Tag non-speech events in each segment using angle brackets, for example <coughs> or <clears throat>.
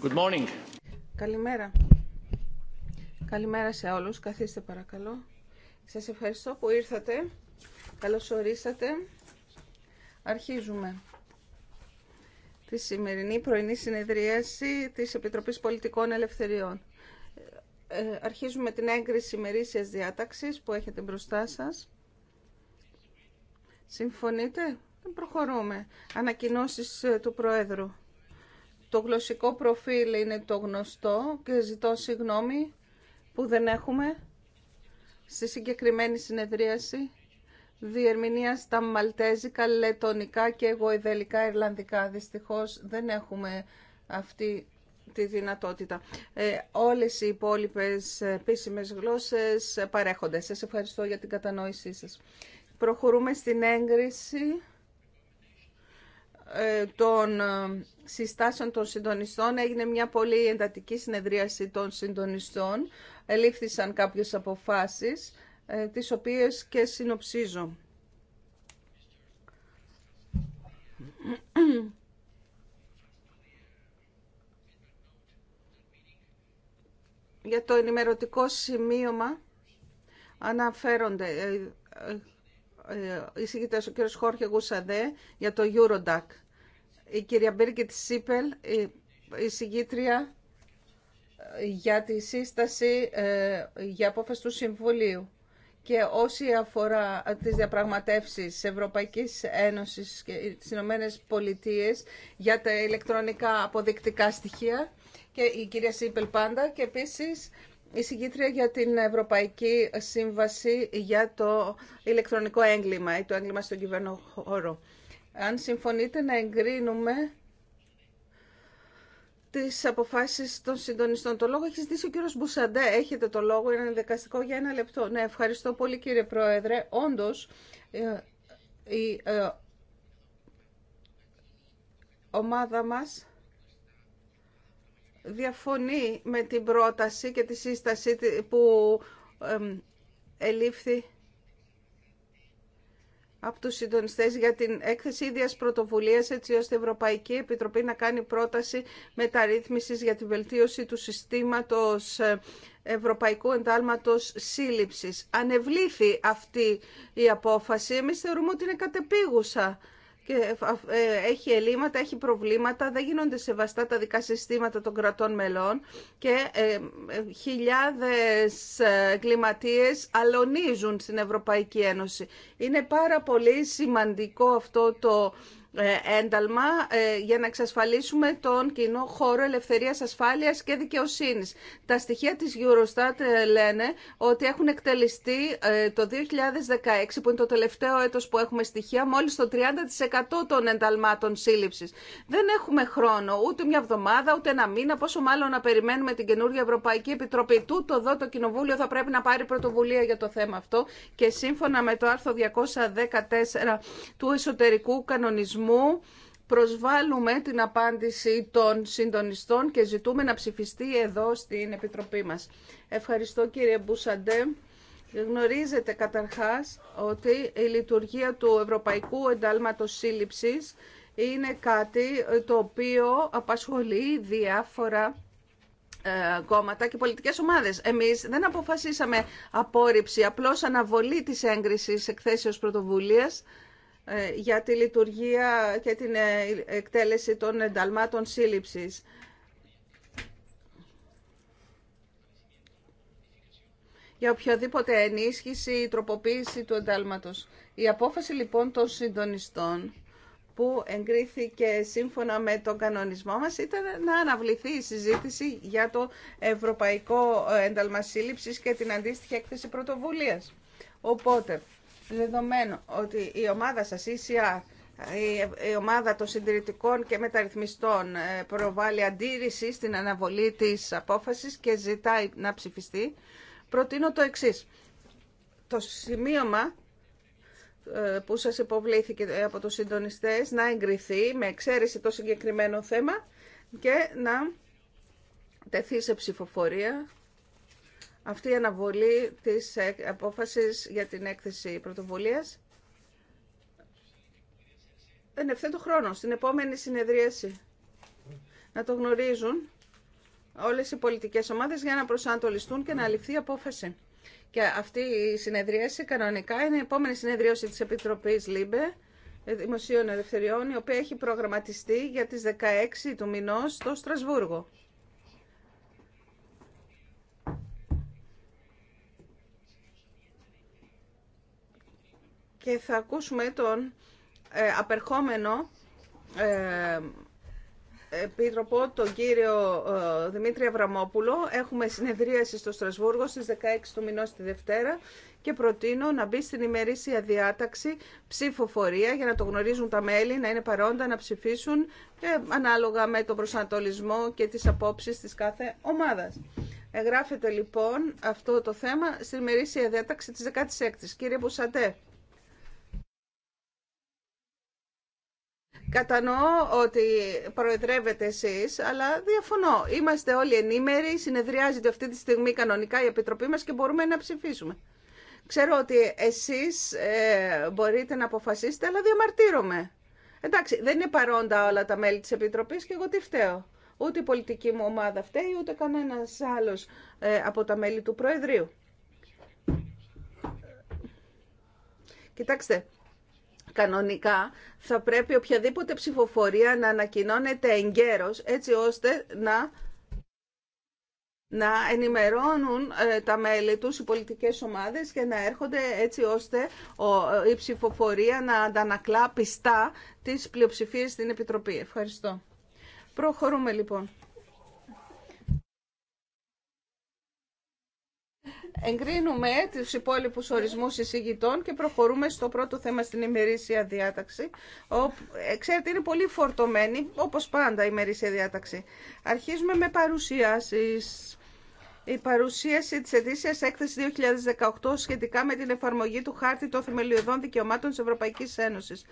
Good morning. Καλημέρα. Καλημέρα σε όλους. Καθίστε παρακαλώ. Σας ευχαριστώ που ήρθατε. Καλώς ορίσατε. Αρχίζουμε τη σημερινή πρωινή συνεδρίαση της Επιτροπής Πολιτικών Ελευθεριών. Ε, αρχίζουμε την έγκριση μερίσιας διάταξης που έχετε μπροστά σας. Συμφωνείτε? Προχωρούμε. Ανακοινώσεις ε, του Προέδρου. Το γλωσσικό προφίλ είναι το γνωστό και ζητώ συγγνώμη που δεν έχουμε στη συγκεκριμένη συνεδρίαση διερμηνία στα μαλτέζικα, λετονικά και εγωιδελικά ιρλανδικά. Δυστυχώς δεν έχουμε αυτή τη δυνατότητα. Ε, όλες οι υπόλοιπες επίσημε γλώσσες παρέχονται. Σας ευχαριστώ για την κατανόησή σας. Προχωρούμε στην έγκριση ε, των ε, συστάσεων των συντονιστών έγινε μια πολύ εντατική συνεδρίαση των συντονιστών. Ελήφθησαν κάποιες αποφάσεις, ε, τις οποίες και συνοψίζω. Για το ενημερωτικό σημείωμα αναφέρονται ε, εισηγητές ο κύριο Χόρχε Γουσαδέ για το Eurodac. Η κυρία Μπίργκετ Σίπελ, η εισηγήτρια ε, για τη σύσταση ε, για απόφαση του Συμβουλίου και όσοι αφορά τις διαπραγματεύσεις Ευρωπαϊκής Ένωσης και τις Ηνωμένε Πολιτείες για τα ηλεκτρονικά αποδεικτικά στοιχεία και η κυρία Σίπελ πάντα και επίσης η συγκίτρια για την Ευρωπαϊκή Σύμβαση για το ηλεκτρονικό έγκλημα ή το έγκλημα στον κυβερνοχώρο. Αν συμφωνείτε να εγκρίνουμε τις αποφάσεις των συντονιστών. Το λόγο έχει ζητήσει ο κύριος Μπουσαντέ. Έχετε το λόγο, είναι δικαστικό για ένα λεπτό. Ναι, ευχαριστώ πολύ κύριε Πρόεδρε. Όντως, ε, η το εγκλημα στον χωρο αν συμφωνειτε να εγκρινουμε τις αποφασεις των συντονιστων το λογο εχει ζητησει ο κυριος μπουσαντε εχετε το λογο ειναι δικαστικο για ενα λεπτο ναι ευχαριστω πολυ κυριε προεδρε οντως η ομαδα μας διαφωνεί με την πρόταση και τη σύσταση που ελήφθη από τους συντονιστές για την έκθεση ίδιας πρωτοβουλίας έτσι ώστε η Ευρωπαϊκή Επιτροπή να κάνει πρόταση μεταρρύθμισης για τη βελτίωση του συστήματος ε, Ευρωπαϊκού Εντάλματος Σύλληψης. Ανεβλήθη αυτή η απόφαση. Εμείς θεωρούμε ότι είναι κατεπίγουσα ε, έχει ελλείμματα, έχει προβλήματα, δεν γίνονται σεβαστά τα δικά συστήματα των κρατών μελών και ε, ε, χιλιάδες κλιματίες αλωνίζουν στην Ευρωπαϊκή Ένωση. Είναι πάρα πολύ σημαντικό αυτό το ε, ένταλμα ε, για να εξασφαλίσουμε τον κοινό χώρο ελευθερίας, ασφάλειας και δικαιοσύνης. Τα στοιχεία της Eurostat ε, λένε ότι έχουν εκτελεστεί το 2016, που είναι το τελευταίο έτος που έχουμε στοιχεία, μόλις το 30% των ενταλμάτων σύλληψης. Δεν έχουμε χρόνο, ούτε μια εβδομάδα, ούτε ένα μήνα, πόσο μάλλον να περιμένουμε την καινούργια Ευρωπαϊκή Επιτροπή. Τούτο εδώ το Κοινοβούλιο θα πρέπει να πάρει πρωτοβουλία για το θέμα αυτό και σύμφωνα με το άρθρο 214 του εσωτερικού κανονισμού προσβάλουμε προσβάλλουμε την απάντηση των συντονιστών και ζητούμε να ψηφιστεί εδώ στην Επιτροπή μας. Ευχαριστώ κύριε Μπούσαντε. Γνωρίζετε καταρχάς ότι η λειτουργία του Ευρωπαϊκού Εντάλματος Σύλληψης είναι κάτι το οποίο απασχολεί διάφορα ε, κόμματα και πολιτικές ομάδες. Εμείς δεν αποφασίσαμε απόρριψη, απλώς αναβολή της έγκρισης εκθέσεως πρωτοβουλίας ε, για τη λειτουργία και την ε, εκτέλεση των ενταλμάτων σύλληψης. για οποιαδήποτε ενίσχυση ή τροποποίηση του εντάλματος. Η απόφαση λοιπόν των συντονιστών που εγκρίθηκε σύμφωνα με τον κανονισμό μας ήταν να αναβληθεί η συζήτηση για το Ευρωπαϊκό Ενταλμα και την αντίστοιχη έκθεση πρωτοβουλίας. Οπότε, Δεδομένου ότι η ομάδα σας, η η ομάδα των συντηρητικών και μεταρρυθμιστών ε, προβάλλει αντίρρηση στην αναβολή της απόφασης και ζητάει να ψηφιστεί, προτείνω το εξής. Το σημείωμα ε, που σας υποβλήθηκε από τους συντονιστές να εγκριθεί με εξαίρεση το συγκεκριμένο θέμα και να τεθεί σε ψηφοφορία αυτή η αναβολή της απόφασης για την έκθεση πρωτοβουλίας εν το χρόνο, στην επόμενη συνεδρίαση. Να το γνωρίζουν όλες οι πολιτικές ομάδες για να προσανατολιστούν και να ληφθεί η απόφαση. Και αυτή η συνεδρίαση κανονικά είναι η επόμενη συνεδρίαση της Επιτροπής ΛΥΜΠΕ ε, Δημοσίων Ελευθεριών, η οποία έχει προγραμματιστεί για τις 16 του μηνός στο Στρασβούργο. και θα ακούσουμε τον ε, απερχόμενο ε, επίτροπο, τον κύριο ε, Δημήτρη Αβραμόπουλο. Έχουμε συνεδρίαση στο Στρασβούργο στις 16 του μηνός τη Δευτέρα και προτείνω να μπει στην ημερήσια διάταξη ψηφοφορία για να το γνωρίζουν τα μέλη, να είναι παρόντα, να ψηφίσουν ανάλογα με τον προσανατολισμό και τις απόψεις της κάθε ομάδας. Εγγράφεται λοιπόν αυτό το θέμα στην ημερήσια διάταξη της 16ης. Κύριε Μπουσαντέ. Κατανοώ ότι προεδρεύετε εσείς, αλλά διαφωνώ. Είμαστε όλοι ενήμεροι, συνεδριάζεται αυτή τη στιγμή κανονικά η Επιτροπή μας και μπορούμε να ψηφίσουμε. Ξέρω ότι εσείς ε, μπορείτε να αποφασίσετε, αλλά διαμαρτύρομαι. Εντάξει, δεν είναι παρόντα όλα τα μέλη της Επιτροπής και εγώ τι φταίω. Ούτε η πολιτική μου ομάδα φταίει, ούτε κανένας άλλος ε, από τα μέλη του Προεδρείου. Κοιτάξτε, Κανονικά θα πρέπει οποιαδήποτε ψηφοφορία να ανακοινώνεται εγκαίρως έτσι ώστε να, να ενημερώνουν ε, τα μέλη τους οι πολιτικές ομάδες και να έρχονται έτσι ώστε η ψηφοφορία να αντανακλά πιστά τις πλειοψηφίες στην Επιτροπή. Ευχαριστώ. Προχωρούμε λοιπόν. εγκρίνουμε τους υπόλοιπους ορισμούς εισηγητών και προχωρούμε στο πρώτο θέμα στην ημερήσια διάταξη. Ε, ξέρετε, είναι πολύ φορτωμένη, όπως πάντα η ημερήσια διάταξη. Αρχίζουμε με παρουσιάσεις. Η παρουσίαση της ετήσιας έκθεσης 2018 σχετικά με την εφαρμογή του χάρτη των θεμελιωδών δικαιωμάτων της Ευρωπαϊκής Ένωσης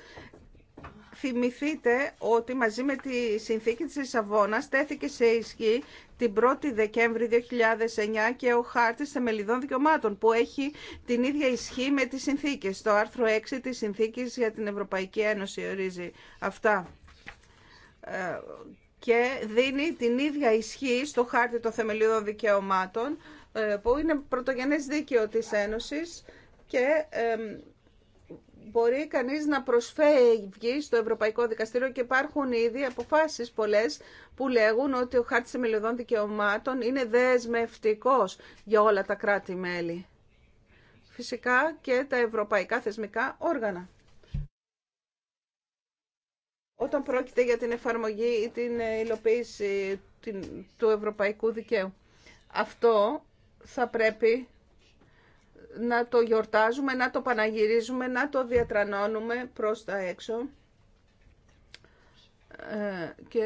θυμηθείτε ότι μαζί με τη συνθήκη της Λισαβόνας τέθηκε σε ισχύ την 1η Δεκέμβρη 2009 και ο χάρτης θεμελιδών δικαιωμάτων που έχει την ίδια ισχύ με τις συνθήκες. Το άρθρο 6 της συνθήκης για την Ευρωπαϊκή Ένωση ορίζει αυτά ε, και δίνει την ίδια ισχύ στο χάρτη των θεμελιδών δικαιωμάτων ε, που είναι πρωτογενές δίκαιο της Ένωσης και ε, μπορεί κανείς να προσφεύγει στο Ευρωπαϊκό Δικαστήριο και υπάρχουν ήδη αποφάσεις πολλές που λέγουν ότι ο χάρτης θεμελιωδών δικαιωμάτων είναι δεσμευτικός για όλα τα κράτη-μέλη. Φυσικά και τα ευρωπαϊκά θεσμικά όργανα. Όταν πρόκειται για την εφαρμογή ή την υλοποίηση του ευρωπαϊκού δικαίου. Αυτό θα πρέπει να το γιορτάζουμε, να το παναγυρίζουμε, να το διατρανώνουμε προς τα έξω. Ε, και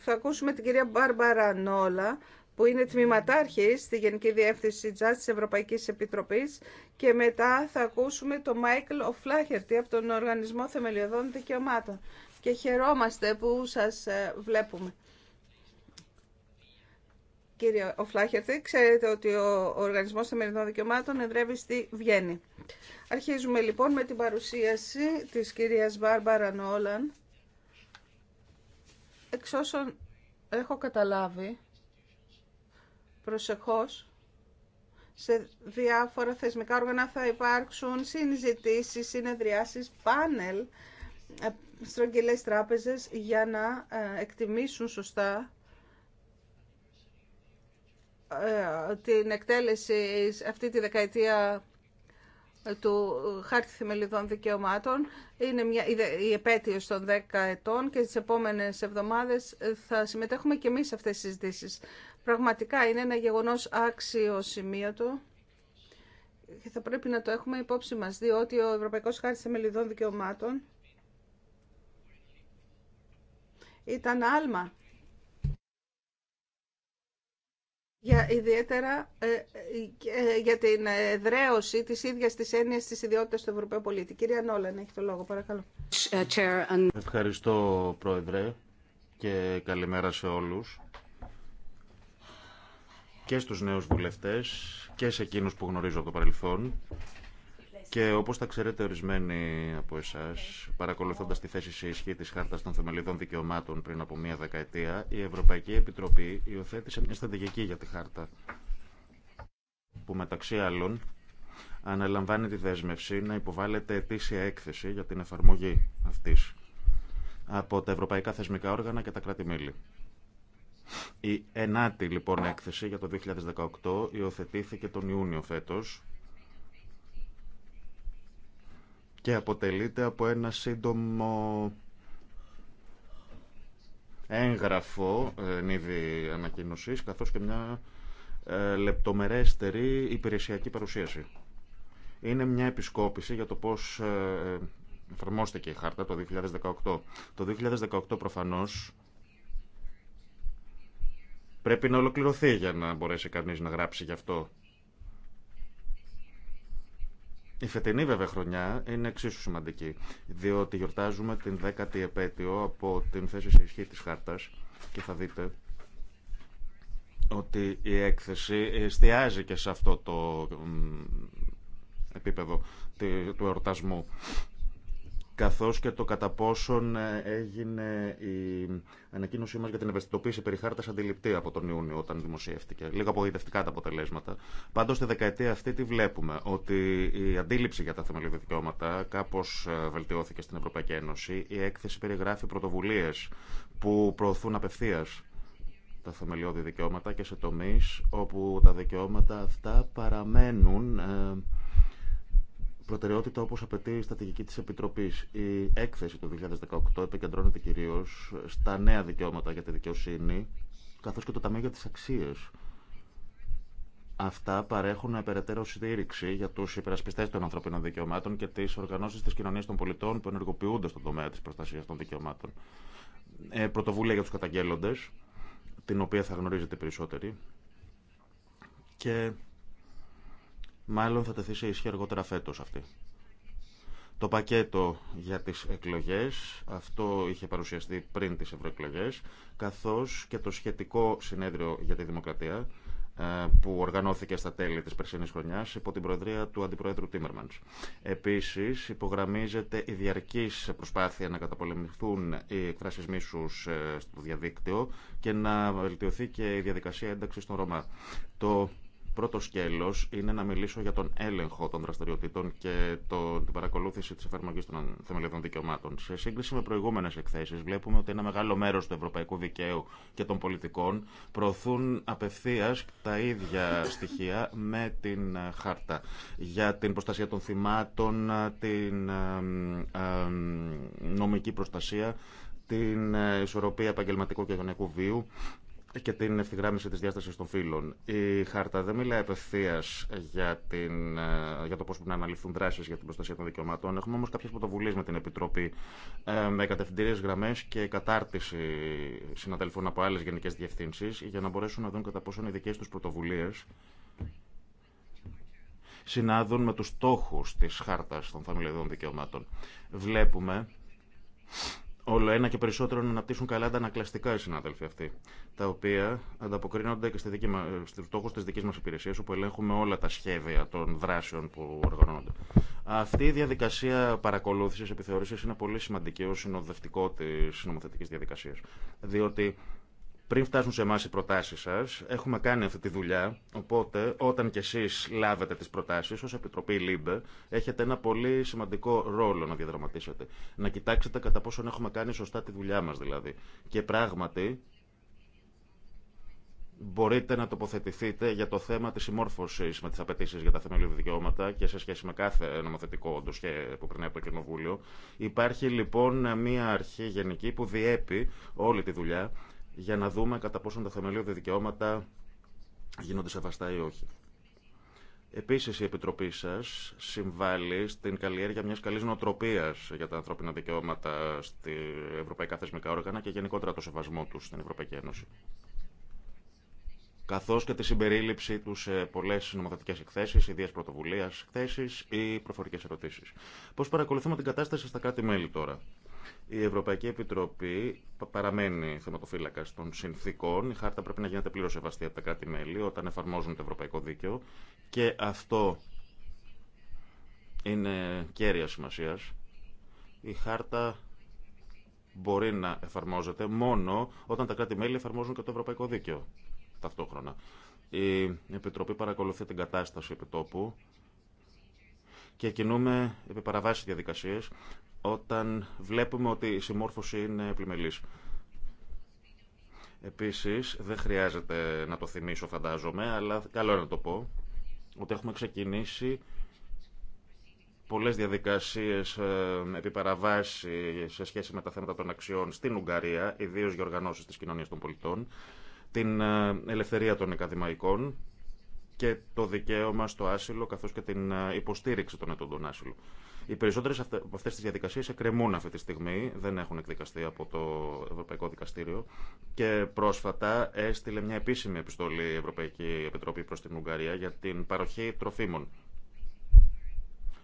θα ακούσουμε την κυρία Μπάρμπαρα Νόλα, που είναι τμήματάρχη στη Γενική Διεύθυνση Τζά της Ευρωπαϊκής Επιτροπής και μετά θα ακούσουμε τον Μάικλ Οφλάχερτη από τον Οργανισμό Θεμελιωδών Δικαιωμάτων. Και χαιρόμαστε που σας ε, βλέπουμε. Κύριε Οφλάχερτη, ξέρετε ότι ο Οργανισμός Θεμερινών Δικαιωμάτων εδρεύει στη Βιέννη. Αρχίζουμε λοιπόν με την παρουσίαση της κυρίας Μπάρμπαρα Νόλαν. Εξ όσων έχω καταλάβει, προσεχώς, σε διάφορα θεσμικά όργανα θα υπάρξουν συζητήσεις, συνεδριάσεις, πάνελ, ε, στρογγυλές τράπεζες για να ε, εκτιμήσουν σωστά ε, την εκτέλεση αυτή τη δεκαετία του Χάρτη Θεμελιδών Δικαιωμάτων. Είναι μια, η επέτειος των 10 ετών και τις επόμενες εβδομάδες θα συμμετέχουμε και εμείς σε αυτές τις συζητήσεις. Πραγματικά είναι ένα γεγονός άξιο σημείο του και θα πρέπει να το έχουμε υπόψη μας, διότι ο Ευρωπαϊκός Χάρτης Θεμελιδών Δικαιωμάτων ήταν άλμα για ιδιαίτερα ε, ε, ε, για την εδραίωση της ίδιας της έννοιας της ιδιότητας του Ευρωπαίου πολίτη. Κυρία Νόλαν, έχει το λόγο, παρακαλώ. Ευχαριστώ, Πρόεδρε, και καλημέρα σε όλους και στους νέους βουλευτές και σε εκείνους που γνωρίζω από το παρελθόν και όπω τα ξέρετε ορισμένοι από εσά, παρακολουθώντα τη θέση σε ισχύ τη Χάρτα των Θεμελιδών Δικαιωμάτων πριν από μία δεκαετία, η Ευρωπαϊκή Επιτροπή υιοθέτησε μια στρατηγική για τη Χάρτα. Που μεταξύ άλλων αναλαμβάνει τη δέσμευση να υποβάλλεται ετήσια έκθεση για την εφαρμογή αυτή από τα ευρωπαϊκά θεσμικά όργανα και τα κράτη-μέλη. Η ενάτη λοιπόν έκθεση για το 2018 υιοθετήθηκε τον Ιούνιο φέτος και αποτελείται από ένα σύντομο έγγραφο ε, εν είδη ανακοίνωσης καθώς και μια ε, λεπτομερέστερη υπηρεσιακή παρουσίαση. Είναι μια επισκόπηση για το πώς ε, εφαρμόστηκε η χάρτα το 2018. Το 2018 προφανώς πρέπει να ολοκληρωθεί για να μπορέσει κανείς να γράψει γι' αυτό. Η φετινή βέβαια χρονιά είναι εξίσου σημαντική, διότι γιορτάζουμε την 10 επέτειο από την θέση σε ισχύ της χάρτας και θα δείτε ότι η έκθεση εστιάζει και σε αυτό το επίπεδο του εορτασμού καθώς και το κατά πόσον ε, έγινε η ανακοίνωσή μας για την ευαισθητοποίηση περί χάρτας αντιληπτή από τον Ιούνιο όταν δημοσιεύτηκε. Λίγο απογοητευτικά τα αποτελέσματα. Πάντως στη δεκαετία αυτή τη βλέπουμε ότι η αντίληψη για τα θεμελιώδη δικαιώματα κάπως ε, βελτιώθηκε στην Ευρωπαϊκή Ένωση. Η έκθεση περιγράφει πρωτοβουλίες που προωθούν απευθείας τα θεμελιώδη δικαιώματα και σε τομείς όπου τα δικαιώματα αυτά παραμένουν ε, προτεραιότητα όπως απαιτεί η Στατηγική της Επιτροπής. Η έκθεση του 2018 επικεντρώνεται κυρίως στα νέα δικαιώματα για τη δικαιοσύνη, καθώς και το Ταμείο για τις Αξίες. Αυτά παρέχουν περαιτέρω στήριξη για του υπερασπιστέ των ανθρωπίνων δικαιωμάτων και τι οργανώσει τη κοινωνία των πολιτών που ενεργοποιούνται στον τομέα τη προστασία των δικαιωμάτων. Ε, πρωτοβουλία για του καταγγέλλοντε, την οποία θα γνωρίζετε περισσότεροι. Και Μάλλον θα τεθεί σε ισχύ αργότερα φέτος αυτή. Το πακέτο για τι εκλογέ αυτό είχε παρουσιαστεί πριν τι ευρωεκλογέ, καθώ και το σχετικό συνέδριο για τη δημοκρατία, ε, που οργανώθηκε στα τέλη της περσινής χρονιάς υπό την προεδρία του Αντιπροέδρου Τίμερμαντς. Επίσης υπογραμμίζεται η διαρκής προσπάθεια να καταπολεμηθούν οι εκφράσεις μίσους ε, στο διαδίκτυο και να βελτιωθεί και η διαδικασία ένταξη των Ρωμά. Το πρώτο σκέλο είναι να μιλήσω για τον έλεγχο των δραστηριοτήτων και το, την παρακολούθηση τη εφαρμογή των θεμελιωδών δικαιωμάτων. Σε σύγκριση με προηγούμενες εκθέσεις βλέπουμε ότι ένα μεγάλο μέρος του ευρωπαϊκού δικαίου και των πολιτικών προωθούν απευθεία τα ίδια στοιχεία με την ε, χάρτα για την προστασία των θυμάτων, την ε, ε, νομική προστασία, την ισορροπία επαγγελματικού και γενικού βίου και την ευθυγράμμιση της διάστασης των φύλων. Η χάρτα δεν μιλάει απευθεία για, ε, για το πώς πρέπει να αναλυθούν δράσεις για την προστασία των δικαιωμάτων. Έχουμε όμως κάποιες πρωτοβουλίες με την Επιτροπή ε, με κατευθυντήριες γραμμές και κατάρτιση συναδέλφων από άλλες γενικές διευθύνσεις για να μπορέσουν να δουν κατά πόσο οι δικές τους πρωτοβουλίες συνάδουν με τους στόχους της χάρτας των θεμελιωδών δικαιωμάτων. Βλέπουμε όλο ένα και περισσότερο να αναπτύσσουν καλά αντανακλαστικά οι συνάδελφοι αυτοί, τα οποία ανταποκρίνονται και στη στου στόχου τη δική μα υπηρεσία, όπου ελέγχουμε όλα τα σχέδια των δράσεων που οργανώνονται. Αυτή η διαδικασία παρακολούθηση επιθεώρησης είναι πολύ σημαντική ω συνοδευτικό τη νομοθετική διαδικασία. Διότι πριν φτάσουν σε εμά οι προτάσει σα, έχουμε κάνει αυτή τη δουλειά. Οπότε, όταν κι εσεί λάβετε τι προτάσει, ω Επιτροπή ΛΥΜΠΕ, έχετε ένα πολύ σημαντικό ρόλο να διαδραματίσετε. Να κοιτάξετε κατά πόσον έχουμε κάνει σωστά τη δουλειά μα δηλαδή. Και πράγματι, μπορείτε να τοποθετηθείτε για το θέμα τη συμμόρφωση με τι απαιτήσει για τα θεμελιώδη δικαιώματα και σε σχέση με κάθε νομοθετικό ντοσχέ που πριν από το Κοινοβούλιο. Υπάρχει λοιπόν μια αρχή γενική που διέπει όλη τη δουλειά για να δούμε κατά πόσον τα θεμελιώδη δικαιώματα γίνονται σεβαστά ή όχι. Επίση, η Επιτροπή σα συμβάλλει στην καλλιέργεια μια καλή νοοτροπία για τα ανθρώπινα δικαιώματα στη ευρωπαϊκά θεσμικά όργανα και γενικότερα το σεβασμό του στην Ευρωπαϊκή Ένωση. Καθώ και τη συμπερίληψή του σε πολλέ νομοθετικέ εκθέσει, ιδέε πρωτοβουλία εκθέσει ή προφορικέ ερωτήσει. Πώ παρακολουθούμε την κατάσταση στα κράτη-μέλη τώρα. Η Ευρωπαϊκή Επιτροπή παραμένει θεματοφύλακα των συνθήκων. Η χάρτα πρέπει να γίνεται πλήρω σεβαστή από τα κράτη-μέλη όταν εφαρμόζουν το ευρωπαϊκό δίκαιο και αυτό είναι κέρια σημασία. Η χάρτα μπορεί να εφαρμόζεται μόνο όταν τα κράτη-μέλη εφαρμόζουν και το ευρωπαϊκό δίκαιο ταυτόχρονα. Η Επιτροπή παρακολουθεί την κατάσταση επιτόπου και κινούμε επί παραβάσει διαδικασίες όταν βλέπουμε ότι η συμμόρφωση είναι πλημελή. Επίσης, δεν χρειάζεται να το θυμίσω φαντάζομαι, αλλά καλό είναι να το πω, ότι έχουμε ξεκινήσει πολλές διαδικασίες ε, επί παραβάση σε σχέση με τα θέματα των αξιών στην Ουγγαρία, ιδίως για οργανώσεις της κοινωνίας των πολιτών, την ε, ελευθερία των ακαδημαϊκών και το δικαίωμα στο άσυλο καθώς και την ε, υποστήριξη των ετών άσυλων. Οι περισσότερε από αυτέ τι διαδικασίε εκκρεμούν αυτή τη στιγμή, δεν έχουν εκδικαστεί από το Ευρωπαϊκό Δικαστήριο. Και πρόσφατα έστειλε μια επίσημη επιστολή η Ευρωπαϊκή Επιτροπή προ την Ουγγαρία για την παροχή τροφίμων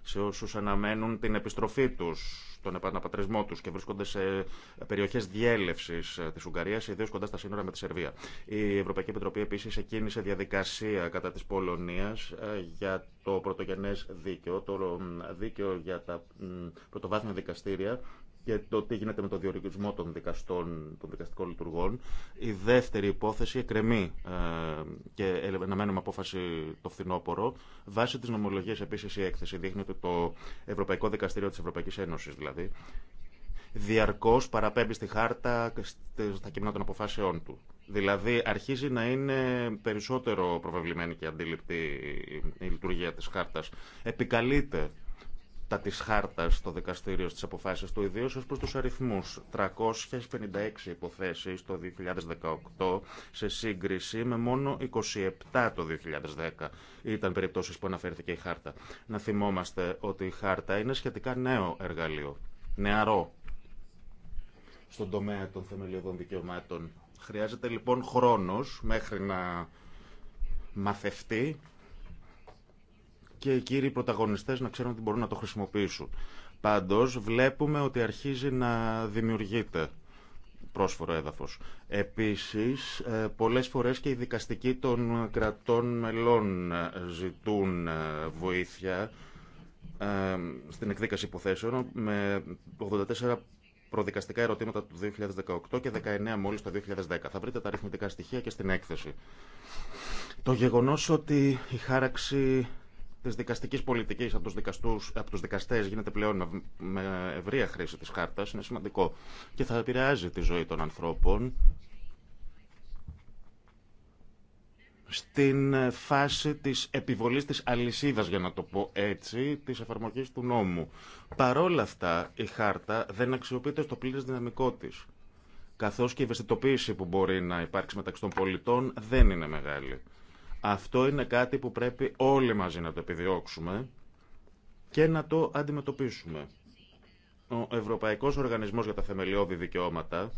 σε όσους αναμένουν την επιστροφή τους τον επαναπατρισμό τους και βρίσκονται σε περιοχές διέλευσης ε, της Ουγγαρίας, ιδίω κοντά στα σύνορα με τη Σερβία. Η Ευρωπαϊκή Επιτροπή επίση εκκίνησε διαδικασία κατά της Πολωνίας ε, για το πρωτογενές δίκαιο, το δίκαιο για τα πρωτοβάθμια δικαστήρια και το τι γίνεται με το διορισμό των δικαστών, των δικαστικών λειτουργών. Η δεύτερη υπόθεση εκκρεμεί ε, και αναμένουμε απόφαση το φθινόπωρο. Βάσει τη νομολογία επίση η έκθεση δείχνει ότι το Ευρωπαϊκό Δικαστήριο τη Ευρωπαϊκή Ένωση δηλαδή διαρκώ παραπέμπει στη χάρτα στα κείμενα των αποφάσεών του. Δηλαδή αρχίζει να είναι περισσότερο προβεβλημένη και αντίληπτη η λειτουργία της χάρτας. Επικαλείται τα της χάρτας στο δικαστήριο στις αποφάσεις του, ιδίω ως προς τους αριθμούς. 356 υποθέσεις το 2018 σε σύγκριση με μόνο 27 το 2010. Ήταν περιπτώσεις που αναφέρθηκε η χάρτα. Να θυμόμαστε ότι η χάρτα είναι σχετικά νέο εργαλείο, νεαρό στον τομέα των θεμελιωδών δικαιωμάτων. Χρειάζεται λοιπόν χρόνος μέχρι να μαθευτεί και οι κύριοι πρωταγωνιστές να ξέρουν ότι μπορούν να το χρησιμοποιήσουν. Πάντως βλέπουμε ότι αρχίζει να δημιουργείται πρόσφορο έδαφος. Επίσης, ε, πολλές φορές και οι δικαστικοί των κρατών μελών ε, ζητούν ε, βοήθεια στην εκδίκαση υποθέσεων με 84 προδικαστικά ερωτήματα του 2018 και 19 μόλις το 2010. Θα βρείτε τα αριθμητικά στοιχεία και στην έκθεση. Το γεγονός ότι η χάραξη τη δικαστική πολιτική από του από δικαστέ γίνεται πλέον με ευρεία χρήση τη χάρτα είναι σημαντικό και θα επηρεάζει τη ζωή των ανθρώπων στην φάση της επιβολής της αλυσίδας, για να το πω έτσι, της εφαρμογής του νόμου. Παρόλα αυτά, η χάρτα δεν αξιοποιείται στο πλήρες δυναμικό της, καθώς και η ευαισθητοποίηση που μπορεί να υπάρξει μεταξύ των πολιτών δεν είναι μεγάλη. Αυτό είναι κάτι που πρέπει όλοι μαζί να το επιδιώξουμε και να το αντιμετωπίσουμε. Ο Ευρωπαϊκός Οργανισμός για τα Θεμελιώδη Δικαιώματα,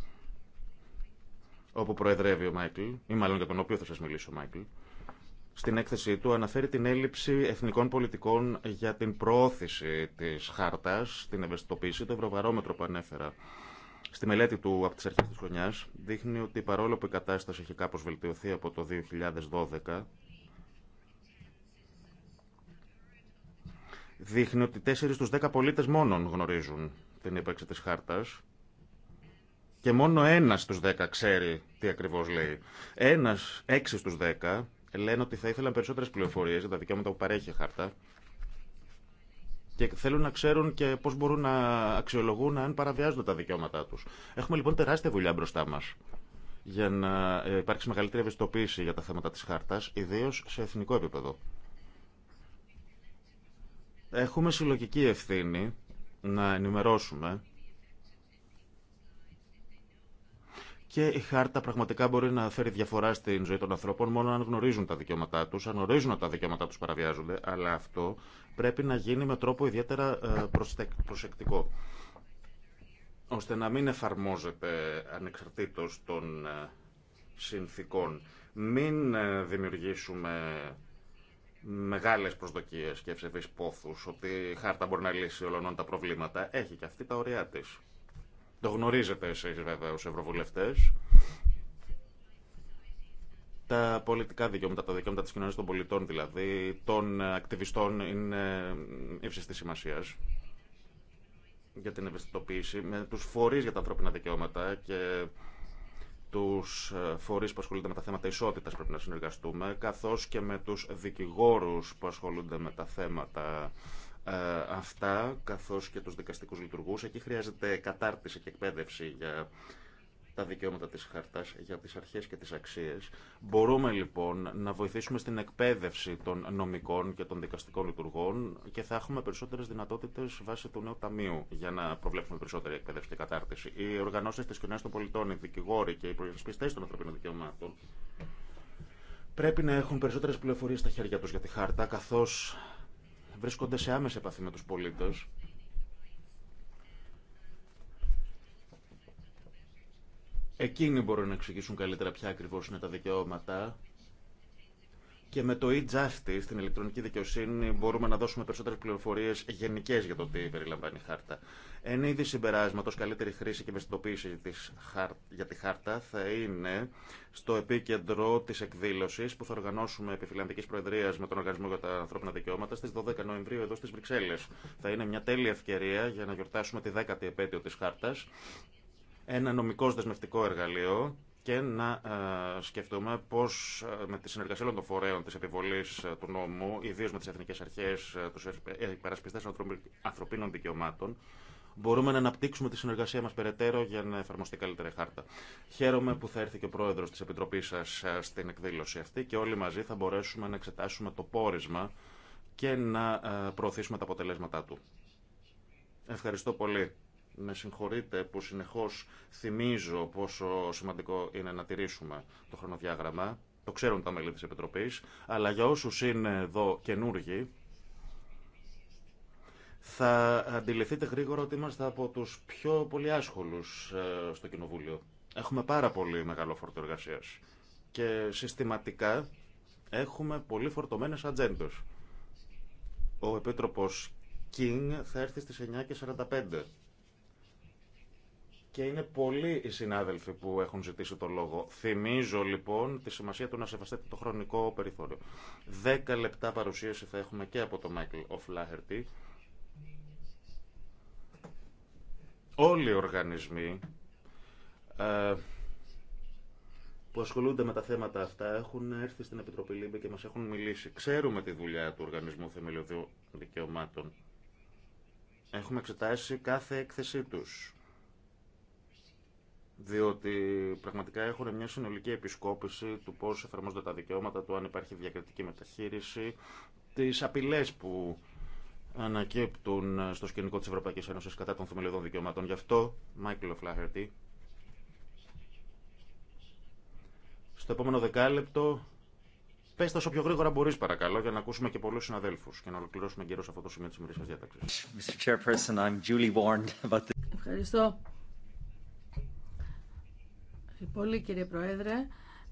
όπου προεδρεύει ο Μάικλ, ή μάλλον για τον οποίο θα σας μιλήσω ο Μάικλ, στην έκθεσή του αναφέρει την έλλειψη εθνικών πολιτικών για την προώθηση της χάρτας, την ευαισθητοποίηση, το Ευρωβαρόμετρο που ανέφερα Στη μελέτη του από τι αρχέ τη Χρονιά, δείχνει ότι παρόλο που η κατάσταση έχει κάπω βελτιωθεί από το 2012, δείχνει ότι 4 στους 10 πολίτε μόνον γνωρίζουν την ύπαρξη τη χάρτα. και μόνο ένα στου 10 ξέρει τι ακριβώ λέει. Ένα, 6 στου 10 λένε ότι θα ήθελαν περισσότερε πληροφορίε για τα δικαιώματα που παρέχει η χάρτα και θέλουν να ξέρουν και πώ μπορούν να αξιολογούν αν παραβιάζονται τα δικαιώματά του. Έχουμε λοιπόν τεράστια δουλειά μπροστά μα για να υπάρξει μεγαλύτερη ευαισθητοποίηση για τα θέματα τη χάρτα, ιδίω σε εθνικό επίπεδο. Έχουμε συλλογική ευθύνη να ενημερώσουμε Και η χάρτα πραγματικά μπορεί να φέρει διαφορά στην ζωή των ανθρώπων μόνο αν γνωρίζουν τα δικαιώματά του, αν γνωρίζουν ότι τα δικαιώματά του παραβιάζονται, αλλά αυτό πρέπει να γίνει με τρόπο ιδιαίτερα ε, προσεκτικό, ώστε να μην εφαρμόζεται ανεξαρτήτως των ε, συνθήκων. Μην ε, δημιουργήσουμε μεγάλες προσδοκίες και ευσεβείς πόθους ότι η χάρτα μπορεί να λύσει όλων τα προβλήματα. Έχει και αυτή τα ωριά της. Το γνωρίζετε εσείς βέβαια ως ευρωβουλευτές. Τα πολιτικά δικαιώματα, τα δικαιώματα της κοινωνίας των πολιτών δηλαδή, των ακτιβιστών είναι ύψης της σημασίας για την ευαισθητοποίηση, με τους φορείς για τα ανθρώπινα δικαιώματα και τους ε, φορείς που ασχολούνται με τα θέματα ισότητας πρέπει να συνεργαστούμε, καθώς και με τους δικηγόρου που ασχολούνται με τα θέματα ε, αυτά, καθώς και τους δικαστικούς λειτουργούς. Εκεί χρειάζεται κατάρτιση και εκπαίδευση για τα δικαιώματα της χαρτάς, για τις αρχές και τις αξίες. Μπορούμε λοιπόν να βοηθήσουμε στην εκπαίδευση των νομικών και των δικαστικών λειτουργών και θα έχουμε περισσότερες δυνατότητες βάσει του νέου ταμείου για να προβλέψουμε περισσότερη εκπαίδευση και κατάρτιση. Οι οργανώσεις της κοινωνίας των πολιτών, οι δικηγόροι και οι προεσπιστές των ανθρωπίνων δικαιωμάτων πρέπει να έχουν περισσότερες πληροφορίες στα χέρια τους για τη χάρτα, καθώς βρίσκονται σε άμεση επαφή με τους πολίτες Εκείνοι μπορούν να εξηγήσουν καλύτερα ποια ακριβώς είναι τα δικαιώματα και με το e-justice, την ηλεκτρονική δικαιοσύνη, μπορούμε να δώσουμε περισσότερες πληροφορίες γενικές για το τι περιλαμβάνει η χάρτα. Εν είδη συμπεράσματο, καλύτερη χρήση και ευαισθητοποίηση της, για τη χάρτα θα είναι στο επίκεντρο τη εκδήλωση που θα οργανώσουμε επί Φιλανδική Προεδρία με τον Οργανισμό για τα Ανθρώπινα Δικαιώματα στι 12 Νοεμβρίου εδώ στι Βρυξέλλε. Θα είναι μια τέλεια ευκαιρία για να γιορτάσουμε τη 10η επέτειο τη χάρτα. Ένα νομικό δεσμευτικό εργαλείο και να ε, σκεφτούμε πώς ε, με τη συνεργασία όλων των φορέων της επιβολής ε, του νόμου, ιδίω με τις εθνικές αρχές, τους υπερασπιστές ανθρωπίνων δικαιωμάτων, μπορούμε να αναπτύξουμε τη συνεργασία μα περαιτέρω για να εφαρμοστεί καλύτερα χάρτα. Χαίρομαι που θα έρθει και ο πρόεδρο τη Επιτροπή σα ε, στην εκδήλωση αυτή και όλοι μαζί θα μπορέσουμε να εξετάσουμε το πόρισμα και να ε, προωθήσουμε τα αποτελέσματά του. Ευχαριστώ πολύ. Με συγχωρείτε που συνεχώς θυμίζω πόσο σημαντικό είναι να τηρήσουμε το χρονοδιάγραμμα. Το ξέρουν τα μέλη της Επιτροπής, αλλά για όσους είναι εδώ καινούργοι, θα αντιληφθείτε γρήγορα ότι είμαστε από τους πιο πολύ άσχολους ε, στο Κοινοβούλιο. Έχουμε πάρα πολύ μεγάλο φόρτο εργασία. Και συστηματικά έχουμε πολύ φορτωμένες ατζέντε. Ο Επίτροπος King θα έρθει στις 9.45. Και είναι πολλοί οι συνάδελφοι που έχουν ζητήσει το λόγο. Θυμίζω λοιπόν τη σημασία του να σεβαστείτε το χρονικό περιθώριο. Δέκα λεπτά παρουσίαση θα έχουμε και από το Μάικλ O'Flaherty. όλοι οι οργανισμοί ε, που ασχολούνται με τα θέματα αυτά έχουν έρθει στην Επιτροπή Λίμπη και μας έχουν μιλήσει. Ξέρουμε τη δουλειά του Οργανισμού Θεμελιωδίου Δικαιωμάτων. Έχουμε εξετάσει κάθε έκθεσή τους. Διότι πραγματικά έχουν μια συνολική επισκόπηση του πώς εφαρμόζονται τα δικαιώματα του, αν υπάρχει διακριτική μεταχείριση, τις απειλές που ανακύπτουν ε, στο σκηνικό της Ευρωπαϊκής Ένωσης κατά των θεμελιωδών δικαιωμάτων. Γι' αυτό, Μάικλ Φλάχερτη, στο επόμενο δεκάλεπτο, πες τόσο πιο γρήγορα μπορείς παρακαλώ, για να ακούσουμε και πολλούς συναδέλφους και να ολοκληρώσουμε γύρω σε αυτό το σημείο της ημερήσιας διάταξης. Ευχαριστώ. Ε, πολύ κύριε Πρόεδρε.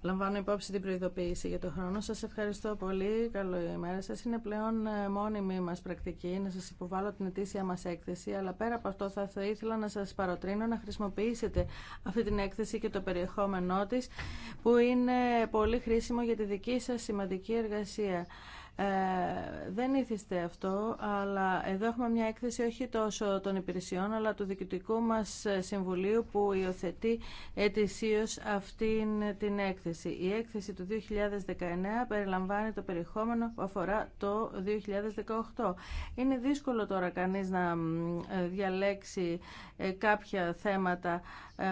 Λαμβάνω υπόψη την προειδοποίηση για τον χρόνο. Σας ευχαριστώ πολύ. Καλό ημέρα σας. Είναι πλέον ε, μόνιμη μας πρακτική να σας υποβάλω την ετήσια μας έκθεση, αλλά πέρα από αυτό θα, ήθελα να σας παροτρύνω να χρησιμοποιήσετε αυτή την έκθεση και το περιεχόμενό της, που είναι πολύ χρήσιμο για τη δική σας σημαντική εργασία. Ε, δεν ήθιστε αυτό, αλλά εδώ έχουμε μια έκθεση όχι τόσο των υπηρεσιών, αλλά του διοικητικού μας συμβουλίου που υιοθετεί ετησίως αυτήν την έκθεση. Η έκθεση του 2019 περιλαμβάνει το περιεχόμενο που αφορά το 2018. Είναι δύσκολο τώρα κανείς να ε, διαλέξει ε, κάποια θέματα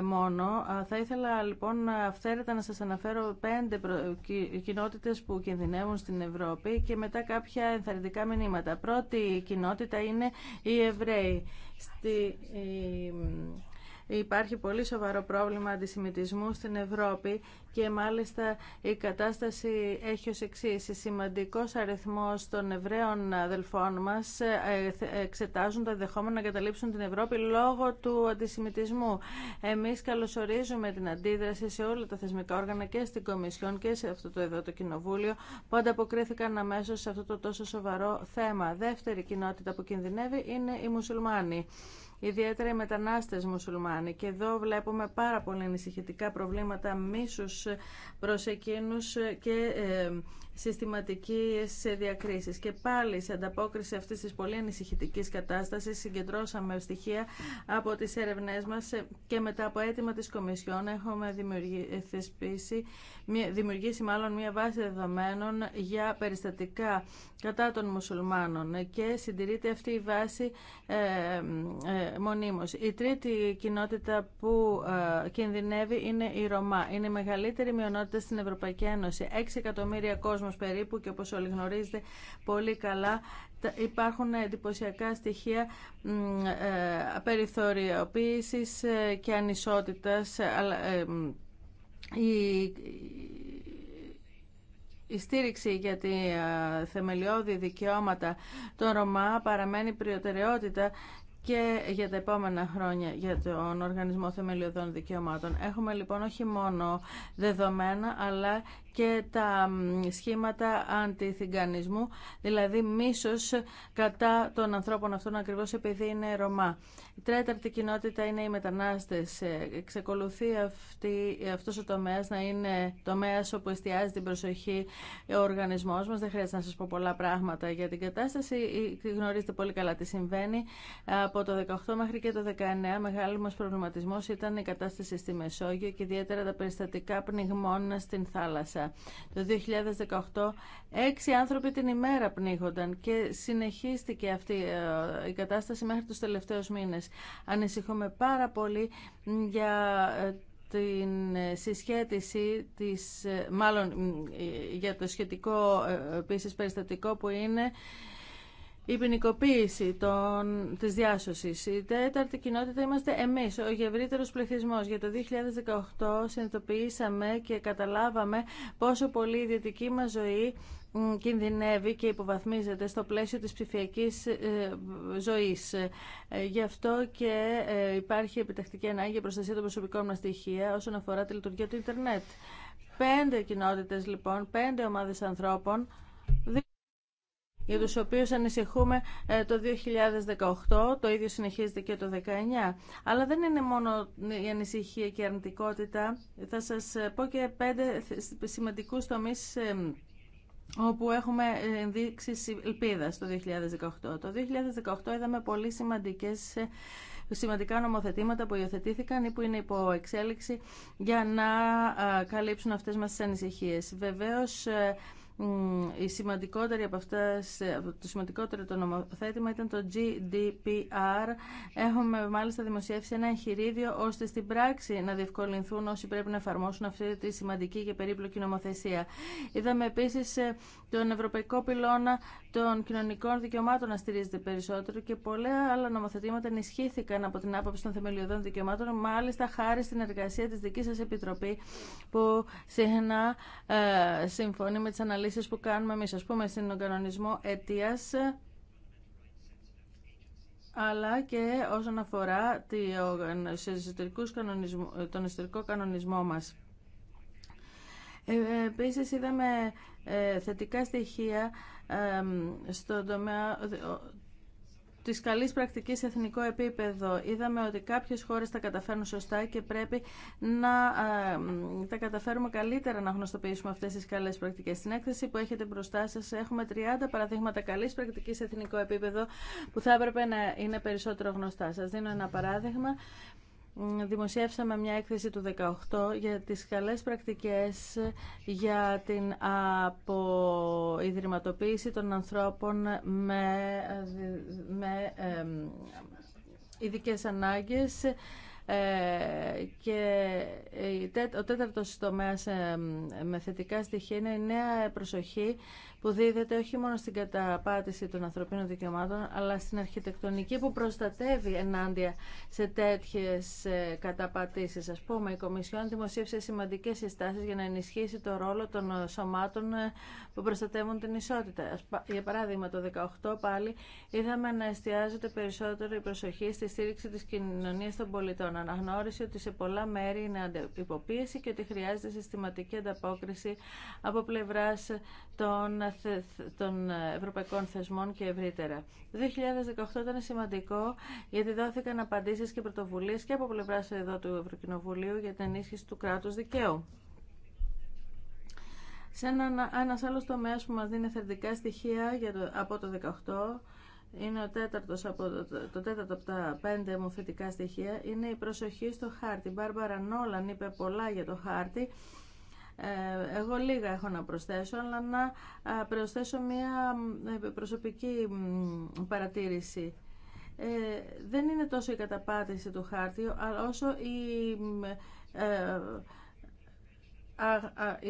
μόνο. Θα ήθελα λοιπόν αυθαίρετα να σας αναφέρω πέντε κοινότητες που κινδυνεύουν στην Ευρώπη και μετά κάποια ενθαρρυντικά μηνύματα. Πρώτη κοινότητα είναι οι Εβραίοι. Στη, Υπάρχει πολύ σοβαρό πρόβλημα αντισημιτισμού στην Ευρώπη και μάλιστα η κατάσταση έχει ως εξής. Σημαντικό σημαντικός αριθμός των Εβραίων αδελφών μας ε, εξετάζουν τα δεχόμενα να καταλήψουν την Ευρώπη λόγω του αντισημιτισμού. Εμείς καλωσορίζουμε την αντίδραση σε όλα τα θεσμικά όργανα και στην Κομισιόν και σε αυτό το εδώ το Κοινοβούλιο που ανταποκρίθηκαν αμέσως σε αυτό το τόσο σοβαρό θέμα. Δεύτερη κοινότητα που κινδυνεύει είναι οι μουσουλμάνοι ιδιαίτερα οι μετανάστες μουσουλμάνοι. Και εδώ βλέπουμε πάρα πολύ ανησυχητικά προβλήματα μίσους ε, προς εκείνους ε, και ε, συστηματικές διακρίσεις. Και πάλι σε ανταπόκριση αυτής της πολύ ανησυχητικής κατάστασης συγκεντρώσαμε στοιχεία από τις έρευνές μας και μετά από αίτημα της Κομισιόν έχουμε δημιουργήσει, δημιουργήσει μάλλον μια βάση δεδομένων για περιστατικά κατά των μουσουλμάνων και συντηρείται αυτή η βάση ε, μονίμως. Η τρίτη κοινότητα που ε, κινδυνεύει είναι η Ρωμά. Είναι η μεγαλύτερη μειονότητα στην Ευρωπαϊκή Ένωση. 6 εκατομμύρια κόσμο περίπου και όπως όλοι γνωρίζετε πολύ καλά υπάρχουν εντυπωσιακά στοιχεία ε, περιθωριοποίηση ε, και ανισότητας. Ε, η στήριξη για τη θεμελιώδη δικαιώματα των Ρωμά παραμένει προτεραιότητα και για τα επόμενα χρόνια για τον Οργανισμό Θεμελιωδών Δικαιωμάτων. Έχουμε λοιπόν όχι μόνο δεδομένα αλλά και τα σχήματα αντιθυγκανισμού, δηλαδή μίσος κατά των ανθρώπων αυτών ακριβώς επειδή είναι Ρωμά. Η τρέταρτη κοινότητα είναι οι μετανάστες. Ε, Εξεκολουθεί αυτή, αυτός ο τομέας να είναι τομέας όπου εστιάζει την προσοχή ο οργανισμός μας. Δεν χρειάζεται να σας πω πολλά πράγματα για την κατάσταση. Γνωρίζετε πολύ καλά τι συμβαίνει. Από το 18 μέχρι και το 19 μεγάλο μας προβληματισμός ήταν η κατάσταση στη Μεσόγειο και ιδιαίτερα τα περιστατικά πνιγμών στην θάλασσα. Το 2018 έξι άνθρωποι την ημέρα πνίγονταν και συνεχίστηκε αυτή ε, η κατάσταση μέχρι τους τελευταίους μήνες. Ανησυχούμε πάρα πολύ για ε, την συσχέτιση της, ε, μάλλον για το σχετικό επίσης περιστατικό που είναι η ποινικοποίηση των, της διάσωσης. Η τέταρτη κοινότητα είμαστε εμείς, ο γευρύτερος πληθυσμός. Για το 2018 συνειδητοποιήσαμε και καταλάβαμε πόσο πολύ η ιδιωτική μας ζωή κινδυνεύει και υποβαθμίζεται στο πλαίσιο της ψηφιακής ε, ζωής. Ε, γι' αυτό και ε, υπάρχει επιτακτική ανάγκη για προστασία των προσωπικών μας στοιχεία όσον αφορά τη λειτουργία του ίντερνετ. Πέντε κοινότητες λοιπόν, πέντε ομάδες ανθρώπων για τους οποίους ανησυχούμε ε, το 2018, το ίδιο συνεχίζεται και το 2019. Αλλά δεν είναι μόνο η ανησυχία και η αρνητικότητα. Θα σας ε, πω και πέντε σημαντικούς τομείς ε, όπου έχουμε ενδείξει ελπίδα το 2018. Το 2018 είδαμε πολύ σημαντικές σημαντικά νομοθετήματα που υιοθετήθηκαν ή που είναι υπό εξέλιξη για να καλύψουν αυτές μας τις ανησυχίες. Βεβαίως, η σημαντικότερη από αυτές, το σημαντικότερο το νομοθέτημα ήταν το GDPR. Έχουμε μάλιστα δημοσιεύσει ένα εγχειρίδιο ώστε στην πράξη να διευκολυνθούν όσοι πρέπει να εφαρμόσουν αυτή τη σημαντική και περίπλοκη νομοθεσία. Είδαμε επίσης ε, τον Ευρωπαϊκό Πυλώνα των Κοινωνικών Δικαιωμάτων να στηρίζεται περισσότερο και πολλά άλλα νομοθετήματα ενισχύθηκαν από την άποψη των θεμελιωδών δικαιωμάτων, μάλιστα χάρη στην εργασία της δικής σας Επιτροπή που συχνά ε, συμφωνεί με τι αναλύσεις που κάνουμε εμεί, α πούμε, στην κανονισμό αιτία, αλλά και όσον αφορά τον εσωτερικό κανονισμό μας. Ε, επίσης είδαμε ε, θετικά στοιχεία ε, στον τομέα της καλής πρακτικής σε εθνικό επίπεδο. Είδαμε ότι κάποιες χώρες τα καταφέρνουν σωστά και πρέπει να τα καταφέρουμε καλύτερα να γνωστοποιήσουμε αυτές τις καλές πρακτικές. Στην έκθεση που έχετε μπροστά σας έχουμε 30 παραδείγματα καλής πρακτικής σε εθνικό επίπεδο που θα έπρεπε να είναι περισσότερο γνωστά. Σας δίνω ένα παράδειγμα δημοσιεύσαμε μια έκθεση του 18 για τις καλές πρακτικές για την αποϊδρυματοποίηση των ανθρώπων με, με ειδικέ ανάγκες ε, και ο τέταρτος τομέας με θετικά στοιχεία είναι η νέα προσοχή που δίδεται όχι μόνο στην καταπάτηση των ανθρωπίνων δικαιωμάτων, αλλά στην αρχιτεκτονική που προστατεύει ενάντια σε τέτοιε καταπατήσει. Α πούμε, η Κομισιόν δημοσίευσε σημαντικέ συστάσει για να ενισχύσει το ρόλο των σωμάτων ε, που προστατεύουν την ισότητα. Για παράδειγμα, το 2018 πάλι είδαμε να εστιάζεται περισσότερο η προσοχή στη στήριξη τη κοινωνία των πολιτών. Αναγνώρισε ότι σε πολλά μέρη είναι υποποίηση και ότι χρειάζεται συστηματική ανταπόκριση από πλευρά των των ευρωπαϊκών θεσμών και ευρύτερα. Το 2018 ήταν σημαντικό γιατί δόθηκαν απαντήσει και πρωτοβουλίε και από πλευρά εδώ του Ευρωκοινοβουλίου για την ενίσχυση του κράτου δικαίου. Σε ένα, άλλο άλλος που μα δίνει θετικά στοιχεία για από το 2018 είναι τέταρτος από το, το τέταρτο από τα πέντε μου θετικά στοιχεία είναι η προσοχή στο χάρτη. Η Μπάρμπαρα Νόλαν είπε πολλά για το χάρτη ε, εγώ λίγα έχω να προσθέσω, αλλά να ε, προσθέσω μία ε, προσωπική παρατήρηση. δεν είναι τόσο η καταπάτηση του χάρτη, αλλά όσο η,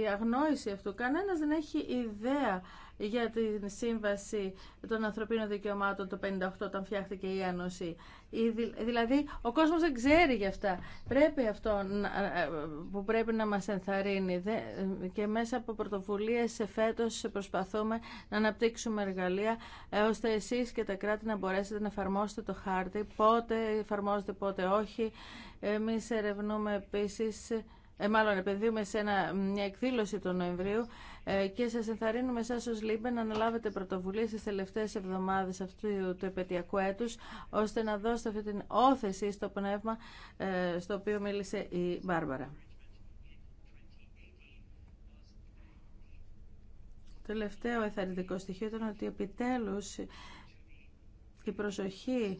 η αγνόηση αυτού. Κανένας δεν έχει ιδέα για την Σύμβαση των Ανθρωπίνων Δικαιωμάτων το 58 όταν φτιάχτηκε η Ένωση. Δηλαδή, ο κόσμος δεν ξέρει γι' αυτά. Πρέπει αυτό ε, που πρέπει να μας ενθαρρύνει και μέσα από πρωτοβουλίες φέτο προσπαθούμε να αναπτύξουμε εργαλεία ε, ώστε εσείς και τα κράτη να μπορέσετε να εφαρμόσετε το χάρτη, πότε εφαρμόζετε, πότε όχι. εμεί ερευνούμε επίση ε, μάλλον επενδύουμε σε μια εκδήλωση τον Νοεμβρίου ε, και σας ενθαρρύνουμε εσάς ως ΛΥΜΠΕ να αναλάβετε πρωτοβουλίες στις τελευταίες εβδομάδες αυτού του επαιτειακού έτους ώστε να δώσετε αυτή την όθεση στο πνεύμα ε, στο οποίο μίλησε η Μπάρμπαρα. Το τελευταίο εθαρρυντικό στοιχείο ήταν ότι επιτέλους η προσοχή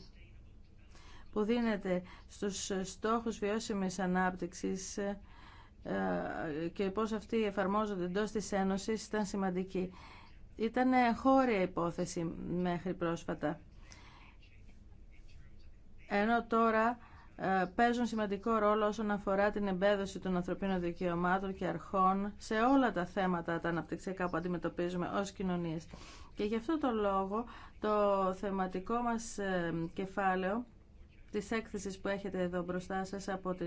που δίνεται στους στόχους βιώσιμης ανάπτυξης ε, ε, και πώς αυτοί εφαρμόζονται εντός της Ένωσης ήταν σημαντική. Ήταν χώρια υπόθεση μέχρι πρόσφατα. Ενώ τώρα ε, παίζουν σημαντικό ρόλο όσον αφορά την εμπέδωση των ανθρωπίνων δικαιωμάτων και αρχών σε όλα τα θέματα τα αναπτυξιακά που αντιμετωπίζουμε ως κοινωνίες. Και γι' αυτό το λόγο το θεματικό μας ε, κεφάλαιο της έκθεσης που έχετε εδώ μπροστά σας από, ε,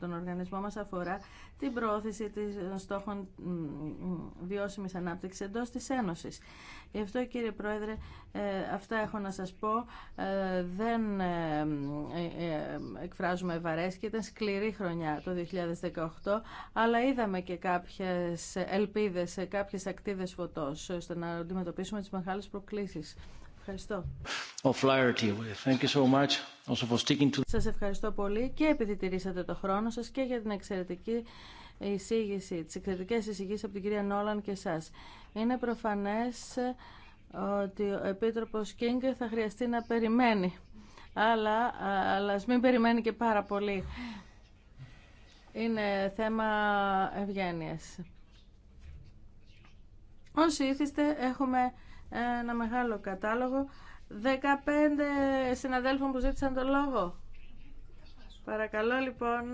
τον οργανισμό μας αφορά την προώθηση των ε, στόχων βιώσιμης ανάπτυξης εντός της Ένωσης. Γι' αυτό κύριε Πρόεδρε, ε, αυτά έχω να σας πω. δεν εκφράζουμε βαρές και ήταν σκληρή χρονιά το 2018, αλλά είδαμε και κάποιες ελπίδες, κάποιες ακτίδες φωτός, ώστε να αντιμετωπίσουμε τις μεγάλες προκλήσεις. Σας ευχαριστώ πολύ και επειδή τηρήσατε το χρόνο σας και για την εξαιρετική εισήγηση, τις εξαιρετικές εισηγήσεις από την κυρία Νόλαν και εσάς. Είναι προφανές ότι ο Επίτροπος Κίνγκ θα χρειαστεί να περιμένει. Αλλά, αλλά μην περιμένει και πάρα πολύ. Είναι θέμα ευγένειας. Όσοι ήθιστε έχουμε ένα μεγάλο κατάλογο. 15 συναδέλφων που ζήτησαν το λόγο. Παρακαλώ λοιπόν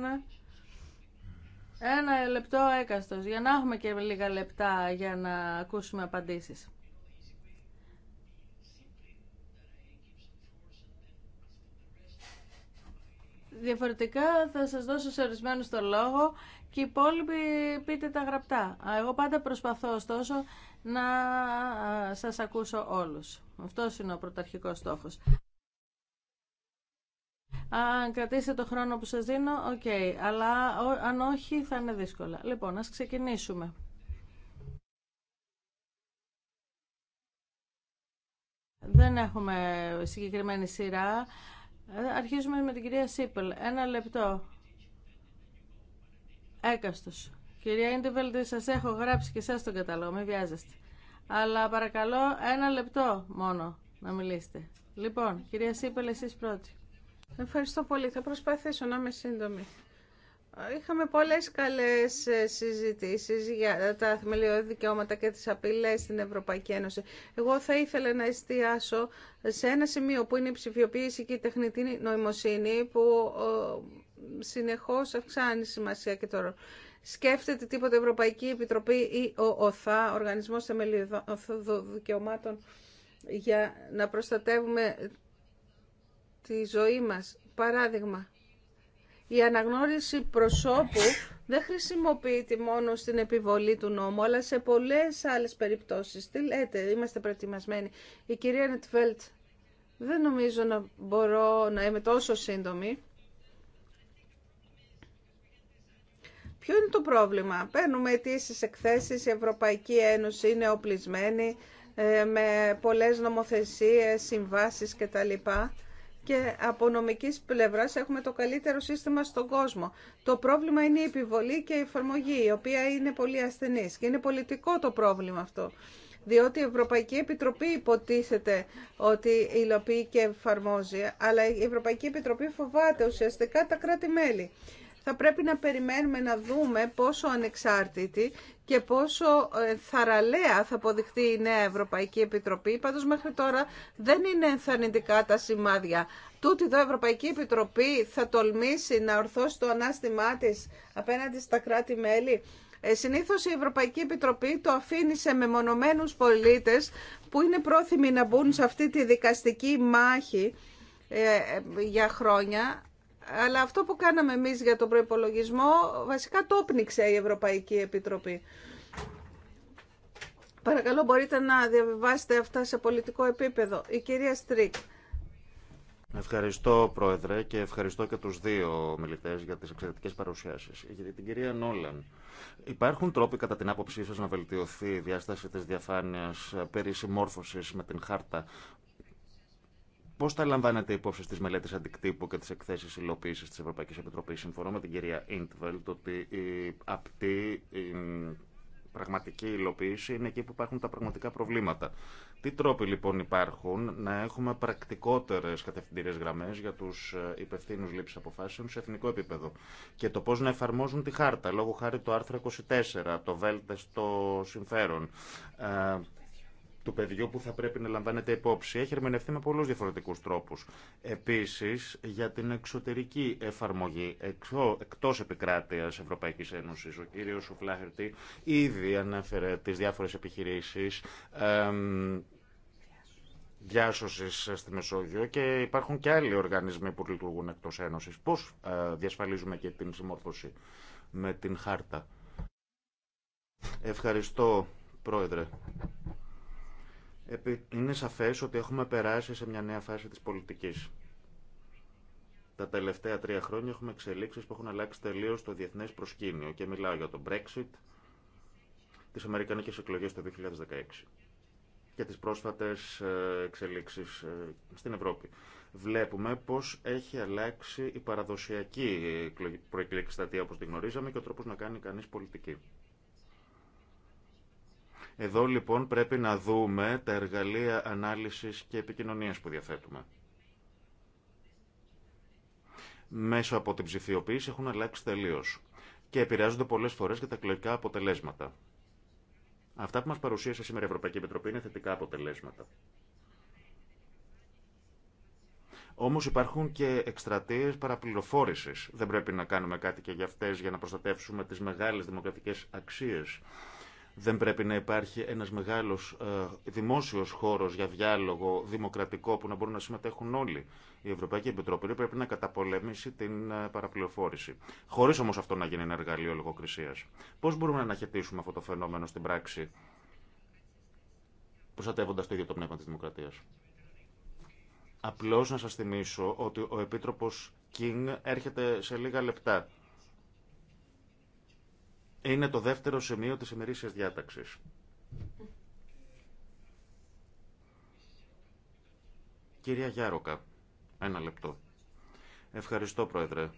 ένα λεπτό έκαστος για να έχουμε και λίγα λεπτά για να ακούσουμε απαντήσεις. Διαφορετικά θα σας δώσω σε ορισμένου το λόγο και οι υπόλοιποι πείτε τα γραπτά. Εγώ πάντα προσπαθώ ωστόσο να σας ακούσω όλους. Αυτός είναι ο πρωταρχικός στόχος. Αν κρατήσετε το χρόνο που σας δίνω, οκ. Αλλά αν όχι, θα είναι δύσκολα. Λοιπόν, ας ξεκινήσουμε. Δεν έχουμε συγκεκριμένη σειρά. Ε, αρχίζουμε με την κυρία Σίπελ. Ένα λεπτό. Έκαστος. Κυρία Ιντεβέλντε, σας έχω γράψει και εσάς τον κατάλογο, μην βιάζεστε. Αλλά παρακαλώ ένα λεπτό μόνο να μιλήσετε. Λοιπόν, κυρία Σίπελ, εσείς πρώτη. Ευχαριστώ πολύ. Θα προσπαθήσω να είμαι σύντομη. Είχαμε πολλές καλές ε, συζητήσεις για τα θεμελιώδη δικαιώματα και τις απειλές στην Ευρωπαϊκή Ένωση. Εγώ θα ήθελα να εστιάσω σε ένα σημείο που είναι η ψηφιοποίηση και η τεχνητή νοημοσύνη που ε, συνεχώς αυξάνει σημασία και τώρα σκέφτεται τίποτα Ευρωπαϊκή Επιτροπή ή ο ΟΘΑ, Οργανισμός Θεμελιωδών Δικαιωμάτων, για να προστατεύουμε τη ζωή μας. Παράδειγμα, η αναγνώριση προσώπου δεν χρησιμοποιείται μόνο στην επιβολή του νόμου, αλλά σε πολλές άλλες περιπτώσεις. Τι λέτε, είμαστε προετοιμασμένοι. Η κυρία Νετφέλτ, δεν νομίζω να μπορώ να είμαι τόσο σύντομη. Ποιο είναι το πρόβλημα. Παίρνουμε αιτήσει εκθέσεις, η Ευρωπαϊκή Ένωση είναι οπλισμένη ε, με πολλές νομοθεσίες, συμβάσεις κτλ. Και από νομικής πλευράς έχουμε το καλύτερο σύστημα στον κόσμο. Το πρόβλημα είναι η επιβολή και η εφαρμογή, η οποία είναι πολύ ασθενής. Και είναι πολιτικό το πρόβλημα αυτό. Διότι η Ευρωπαϊκή Επιτροπή υποτίθεται ότι υλοποιεί και εφαρμόζει, αλλά η Ευρωπαϊκή Επιτροπή φοβάται ουσιαστικά τα κράτη-μέλη θα πρέπει να περιμένουμε να δούμε πόσο ανεξάρτητη και πόσο ε, θαραλέα θα αποδειχτεί η νέα Ευρωπαϊκή Επιτροπή. Πάντως μέχρι τώρα δεν είναι ενθαρρυντικά τα σημάδια. Τούτη εδώ η Ευρωπαϊκή Επιτροπή θα τολμήσει να ορθώσει το ανάστημά της απέναντι στα κράτη-μέλη. Ε, συνήθως η Ευρωπαϊκή Επιτροπή το αφήνει σε μεμονωμένους πολίτες που είναι πρόθυμοι να μπουν σε αυτή τη δικαστική μάχη ε, για χρόνια αλλά αυτό που κάναμε εμείς για τον προϋπολογισμό βασικά το όπνιξε η Ευρωπαϊκή Επιτροπή. Παρακαλώ μπορείτε να διαβιβάσετε αυτά σε πολιτικό επίπεδο. Η κυρία Στρίκ. Ευχαριστώ Πρόεδρε και ευχαριστώ και τους δύο μιλητές για τις εξαιρετικές παρουσιάσεις. Για την κυρία Νόλαν, υπάρχουν τρόποι κατά την άποψή σας να βελτιωθεί η διάσταση της διαφάνειας περί συμμόρφωσης με την χάρτα Πώ τα λαμβάνετε υπόψη στι μελέτε αντικτύπου και τι εκθέσει υλοποίηση τη Ευρωπαϊκή Επιτροπή. Συμφωνώ με την κυρία Ιντβελτ ότι η απτή η πραγματική υλοποίηση είναι εκεί που υπάρχουν τα πραγματικά προβλήματα. Τι τρόποι λοιπόν υπάρχουν να έχουμε πρακτικότερε κατευθυντήριε γραμμέ για του ε, υπευθύνου λήψη αποφάσεων σε εθνικό επίπεδο και το πώ να εφαρμόζουν τη χάρτα, λόγω χάρη το άρθρο 24, το Βέλτε στο συμφέρον. Ε, του παιδιού που θα πρέπει να λαμβάνεται υπόψη έχει ερμηνευτεί με πολλούς διαφορετικούς τρόπους. Επίσης, για την εξωτερική εφαρμογή εκτό εκτός επικράτειας Ευρωπαϊκής Ένωσης, ο κύριος Σουφλάχερτη ήδη ανέφερε τις διάφορες επιχειρήσεις εμ, διάσωσης στη Μεσόγειο και υπάρχουν και άλλοι οργανισμοί που λειτουργούν εκτός Ένωσης. Πώς ε, διασφαλίζουμε και την συμμόρφωση με την χάρτα. Ευχαριστώ, Πρόεδρε. Είναι σαφές ότι έχουμε περάσει σε μια νέα φάση της πολιτικής. Τα τελευταία τρία χρόνια έχουμε εξελίξεις που έχουν αλλάξει τελείως το διεθνές προσκήνιο και μιλάω για το Brexit, τις Αμερικανικές εκλογές το 2016 και τις πρόσφατες ε, εξελίξεις ε, στην Ευρώπη. Βλέπουμε πώς έχει αλλάξει η παραδοσιακή προεκλογική στατεία όπως τη γνωρίζαμε και ο τρόπος να κάνει κανείς πολιτική. Εδώ λοιπόν πρέπει να δούμε τα εργαλεία ανάλυσης και επικοινωνίας που διαθέτουμε. Μέσω από την ψηφιοποίηση έχουν αλλάξει τελείω και επηρεάζονται πολλές φορές και τα εκλογικά αποτελέσματα. Αυτά που μας παρουσίασε σήμερα η Ευρωπαϊκή Επιτροπή είναι θετικά αποτελέσματα. Όμως υπάρχουν και εκστρατείες παραπληροφόρησης. Δεν πρέπει να κάνουμε κάτι και για αυτές για να προστατεύσουμε τις μεγάλες δημοκρατικές αξίες δεν πρέπει να υπάρχει ένας μεγάλος ε, δημόσιος χώρος για διάλογο δημοκρατικό που να μπορούν να συμμετέχουν όλοι. Η Ευρωπαϊκή Επιτροπή πρέπει να καταπολεμήσει την ε, παραπληροφόρηση. Χωρί όμω αυτό να γίνει ένα εργαλείο λογοκρισία. Πώς μπορούμε να αναχαιτήσουμε αυτό το φαινόμενο στην πράξη προστατεύοντα το ίδιο το πνεύμα τη δημοκρατία. Απλώ να σα θυμίσω ότι ο επίτροπο King έρχεται σε λίγα λεπτά. Είναι το δεύτερο σημείο της ημερήσιας διάταξης. Κυρία Γιάροκα, ένα λεπτό. Ευχαριστώ, Πρόεδρε.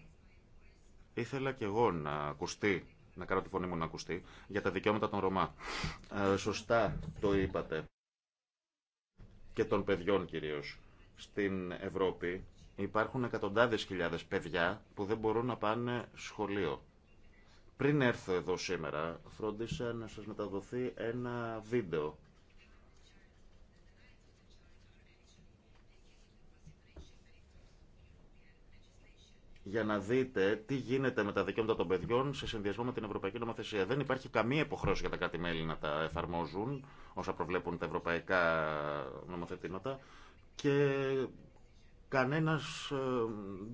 Ήθελα κι εγώ να ακουστεί, να κάνω τη φωνή μου να ακουστεί, για τα δικαιώματα των Ρωμά. Ε, σωστά το είπατε. Και των παιδιών κυρίως. Στην Ευρώπη υπάρχουν εκατοντάδες χιλιάδες παιδιά που δεν μπορούν να πάνε σχολείο. Πριν έρθω εδώ σήμερα, φρόντισα να σας μεταδοθεί ένα βίντεο για να δείτε τι γίνεται με τα δικαιώματα των παιδιών σε συνδυασμό με την Ευρωπαϊκή Νομοθεσία. Δεν υπάρχει καμία υποχρέωση για τα κράτη-μέλη να τα εφαρμόζουν όσα προβλέπουν τα ευρωπαϊκά νομοθετήματα και κανένα ε,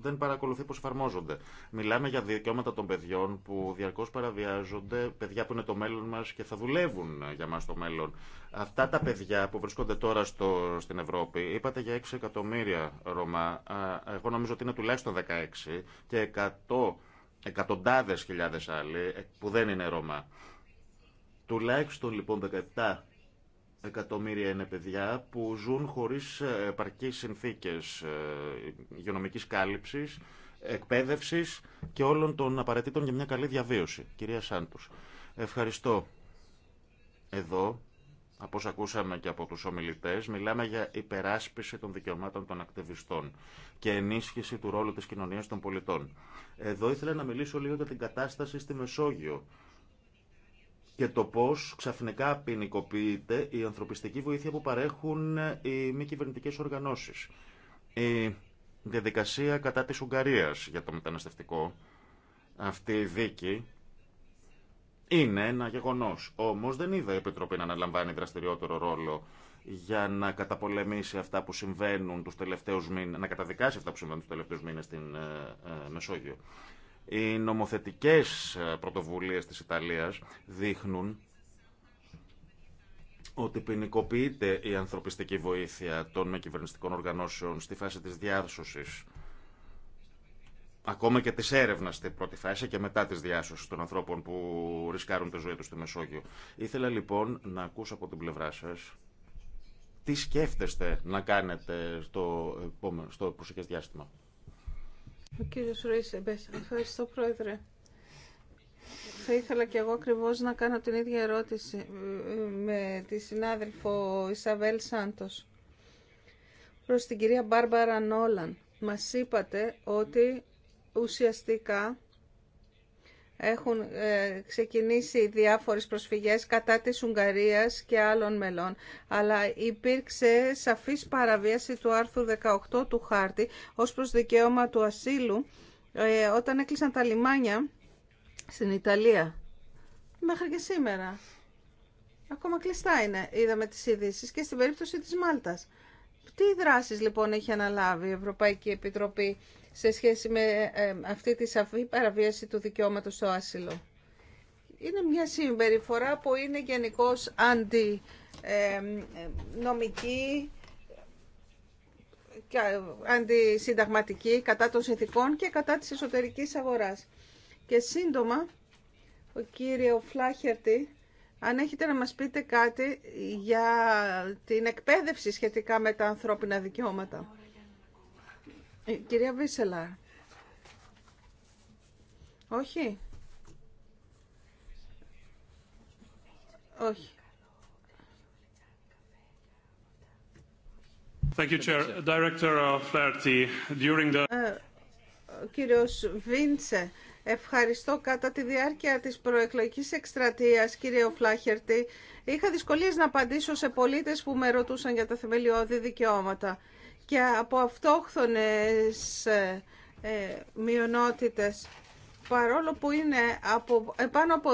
δεν παρακολουθεί πώ εφαρμόζονται. Μιλάμε για δικαιώματα των παιδιών που διαρκώ παραβιάζονται, παιδιά που είναι το μέλλον μα και θα δουλεύουν για μα το μέλλον. Αυτά τα παιδιά που βρισκόνται τώρα στο, στην Ευρώπη, είπατε για 6 εκατομμύρια Ρωμά, εγώ νομίζω ότι είναι τουλάχιστον 16 και 100 εκατοντάδες χιλιάδες άλλοι που δεν είναι Ρωμά. Τουλάχιστον λοιπόν 17 εκατομμύρια είναι παιδιά που ζουν χωρίς ε, επαρκείς συνθήκες ε, υγειονομικής κάλυψης, εκπαίδευσης και όλων των απαραίτητων για μια καλή διαβίωση. Κυρία Σάντους, ευχαριστώ. Εδώ, από ακούσαμε και από τους ομιλητές, μιλάμε για υπεράσπιση των δικαιωμάτων των ακτιβιστών και ενίσχυση του ρόλου της κοινωνίας των πολιτών. Εδώ ήθελα να μιλήσω λίγο για την κατάσταση στη Μεσόγειο και το πώ ξαφνικά ποινικοποιείται η ανθρωπιστική βοήθεια που παρέχουν οι μη κυβερνητικέ οργανώσεις. Η διαδικασία κατά τη Ουγγαρία για το μεταναστευτικό, αυτή η δίκη, είναι ένα γεγονός. Όμως δεν είδα η Επιτροπή να αναλαμβάνει δραστηριότερο ρόλο για να καταπολεμήσει αυτά που συμβαίνουν τους τελευταίους μήνες, να καταδικάσει αυτά που συμβαίνουν τους τελευταίους μήνες στην ε, ε, Μεσόγειο. Οι νομοθετικές ε, πρωτοβουλίες της Ιταλίας δείχνουν ότι ποινικοποιείται η ανθρωπιστική βοήθεια των με κυβερνητικών οργανώσεων στη φάση της διάσωσης ακόμα και της έρευνας στην πρώτη φάση και μετά της διάσωση των ανθρώπων που ρισκάρουν τη ζωή τους στη Μεσόγειο. Ήθελα λοιπόν να ακούσω από την πλευρά σας τι σκέφτεστε να κάνετε στο, στο διάστημα. Ο κύριος ε, ευχαριστώ πρόεδρε. Θα ήθελα και εγώ ακριβώ να κάνω την ίδια ερώτηση με τη συνάδελφο Ισαβέλ Σάντο προ την κυρία Μπάρμπαρα Νόλαν, μας είπατε ότι ουσιαστικά έχουν ε, ξεκινήσει διάφορες προσφυγές κατά της Ουγγαρίας και άλλων μελών. Αλλά υπήρξε σαφής παραβίαση του άρθρου 18 του χάρτη ως προς δικαίωμα του ασύλου ε, όταν έκλεισαν τα λιμάνια στην Ιταλία. Μέχρι και σήμερα. Ακόμα κλειστά είναι, είδαμε τις ειδήσει και στην περίπτωση της Μάλτας. Τι δράσεις λοιπόν έχει αναλάβει η Ευρωπαϊκή Επιτροπή σε σχέση με ε, αυτή τη σαφή παραβίαση του δικαιώματος στο άσυλο. Είναι μια συμπεριφορά που είναι γενικώ αντινομική ε, και αντισυνταγματική κατά των συνθηκών και κατά της εσωτερικής αγοράς. Και σύντομα, ο κύριο Φλάχερτη, αν έχετε να μας πείτε κάτι για την εκπαίδευση σχετικά με τα ανθρώπινα δικαιώματα. Ε, κυρία Βίσελα, Όχι. Όχι. Thank you, Chair. Director Flaherty, during the... Ε, Βίντσε, ευχαριστώ κατά τη διάρκεια της προεκλογικής εκστρατείας, κύριε Φλάχερτη. Είχα δυσκολίες να απαντήσω σε πολίτες που με ρωτούσαν για τα θεμελιώδη δικαιώματα και από αυτόχθονες ε, ε, μειονότητες παρόλο που είναι από, ε, πάνω από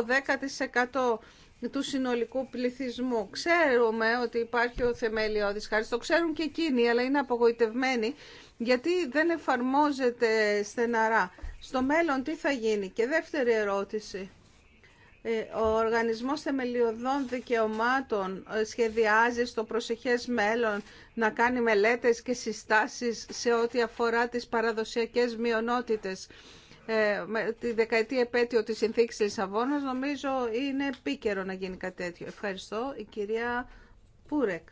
10% του συνολικού πληθυσμού. Ξέρουμε ότι υπάρχει ο θεμελιώδης χάρης, το ξέρουν και εκείνοι, αλλά είναι απογοητευμένοι γιατί δεν εφαρμόζεται στεναρά. Στο μέλλον τι θα γίνει. Και δεύτερη ερώτηση. Ε, ο Οργανισμός Θεμελιωδών Δικαιωμάτων ε, σχεδιάζει στο προσεχές μέλλον να κάνει μελέτες και συστάσεις σε ό,τι αφορά τις παραδοσιακές μειονότητες. Ε, με τη δεκαετία επέτειο της συνθήκης της Λισαβόνας νομίζω είναι επίκαιρο να γίνει κάτι τέτοιο. Ευχαριστώ. Η κυρία Πούρεκ.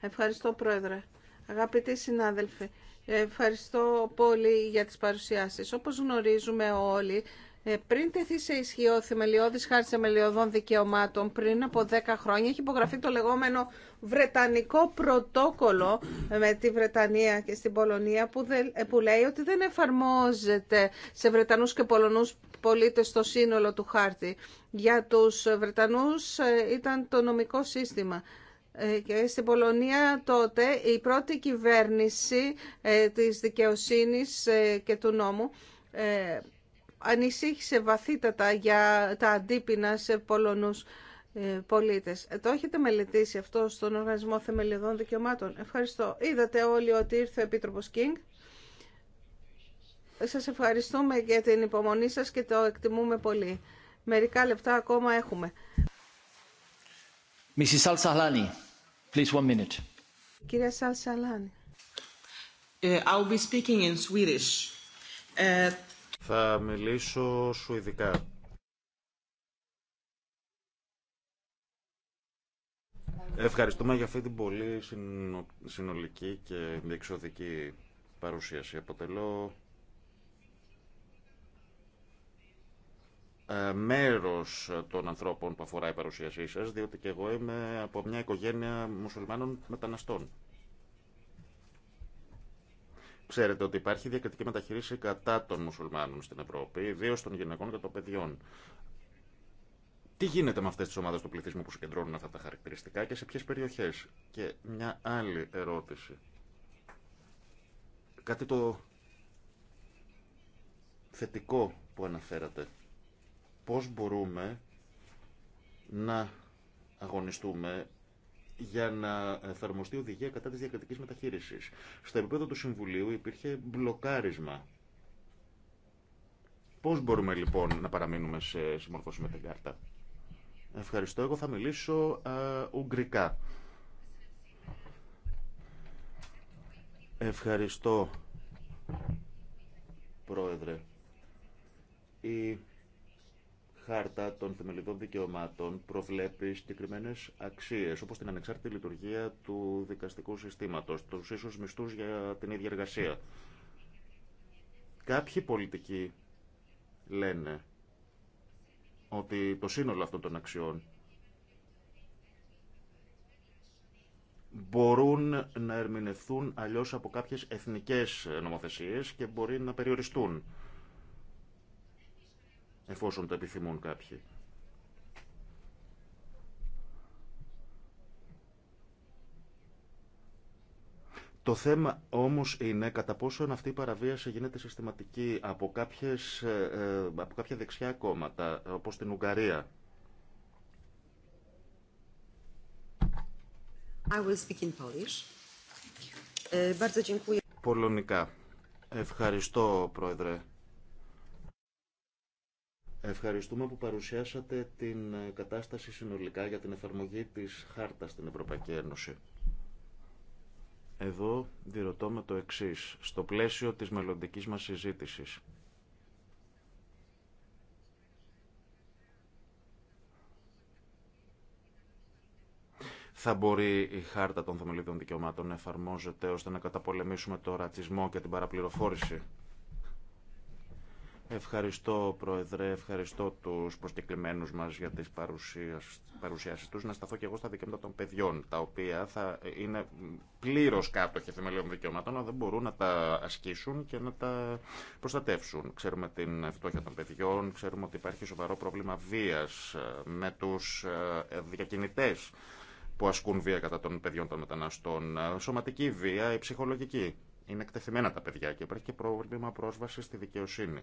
Ευχαριστώ Πρόεδρε. Αγαπητοί συνάδελφοι, ευχαριστώ πολύ για τις παρουσιάσεις. Όπως γνωρίζουμε όλοι, ε, πριν τεθεί σε ισχύ ο θεμελιώδη χάρτη θεμελιωδών δικαιωμάτων, πριν από 10 χρόνια, έχει υπογραφεί το λεγόμενο Βρετανικό Πρωτόκολλο με τη Βρετανία και στην Πολωνία, που, ε, λέει ότι δεν εφαρμόζεται σε Βρετανού και Πολωνού πολίτε το σύνολο του χάρτη. Για του Βρετανού ε, ήταν το νομικό σύστημα. Και στην Πολωνία τότε η πρώτη κυβέρνηση της δικαιοσύνης και του νόμου ανησύχησε βαθύτατα για τα αντίπεινα σε Πολωνούς ε, πολίτες. Ε, το έχετε μελετήσει αυτό στον Οργανισμό Θεμελιωδών Δικαιωμάτων. Ευχαριστώ. Είδατε όλοι ότι ήρθε ο Επίτροπος Κίνγκ. Σας ευχαριστούμε για την υπομονή σας και το εκτιμούμε πολύ. Μερικά λεπτά ακόμα έχουμε. Mrs. please one minute. Κυρία Uh, I'll be speaking in Swedish. Θα μιλήσω σου ειδικά. Ευχαριστούμε για αυτή την πολύ συνολική και διεξοδική παρουσίαση. Αποτελώ ε, μέρος των ανθρώπων που αφορά η παρουσίασή σας, διότι και εγώ είμαι από μια οικογένεια μουσουλμάνων μεταναστών. Ξέρετε ότι υπάρχει διακριτική μεταχείριση κατά των μουσουλμάνων στην Ευρώπη, ιδίω των γυναικών και των παιδιών. Τι γίνεται με αυτέ τι ομάδε του πληθυσμού που συγκεντρώνουν αυτά τα χαρακτηριστικά και σε ποιε περιοχέ. Και μια άλλη ερώτηση. Κάτι το θετικό που αναφέρατε. Πώς μπορούμε να αγωνιστούμε για να εφαρμοστεί οδηγία κατά τη διακριτική μεταχείρισης. Στο επίπεδο του Συμβουλίου υπήρχε μπλοκάρισμα. Πώς μπορούμε λοιπόν να παραμείνουμε σε συμμορφώση με την κάρτα. Ευχαριστώ. Εγώ θα μιλήσω α, ουγγρικά. Ευχαριστώ, Πρόεδρε. Η χάρτα των θεμελιδών δικαιωμάτων προβλέπει συγκεκριμένε αξίε, όπω την ανεξάρτητη λειτουργία του δικαστικού συστήματο, του ίσου μισθού για την ίδια εργασία. Κάποιοι πολιτικοί λένε ότι το σύνολο αυτών των αξιών μπορούν να ερμηνευθούν αλλιώς από κάποιες εθνικές νομοθεσίες και μπορεί να περιοριστούν εφόσον το επιθυμούν κάποιοι. Το θέμα όμως είναι κατά πόσο αυτή η παραβίαση γίνεται συστηματική από, κάποιες, ε, ε, από κάποια δεξιά κόμματα, όπως την Ουγγαρία. I will speak in Polish. Ε, Πολωνικά. Ευχαριστώ, Πρόεδρε. Ευχαριστούμε που παρουσιάσατε την ε, κατάσταση συνολικά για την εφαρμογή της χάρτας στην Ευρωπαϊκή Ένωση. Εδώ διρωτώ με το εξής, στο πλαίσιο της μελλοντική μας συζήτησης. Θα μπορεί η χάρτα των θεμελιδών δικαιωμάτων να εφαρμόζεται ώστε να καταπολεμήσουμε το ρατσισμό και την παραπληροφόρηση. Ευχαριστώ, Πρόεδρε. Ευχαριστώ του προσκεκλημένου μα για τι παρουσιάσει του. Να σταθώ και εγώ στα δικαιώματα των παιδιών, τα οποία θα είναι πλήρω κάτοχοι θεμελιών δικαιωμάτων, αλλά δεν μπορούν να τα ασκήσουν και να τα προστατεύσουν. Ξέρουμε την φτώχεια των παιδιών, ξέρουμε ότι υπάρχει σοβαρό πρόβλημα βία ε, με του ε, διακινητέ που ασκούν βία κατά των παιδιών των μεταναστών, ε, σωματική βία, η ψυχολογική. Είναι εκτεθειμένα τα παιδιά και υπάρχει και πρόβλημα πρόσβαση στη δικαιοσύνη.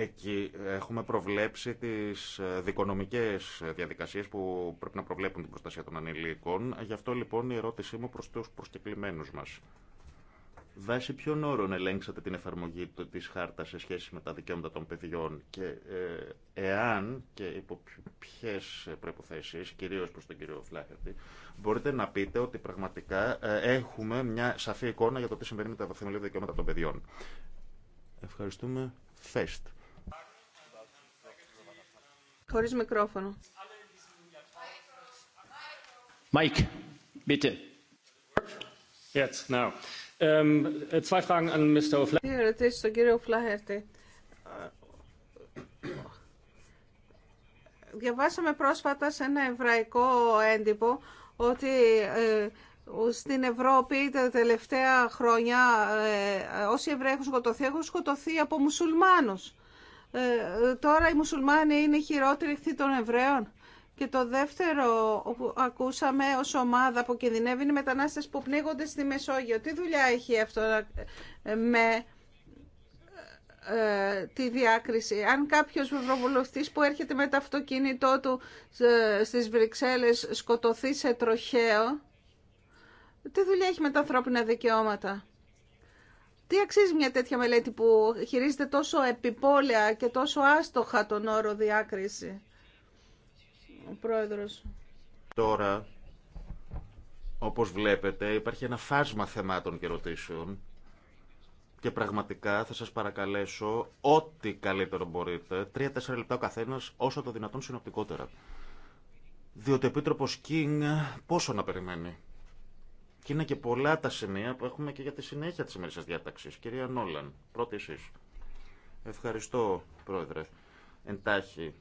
Εκεί έχουμε προβλέψει τις ε, δικονομικές ε, διαδικασίες που πρέπει να προβλέπουν την προστασία των ανηλίκων. Γι' αυτό λοιπόν η ερώτησή μου προς τους προσκεκλημένους μας. Βάσει ποιον όρων ελέγξατε την εφαρμογή της χάρτας σε σχέση με τα δικαιώματα των παιδιών και ε, εάν και υπό ποιε προϋποθέσεις, κυρίως προς τον κύριο Φλάχερτη, μπορείτε να πείτε ότι πραγματικά έχουμε μια σαφή εικόνα για το τι συμβαίνει με τα θεμελιώδη δικαιώματα των παιδιών. Ευχαριστούμε. Φεστ. Χωρίς μικρόφωνο. Mike, bitte. Jetzt, now. Um, zwei Fragen an Mr. Δύο Διαβάσαμε πρόσφατα σε ένα εβραϊκό έντυπο ότι ε, στην Ευρώπη τα τελευταία χρόνια ε, όσοι Εβραίοι έχουν σκοτωθεί έχουν σκοτωθεί από μουσουλμάνους. Ε, τώρα οι μουσουλμάνοι είναι χειρότεροι εχθή των Εβραίων. Και το δεύτερο που ακούσαμε ω ομάδα που κινδυνεύει είναι οι μετανάστες που πνίγονται στη Μεσόγειο. Τι δουλειά έχει αυτό ε, με ε, τη διάκριση. Αν κάποιος ευρωβουλευτής που έρχεται με το αυτοκίνητό του στις Βρυξέλλες σκοτωθεί σε τροχαίο, τι δουλειά έχει με τα ανθρώπινα δικαιώματα. Τι αξίζει μια τέτοια μελέτη που χειρίζεται τόσο επιπόλαια και τόσο άστοχα τον όρο διάκριση, ο Πρόεδρος. Τώρα, όπως βλέπετε, υπάρχει ένα φάσμα θεμάτων και ερωτήσεων και πραγματικά θα σας παρακαλέσω ό,τι καλύτερο μπορείτε, τρία-τέσσερα λεπτά ο καθένας, όσο το δυνατόν συνοπτικότερα. Διότι ο Επίτροπος Κίνγκ πόσο να περιμένει. Και είναι και πολλά τα σημεία που έχουμε και για τη συνέχεια της ημερήσιας διάταξης. Κυρία Νόλαν, πρώτη εσείς. Ευχαριστώ, Πρόεδρε. Εντάχει,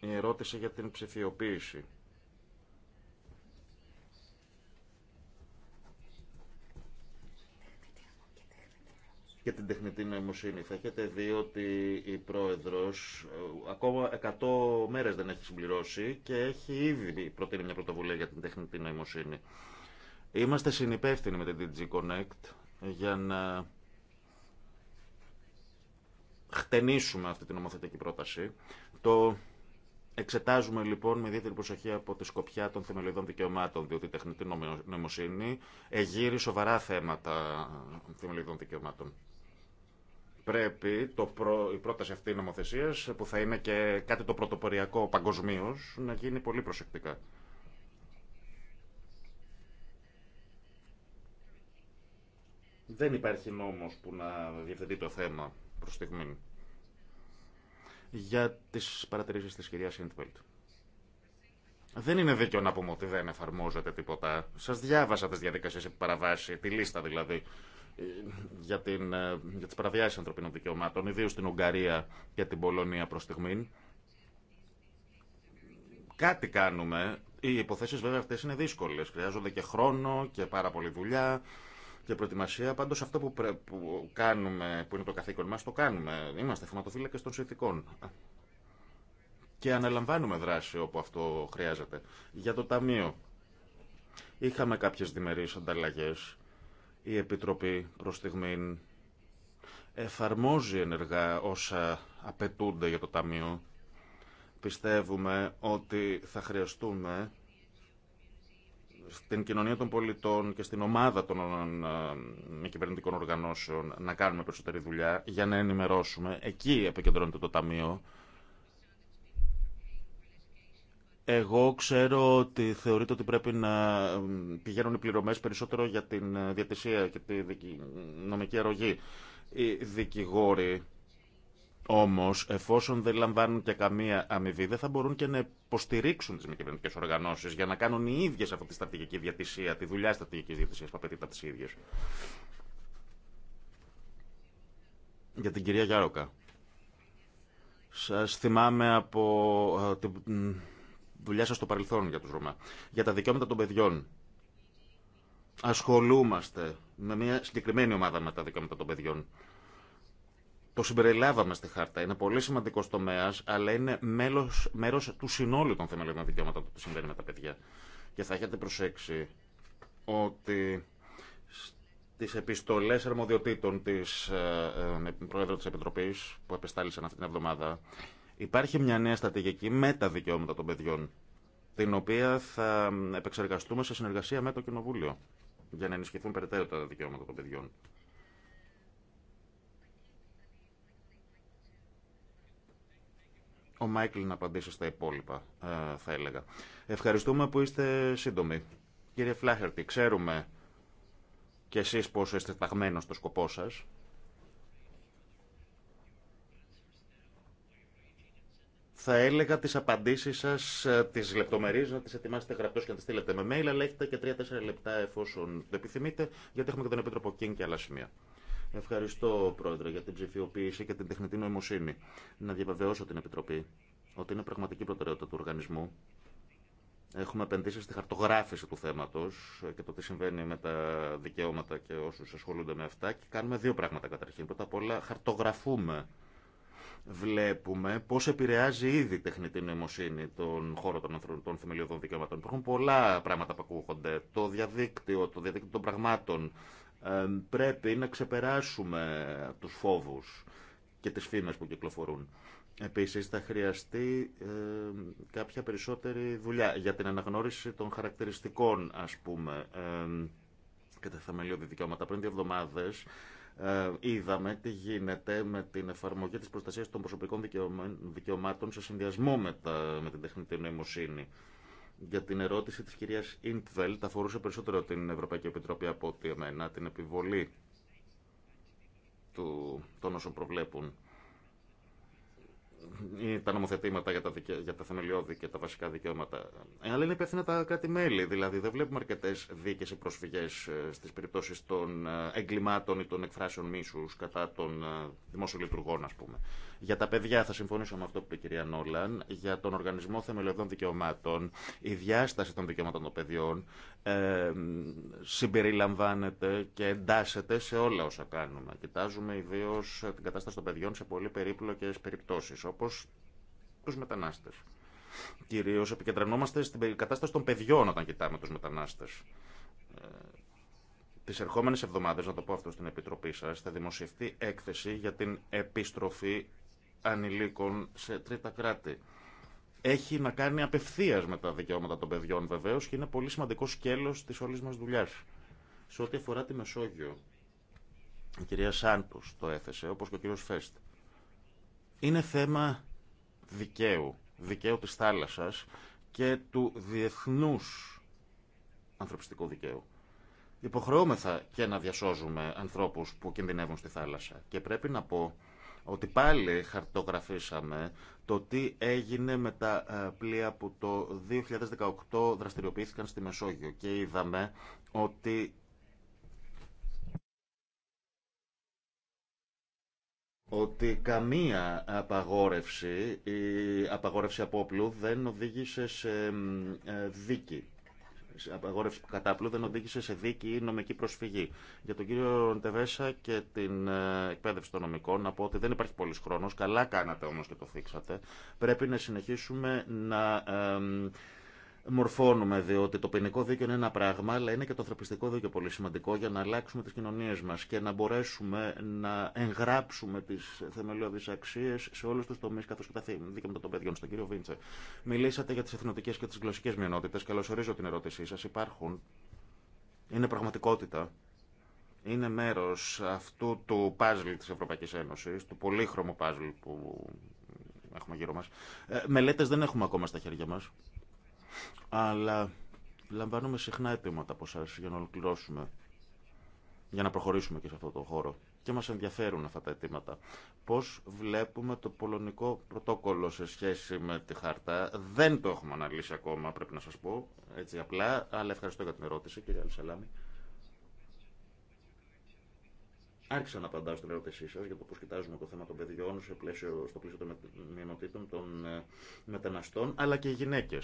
η ερώτηση για την ψηφιοποίηση. και την τεχνητή νοημοσύνη. Θα έχετε δει ότι η πρόεδρος ε, ακόμα 100 μέρες δεν έχει συμπληρώσει και έχει ήδη προτείνει μια πρωτοβουλία για την τεχνητή νοημοσύνη. Είμαστε συνυπεύθυνοι με την DG Connect για να χτενίσουμε αυτή την νομοθετική πρόταση. Το εξετάζουμε λοιπόν με ιδιαίτερη προσοχή από τη σκοπιά των θεμελιωδών δικαιωμάτων, διότι η τεχνητή νομοσύνη εγείρει σοβαρά θέματα θεμελιωδών δικαιωμάτων. Πρέπει το προ... η πρόταση αυτή νομοθεσία, που θα είναι και κάτι το πρωτοποριακό παγκοσμίω, να γίνει πολύ προσεκτικά. Δεν υπάρχει νόμος που να διευθετεί το θέμα προς στιγμή. Για τι παρατηρήσει τη κυρία Ιντβελτ. Δεν είναι δίκαιο να πούμε ότι δεν εφαρμόζεται τίποτα. Σα διάβασα τι διαδικασίε επί παραβάση, τη λίστα δηλαδή, για, την, ε, για τις παραβιάσεις ανθρωπίνων δικαιωμάτων, ιδίω στην Ουγγαρία και την Πολωνία προς στιγμή. Κάτι κάνουμε. Οι υποθέσει βέβαια αυτέ είναι δύσκολε. Χρειάζονται και χρόνο και πάρα πολλή δουλειά και προετοιμασία. Πάντως αυτό που, που κάνουμε, που είναι το καθήκον μας, το κάνουμε. Είμαστε θεματοφύλακε των συνθηκών. Και αναλαμβάνουμε δράση όπου αυτό χρειάζεται. Για το Ταμείο. Είχαμε κάποιες διμερείς ανταλλαγές. Η Επιτροπή προς στιγμήν εφαρμόζει ενεργά όσα απαιτούνται για το Ταμείο. Πιστεύουμε ότι θα χρειαστούμε στην κοινωνία των πολιτών και στην ομάδα των ε, κυβερνητικών οργανώσεων να κάνουμε περισσότερη δουλειά για να ενημερώσουμε. Εκεί επικεντρώνεται το Ταμείο. Εγώ ξέρω ότι θεωρείται ότι πρέπει να πηγαίνουν οι πληρωμές περισσότερο για την ε, διατησία και τη νομική αρρωγή. Οι δικηγόροι Όμω, εφόσον δεν λαμβάνουν και καμία αμοιβή, δεν θα μπορούν και να υποστηρίξουν τι μη κυβερνητικέ οργανώσει για να κάνουν οι ίδιε αυτή τη στρατηγική διατησία, τη δουλειά στρατηγική διατησία που απαιτείται από τι ίδιε. Για την κυρία Γιάροκα. Σα θυμάμαι από ε, τη δουλειά σα στο παρελθόν για του Ρωμά. Για τα δικαιώματα των παιδιών. Ασχολούμαστε με μια συγκεκριμένη ομάδα με τα δικαιώματα των παιδιών. Το συμπεριλάβαμε στη χάρτα. Είναι πολύ σημαντικό τομέα, αλλά είναι μέρο του συνόλου των θεμελιωδών δικαιωμάτων που συμβαίνει με τα παιδιά. Και θα έχετε προσέξει ότι τις επιστολές αρμοδιοτήτων τη ε, ε Πρόεδρου της που επεστάλησαν αυτή την εβδομάδα υπάρχει μια νέα στρατηγική με τα δικαιώματα των παιδιών την οποία θα επεξεργαστούμε σε συνεργασία με το Κοινοβούλιο για να ενισχυθούν περαιτέρω τα δικαιώματα των παιδιών. ο Μάικλ να απαντήσει στα υπόλοιπα, ε, θα έλεγα. Ευχαριστούμε που είστε σύντομοι. Κύριε Φλάχερτη, ξέρουμε και εσείς πόσο είστε ταγμένος στο σκοπό σας. θα έλεγα τι απαντήσει σα, ε, τι λεπτομερεί, να τι ετοιμάσετε γραπτό και να τις στείλετε με mail, αλλά έχετε και 3-4 λεπτά εφόσον το επιθυμείτε, γιατί έχουμε και τον Επίτροπο Κίν και άλλα σημεία. Ευχαριστώ, Πρόεδρε, για την ψηφιοποίηση και την τεχνητή νοημοσύνη. Να διαβεβαιώσω την Επιτροπή ότι είναι πραγματική προτεραιότητα του οργανισμού. Έχουμε επενδύσει στη χαρτογράφηση του θέματο και το τι συμβαίνει με τα δικαιώματα και όσου ασχολούνται με αυτά. Και κάνουμε δύο πράγματα καταρχήν. Πρώτα απ' όλα, χαρτογραφούμε. Βλέπουμε πώ επηρεάζει ήδη η τεχνητή νοημοσύνη τον χώρο των, των θεμελιωδών δικαιωμάτων. Υπάρχουν πολλά πράγματα που ακούγονται. Το διαδίκτυο, το διαδίκτυο των πραγμάτων, πρέπει να ξεπεράσουμε τους φόβους και τις φήμες που κυκλοφορούν. Επίσης θα χρειαστεί ε, κάποια περισσότερη δουλειά για την αναγνώριση των χαρακτηριστικών ας πούμε ε, και τα θεμελιώδη δικαιώματα. Πριν δύο εβδομάδες ε, είδαμε τι γίνεται με την εφαρμογή της προστασίας των προσωπικών δικαιωμάτων σε συνδυασμό με, με την τεχνητή νοημοσύνη για την ερώτηση της κυρίας τα αφορούσε περισσότερο την Ευρωπαϊκή Επιτροπή από ότι εμένα, την επιβολή του, των όσων προβλέπουν τα νομοθετήματα για τα, για τα θεμελιώδη και τα βασικά δικαιώματα. Ε, αλλά είναι υπεύθυνα τα κράτη-μέλη. Δηλαδή, δεν βλέπουμε αρκετέ δίκε ή προσφυγέ ε, στι περιπτώσει των ε, εγκλημάτων ή των εκφράσεων μίσου κατά των δημόσιων λειτουργών, α πούμε. Για τα παιδιά θα συμφωνήσω με αυτό που είπε η κυρία Νόλαν. Για τον Οργανισμό Θεμελιωδών Δικαιωμάτων, η διάσταση των δικαιωμάτων των παιδιών ε, συμπεριλαμβάνεται και εντάσσεται σε όλα όσα κάνουμε. Κοιτάζουμε ιδίω την κατάσταση των παιδιών σε πολύ περίπλοκε περιπτώσει, όπω του μετανάστε. Κυρίω επικεντρωνόμαστε στην κατάσταση των παιδιών όταν κοιτάμε του μετανάστε. Ε, Τι ερχόμενε εβδομάδε, να το πω αυτό στην Επιτροπή σα, θα δημοσιευτεί έκθεση για την επιστροφή ανηλίκων σε τρίτα κράτη. Έχει να κάνει απευθεία με τα δικαιώματα των παιδιών βεβαίω και είναι πολύ σημαντικό σκέλο τη όλη μα δουλειά. Σε ό,τι αφορά τη Μεσόγειο, η κυρία Σάντο το έθεσε, όπω και ο κύριο Φέστ. Είναι θέμα δικαίου, δικαίου τη θάλασσα και του διεθνού ανθρωπιστικού δικαίου. Υποχρεώμεθα και να διασώζουμε ανθρώπους που κινδυνεύουν στη θάλασσα. Και πρέπει να πω ότι πάλι χαρτογραφήσαμε το τι έγινε με τα ε, πλοία που το 2018 δραστηριοποιήθηκαν στη Μεσόγειο και είδαμε ότι ότι καμία απαγόρευση, η απαγόρευση από δεν οδήγησε σε ε, δίκη απαγόρευση του κατάπλου δεν οδήγησε σε δίκη ή νομική προσφυγή. Για τον κύριο Ντεβέσα και την ε, εκπαίδευση των νομικών, να πω ότι δεν υπάρχει πολλή χρόνο. Καλά κάνατε όμω και το θίξατε. Πρέπει να συνεχίσουμε να ε, μορφώνουμε, διότι το ποινικό δίκαιο είναι ένα πράγμα, αλλά είναι και το ανθρωπιστικό δίκαιο πολύ σημαντικό για να αλλάξουμε τι κοινωνίε μα και να μπορέσουμε να εγγράψουμε τι θεμελιώδει αξίε σε όλου του τομεί, καθώ και τα δικαιώματα των παιδιών. Στον κύριο Βίντσε, μιλήσατε για τι εθνοτικέ και γλωσσικέ γλωσσικές μειονότητες. Καλωσορίζω την ερώτησή σα Υπάρχουν. Είναι πραγματικότητα είναι μέρο αυτού του παζλ τη Ευρωπαϊκή Ένωση, του πολύχρωμου παζλ που έχουμε γύρω μα. Ε, δεν έχουμε ακόμα στα χέρια μα. Αλλά λαμβάνουμε συχνά αιτήματα από εσά για να ολοκληρώσουμε, για να προχωρήσουμε και σε αυτό το χώρο. Και μας ενδιαφέρουν αυτά τα αιτήματα. Πώς βλέπουμε το πολωνικό πρωτόκολλο σε σχέση με τη χάρτα. Δεν το έχουμε αναλύσει ακόμα, πρέπει να σας πω, έτσι απλά, αλλά ευχαριστώ για την ερώτηση, κύριε Αλσαλάμι. Άρχισα να απαντάω στην ερώτησή σα για το πώ κοιτάζουμε το θέμα των παιδιών σε πλαίσιο, στο πλαίσιο των μειονοτήτων, των μεταναστών, αλλά και οι γυναίκε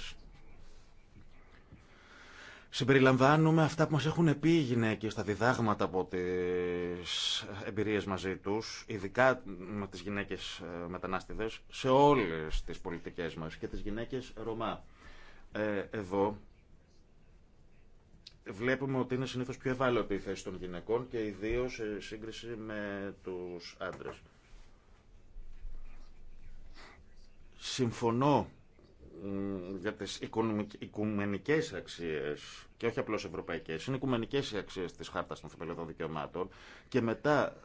συμπεριλαμβάνουμε αυτά που μας έχουν πει οι γυναίκες, τα διδάγματα από τις εμπειρίες μαζί τους, ειδικά με τις γυναίκες ε, μετανάστηδες, σε όλες τις πολιτικές μας και τις γυναίκες Ρωμά. Ε, εδώ βλέπουμε ότι είναι συνήθως πιο ευάλωτη η θέση των γυναικών και ιδίω σε σύγκριση με τους άντρες. Συμφωνώ για τις οικουμενικές αξίες και όχι απλώς ευρωπαϊκές, είναι οικουμενικές οι αξίες της Χάρτας των Θεμελιωδών Δικαιωμάτων και μετά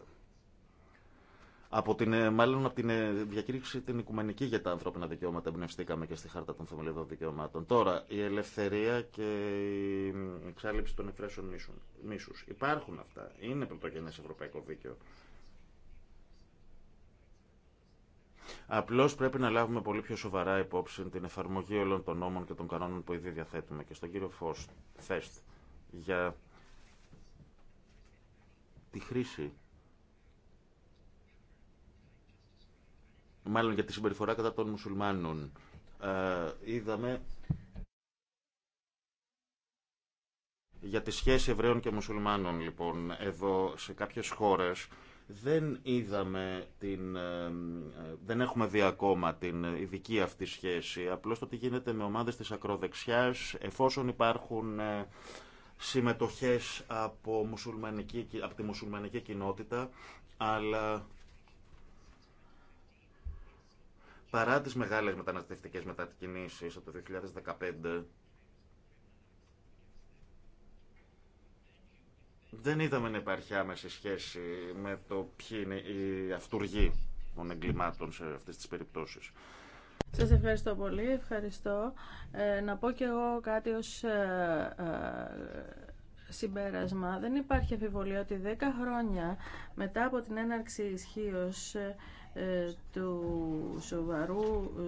από την, ε, μάλλον από την ε, διακήρυξη την οικουμενική για τα ανθρώπινα δικαιώματα εμπνευστήκαμε και στη Χάρτα των Θεμελιωδών Δικαιωμάτων. Τώρα, η ελευθερία και η εξάλληψη των εφρέσεων μίσους. Υπάρχουν αυτά. Είναι πρωτογενές ευρωπαϊκό δίκαιο. Απλώς πρέπει να λάβουμε πολύ πιο σοβαρά υπόψη την εφαρμογή όλων των νόμων και των κανόνων που ήδη διαθέτουμε. Και στον κύριο Φως, Φέστ, για τη χρήση μάλλον για τη συμπεριφορά κατά των μουσουλμάνων. Ε, είδαμε για τη σχέση Εβραίων και Μουσουλμάνων, λοιπόν, εδώ σε κάποιες χώρες δεν είδαμε την, δεν έχουμε δει ακόμα την ειδική αυτή σχέση. Απλώς το τι γίνεται με ομάδες της ακροδεξιάς, εφόσον υπάρχουν ε, συμμετοχές από, μουσουλμανική, από τη μουσουλμανική κοινότητα, αλλά παρά τις μεγάλες μεταναστευτικές μετακινήσεις από το 2015, δεν είδαμε να υπάρχει άμεση σχέση με το ποιοι είναι οι αυτούργοι των εγκλημάτων σε αυτές τις περιπτώσεις. Σας ευχαριστώ πολύ, ευχαριστώ. Ε, να πω και εγώ κάτι ως ε, ε συμπέρασμα. Δεν υπάρχει αφιβολία ότι 10 χρόνια μετά από την έναρξη ισχύω ε, του σοβαρού,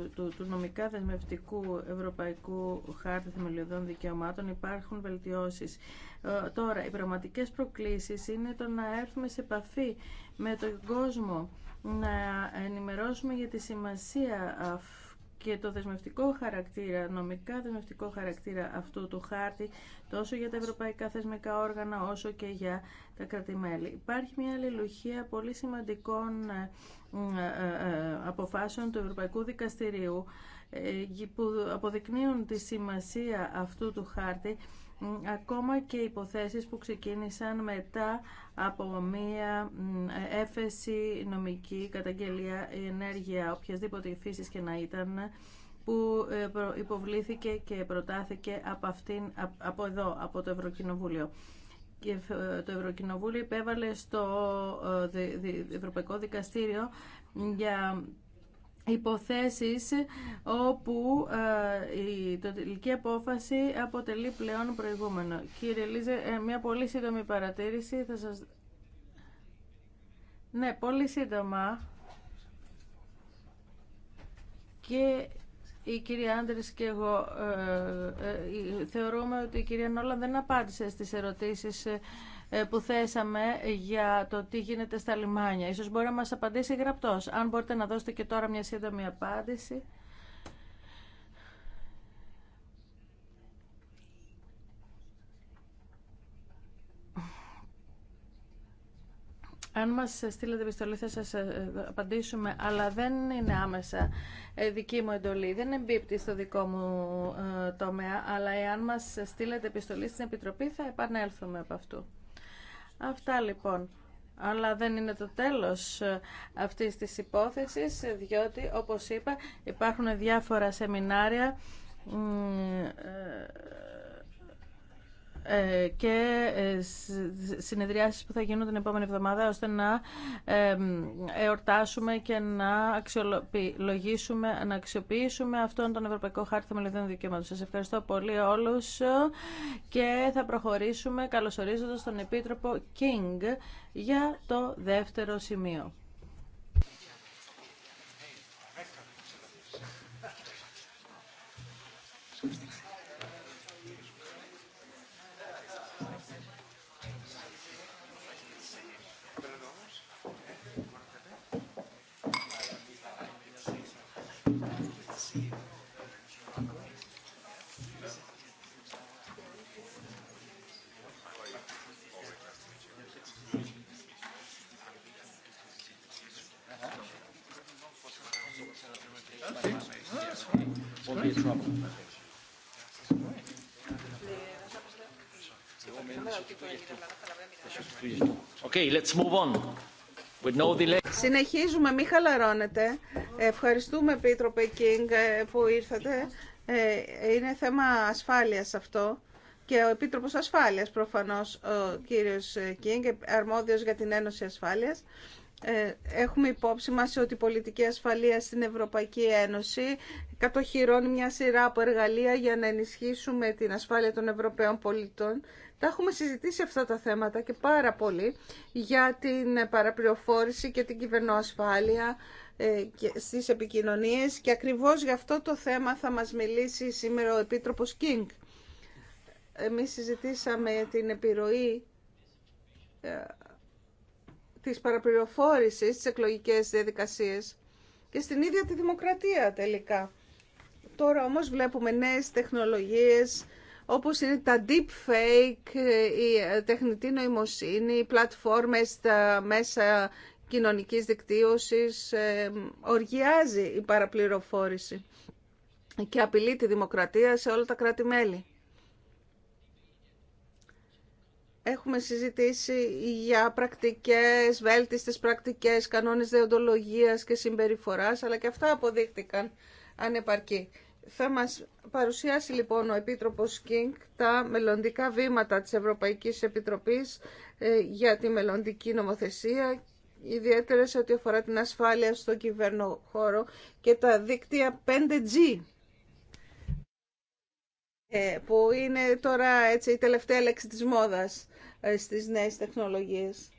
ε, του, του νομικά δεσμευτικού Ευρωπαϊκού Χάρτη Θεμελιωδών Δικαιωμάτων υπάρχουν βελτιώσεις. Ε, τώρα, οι πραγματικές προκλήσεις είναι το να έρθουμε σε επαφή με τον κόσμο, να ενημερώσουμε για τη σημασία αυτού και το δεσμευτικό χαρακτήρα, νομικά δεσμευτικό χαρακτήρα αυτού του χάρτη, τόσο για τα ευρωπαϊκά θεσμικά όργανα, όσο και για τα κρατημέλη. Υπάρχει μια αλληλουχία πολύ σημαντικών ε, ε, ε, αποφάσεων του Ευρωπαϊκού Δικαστηρίου, που αποδεικνύουν τη σημασία αυτού του χάρτη ακόμα και υποθέσεις που ξεκίνησαν μετά από μία έφεση νομική καταγγελία η ενέργεια οποιασδήποτε φύσης και να ήταν που ε, υποβλήθηκε και προτάθηκε από, αυτήν, από εδώ, από το Ευρωκοινοβούλιο. Και ε, το Ευρωκοινοβούλιο υπέβαλε στο ε, Ευρωπαϊκό Δικαστήριο για υποθέσεις όπου ε, η τελική απόφαση αποτελεί πλέον προηγούμενο. Κύριε Λίζε, ε, μια πολύ σύντομη παρατήρηση. Θα σας... Ναι, πολύ σύντομα. Και η κυρία Άντρης και εγώ ε, ε θεωρούμε ότι η κυρία Νόλα δεν απάντησε στις ερωτήσεις ε, που θέσαμε για το τι γίνεται στα λιμάνια. Ίσως μπορεί να μας απαντήσει γραπτός. Αν μπορείτε να δώσετε και τώρα μια σύντομη απάντηση. Αν μας στείλετε επιστολή θα σας ε, απαντήσουμε, αλλά δεν είναι άμεσα ε, δική μου εντολή, δεν εμπίπτει στο δικό μου τομέα, αλλά εάν μας στείλετε επιστολή στην Επιτροπή θα επανέλθουμε από αυτού. Αυτά λοιπόν. Αλλά δεν είναι το τέλος ε, αυτής της υπόθεσης, διότι, όπως είπα, υπάρχουν διάφορα σεμινάρια ε, ε, και ε, συνεδριάσεις που θα γίνουν την επόμενη εβδομάδα ώστε να ε, εορτάσουμε και να αξιολογήσουμε, να αξιοποιήσουμε αυτόν τον Ευρωπαϊκό Χάρτη Θεμελιωδών Δικαιωμάτων. Σας ευχαριστώ πολύ όλους και θα προχωρήσουμε καλωσορίζοντας τον Επίτροπο King για το δεύτερο σημείο. Συνεχίζουμε, μην χαλαρώνετε. Ευχαριστούμε, Επίτροπε Κίνγκ, ε, που ήρθατε. Ε, είναι θέμα ασφάλειας αυτό και ο Επίτροπος Ασφάλειας προφανώς, ο κύριος ε, Κίνγκ, αρμόδιος για την Ένωση Ασφάλειας. Έχουμε υπόψη μας ότι η πολιτική ασφαλεία στην Ευρωπαϊκή Ένωση κατοχυρώνει μια σειρά από εργαλεία για να ενισχύσουμε την ασφάλεια των Ευρωπαίων πολιτών τα έχουμε συζητήσει αυτά τα θέματα και πάρα πολύ για την παραπληροφόρηση και την κυβερνοασφάλεια ε, στις επικοινωνίες και ακριβώς για αυτό το θέμα θα μας μιλήσει σήμερα ο Επίτροπος Κίνγκ. Εμείς συζητήσαμε την επιρροή ε, της παραπληροφόρησης στις εκλογικές διαδικασίες και στην ίδια τη δημοκρατία τελικά. Τώρα όμως βλέπουμε νέες τεχνολογίες, όπως είναι τα deep fake, η τεχνητή νοημοσύνη, οι πλατφόρμες, τα μέσα κοινωνικής δικτύωσης, ε, οργιάζει η παραπληροφόρηση και απειλεί τη δημοκρατία σε όλα τα κράτη-μέλη. Έχουμε συζητήσει για πρακτικές, βέλτιστες πρακτικές, κανόνες δεοντολογίας και συμπεριφοράς, αλλά και αυτά αποδείχτηκαν ανεπαρκή. Θα μας παρουσιάσει λοιπόν ο Επίτροπος Κίνγκ τα μελλοντικά βήματα της Ευρωπαϊκής Επιτροπής ε, για τη μελλοντική νομοθεσία, ιδιαίτερα σε ό,τι αφορά την ασφάλεια στο κυβερνοχώρο και τα δίκτυα 5G ε, που είναι τώρα έτσι, η τελευταία λέξη της μόδας ε, στις νέες τεχνολογίες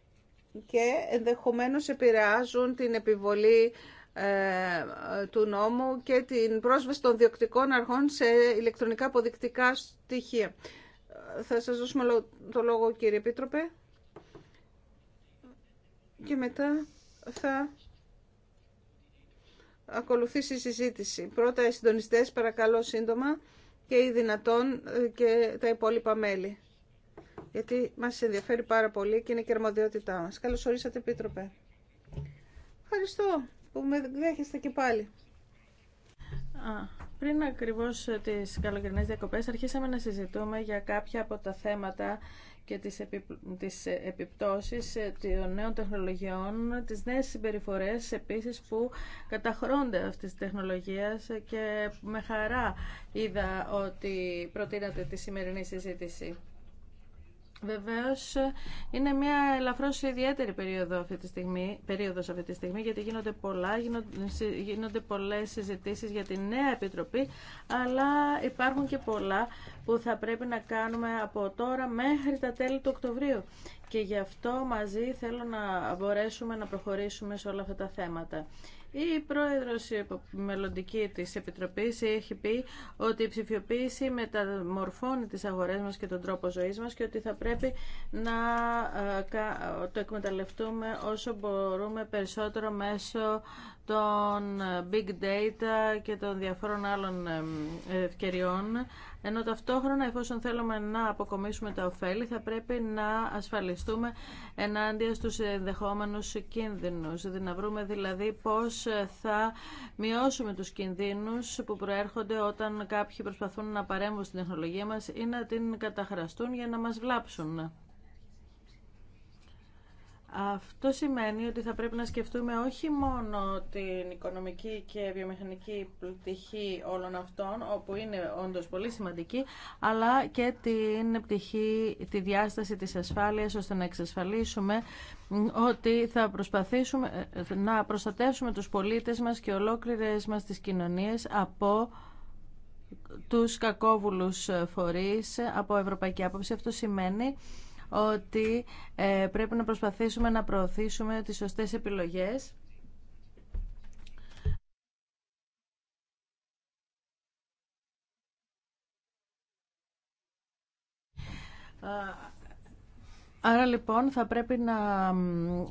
και ενδεχομένως επηρεάζουν την επιβολή ε, του νόμου και την πρόσβαση των διοκτικών αρχών σε ηλεκτρονικά αποδεικτικά στοιχεία. Θα σας δώσουμε το λόγο κύριε Επίτροπε και μετά θα ακολουθήσει η συζήτηση. Πρώτα οι συντονιστές παρακαλώ σύντομα και οι δυνατόν ε, και τα υπόλοιπα μέλη. Γιατί μας ενδιαφέρει πάρα πολύ και είναι και αρμοδιότητά μας. Καλώς ορίσατε Επίτροπε. Ευχαριστώ που με δέχεστε και πάλι. Α, πριν ακριβώς ε, τις καλοκαιρινές διακοπές αρχίσαμε να συζητούμε για κάποια από τα θέματα και τις, επι, τις ε, επιπτώσεις ε, των νέων τεχνολογιών, τις νέες συμπεριφορές επίσης που καταχρώνται αυτής της τεχνολογίας και με χαρά είδα ότι προτείνατε τη σημερινή συζήτηση. Βεβαίω, είναι μια ελαφρώς ιδιαίτερη περίοδο αυτή τη στιγμή, περίοδος αυτή τη στιγμή γιατί γίνονται πολλά, γίνονται πολλές συζητήσεις για τη νέα Επιτροπή αλλά υπάρχουν και πολλά που θα πρέπει να κάνουμε από τώρα μέχρι τα τέλη του Οκτωβρίου και γι' αυτό μαζί θέλω να μπορέσουμε να προχωρήσουμε σε όλα αυτά τα θέματα. Η πρόεδρος μελλοντική της Επιτροπής έχει πει ότι η ψηφιοποίηση μεταμορφώνει τις αγορές μας και τον τρόπο ζωής μας και ότι θα πρέπει να ε, το εκμεταλλευτούμε όσο μπορούμε περισσότερο μέσω των ε, big data και των διαφόρων άλλων ε, ευκαιριών ενώ ταυτόχρονα, εφόσον θέλουμε να αποκομίσουμε τα ωφέλη, θα πρέπει να ασφαλιστούμε ενάντια στους ενδεχόμενους κίνδυνους. Δηλαδή, να βρούμε δηλαδή πώς θα μειώσουμε τους κινδύνους που προέρχονται όταν κάποιοι προσπαθούν να παρέμβουν στην τεχνολογία μας ή να την καταχραστούν για να μας βλάψουν. Αυτό σημαίνει ότι θα πρέπει να σκεφτούμε όχι μόνο την οικονομική και βιομηχανική πτυχή όλων αυτών, όπου είναι όντως πολύ σημαντική, αλλά και την πτυχή, τη διάσταση της ασφάλειας, ώστε να εξασφαλίσουμε ότι θα προσπαθήσουμε να προστατεύσουμε τους πολίτες μας και ολόκληρες μας τις κοινωνίες από τους κακόβουλους φορείς από ευρωπαϊκή άποψη. Αυτό σημαίνει ότι ε, πρέπει να προσπαθήσουμε να προωθήσουμε τις σωστές επιλογές Άρα λοιπόν θα πρέπει να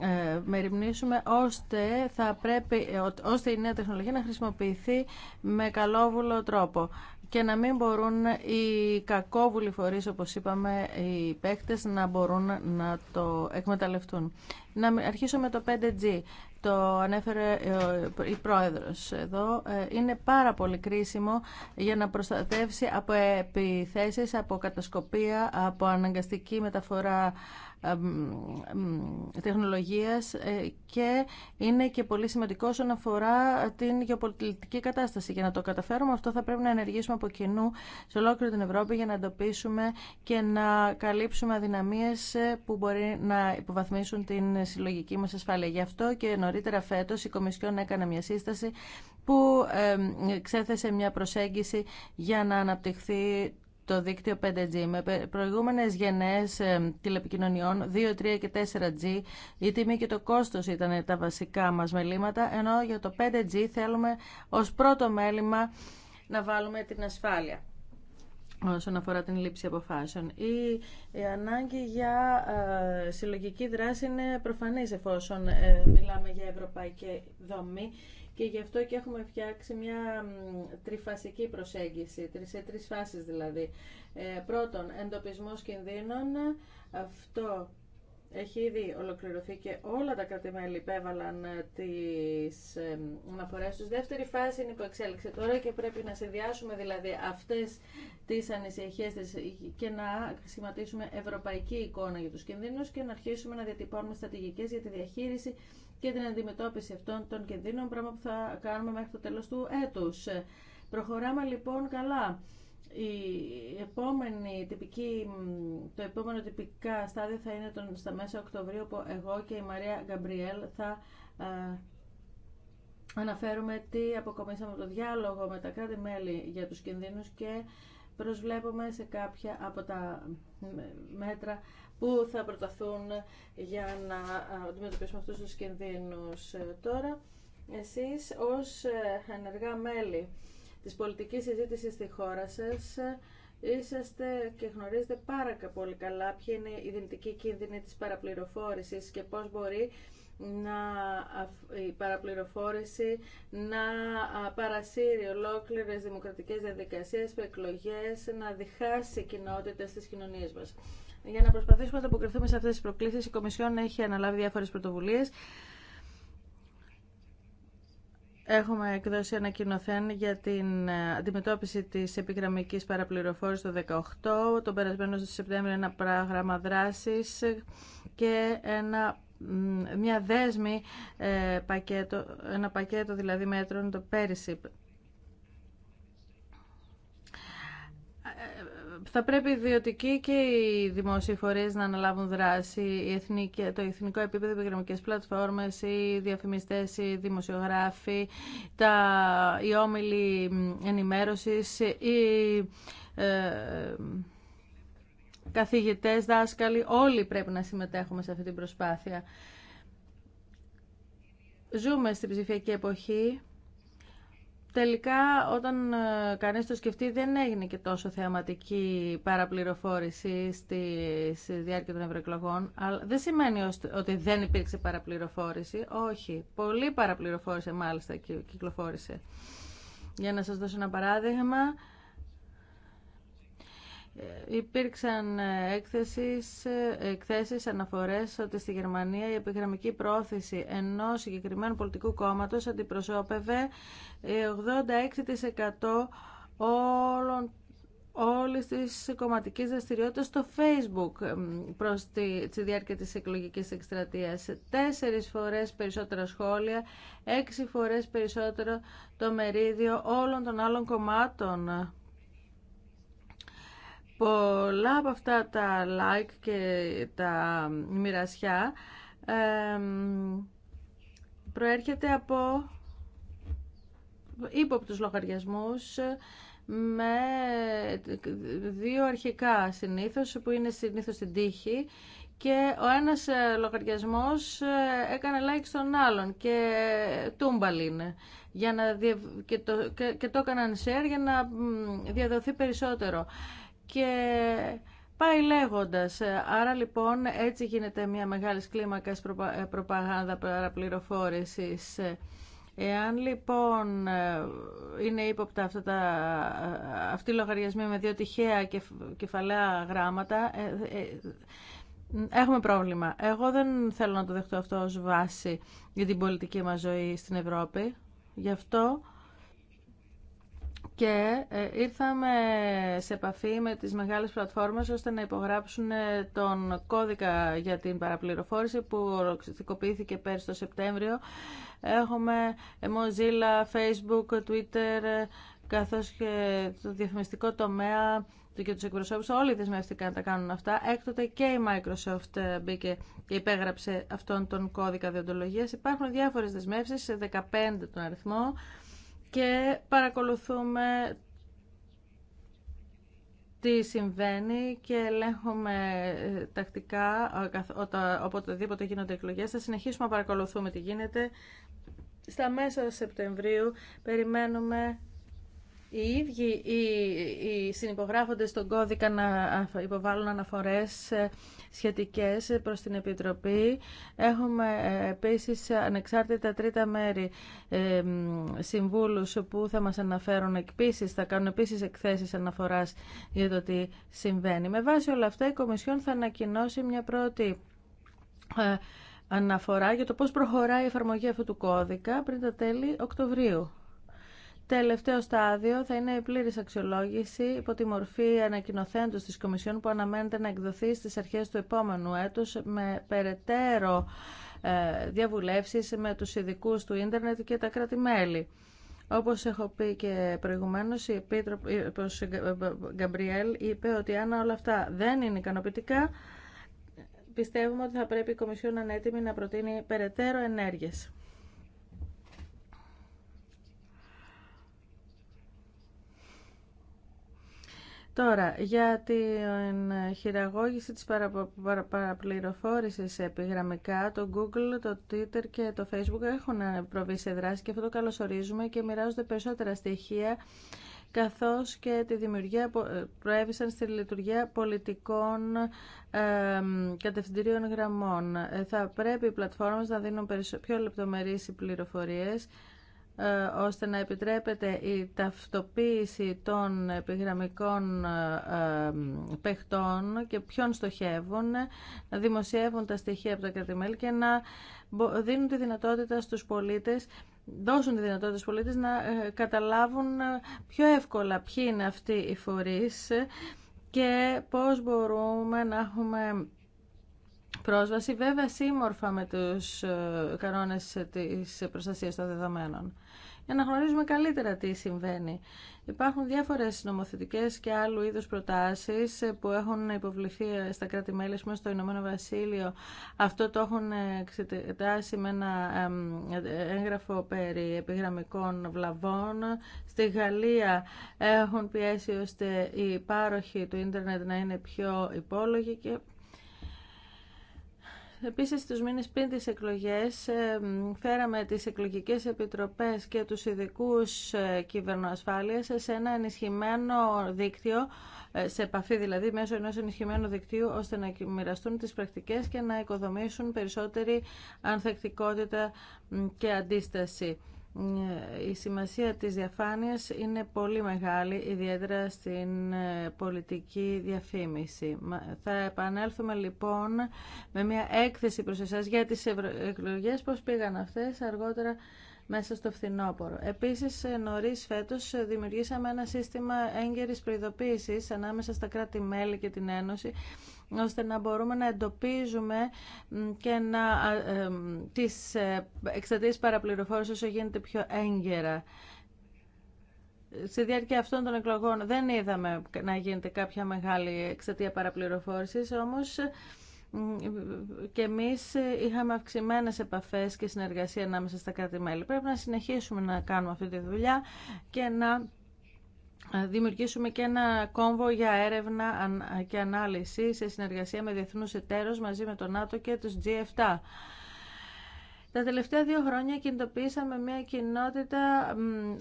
ε, μεριμνήσουμε ώστε, θα πρέπει, ε, ώστε η νέα τεχνολογία να χρησιμοποιηθεί με καλόβουλο τρόπο και να μην μπορούν οι κακόβουλοι φορείς, όπως είπαμε, οι παίχτες να μπορούν να το εκμεταλλευτούν. Να αρχίσω με το 5G. Το ανέφερε ε, η πρόεδρος εδώ. Ε, είναι πάρα πολύ κρίσιμο για να προστατεύσει από επιθέσεις, από κατασκοπία, από αναγκαστική μεταφορά τεχνολογίας ε, και είναι και πολύ σημαντικό όσον αφορά την γεωπολιτική κατάσταση. Για να το καταφέρουμε αυτό θα πρέπει να ενεργήσουμε από κοινού σε ολόκληρη την Ευρώπη για να εντοπίσουμε και να καλύψουμε αδυναμίες ε, που μπορεί να υποβαθμίσουν την συλλογική μας ασφάλεια. Γι' αυτό και νωρίτερα φέτος η Κομισιόν έκανε μια σύσταση που ξέθεσε μια προσέγγιση για να αναπτυχθεί το δίκτυο 5G με προηγούμενες γενναίες ε, τηλεπικοινωνιών 2, 3 και 4G η τιμή και το κόστος ήταν τα βασικά μας μελήματα ενώ για το 5G θέλουμε ως πρώτο μέλημα να βάλουμε την ασφάλεια όσον αφορά την λήψη αποφάσεων. Η, η ανάγκη για ε, συλλογική δράση είναι προφανής εφόσον ε, μιλάμε για ευρωπαϊκή δομή και γι' αυτό και έχουμε φτιάξει μια τριφασική προσέγγιση, σε τρεις φάσεις δηλαδή. Ε, πρώτον, εντοπισμός κινδύνων, αυτό έχει ήδη ολοκληρωθεί και όλα τα κρατημέλη υπέβαλαν ε, τις ε, αναφορές τους. Δεύτερη φάση είναι που εξέλιξε τώρα και πρέπει να συνδυάσουμε δηλαδή αυτές τις ανησυχίες και να σχηματίσουμε ευρωπαϊκή εικόνα για τους κινδύνους και να αρχίσουμε να διατυπώνουμε στρατηγικές για τη διαχείριση και την αντιμετώπιση αυτών των κινδύνων, πράγμα που θα κάνουμε μέχρι το τέλος του έτους. Προχωράμε λοιπόν καλά. Η επόμενη τυπική, το επόμενο τυπικά στάδιο θα είναι τον, στα μέσα Οκτωβρίου που εγώ και η Μαρία Γκαμπριέλ θα ε, αναφέρουμε τι αποκομίσαμε από το διάλογο με τα κράτη-μέλη για τους κινδύνους και προσβλέπουμε σε κάποια από τα μέτρα που θα προταθούν για να αντιμετωπίσουμε αυτούς τους κινδύνους. Ε, τώρα, εσείς ως ε, ενεργά μέλη της πολιτικής συζήτησης στη χώρα σας, ε, είσαστε και γνωρίζετε πάρα πολύ καλά ποιοι είναι οι δυνητικοί κίνδυνοι της παραπληροφόρησης και πώς μπορεί να, η παραπληροφόρηση να παρασύρει ολόκληρες δημοκρατικές διαδικασίες, εκλογές, να διχάσει κοινότητες στις κοινωνίες μας. Για να προσπαθήσουμε να αποκριθούμε σε αυτές τις προκλήσεις, η Κομισιόν έχει αναλάβει διάφορες πρωτοβουλίες. Έχουμε εκδώσει ανακοινωθέν για την ε, αντιμετώπιση της επιγραμμικής παραπληροφόρησης το 18, τον περασμένο Σεπτέμβριο ένα πράγμα δράσης και ένα μια δέσμη ε, πακέτο, ένα πακέτο δηλαδή μέτρων το πέρυσι θα πρέπει οι ιδιωτικοί και οι δημόσιοι να αναλάβουν δράση, η το εθνικό επίπεδο, οι επιγραμμικέ πλατφόρμες, οι διαφημιστές, οι δημοσιογράφοι, τα, οι όμιλοι ενημέρωση οι ε, καθηγητές, δάσκαλοι, όλοι πρέπει να συμμετέχουμε σε αυτή την προσπάθεια. Ζούμε στην ψηφιακή εποχή τελικά όταν ε, κανείς το σκεφτεί δεν έγινε και τόσο θεαματική παραπληροφόρηση στη διάρκεια των ευρωεκλογών. Αλλά δεν σημαίνει ότι δεν υπήρξε παραπληροφόρηση. Όχι. Πολύ παραπληροφόρησε μάλιστα και κυκλοφόρησε. Για να σας δώσω ένα παράδειγμα, Υπήρξαν ε, έκθεσεις, ε, εκθέσεις, αναφορές ότι στη Γερμανία η επιγραμμική πρόθεση ενός συγκεκριμένου πολιτικού κόμματος αντιπροσώπευε 86% ε, όλων όλης της κομματικής δραστηριότητα στο Facebook προς τη, τη διάρκεια της εκλογικής εκστρατείας. Τέσσερις φορές περισσότερα σχόλια, έξι φορές περισσότερο το μερίδιο όλων των άλλων κομμάτων Πολλά από αυτά τα like και τα μοιρασιά προέρχεται από ύποπτους λογαριασμούς με δύο αρχικά συνήθως που είναι συνήθως στην τύχη και ο ένας ε, λογαριασμός ε, έκανε like στον άλλον και τούμπαλ είναι για να και, το, και, και το έκαναν share για να διαδοθεί περισσότερο και Πάει λέγοντα. Άρα λοιπόν έτσι γίνεται μια μεγάλη κλίμακα προπα... Ε, προπαγάνδα παραπληροφόρηση. Εάν λοιπόν ε, είναι ύποπτα αυτά τα, ε, αυτοί οι λογαριασμοί με δύο τυχαία και κεφαλαία γράμματα, έχουμε πρόβλημα. Εγώ δεν θέλω να το δεχτώ αυτό ως βάση για την πολιτική μας ζωή στην Ευρώπη. Γι' αυτό και ε, ήρθαμε σε επαφή με τις μεγάλες πλατφόρμες ώστε να υπογράψουν ε, τον κώδικα για την παραπληροφόρηση που οροξητικοποιήθηκε πέρυσι το Σεπτέμβριο. Έχουμε ε, Mozilla, Facebook, Twitter, καθώς και το διαφημιστικό τομέα και τους εκπροσώπους, όλοι δεσμεύτηκαν να τα κάνουν αυτά. Έκτοτε και η Microsoft μπήκε και υπέγραψε αυτόν τον κώδικα διοντολογίας. Υπάρχουν διάφορες δεσμεύσεις, σε 15 τον αριθμό και παρακολουθούμε τι συμβαίνει και ελέγχουμε ε, τακτικά οποτεδήποτε γίνονται εκλογές. Θα συνεχίσουμε να παρακολουθούμε τι γίνεται. Στα μέσα Σεπτεμβρίου περιμένουμε οι ίδιοι οι, οι συνυπογράφοντες στον κώδικα να υποβάλουν αναφορές ε, σχετικές προς την Επιτροπή. Έχουμε ε, επίσης ανεξάρτητα τρίτα μέρη ε, συμβούλους που θα μας αναφέρουν επίσης, θα κάνουν επίσης εκθέσεις αναφοράς για το τι συμβαίνει. Με βάση όλα αυτά η Κομισιόν θα ανακοινώσει μια πρώτη ε, αναφορά για το πώς προχωράει η εφαρμογή αυτού του κώδικα πριν τα τέλη Οκτωβρίου. Τελευταίο στάδιο θα είναι η πλήρη αξιολόγηση υπό τη μορφή ανακοινοθέντου τη Κομισιόν που αναμένεται να εκδοθεί στι αρχέ του επόμενου έτου με περαιτέρω ε, διαβουλεύσεις με τους ειδικού του ίντερνετ και τα κράτη-μέλη. Όπως έχω πει και προηγουμένως, η Επίτροπος ε, Γκαμπριέλ είπε ότι αν όλα αυτά δεν είναι ικανοποιητικά, πιστεύουμε ότι θα πρέπει η Κομισιόν να να προτείνει περαιτέρω ενέργειες. Τώρα, για την χειραγώγηση της παρα, παραπληροφόρησης επιγραμμικά, το Google, το Twitter και το Facebook έχουν προβεί σε δράση και αυτό το καλωσορίζουμε και μοιράζονται περισσότερα στοιχεία καθώς και τη δημιουργία ε, προέβησαν στη λειτουργία πολιτικών κατευθυντηρίων γραμμών. Ε, θα πρέπει οι πλατφόρμες να δίνουν πιο λεπτομερείς πληροφορίες ε, ώστε να επιτρέπεται η ταυτοποίηση των επιγραμμικών ε, ε, παιχτών και ποιον στοχεύουν, να δημοσιεύουν τα στοιχεία από τα κρατημέλη και να δίνουν τη δυνατότητα στους πολίτες δώσουν τη δυνατότητα στους πολίτες να καταλάβουν πιο εύκολα ποιοι είναι αυτοί οι φορείς και πώς μπορούμε να έχουμε πρόσβαση, βέβαια σύμμορφα με τους κανόνες της προστασίας των δεδομένων για να γνωρίζουμε καλύτερα τι συμβαίνει. Υπάρχουν διάφορες νομοθετικές και άλλου είδους προτάσεις που έχουν υποβληθεί στα κράτη-μέλη, μας, στο Ηνωμένο Βασίλειο. Αυτό το έχουν εξετάσει με ένα έγγραφο περί επιγραμμικών βλαβών. Στη Γαλλία έχουν πιέσει ώστε οι πάροχοι του ίντερνετ να είναι πιο υπόλογοι και Επίσης, στους μήνες πριν τις εκλογές, ε, φέραμε τις εκλογικές επιτροπές και τους ειδικού ε, κυβερνοασφάλειας σε ένα ενισχυμένο δίκτυο, ε, σε επαφή δηλαδή μέσω ενός ενισχυμένου δικτύου, ώστε να μοιραστούν τις πρακτικές και να οικοδομήσουν περισσότερη ανθεκτικότητα και αντίσταση η σημασία της διαφάνειας είναι πολύ μεγάλη, ιδιαίτερα στην ε, πολιτική διαφήμιση. Θα επανέλθουμε λοιπόν με μια έκθεση προς εσάς για τις εκλογές, πώς πήγαν αυτές αργότερα μέσα στο φθινόπωρο. Επίσης, νωρίς φέτος ε, δημιουργήσαμε ένα σύστημα έγκαιρης προειδοποίησης ανάμεσα στα κράτη-μέλη και την Ένωση ώστε να μπορούμε να εντοπίζουμε και να, ε, τις ε, εξατήσεις παραπληροφόρησης όσο γίνεται πιο έγκαιρα. Στη διάρκεια αυτών των εκλογών δεν είδαμε να γίνεται κάποια μεγάλη εξατία παραπληροφόρησης, όμως και εμείς είχαμε αυξημένες επαφές και συνεργασία ανάμεσα στα κράτη-μέλη. Πρέπει να συνεχίσουμε να κάνουμε αυτή τη δουλειά και να δημιουργήσουμε και ένα κόμβο για έρευνα και ανάλυση σε συνεργασία με διεθνούς εταίρους μαζί με τον ΝΑΤΟ και τους G7. Τα τελευταία δύο χρόνια κινητοποιήσαμε μια κοινότητα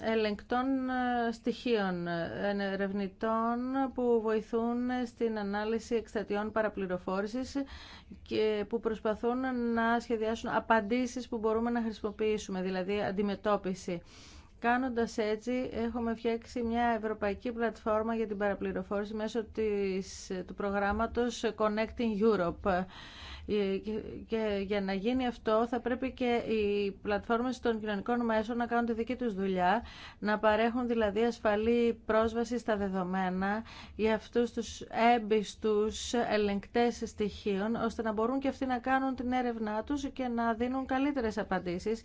ελεγκτών ε, στοιχείων, ε, ερευνητών που βοηθούν στην ανάλυση εκστατιών παραπληροφόρησης και που προσπαθούν να σχεδιάσουν απαντήσεις που μπορούμε να χρησιμοποιήσουμε, δηλαδή αντιμετώπιση. Κάνοντας έτσι, έχουμε φτιάξει μια ευρωπαϊκή πλατφόρμα για την παραπληροφόρηση μέσω της, του προγράμματος Connecting Europe. Ε, και για να γίνει αυτό θα πρέπει και οι πλατφόρμες των κοινωνικών μέσων να κάνουν τη δική τους δουλειά, να παρέχουν δηλαδή ασφαλή πρόσβαση στα δεδομένα για αυτούς τους έμπιστους ελεγκτές στοιχείων, ώστε να μπορούν και αυτοί να κάνουν την έρευνά τους και να δίνουν καλύτερες απαντήσεις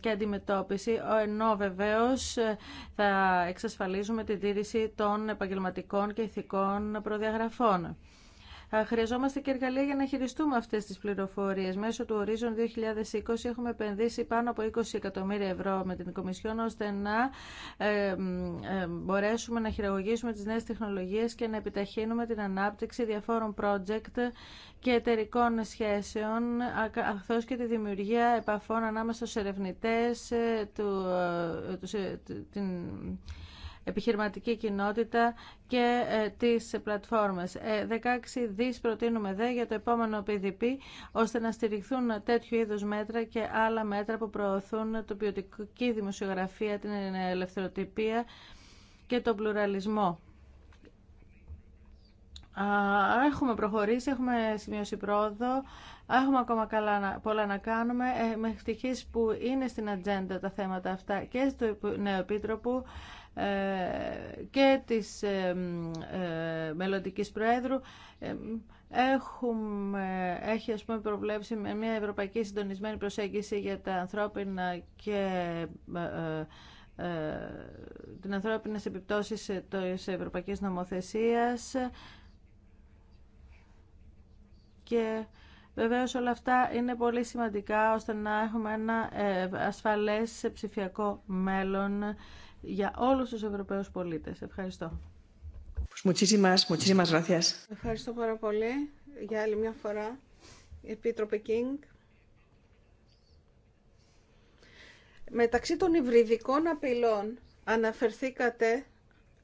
και αντιμετώπιση, ενώ βεβαίω ε, θα εξασφαλίζουμε την τήρηση των επαγγελματικών και ηθικών προδιαγραφών. Χρειαζόμαστε και εργαλεία για να χειριστούμε αυτέ τι πληροφορίε. Μέσω του Horizon 2020 έχουμε επενδύσει πάνω από 20 εκατομμύρια ευρώ με την Κομισιόν ώστε να ε, ε, μπορέσουμε να χειραγωγήσουμε τι νέε τεχνολογίε και να επιταχύνουμε την ανάπτυξη διαφόρων project και εταιρικών σχέσεων, καθώ και τη δημιουργία επαφών ανάμεσα στου ερευνητέ, ε, επιχειρηματική κοινότητα και ε, τις πλατφόρμες. 16 ε, δις προτείνουμε δε για το επόμενο PDP, ώστε να στηριχθούν τέτοιου είδους μέτρα και άλλα μέτρα που προωθούν το ποιοτική δημοσιογραφία, την ελευθεροτυπία και τον πλουραλισμό. Έχουμε προχωρήσει, έχουμε σημειώσει πρόοδο, έχουμε ακόμα καλά, πολλά να κάνουμε. Ε, με ευτυχής που είναι στην ατζέντα τα θέματα αυτά και στο νέο επίτροπο ε, και της ε, ε, μελλοντικής Προέδρου έχουμε, έχει ας πούμε προβλέψει μια ευρωπαϊκή συντονισμένη προσέγγιση για τα ανθρώπινα και ε, την ανθρώπινε επιπτώσεις της ευρωπαϊκής νομοθεσίας και βεβαίως όλα αυτά είναι πολύ σημαντικά ώστε να έχουμε ένα ασφαλές ψηφιακό μέλλον για όλους τους Ευρωπαίους πολίτες. Ευχαριστώ. Ευχαριστώ πάρα πολύ για άλλη μια φορά. Επίτροπε Κίνγκ. Μεταξύ των υβριδικών απειλών αναφερθήκατε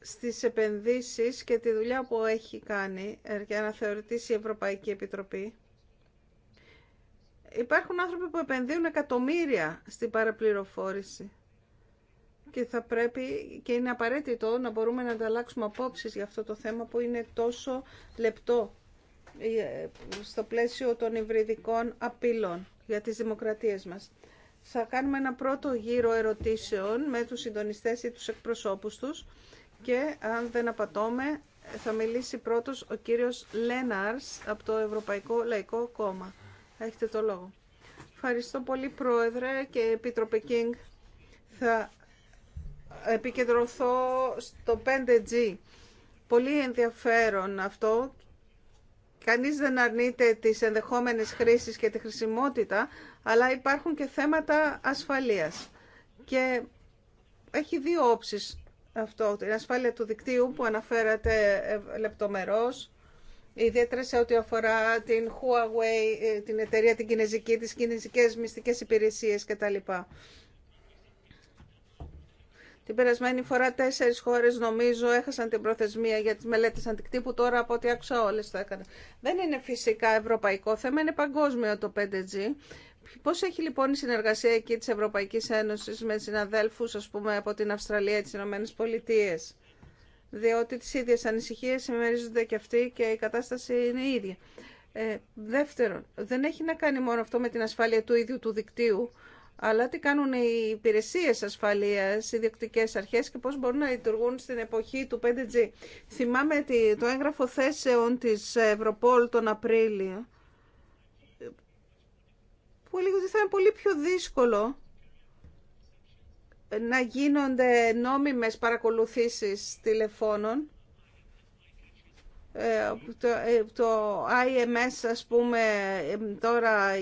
στις επενδύσεις και τη δουλειά που έχει κάνει για να θεωρητήσει η Ευρωπαϊκή Επιτροπή. Υπάρχουν άνθρωποι που επενδύουν εκατομμύρια στην παραπληροφόρηση και θα πρέπει και είναι απαραίτητο να μπορούμε να ανταλλάξουμε απόψεις για αυτό το θέμα που είναι τόσο λεπτό ε, στο πλαίσιο των υβριδικών απειλών για τις δημοκρατίες μας. Θα κάνουμε ένα πρώτο γύρο ερωτήσεων με τους συντονιστές ή τους εκπροσώπους τους και αν δεν απατώμε θα μιλήσει πρώτος ο κύριος Λέναρς από το Ευρωπαϊκό Λαϊκό Κόμμα. Έχετε το λόγο. Ευχαριστώ πολύ Πρόεδρε και Επίτροπε Κίνγκ επικεντρωθώ στο 5G. Πολύ ενδιαφέρον αυτό. Κανείς δεν αρνείται τις ενδεχόμενες χρήσεις και τη χρησιμότητα, αλλά υπάρχουν και θέματα ασφαλείας. Και έχει δύο όψεις αυτό. Την ασφάλεια του δικτύου που αναφέρατε ε, λεπτομερώς, ιδιαίτερα σε ό,τι αφορά την Huawei, ε, την εταιρεία την κινέζικη, τις κινέζικες μυστικές υπηρεσίες κτλ. Την περασμένη φορά τέσσερι χώρε νομίζω έχασαν την προθεσμία για τι μελέτε αντικτύπου, τώρα από ό,τι άκουσα όλε τα έκαναν. Δεν είναι φυσικά ευρωπαϊκό θέμα, είναι παγκόσμιο το 5G. Πώ έχει λοιπόν η συνεργασία εκεί τη Ευρωπαϊκή Ένωση με συναδέλφου, ας πούμε από την Αυστραλία, τις Ηνωμένε Πολιτείε, Διότι τι ίδιε ανησυχίε συμμερίζονται και αυτοί και η κατάσταση είναι η ίδια. Ε, δεύτερον, δεν έχει να κάνει μόνο αυτό με την ασφάλεια του ίδιου του δικτύου, αλλά τι κάνουν οι υπηρεσίες ασφαλείας, οι αρχές και πώς μπορούν να λειτουργούν στην εποχή του 5G. Θυμάμαι το έγγραφο θέσεων της Ευρωπόλ τον Απρίλιο, που έλεγε ότι θα είναι πολύ πιο δύσκολο να γίνονται νόμιμες παρακολουθήσεις τηλεφώνων. Ε, το, ε, το IMS, ας πούμε, ε, τώρα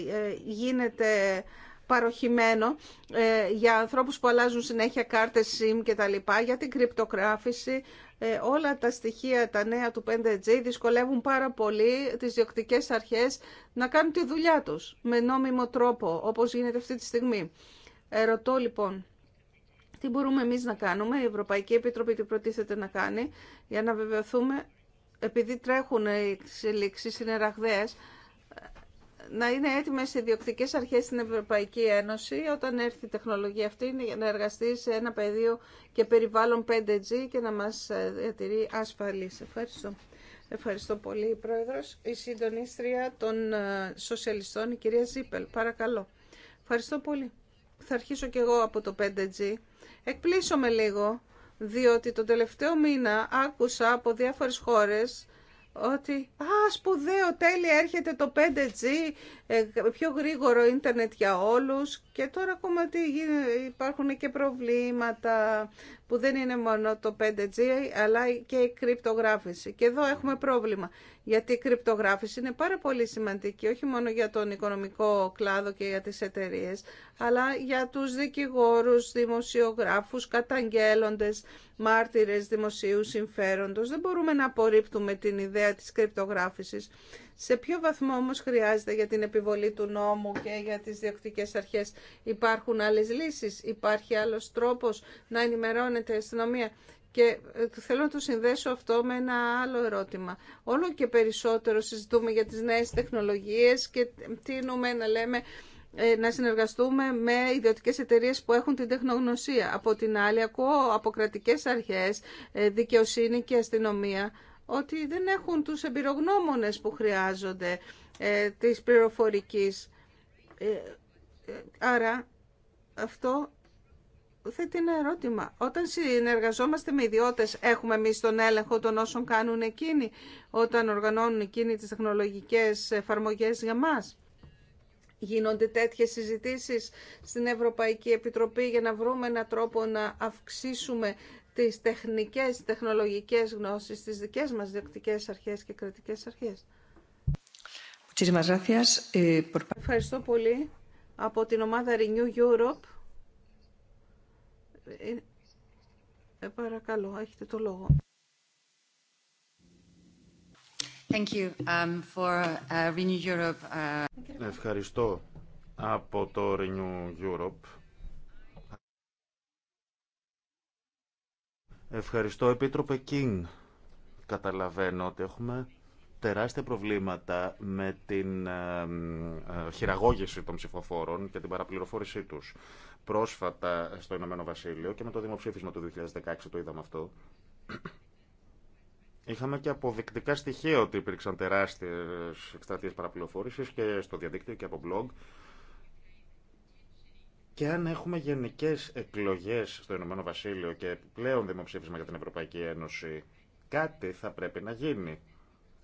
γίνεται παροχημένο ε, για ανθρώπους που αλλάζουν συνέχεια κάρτες SIM και τα λοιπά, για την κρυπτογράφηση. Ε, όλα τα στοιχεία, τα νέα του 5G δυσκολεύουν πάρα πολύ τις διοκτικές αρχές να κάνουν τη δουλειά τους με νόμιμο τρόπο, όπως γίνεται αυτή τη στιγμή. Ερωτώ λοιπόν, τι μπορούμε εμείς να κάνουμε, η Ευρωπαϊκή Επιτροπή τι προτίθεται να κάνει, για να βεβαιωθούμε, επειδή τρέχουν οι εξελίξεις, είναι ραγδαίες, να είναι έτοιμε οι διοκτικές αρχές στην Ευρωπαϊκή Ένωση όταν έρθει η τεχνολογία αυτή να εργαστεί σε ένα πεδίο και περιβάλλον 5G και να μας διατηρεί ασφαλή. Ευχαριστώ. Ευχαριστώ πολύ, Πρόεδρος. Η συντονίστρια των ε, σοσιαλιστών, η κυρία Ζίπελ. Παρακαλώ. Ευχαριστώ πολύ. Θα αρχίσω κι εγώ από το 5G. Εκπλήσω με λίγο, διότι τον τελευταίο μήνα άκουσα από διάφορες χώρες ότι «Α, σπουδαίο, τέλεια, έρχεται το 5G, ε, πιο γρήγορο ίντερνετ για όλους» και τώρα ακόμα ότι υπάρχουν και προβλήματα που δεν είναι μόνο το 5G, αλλά και η κρυπτογράφηση. Και εδώ έχουμε πρόβλημα, γιατί η κρυπτογράφηση είναι πάρα πολύ σημαντική, όχι μόνο για τον οικονομικό κλάδο και για τις εταιρείε, αλλά για τους δικηγόρους, δημοσιογράφους, καταγγέλλοντες, μάρτυρες δημοσίου συμφέροντος. Δεν μπορούμε να απορρίπτουμε την ιδέα της κρυπτογράφησης. Σε ποιο βαθμό όμως χρειάζεται για την επιβολή του νόμου και για τις διοκτικές αρχές υπάρχουν άλλες λύσεις, υπάρχει άλλος τρόπος να ενημερώνεται η αστυνομία. Και ε, θέλω να το συνδέσω αυτό με ένα άλλο ερώτημα. Όλο και περισσότερο συζητούμε για τις νέες τεχνολογίες και τίνουμε να λέμε ε, να συνεργαστούμε με ιδιωτικές εταιρείες που έχουν την τεχνογνωσία. Από την άλλη, ακούω από κρατικές αρχές, ε, δικαιοσύνη και αστυνομία, ότι δεν έχουν τους εμπειρογνώμονες που χρειάζονται ε, της πληροφορικής. Ε, ε, άρα αυτό θέτει ένα ερώτημα. Όταν συνεργαζόμαστε με ιδιώτες, έχουμε εμεί τον έλεγχο των όσων κάνουν εκείνοι, όταν οργανώνουν εκείνοι τις τεχνολογικές εφαρμογές για μας. Γίνονται τέτοιες συζητήσεις στην Ευρωπαϊκή Επιτροπή για να βρούμε έναν τρόπο να αυξήσουμε τις τεχνικές, τεχνολογικές γνώσεις, τις δικές μας διοκτικές αρχές και κρατικές αρχές. Ε, Ευχαριστώ πολύ. Από την ομάδα Renew Europe. Ε, ε, παρακαλώ, έχετε το λόγο. Thank you, um, for, uh, Renew Europe. Uh- Ευχαριστώ από το Renew Europe Ευχαριστώ, Επίτροπε Κίν. Καταλαβαίνω ότι έχουμε τεράστια προβλήματα με την ε, ε, χειραγώγηση των ψηφοφόρων και την παραπληροφόρησή τους. Πρόσφατα στο Ηνωμένο Βασίλειο και με το δημοψήφισμα του 2016 το είδαμε αυτό. Είχαμε και αποδεικτικά στοιχεία ότι υπήρξαν τεράστιες εκστρατείες παραπληροφόρησης και στο διαδίκτυο και από blog και αν έχουμε γενικέ εκλογέ στο Ηνωμένο Βασίλειο και πλέον δημοψήφισμα για την Ευρωπαϊκή Ένωση, κάτι θα πρέπει να γίνει.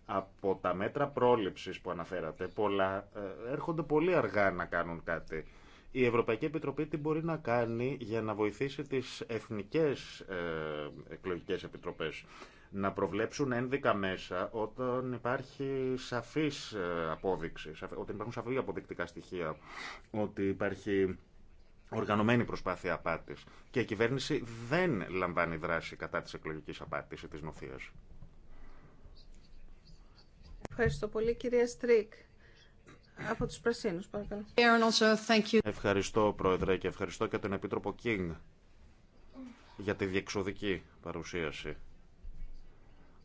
Από τα μέτρα πρόληψη που αναφέρατε, πολλά ε, έρχονται πολύ αργά να κάνουν κάτι. Η Ευρωπαϊκή Επιτροπή τι μπορεί να κάνει για να βοηθήσει τις εθνικές ε, εκλογικές επιτροπές να προβλέψουν ένδικα μέσα όταν υπάρχει σαφής ε, απόδειξη, όταν υπάρχουν σαφή αποδεικτικά στοιχεία ότι υπάρχει οργανωμένη προσπάθεια απάτης και η κυβέρνηση δεν λαμβάνει δράση κατά της εκλογικής απάτης ή της νοθείας. Ευχαριστώ πολύ κυρία Στρίκ. Από τους Πρασίνους, παρακαλώ. Ευχαριστώ, Πρόεδρε, και ευχαριστώ και τον Επίτροπο Κίνγκ για τη διεξοδική παρουσίαση.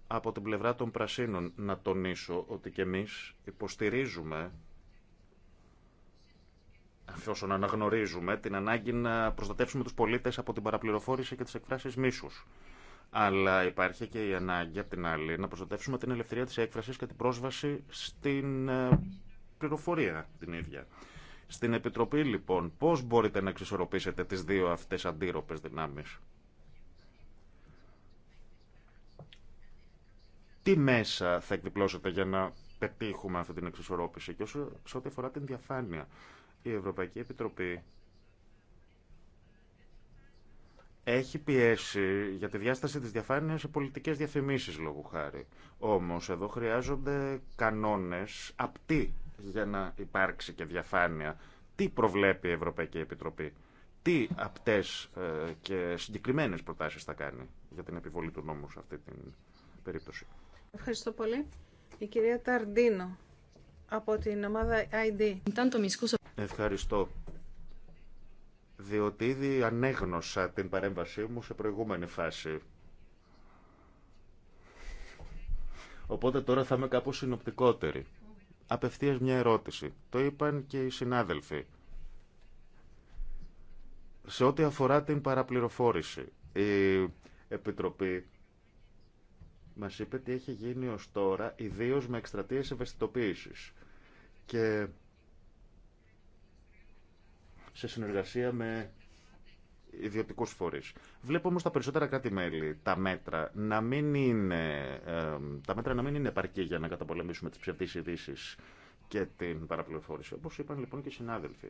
Από την πλευρά των Πρασίνων να τονίσω ότι και εμείς υποστηρίζουμε εφόσον αναγνωρίζουμε την ανάγκη να προστατεύσουμε τους πολίτες από την παραπληροφόρηση και τις εκφράσεις μίσους. Αλλά υπάρχει και η ανάγκη, απ' την άλλη, να προστατεύσουμε την ελευθερία της έκφρασης και την πρόσβαση στην ε, πληροφορία την ίδια. Στην Επιτροπή, λοιπόν, πώς μπορείτε να εξισορροπήσετε τις δύο αυτές αντίρροπες δυνάμεις. Τι μέσα θα εκδιπλώσετε για να πετύχουμε αυτή την εξισορρόπηση και όσο, σε ό,τι αφορά την διαφάνεια η Ευρωπαϊκή Επιτροπή έχει πιέσει για τη διάσταση της διαφάνειας σε πολιτικές διαφημίσεις λόγου χάρη. Όμως εδώ χρειάζονται κανόνες απτοί για να υπάρξει και διαφάνεια. Τι προβλέπει η Ευρωπαϊκή Επιτροπή. Τι απτές ε, και συγκεκριμένες προτάσεις θα κάνει για την επιβολή του νόμου σε αυτή την περίπτωση. Ευχαριστώ πολύ. Η κυρία Ταρντίνο από την ομάδα ID. Ευχαριστώ. Διότι ήδη ανέγνωσα την παρέμβασή μου σε προηγούμενη φάση. Οπότε τώρα θα είμαι κάπως συνοπτικότερη. Απευθείας μια ερώτηση. Το είπαν και οι συνάδελφοι. Σε ό,τι αφορά την παραπληροφόρηση, η Επιτροπή μας είπε τι έχει γίνει ως τώρα, ιδίως με εκστρατείες ευαισθητοποίησης. Και σε συνεργασία με ιδιωτικού φορεί. Βλέπω όμω τα περισσότερα κράτη-μέλη, τα μέτρα, να μην είναι, τα μέτρα να μην είναι επαρκή για να καταπολεμήσουμε τι ψευδεί ειδήσει και την παραπληροφόρηση. Όπω είπαν λοιπόν και οι συνάδελφοι.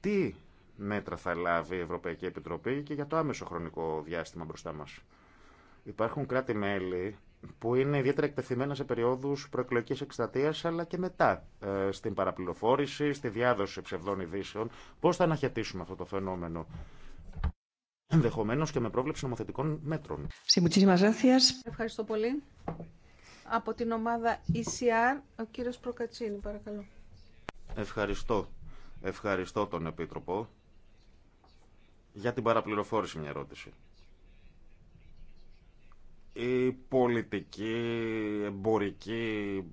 Τι μέτρα θα λάβει η Ευρωπαϊκή Επιτροπή και για το άμεσο χρονικό διάστημα μπροστά μα. Υπάρχουν κράτη-μέλη που είναι ιδιαίτερα εκτεθειμένα σε περιόδους προεκλογικής εκστατείας αλλά και μετά ε, στην παραπληροφόρηση, στη διάδοση ψευδών ειδήσεων. Πώς θα αναχαιτήσουμε αυτό το φαινόμενο ενδεχομένως και με πρόβλεψη νομοθετικών μέτρων. Ευχαριστώ πολύ. Από την ομάδα ECR, ο κύριος Προκατσίνη, παρακαλώ. Ευχαριστώ. Ευχαριστώ τον Επίτροπο. Για την παραπληροφόρηση μια ερώτηση η πολιτική, εμπορική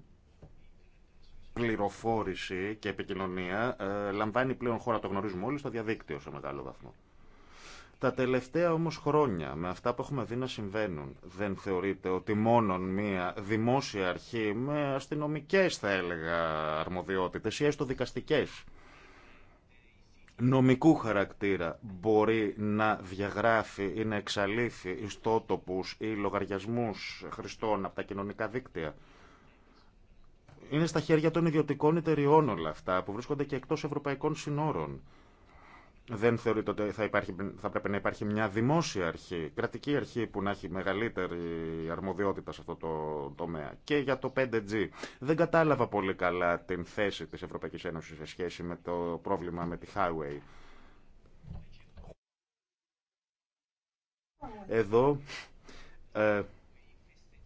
πληροφόρηση και επικοινωνία ε, λαμβάνει πλέον χώρα, το γνωρίζουμε όλοι, στο διαδίκτυο σε μεγάλο βαθμό. Τα τελευταία όμως χρόνια, με αυτά που έχουμε δει να συμβαίνουν, δεν θεωρείται ότι μόνον μία δημόσια αρχή με αστυνομικές, θα έλεγα, αρμοδιότητες ή έστω δικαστικές νομικού χαρακτήρα μπορεί να διαγράφει ή να εξαλείφει ιστότοπους ή λογαριασμούς χρηστών από τα κοινωνικά δίκτυα. Είναι στα χέρια των ιδιωτικών εταιριών όλα αυτά που βρίσκονται και εκτός ευρωπαϊκών συνόρων δεν θεωρείτε ότι θα, υπάρχει, θα πρέπει να υπάρχει μια δημόσια αρχή, κρατική αρχή που να έχει μεγαλύτερη αρμοδιότητα σε αυτό το τομέα. Και για το 5G. Δεν κατάλαβα πολύ καλά την θέση της Ευρωπαϊκής Ένωσης σε σχέση με το πρόβλημα με τη highway. Εδώ ε,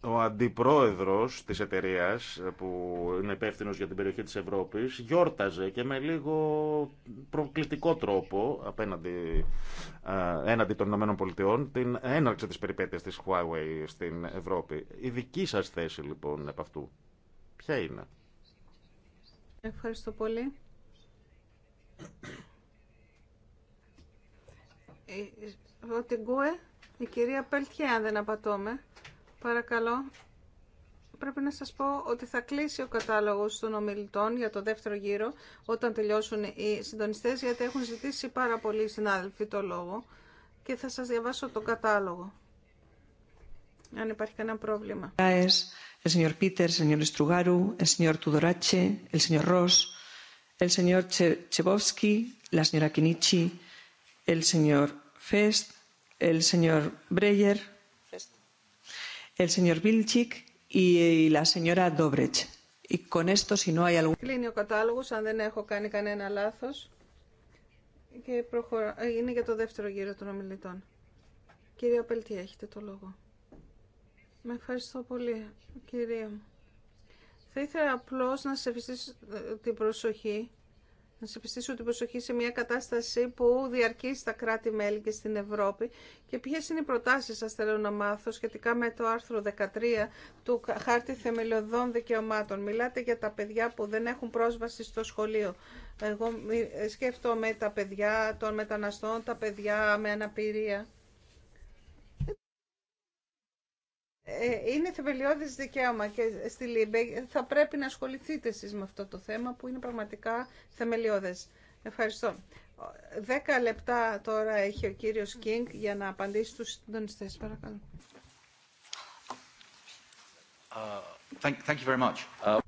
ο αντιπρόεδρος της εταιρεία που είναι υπεύθυνο για την περιοχή της Ευρώπης γιόρταζε και με λίγο προκλητικό τρόπο απέναντι έναντι των Ηνωμένων Πολιτειών την έναρξη της περιπέτειας της Huawei στην Ευρώπη. Η δική σα θέση λοιπόν από αυτού ποια είναι. Ευχαριστώ πολύ. Η, η κυρία Πελτιέ, αν δεν απατώμε. Παρακαλώ. Πρέπει να σας πω ότι θα κλείσει ο κατάλογος των ομιλητών για το δεύτερο γύρο όταν τελειώσουν οι συντονιστές γιατί έχουν ζητήσει πάρα πολλοί συνάδελφοι το λόγο και θα σας διαβάσω τον κατάλογο. Αν υπάρχει κανένα πρόβλημα. El señor Peter, el señor Estrugaru, el señor Tudorache, el señor Ross, el señor Chebowski, la señora Kinichi, el señor Fest, el señor Breyer, Κλείνει ο κατάλογος, αν δεν έχω κάνει κανένα λάθος. προχωρά... Ε, είναι για το δεύτερο γύρο των ομιλητών. Κύριε Απελτή, έχετε το λόγο. Με ευχαριστώ πολύ, κυρία μου. Θα ήθελα απλώς να σε ευχαριστήσω ε, την προσοχή να σε πιστήσω την προσοχή σε μια κατάσταση που διαρκεί στα κράτη-μέλη και στην Ευρώπη και ποιες είναι οι προτάσεις σας θέλω να μάθω σχετικά με το άρθρο 13 του Χάρτη Θεμελιωδών Δικαιωμάτων. Μιλάτε για τα παιδιά που δεν έχουν πρόσβαση στο σχολείο. Εγώ σκέφτομαι τα παιδιά των μεταναστών, τα παιδιά με αναπηρία. Ε, είναι θεμελιώδης δικαίωμα και στη ΛΥΜΠΕ θα πρέπει να ασχοληθείτε εσείς με αυτό το θέμα που είναι πραγματικά θεμελιώδες. Ευχαριστώ. Δέκα λεπτά τώρα έχει ο κύριος Κίνγκ για να απαντήσει στους συντονιστές. Παρακαλώ. Uh, uh,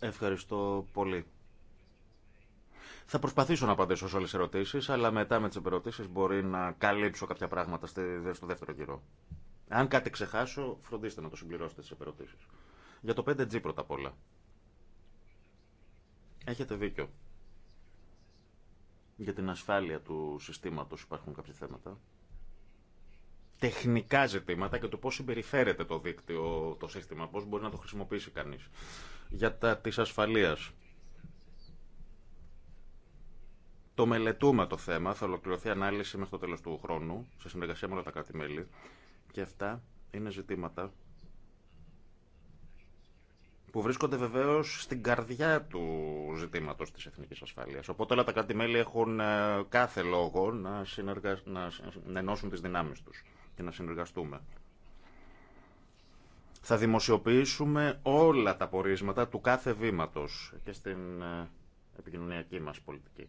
Ευχαριστώ πολύ. Θα προσπαθήσω να απαντήσω σε όλες τις ερωτήσεις, αλλά μετά με τις ερωτήσεις μπορεί να καλύψω κάποια πράγματα στο δεύτερο γύρο. Αν κάτι ξεχάσω, φροντίστε να το συμπληρώσετε στι επερωτήσει. Για το 5G πρώτα απ' όλα. Έχετε δίκιο. Για την ασφάλεια του συστήματος υπάρχουν κάποια θέματα. Τεχνικά ζητήματα και το πώς συμπεριφέρεται το δίκτυο, το σύστημα, πώς μπορεί να το χρησιμοποιήσει κανείς. Για τα της ασφαλείας. Το μελετούμε το θέμα, θα ολοκληρωθεί ανάλυση μέχρι το τέλος του χρόνου, σε συνεργασία με όλα τα κράτη-μέλη. Και αυτά είναι ζητήματα που βρίσκονται βεβαίω στην καρδιά του ζητήματο τη εθνική ασφάλεια. Οπότε όλα τα κρατη έχουν ε, κάθε λόγο να, συνεργα... να ενώσουν τι δυνάμει του και να συνεργαστούμε. Θα δημοσιοποιήσουμε όλα τα πορίσματα του κάθε βήματος και στην ε, επικοινωνιακή μας πολιτική.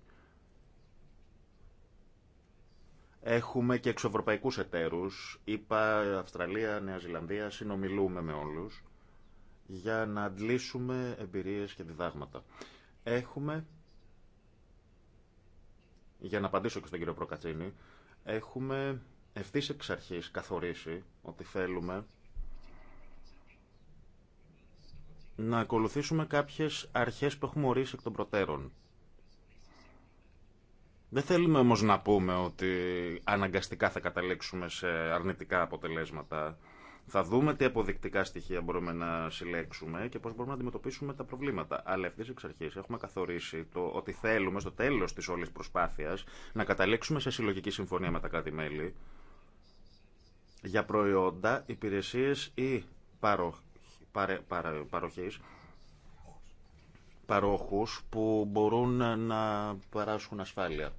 Έχουμε και εξωευρωπαϊκούς εταίρους, είπα Αυστραλία, Νέα Ζηλανδία, συνομιλούμε με όλους για να αντλήσουμε εμπειρίες και διδάγματα. Έχουμε, για να απαντήσω και στον κύριο Προκατσίνη, έχουμε ευθύς εξ αρχής καθορίσει ότι θέλουμε να ακολουθήσουμε κάποιες αρχές που έχουμε ορίσει εκ των προτέρων. Δεν θέλουμε όμω να πούμε ότι αναγκαστικά θα καταλήξουμε σε αρνητικά αποτελέσματα. Θα δούμε τι αποδεικτικά στοιχεία μπορούμε να συλλέξουμε και πώ μπορούμε να αντιμετωπίσουμε τα προβλήματα. Αλλά αυτή εξ αρχή έχουμε καθορίσει το ότι θέλουμε στο τέλο τη όλη προσπάθεια να καταλήξουμε σε συλλογική συμφωνία με τα κράτη-μέλη για προϊόντα, υπηρεσίε ή παρο... που μπορούν να παράσχουν ασφάλεια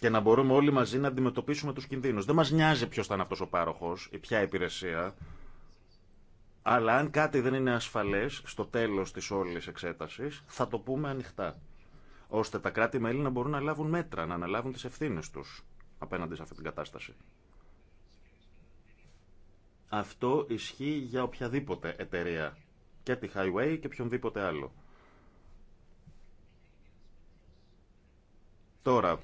και να μπορούμε όλοι μαζί να αντιμετωπίσουμε τους κινδύνους. Δεν μας νοιάζει ποιος θα είναι αυτός ο πάροχος ή ποια υπηρεσία, αλλά αν κάτι δεν είναι ασφαλές στο τέλος της όλης εξέτασης, θα το πούμε ανοιχτά, ώστε τα κράτη-μέλη να μπορούν να λάβουν μέτρα, να αναλάβουν τις ευθύνες τους απέναντι σε αυτή την κατάσταση. Αυτό ισχύει για οποιαδήποτε εταιρεία, και τη Highway και οποιονδήποτε άλλο. Τώρα,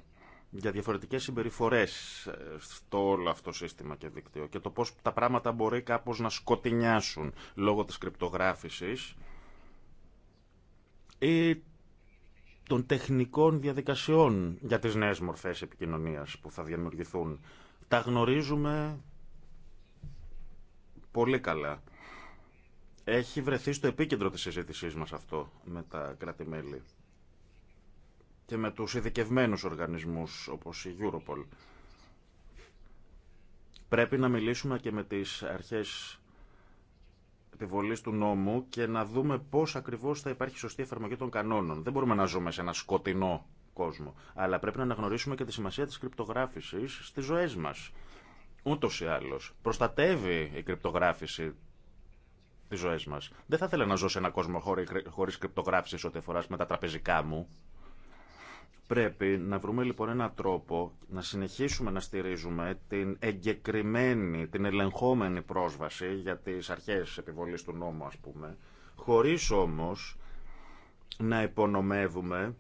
για διαφορετικές συμπεριφορές ε, στο όλο αυτό σύστημα και δίκτυο και το πώς τα πράγματα μπορεί κάπως να σκοτεινιάσουν λόγω της κρυπτογράφησης ή των τεχνικών διαδικασιών για τις νέες μορφές επικοινωνίας που θα δημιουργηθούν. Τα γνωρίζουμε πολύ καλά. Έχει βρεθεί στο επίκεντρο της συζήτησής μας αυτό με τα κράτη-μέλη και με τους ειδικευμένους οργανισμούς όπως η Europol. Πρέπει να μιλήσουμε και με τις αρχές επιβολής του νόμου και να δούμε πώς ακριβώς θα υπάρχει σωστή εφαρμογή των κανόνων. Δεν μπορούμε να ζούμε σε ένα σκοτεινό κόσμο, αλλά πρέπει να αναγνωρίσουμε και τη σημασία της κρυπτογράφησης στις ζωές μας. Ούτως ή άλλως. Προστατεύει η κρυπτογράφηση τι ζωέ μα. Δεν θα ήθελα να ζω σε ένα κόσμο χωρί κρυπτογράφηση ό,τι αφορά με τα τραπεζικά μου Πρέπει να βρούμε λοιπόν έναν τρόπο να συνεχίσουμε να στηρίζουμε την εγκεκριμένη, την ελεγχόμενη πρόσβαση για τις αρχές επιβολής του νόμου ας πούμε, χωρίς όμως να υπονομεύουμε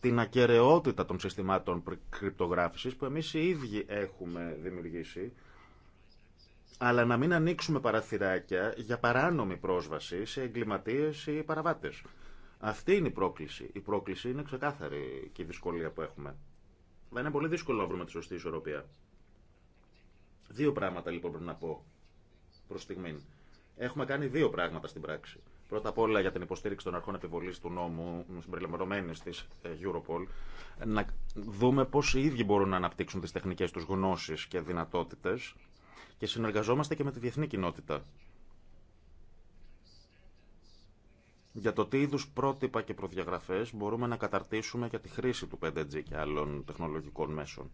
την ακαιρεότητα των συστημάτων κρυπτογράφησης που εμείς οι ίδιοι έχουμε δημιουργήσει, αλλά να μην ανοίξουμε παραθυράκια για παράνομη πρόσβαση σε εγκληματίες ή παραβάτες. Αυτή είναι η πρόκληση. Η πρόκληση είναι ξεκάθαρη και η δυσκολία που έχουμε. Δεν είναι πολύ δύσκολο να βρούμε τη σωστή ισορροπία. Δύο πράγματα λοιπόν πρέπει να πω προ στιγμή. Έχουμε κάνει δύο πράγματα στην πράξη. Πρώτα απ' όλα για την υποστήριξη των αρχών επιβολή του νόμου, συμπεριλαμβανομένη τη ε, Europol, να δούμε πώ οι ίδιοι μπορούν να αναπτύξουν τι τεχνικέ του γνώσει και δυνατότητε και συνεργαζόμαστε και με τη διεθνή κοινότητα. για το τι είδου πρότυπα και προδιαγραφέ μπορούμε να καταρτήσουμε για τη χρήση του 5G και άλλων τεχνολογικών μέσων.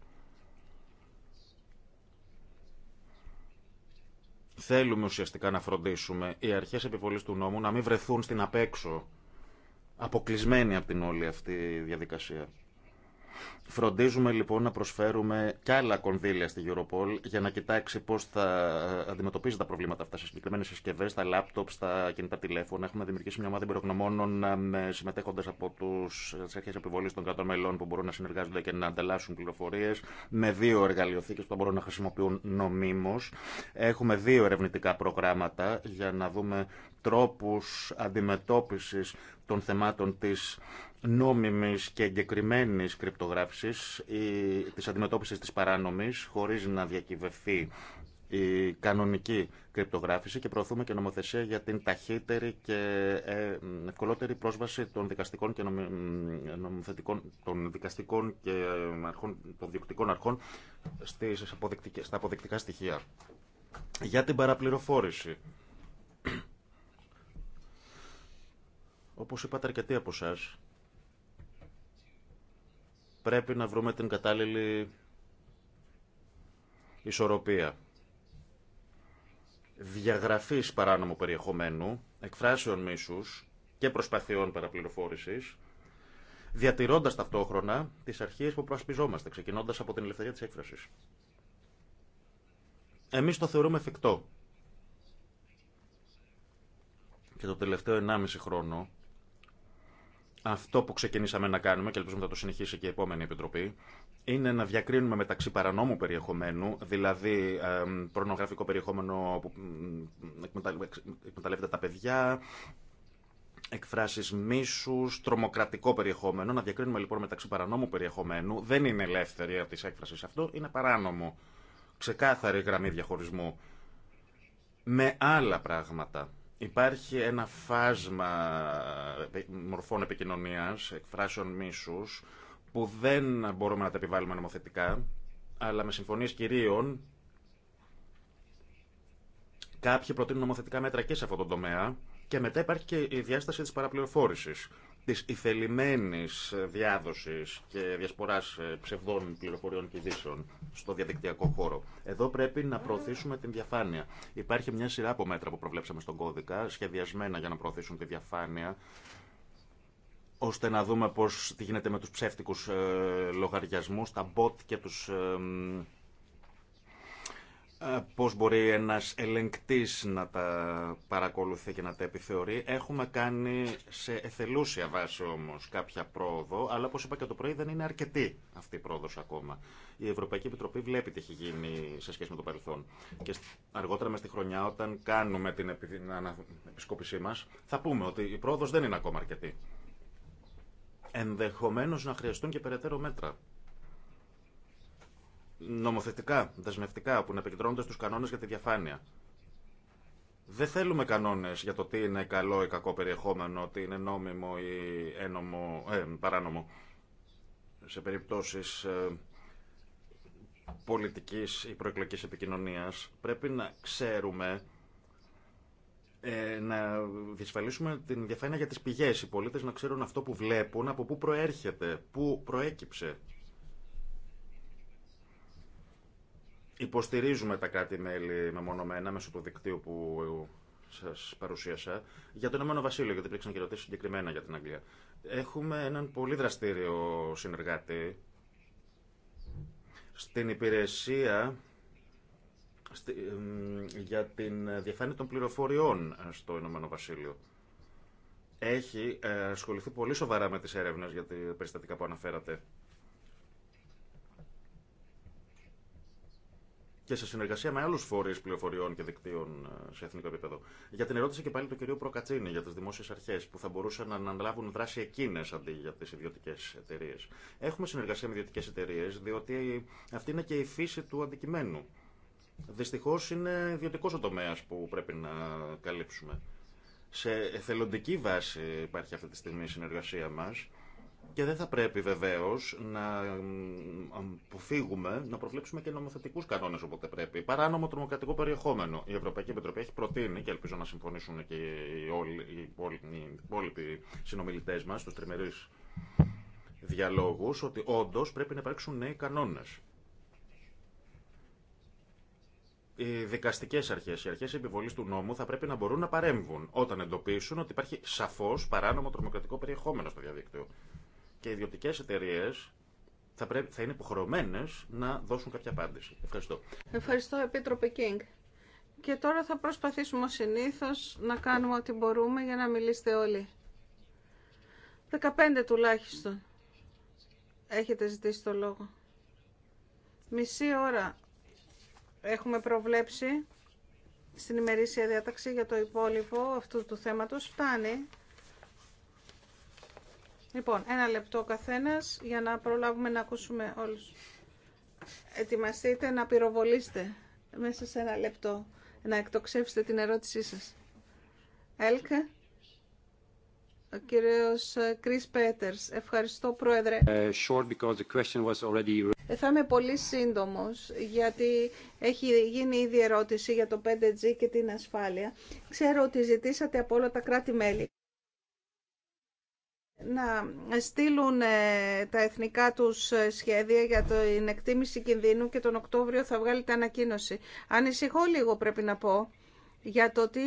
Θέλουμε ουσιαστικά να φροντίσουμε οι αρχέ επιβολή του νόμου να μην βρεθούν στην απέξω, αποκλεισμένοι από την όλη αυτή διαδικασία. Φροντίζουμε λοιπόν να προσφέρουμε κι άλλα κονδύλια στη Europol για να κοιτάξει πώ θα αντιμετωπίζει τα προβλήματα αυτά σε συγκεκριμένε συσκευέ, τα λάπτοπ, στα κινητά τηλέφωνα. Έχουμε δημιουργήσει μια ομάδα εμπειρογνωμόνων ε, με συμμετέχοντε από τι αρχέ επιβολή των κρατών μελών που μπορούν να συνεργάζονται και να ανταλλάσσουν πληροφορίε, με δύο εργαλειοθήκε που θα μπορούν να χρησιμοποιούν νομίμω. Έχουμε δύο ερευνητικά προγράμματα για να δούμε τρόπου αντιμετώπιση των θεμάτων τη νόμιμης και εγκεκριμένης κρυπτογράφησης, της αντιμετώπισης της παράνομης, χωρίς να διακυβευθεί η κανονική κρυπτογράφηση και προωθούμε και νομοθεσία για την ταχύτερη και ε, ευκολότερη πρόσβαση των δικαστικών και νομοθετικών των δικαστικών και ε, αρχών, των διοκτικών αρχών στις στα αποδεικτικά στοιχεία. Για την παραπληροφόρηση. Όπως είπατε αρκετοί από εσάς, Πρέπει να βρούμε την κατάλληλη ισορροπία διαγραφής παράνομου περιεχομένου, εκφράσεων μίσους και προσπαθειών παραπληροφόρησης, διατηρώντας ταυτόχρονα τις αρχές που προσπιζόμαστε, ξεκινώντας από την ελευθερία της έκφρασης. Εμείς το θεωρούμε εφικτό. Και το τελευταίο 1,5 χρόνο αυτό που ξεκινήσαμε να κάνουμε και ελπίζουμε να το συνεχίσει και η επόμενη Επιτροπή είναι να διακρίνουμε μεταξύ παρανόμου περιεχομένου, δηλαδή προνογραφικό περιεχόμενο που εκμεταλλεύεται τα παιδιά, εκφράσεις μίσους, τρομοκρατικό περιεχόμενο. Να διακρίνουμε λοιπόν μεταξύ παρανόμου περιεχομένου. Δεν είναι ελεύθερη από τις έκφρασεις αυτό, είναι παράνομο. Ξεκάθαρη γραμμή διαχωρισμού. Με άλλα πράγματα Υπάρχει ένα φάσμα μορφών επικοινωνίας, εκφράσεων μίσους, που δεν μπορούμε να τα επιβάλλουμε νομοθετικά, αλλά με συμφωνίες κυρίων κάποιοι προτείνουν νομοθετικά μέτρα και σε αυτό το τομέα και μετά υπάρχει και η διάσταση της παραπληροφόρησης της ηθελημένης διάδοσης και διασποράς ε, ψευδών πληροφοριών και ειδήσεων στο διαδικτυακό χώρο. Εδώ πρέπει να προωθήσουμε την διαφάνεια. Υπάρχει μια σειρά από μέτρα που προβλέψαμε στον κώδικα, σχεδιασμένα για να προωθήσουν τη διαφάνεια, ώστε να δούμε πώς τι γίνεται με τους ψεύτικους ε, λογαριασμούς, τα bot και τους ε, ε, πώς μπορεί ένας ελεγκτής να τα παρακολουθεί και να τα επιθεωρεί. Έχουμε κάνει σε εθελούσια βάση όμως κάποια πρόοδο, αλλά όπως είπα και το πρωί δεν είναι αρκετή αυτή η πρόοδος ακόμα. Η Ευρωπαϊκή Επιτροπή βλέπει τι έχει γίνει σε σχέση με το παρελθόν. Και αργότερα μες στη χρονιά όταν κάνουμε την επισκόπησή μας θα πούμε ότι η πρόοδος δεν είναι ακόμα αρκετή. Ενδεχομένως να χρειαστούν και περαιτέρω μέτρα νομοθετικά, δεσμευτικά, που να επικεντρώνονται τους κανόνες για τη διαφάνεια. Δεν θέλουμε κανόνες για το τι είναι καλό ή κακό περιεχόμενο, τι είναι νόμιμο ή ένομο, ε, παράνομο. Σε περιπτώσεις ε, πολιτικής ή προεκλογικής επικοινωνία, πρέπει να ξέρουμε ε, να διασφαλίσουμε την διαφάνεια για τις πηγές. Οι πολίτε να ξέρουν αυτό που βλέπουν, από πού προέρχεται, πού προέκυψε Υποστηρίζουμε τα κράτη-μέλη μεμονωμένα μέσω του δικτύου που σα παρουσίασα. Για το Ηνωμένο Βασίλειο, γιατί υπήρξαν και συγκεκριμένα για την Αγγλία. Έχουμε έναν πολύ δραστήριο συνεργάτη στην υπηρεσία για την διαφάνεια των πληροφοριών στο Ηνωμένο Βασίλειο. Έχει ε, ασχοληθεί πολύ σοβαρά με τις έρευνες για τα περιστατικά που αναφέρατε. και σε συνεργασία με άλλου φορεί πληροφοριών και δικτύων ε, σε εθνικό επίπεδο. Για την ερώτηση και πάλι του κυρίου Προκατσίνη για τι δημόσιε αρχέ που θα μπορούσαν να αναλάβουν δράση εκείνε αντί για τι ιδιωτικέ εταιρείε. Έχουμε συνεργασία με ιδιωτικέ εταιρείε, διότι αυτή είναι και η φύση του αντικειμένου. Δυστυχώ είναι ιδιωτικό ο τομέα που πρέπει να καλύψουμε. Σε εθελοντική βάση υπάρχει αυτή τη στιγμή η συνεργασία μας και δεν θα πρέπει βεβαίω να αποφύγουμε να προβλέψουμε και νομοθετικού κανόνε όποτε πρέπει. Παράνομο τρομοκρατικό περιεχόμενο. Η Ευρωπαϊκή Επιτροπή έχει προτείνει και ελπίζω να συμφωνήσουν και οι, όλοι, οι υπόλοιποι συνομιλητέ μα στου τριμερεί διαλόγου ότι όντω πρέπει να υπάρξουν νέοι κανόνε. Οι δικαστικέ αρχέ, οι αρχέ επιβολή του νόμου θα πρέπει να μπορούν να παρέμβουν όταν εντοπίσουν ότι υπάρχει σαφώ παράνομο τρομοκρατικό περιεχόμενο στο διαδίκτυο και οι ιδιωτικές εταιρείες θα, θα είναι υποχρεωμένε να δώσουν κάποια απάντηση. Ευχαριστώ. Ευχαριστώ, Επίτροπε Κίνγκ. Και τώρα θα προσπαθήσουμε συνήθω να κάνουμε ό,τι μπορούμε για να μιλήσετε όλοι. 15 τουλάχιστον έχετε ζητήσει το λόγο. Μισή ώρα έχουμε προβλέψει στην ημερήσια διάταξη για το υπόλοιπο αυτού του θέματος. Φτάνει Λοιπόν, ένα λεπτό καθένας για να προλάβουμε να ακούσουμε όλους. Ετοιμαστείτε να πυροβολήσετε μέσα σε ένα λεπτό, να εκτοξεύσετε την ερώτησή σας. Έλκα. Ο κύριος Κρίς ε, Πέτερς. Ευχαριστώ, Πρόεδρε. Ε, short the was already... Ε, θα είμαι πολύ σύντομος, γιατί έχει γίνει ήδη ερώτηση για το 5G και την ασφάλεια. Ξέρω ότι ζητήσατε από όλα τα κράτη-μέλη να στείλουν ε, τα εθνικά τους ε, σχέδια για την εκτίμηση κινδύνου και τον Οκτώβριο θα βγάλει την ανακοίνωση. Ανησυχώ λίγο πρέπει να πω για το τι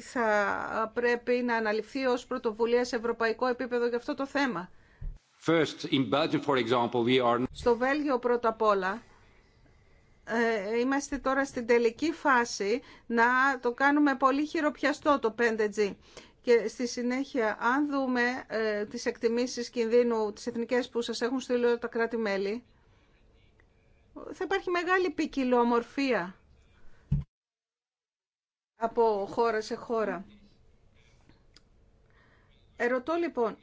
θα πρέπει να αναλυφθεί ως πρωτοβουλία σε ευρωπαϊκό επίπεδο για αυτό το θέμα. First, in Belgium, for example, we are... Στο Βέλγιο πρώτα απ' όλα ε, είμαστε τώρα στην τελική φάση να το κάνουμε πολύ χειροπιαστό το 5G. Και στη συνέχεια, αν δούμε ε, τις εκτιμήσεις κινδύνου, τις εθνικές που σας έχουν στείλει όλα τα κράτη-μέλη, θα υπάρχει μεγάλη ποικιλομορφία από χώρα σε χώρα. Ερωτώ λοιπόν,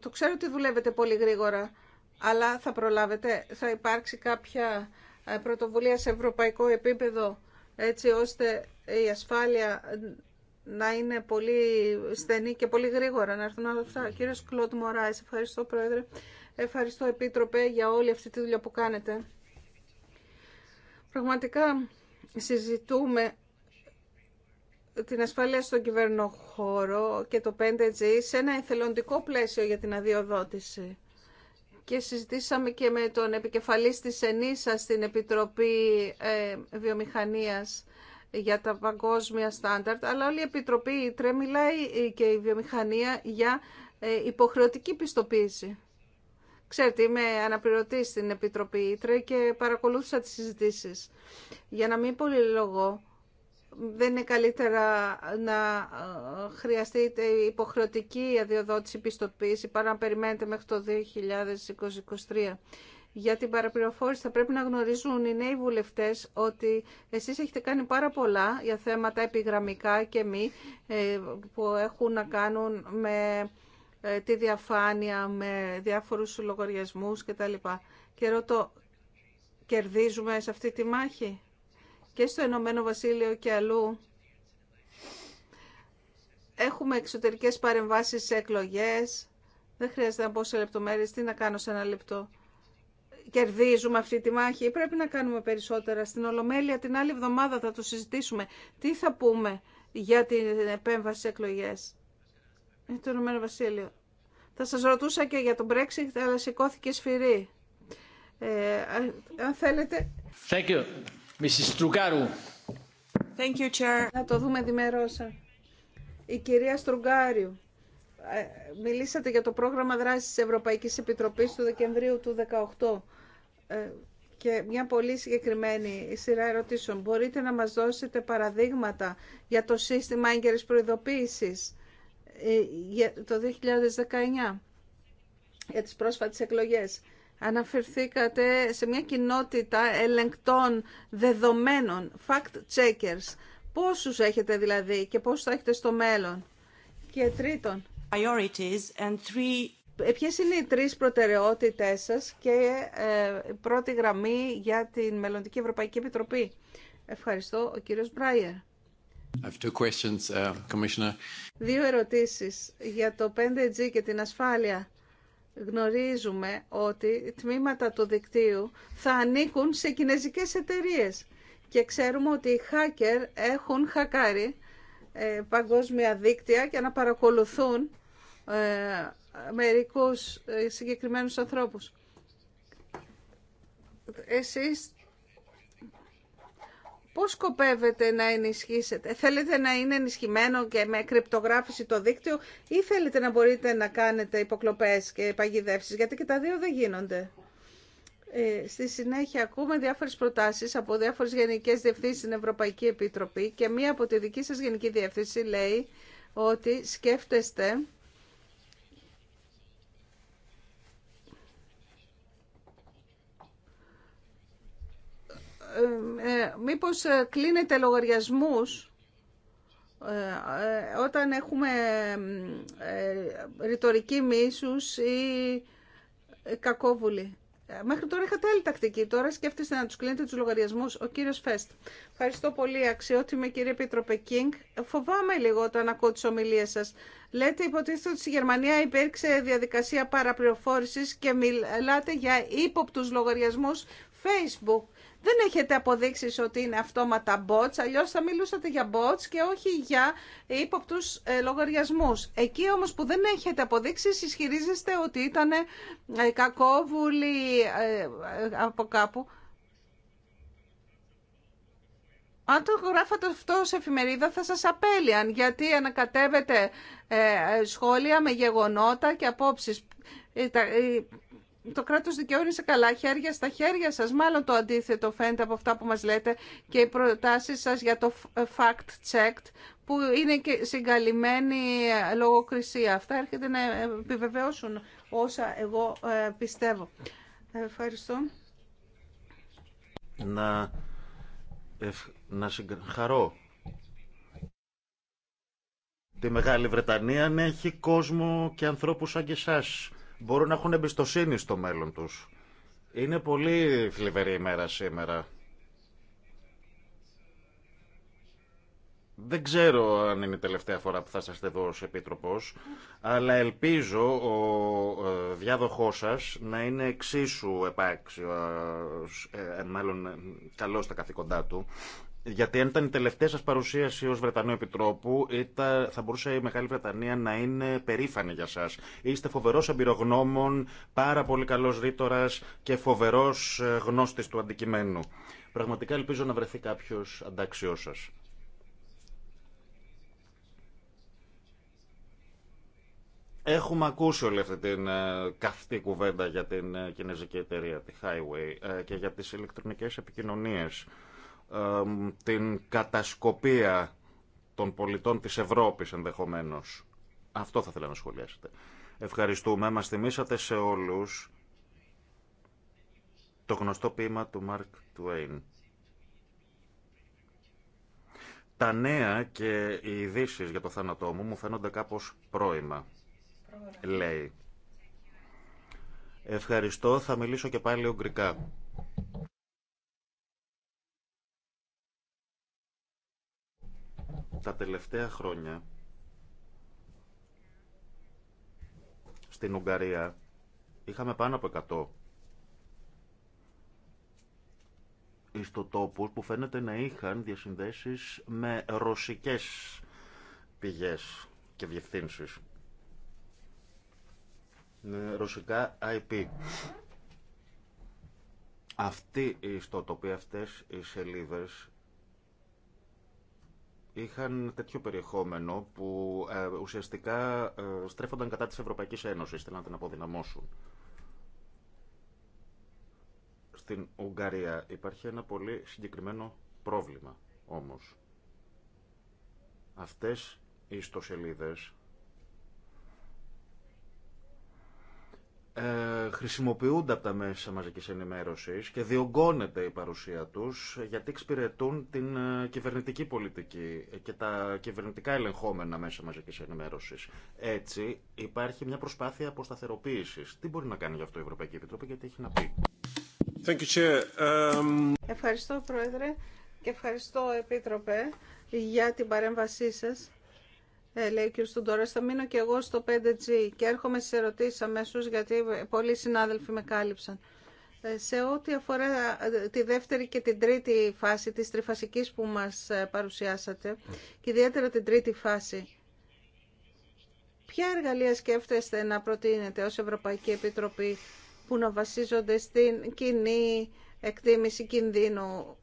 το ξέρω ότι δουλεύετε πολύ γρήγορα, αλλά θα προλάβετε, θα υπάρξει κάποια ε, πρωτοβουλία σε ευρωπαϊκό επίπεδο, έτσι ώστε η ασφάλεια να είναι πολύ στενή και πολύ γρήγορα να έρθουν όλα αυτά. Κύριο Κλοντ Μωράη, ευχαριστώ Πρόεδρε. Ευχαριστώ Επίτροπε για όλη αυτή τη δουλειά που κάνετε. Πραγματικά συζητούμε την ασφάλεια στον κυβερνοχώρο και το 5G σε ένα εθελοντικό πλαίσιο για την αδειοδότηση. Και συζητήσαμε και με τον επικεφαλής της ΕΝΗΣΑ στην Επιτροπή ε, Βιομηχανίας για τα παγκόσμια στάνταρτ, αλλά όλη η Επιτροπή Ιτρε μιλάει ε, και η βιομηχανία για ε, υποχρεωτική πιστοποίηση. Ξέρετε, είμαι αναπληρωτή στην Επιτροπή Ήτρε και παρακολούθησα τις συζητήσεις. Για να μην πολυλογώ, δεν είναι καλύτερα να ε, χρειαστεί υποχρεωτική αδειοδότηση πιστοποίηση παρά να περιμένετε μέχρι το 2023 για την παραπληροφόρηση. Θα πρέπει να γνωρίζουν οι νέοι βουλευτές ότι εσείς έχετε κάνει πάρα πολλά για θέματα επιγραμμικά και μη ε, που έχουν να κάνουν με ε, τη διαφάνεια, με διάφορους λογαριασμού κτλ. Και ρωτώ, κερδίζουμε σε αυτή τη μάχη και στο Ενωμένο Βασίλειο και αλλού. Έχουμε εξωτερικές παρεμβάσεις σε εκλογές. Δεν χρειάζεται να πω σε λεπτομέρειες. Τι να κάνω σε ένα λεπτό κερδίζουμε αυτή τη μάχη. ή Πρέπει να κάνουμε περισσότερα. Στην Ολομέλεια την άλλη εβδομάδα θα το συζητήσουμε. Τι θα πούμε για την επέμβαση εκλογές. Ε, το Ηνωμένο Βασίλειο. Θα σας ρωτούσα και για τον Brexit, αλλά σηκώθηκε σφυρί. Ε, αν θέλετε... Thank you, Mrs. Thank you, Chair. Να το δούμε διμερώσα. Ε. Η κυρία Στρουγκάριου. Ε, μιλήσατε για το πρόγραμμα δράσης της Ευρωπαϊκής Επιτροπής του Δεκεμβρίου του 2018. Ε, και μια πολύ συγκεκριμένη σειρά ερωτήσεων. Μπορείτε να μας δώσετε παραδείγματα για το σύστημα έγκαιρης προειδοποίησης ε, για το 2019, για τις πρόσφατες εκλογές. Αναφερθήκατε σε μια κοινότητα ελεγκτών δεδομένων, fact-checkers. Πόσους έχετε δηλαδή και πόσους θα έχετε στο μέλλον. Και τρίτον, priorities and three ε, ποιες είναι οι τρεις προτεραιότητές σας και ε, πρώτη γραμμή για την Μελλοντική Ευρωπαϊκή Επιτροπή. Ευχαριστώ. Ο κύριος Μπράιερ. Uh, Δύο ερωτήσεις για το 5G και την ασφάλεια. Γνωρίζουμε ότι τμήματα του δικτύου θα ανήκουν σε κινέζικες εταιρείες και ξέρουμε ότι οι hacker έχουν χακάρει ε, παγκόσμια δίκτυα για να παρακολουθούν ε, μερικούς ε, συγκεκριμένους ανθρώπους. Εσείς πώς σκοπεύετε να ενισχύσετε. Θέλετε να είναι ενισχυμένο και με κρυπτογράφηση το δίκτυο ή θέλετε να μπορείτε να κάνετε υποκλοπές και παγιδεύσεις, γιατί και τα δύο δεν γίνονται. Ε, στη συνέχεια ακούμε διάφορες προτάσεις από διάφορες γενικές διευθύνσεις στην Ευρωπαϊκή Επιτροπή και μία από τη δική σας γενική διεύθυνση λέει ότι σκέφτεστε Ε, ε, μήπως ε, κλείνετε λογαριασμούς όταν έχουμε ρητορική μίσους ή κακόβουλη. Μέχρι τώρα είχατε άλλη τακτική. Τώρα σκέφτεστε να του κλείνετε του λογαριασμού. Ο κύριο Φέστ. Ευχαριστώ πολύ, αξιότιμη κύριε Επίτροπε Κίνγκ. Φοβάμαι λίγο όταν ακούω τι ομιλίε σα. Λέτε, υποτίθεται ότι στη Γερμανία υπήρξε διαδικασία παραπληροφόρηση και μιλάτε για ύποπτου λογαριασμού Facebook δεν έχετε αποδείξεις ότι είναι αυτόματα bots, αλλιώς θα μιλούσατε για bots και όχι για ύποπτους ε, λογαριασμούς. Εκεί όμως που δεν έχετε αποδείξεις ισχυρίζεστε ότι ήταν ε, κακόβουλοι ε, από κάπου. Αν το γράφατε αυτό σε εφημερίδα θα σας απέλυαν γιατί ανακατεύετε σχόλια με γεγονότα και απόψεις το κράτος δικαιώνει σε καλά χέρια στα χέρια σας. Μάλλον το αντίθετο φαίνεται από αυτά που μας λέτε και οι προτάσεις σας για το ε, fact-checked που είναι και συγκαλυμμένη ε, λογοκρισία. Αυτά έρχεται να επιβεβαιώσουν όσα εγώ ε, πιστεύω. Ευχαριστώ. Να, ευχ... να συγχαρώ τη Μεγάλη Βρετανία να έχει κόσμο και ανθρώπους σαν και εσάς μπορούν να έχουν εμπιστοσύνη στο μέλλον τους. Είναι πολύ θλιβερή ημέρα σήμερα. Δεν ξέρω αν είναι η τελευταία φορά που θα σας εδώ ως Επίτροπος, αλλά ελπίζω ο διάδοχός σας να είναι εξίσου επάξιος, ε, ε, μάλλον ε, καλό στα καθήκοντά του, γιατί αν ήταν η τελευταία σα παρουσίαση ω Βρετανό Επιτρόπου, ήταν, θα μπορούσε η Μεγάλη Βρετανία να είναι περήφανη για σα. Είστε φοβερό εμπειρογνώμων, πάρα πολύ καλό ρήτορα και φοβερό ε, γνώστη του αντικειμένου. Πραγματικά ελπίζω να βρεθεί κάποιο αντάξιό σα. Έχουμε ακούσει όλη αυτή την ε, καυτή κουβέντα για την ε, κινέζικη εταιρεία, τη Highway, και για τις ηλεκτρονικές επικοινωνίες την κατασκοπία των πολιτών της Ευρώπης ενδεχομένως. Αυτό θα ήθελα να σχολιάσετε. Ευχαριστούμε. Μας θυμήσατε σε όλους το γνωστό ποίημα του Μαρκ Τουέιν. Τα νέα και οι ειδήσει για το θάνατό μου μου φαίνονται κάπως πρόημα, λέει. Ευχαριστώ. Θα μιλήσω και πάλι ογκρικά. Τα τελευταία χρόνια στην Ουγγαρία είχαμε πάνω από 100 ιστοτόπους που φαίνεται να είχαν διασυνδέσεις με ρωσικές πηγές και διευθύνσεις. Ρωσικά IP. Αυτή η ιστοτοπία, αυτές οι σελίδες είχαν τέτοιο περιεχόμενο που ε, ουσιαστικά ε, στρέφονταν κατά της Ευρωπαϊκής Ένωσης, τη να την αποδυναμώσουν. Στην Ουγγαρία υπάρχει ένα πολύ συγκεκριμένο πρόβλημα όμως. Αυτές οι ιστοσελίδες Ε, χρησιμοποιούνται από τα μέσα μαζικής ενημέρωσης και διωγγώνεται η παρουσία τους ε, γιατί εξυπηρετούν την ε, κυβερνητική πολιτική και τα κυβερνητικά ελεγχόμενα μέσα μαζικής ενημέρωσης. Έτσι υπάρχει μια προσπάθεια αποσταθεροποίησης. Τι μπορεί να κάνει γι' αυτό η Ευρωπαϊκή Επιτροπή γιατί έχει να πει. you, um, Ευχαριστώ Πρόεδρε και ευχαριστώ Επίτροπε για την παρέμβασή σας. Ε, λέει ο κ. Στοντόρα, θα μείνω και εγώ στο 5G και έρχομαι στις ερωτήσεις αμέσως γιατί πολλοί συνάδελφοι με κάλυψαν. Ε, σε ό,τι αφορά ε, τη δεύτερη και την τρίτη φάση της τριφασικής που μας ε, παρουσιάσατε και ιδιαίτερα την τρίτη φάση, ποια εργαλεία σκέφτεστε να προτείνετε ως Ευρωπαϊκή Επιτροπή που να βασίζονται στην κοινή εκτίμηση κινδύνου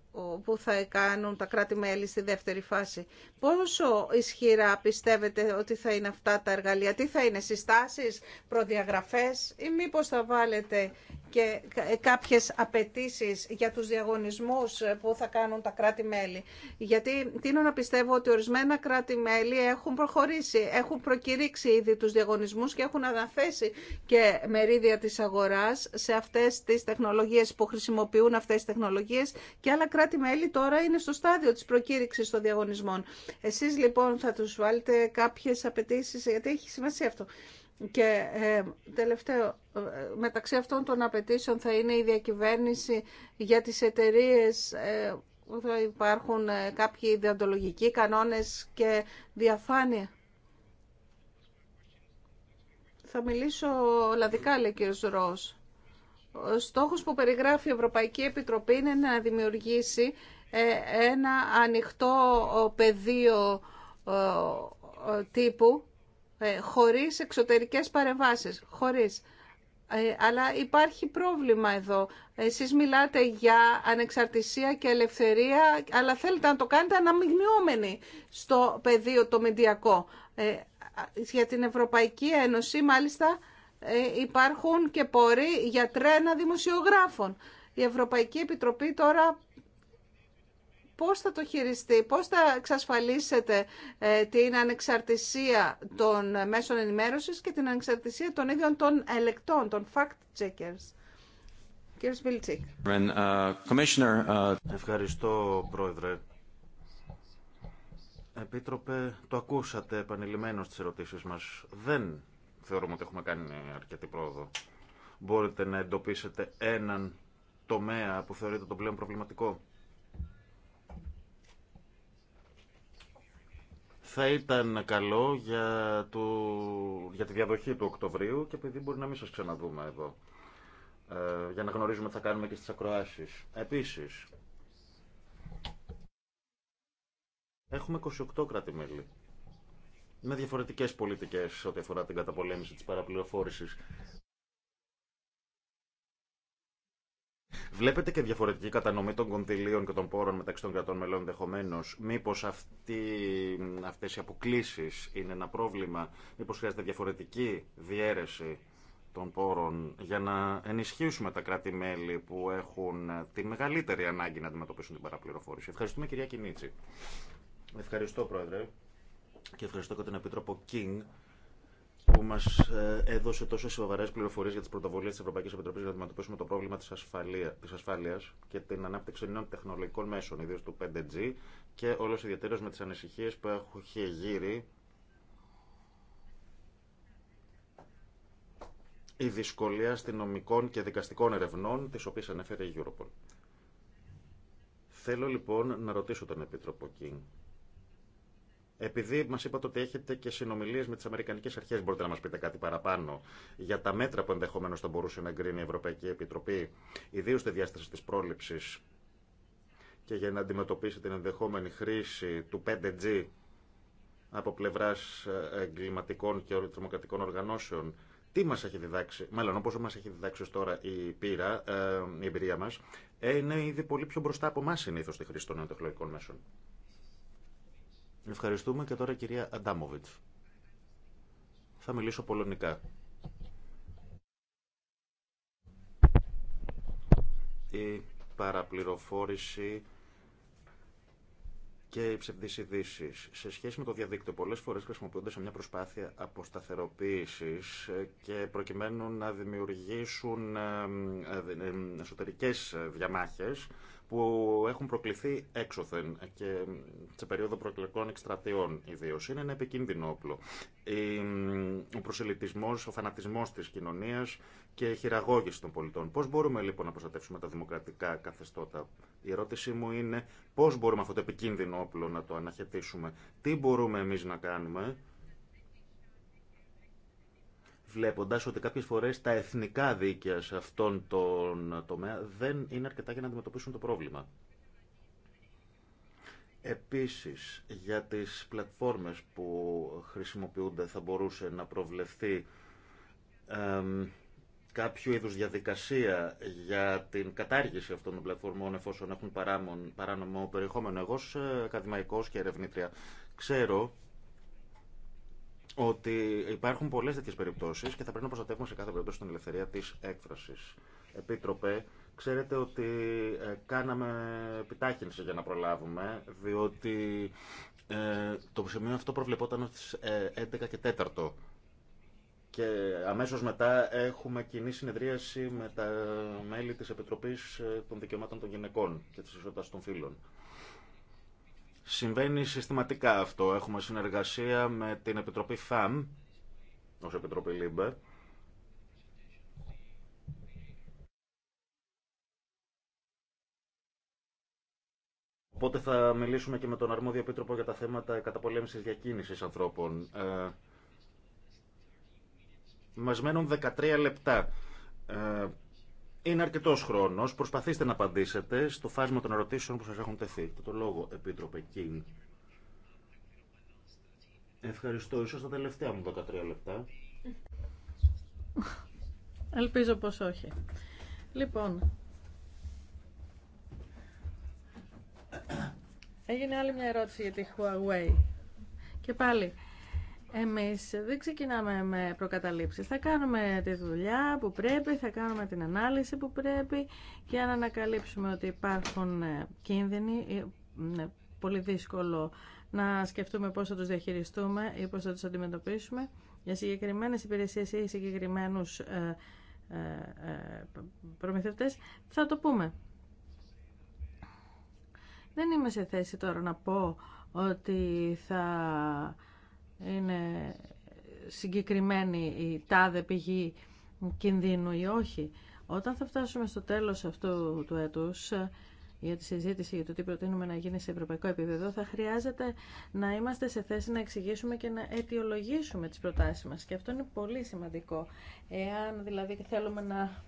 που θα κάνουν τα κράτη-μέλη στη δεύτερη φάση. Πόσο ισχυρά πιστεύετε ότι θα είναι αυτά τα εργαλεία, τι θα είναι συστάσεις, προδιαγραφές ή μήπως θα βάλετε και ε, κάποιες απαιτήσει για τους διαγωνισμούς ε, που θα κάνουν τα κράτη-μέλη. Γιατί τίνω να πιστεύω ότι ορισμένα κράτη-μέλη έχουν προχωρήσει, έχουν προκηρύξει ήδη τους διαγωνισμούς και έχουν αναθέσει και μερίδια της αγοράς σε αυτές τις τεχνολογίες που χρησιμοποιούν αυτές τις τεχνολογίες και άλλα κράτη-μέλη τώρα είναι στο στάδιο της προκήρυξης των διαγωνισμών. Εσείς λοιπόν θα τους βάλετε κάποιες απαιτήσει γιατί έχει σημασία αυτό. Και ε, τελευταίο, ε, μεταξύ αυτών των απαιτήσεων θα είναι η διακυβέρνηση για τις εταιρείες που ε, θα υπάρχουν κάποιοι ιδεοντολογικοί κανόνες και διαφάνεια. Θα μιλήσω λαδικά, λέει ο κ. Ο στόχος που περιγράφει η Ευρωπαϊκή Επιτροπή είναι να δημιουργήσει ένα ανοιχτό πεδίο τύπου ε, χωρίς εξωτερικές παρεμβάσεις, χωρίς. Ε, αλλά υπάρχει πρόβλημα εδώ. Εσείς μιλάτε για ανεξαρτησία και ελευθερία, αλλά θέλετε να το κάνετε αναμειγνιόμενοι στο πεδίο το μεντιακό. Ε, για την Ευρωπαϊκή Ένωση, μάλιστα, υπάρχουν και πόροι για τρένα δημοσιογράφων. Η Ευρωπαϊκή Επιτροπή τώρα Πώς θα το χειριστεί, πώς θα εξασφαλίσετε ε, την ανεξαρτησία των μέσων ενημέρωσης και την ανεξαρτησία των ίδιων των ελεκτών, των fact-checkers. Κύριε Σπιλτσίκ. Uh, uh, Ευχαριστώ, Πρόεδρε. Επίτροπε, το ακούσατε επανειλημμένο στις ερωτήσεις μας. Δεν θεωρούμε ότι έχουμε κάνει αρκετή πρόοδο. Μπορείτε να εντοπίσετε έναν τομέα που θεωρείτε το πλέον προβληματικό. θα ήταν καλό για, το, για τη διαδοχή του Οκτωβρίου και επειδή μπορεί να μην σας ξαναδούμε εδώ ε, για να γνωρίζουμε τι θα κάνουμε και στις ακροάσεις. Επίσης, έχουμε 28 κράτη-μέλη με διαφορετικές πολιτικές ό,τι αφορά την καταπολέμηση της παραπληροφόρησης. Βλέπετε και διαφορετική κατανομή των κονδυλίων και των πόρων μεταξύ των κρατών μελών ενδεχομένω. Μήπω αυτέ οι αποκλήσει είναι ένα πρόβλημα, μήπω χρειάζεται διαφορετική διαίρεση των πόρων για να ενισχύσουμε τα κράτη-μέλη που έχουν τη μεγαλύτερη ανάγκη να αντιμετωπίσουν την παραπληροφόρηση. Ευχαριστούμε κυρία Κινίτσι. Ευχαριστώ πρόεδρε και ευχαριστώ και τον Επίτροπο Κίνγκ που μα ε, έδωσε τόσο σοβαρέ πληροφορίε για τι πρωτοβουλίε τη Ευρωπαϊκή Επιτροπή για να αντιμετωπίσουμε το πρόβλημα τη ασφάλεια και την ανάπτυξη νέων τεχνολογικών μέσων, ιδίω του 5G και όλο ιδιαίτερω με τι ανησυχίε που έχει γύρει η δυσκολία αστυνομικών και δικαστικών ερευνών, τις οποίες ανέφερε η Europol. Θέλω λοιπόν να ρωτήσω τον Επίτροπο Κίνγκ. Επειδή μα είπατε ότι έχετε και συνομιλίε με τι Αμερικανικέ Αρχέ, μπορείτε να μα πείτε κάτι παραπάνω για τα μέτρα που ενδεχομένω θα μπορούσε να εγκρίνει η Ευρωπαϊκή Επιτροπή, ιδίω στη διάσταση τη πρόληψη και για να αντιμετωπίσει την ενδεχόμενη χρήση του 5G από πλευρά ε, εγκληματικών και τρομοκρατικών οργανώσεων. Τι μα έχει διδάξει, μάλλον όπω μα έχει διδάξει ως τώρα η πείρα, ε, η εμπειρία μα, ε, είναι ήδη πολύ πιο μπροστά από εμά συνήθω στη χρήση των τεχνολογικών μέσων. Ευχαριστούμε και τώρα κυρία Αντάμοβιτς. Θα μιλήσω πολωνικά. Η παραπληροφόρηση και οι ψευδεί ειδήσει. Σε σχέση με το διαδίκτυο, πολλέ φορέ χρησιμοποιούνται σε μια προσπάθεια αποσταθεροποίησης και προκειμένου να δημιουργήσουν ε, ε, ε, εσωτερικέ διαμάχε που έχουν προκληθεί έξωθεν και σε περίοδο προεκλογικών εξτρατείων ιδίω. Είναι ένα επικίνδυνο όπλο. Ο προσελητισμό, ο φανατισμό τη κοινωνία και η χειραγώγηση των πολιτών. Πώ μπορούμε λοιπόν να προστατεύσουμε τα δημοκρατικά καθεστώτα. Η ερώτησή μου είναι πώ μπορούμε αυτό το επικίνδυνο όπλο να το αναχαιτήσουμε. Τι μπορούμε εμεί να κάνουμε βλέποντας ότι κάποιες φορές τα εθνικά δίκαια σε αυτόν τον τομέα δεν είναι αρκετά για να αντιμετωπίσουν το πρόβλημα. Επίσης, για τις πλατφόρμες που χρησιμοποιούνται θα μπορούσε να προβλεφθεί κάποιο είδους διαδικασία για την κατάργηση αυτών των πλατφορμών εφόσον έχουν παράνομο περιεχόμενο. Εγώ, ακαδημαϊκός και ερευνήτρια, ξέρω ότι υπάρχουν πολλέ τέτοιε περιπτώσει και θα πρέπει να προστατεύουμε σε κάθε περίπτωση την ελευθερία τη έκφραση Επίτροπε, ξέρετε ότι ε, κάναμε επιτάχυνση για να προλάβουμε, διότι ε, το σημείο αυτό προβλεπόταν στις 11 ε, και 4 και αμέσως μετά έχουμε κοινή συνεδρίαση με τα μέλη της Επιτροπής των Δικαιωμάτων των Γυναικών και της Ισότητας των Φίλων. Συμβαίνει συστηματικά αυτό. Έχουμε συνεργασία με την Επιτροπή ΦΑΜ, ως Επιτροπή ΛΥΜΠΕ, Οπότε θα μιλήσουμε και με τον αρμόδιο επίτροπο για τα θέματα καταπολέμησης διακίνησης ανθρώπων. Ε, μας μένουν 13 λεπτά. Ε, είναι αρκετό χρόνο. Προσπαθήστε να απαντήσετε στο φάσμα των ερωτήσεων που σα έχουν τεθεί. Το λόγο, Επίτροπε Ευχαριστώ. Ίσως τα τελευταία μου 13 λεπτά. Ελπίζω πως όχι. Λοιπόν, έγινε άλλη μια ερώτηση για τη Huawei. Και πάλι, εμείς δεν ξεκινάμε με προκαταλήψεις. Θα κάνουμε τη δουλειά που πρέπει, θα κάνουμε την ανάλυση που πρέπει και αν ανακαλύψουμε ότι υπάρχουν ε, κίνδυνοι, ε, είναι πολύ δύσκολο να σκεφτούμε πώς θα τους διαχειριστούμε ή πώς θα τους αντιμετωπίσουμε. Για συγκεκριμένες υπηρεσίες ή συγκεκριμένους ε, προμηθευτές θα το πούμε. Δεν είμαι σε θέση τώρα να πω ότι θα είναι συγκεκριμένη η τάδε πηγή κινδύνου ή όχι. Όταν θα φτάσουμε στο τέλος αυτού του έτους, για τη συζήτηση για το τι προτείνουμε να γίνει σε ευρωπαϊκό επίπεδο, θα χρειάζεται να είμαστε σε θέση να εξηγήσουμε και να αιτιολογήσουμε τις προτάσεις μας. Και αυτό είναι πολύ σημαντικό. Εάν δηλαδή θέλουμε να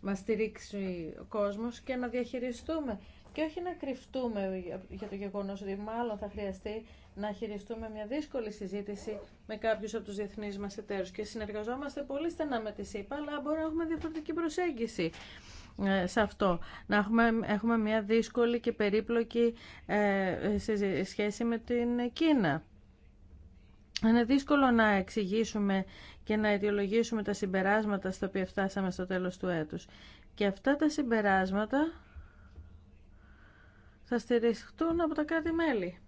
μας στηρίξει ο κόσμος και να διαχειριστούμε και όχι να κρυφτούμε για το γεγονό ότι μάλλον θα χρειαστεί να χειριστούμε μια δύσκολη συζήτηση με κάποιου από του διεθνεί μα εταίρου. και συνεργαζόμαστε πολύ στενά με τη ΣΥΠΑ αλλά μπορεί να έχουμε διαφορετική προσέγγιση ε, σε αυτό. Να έχουμε, έχουμε μια δύσκολη και περίπλοκη ε, σε σχέση με την Κίνα. Είναι δύσκολο να εξηγήσουμε και να αιτιολογήσουμε τα συμπεράσματα στα οποία φτάσαμε στο τέλος του έτους. Και αυτά τα συμπεράσματα θα στηριχτούν από τα κράτη-μέλη.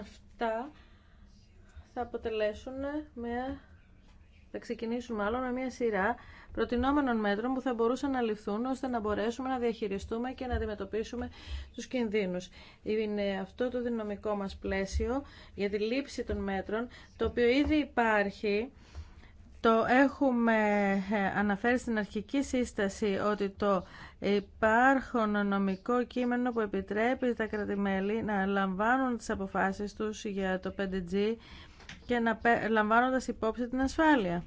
Αυτά θα αποτελέσουν μια... Θα ξεκινήσουν μάλλον με μια σειρά προτινόμενων μέτρων που θα μπορούσαν να ληφθούν ώστε να μπορέσουμε να διαχειριστούμε και να αντιμετωπίσουμε τους κινδύνους. Είναι αυτό το δυναμικό μας πλαίσιο για τη λήψη των μέτρων, το οποίο ήδη υπάρχει το έχουμε ε, αναφέρει στην αρχική σύσταση ότι το υπάρχον νομικό κείμενο που επιτρέπει τα κρατημέλη να λαμβάνουν τις αποφάσεις τους για το 5G και να λαμβάνοντας υπόψη την ασφάλεια.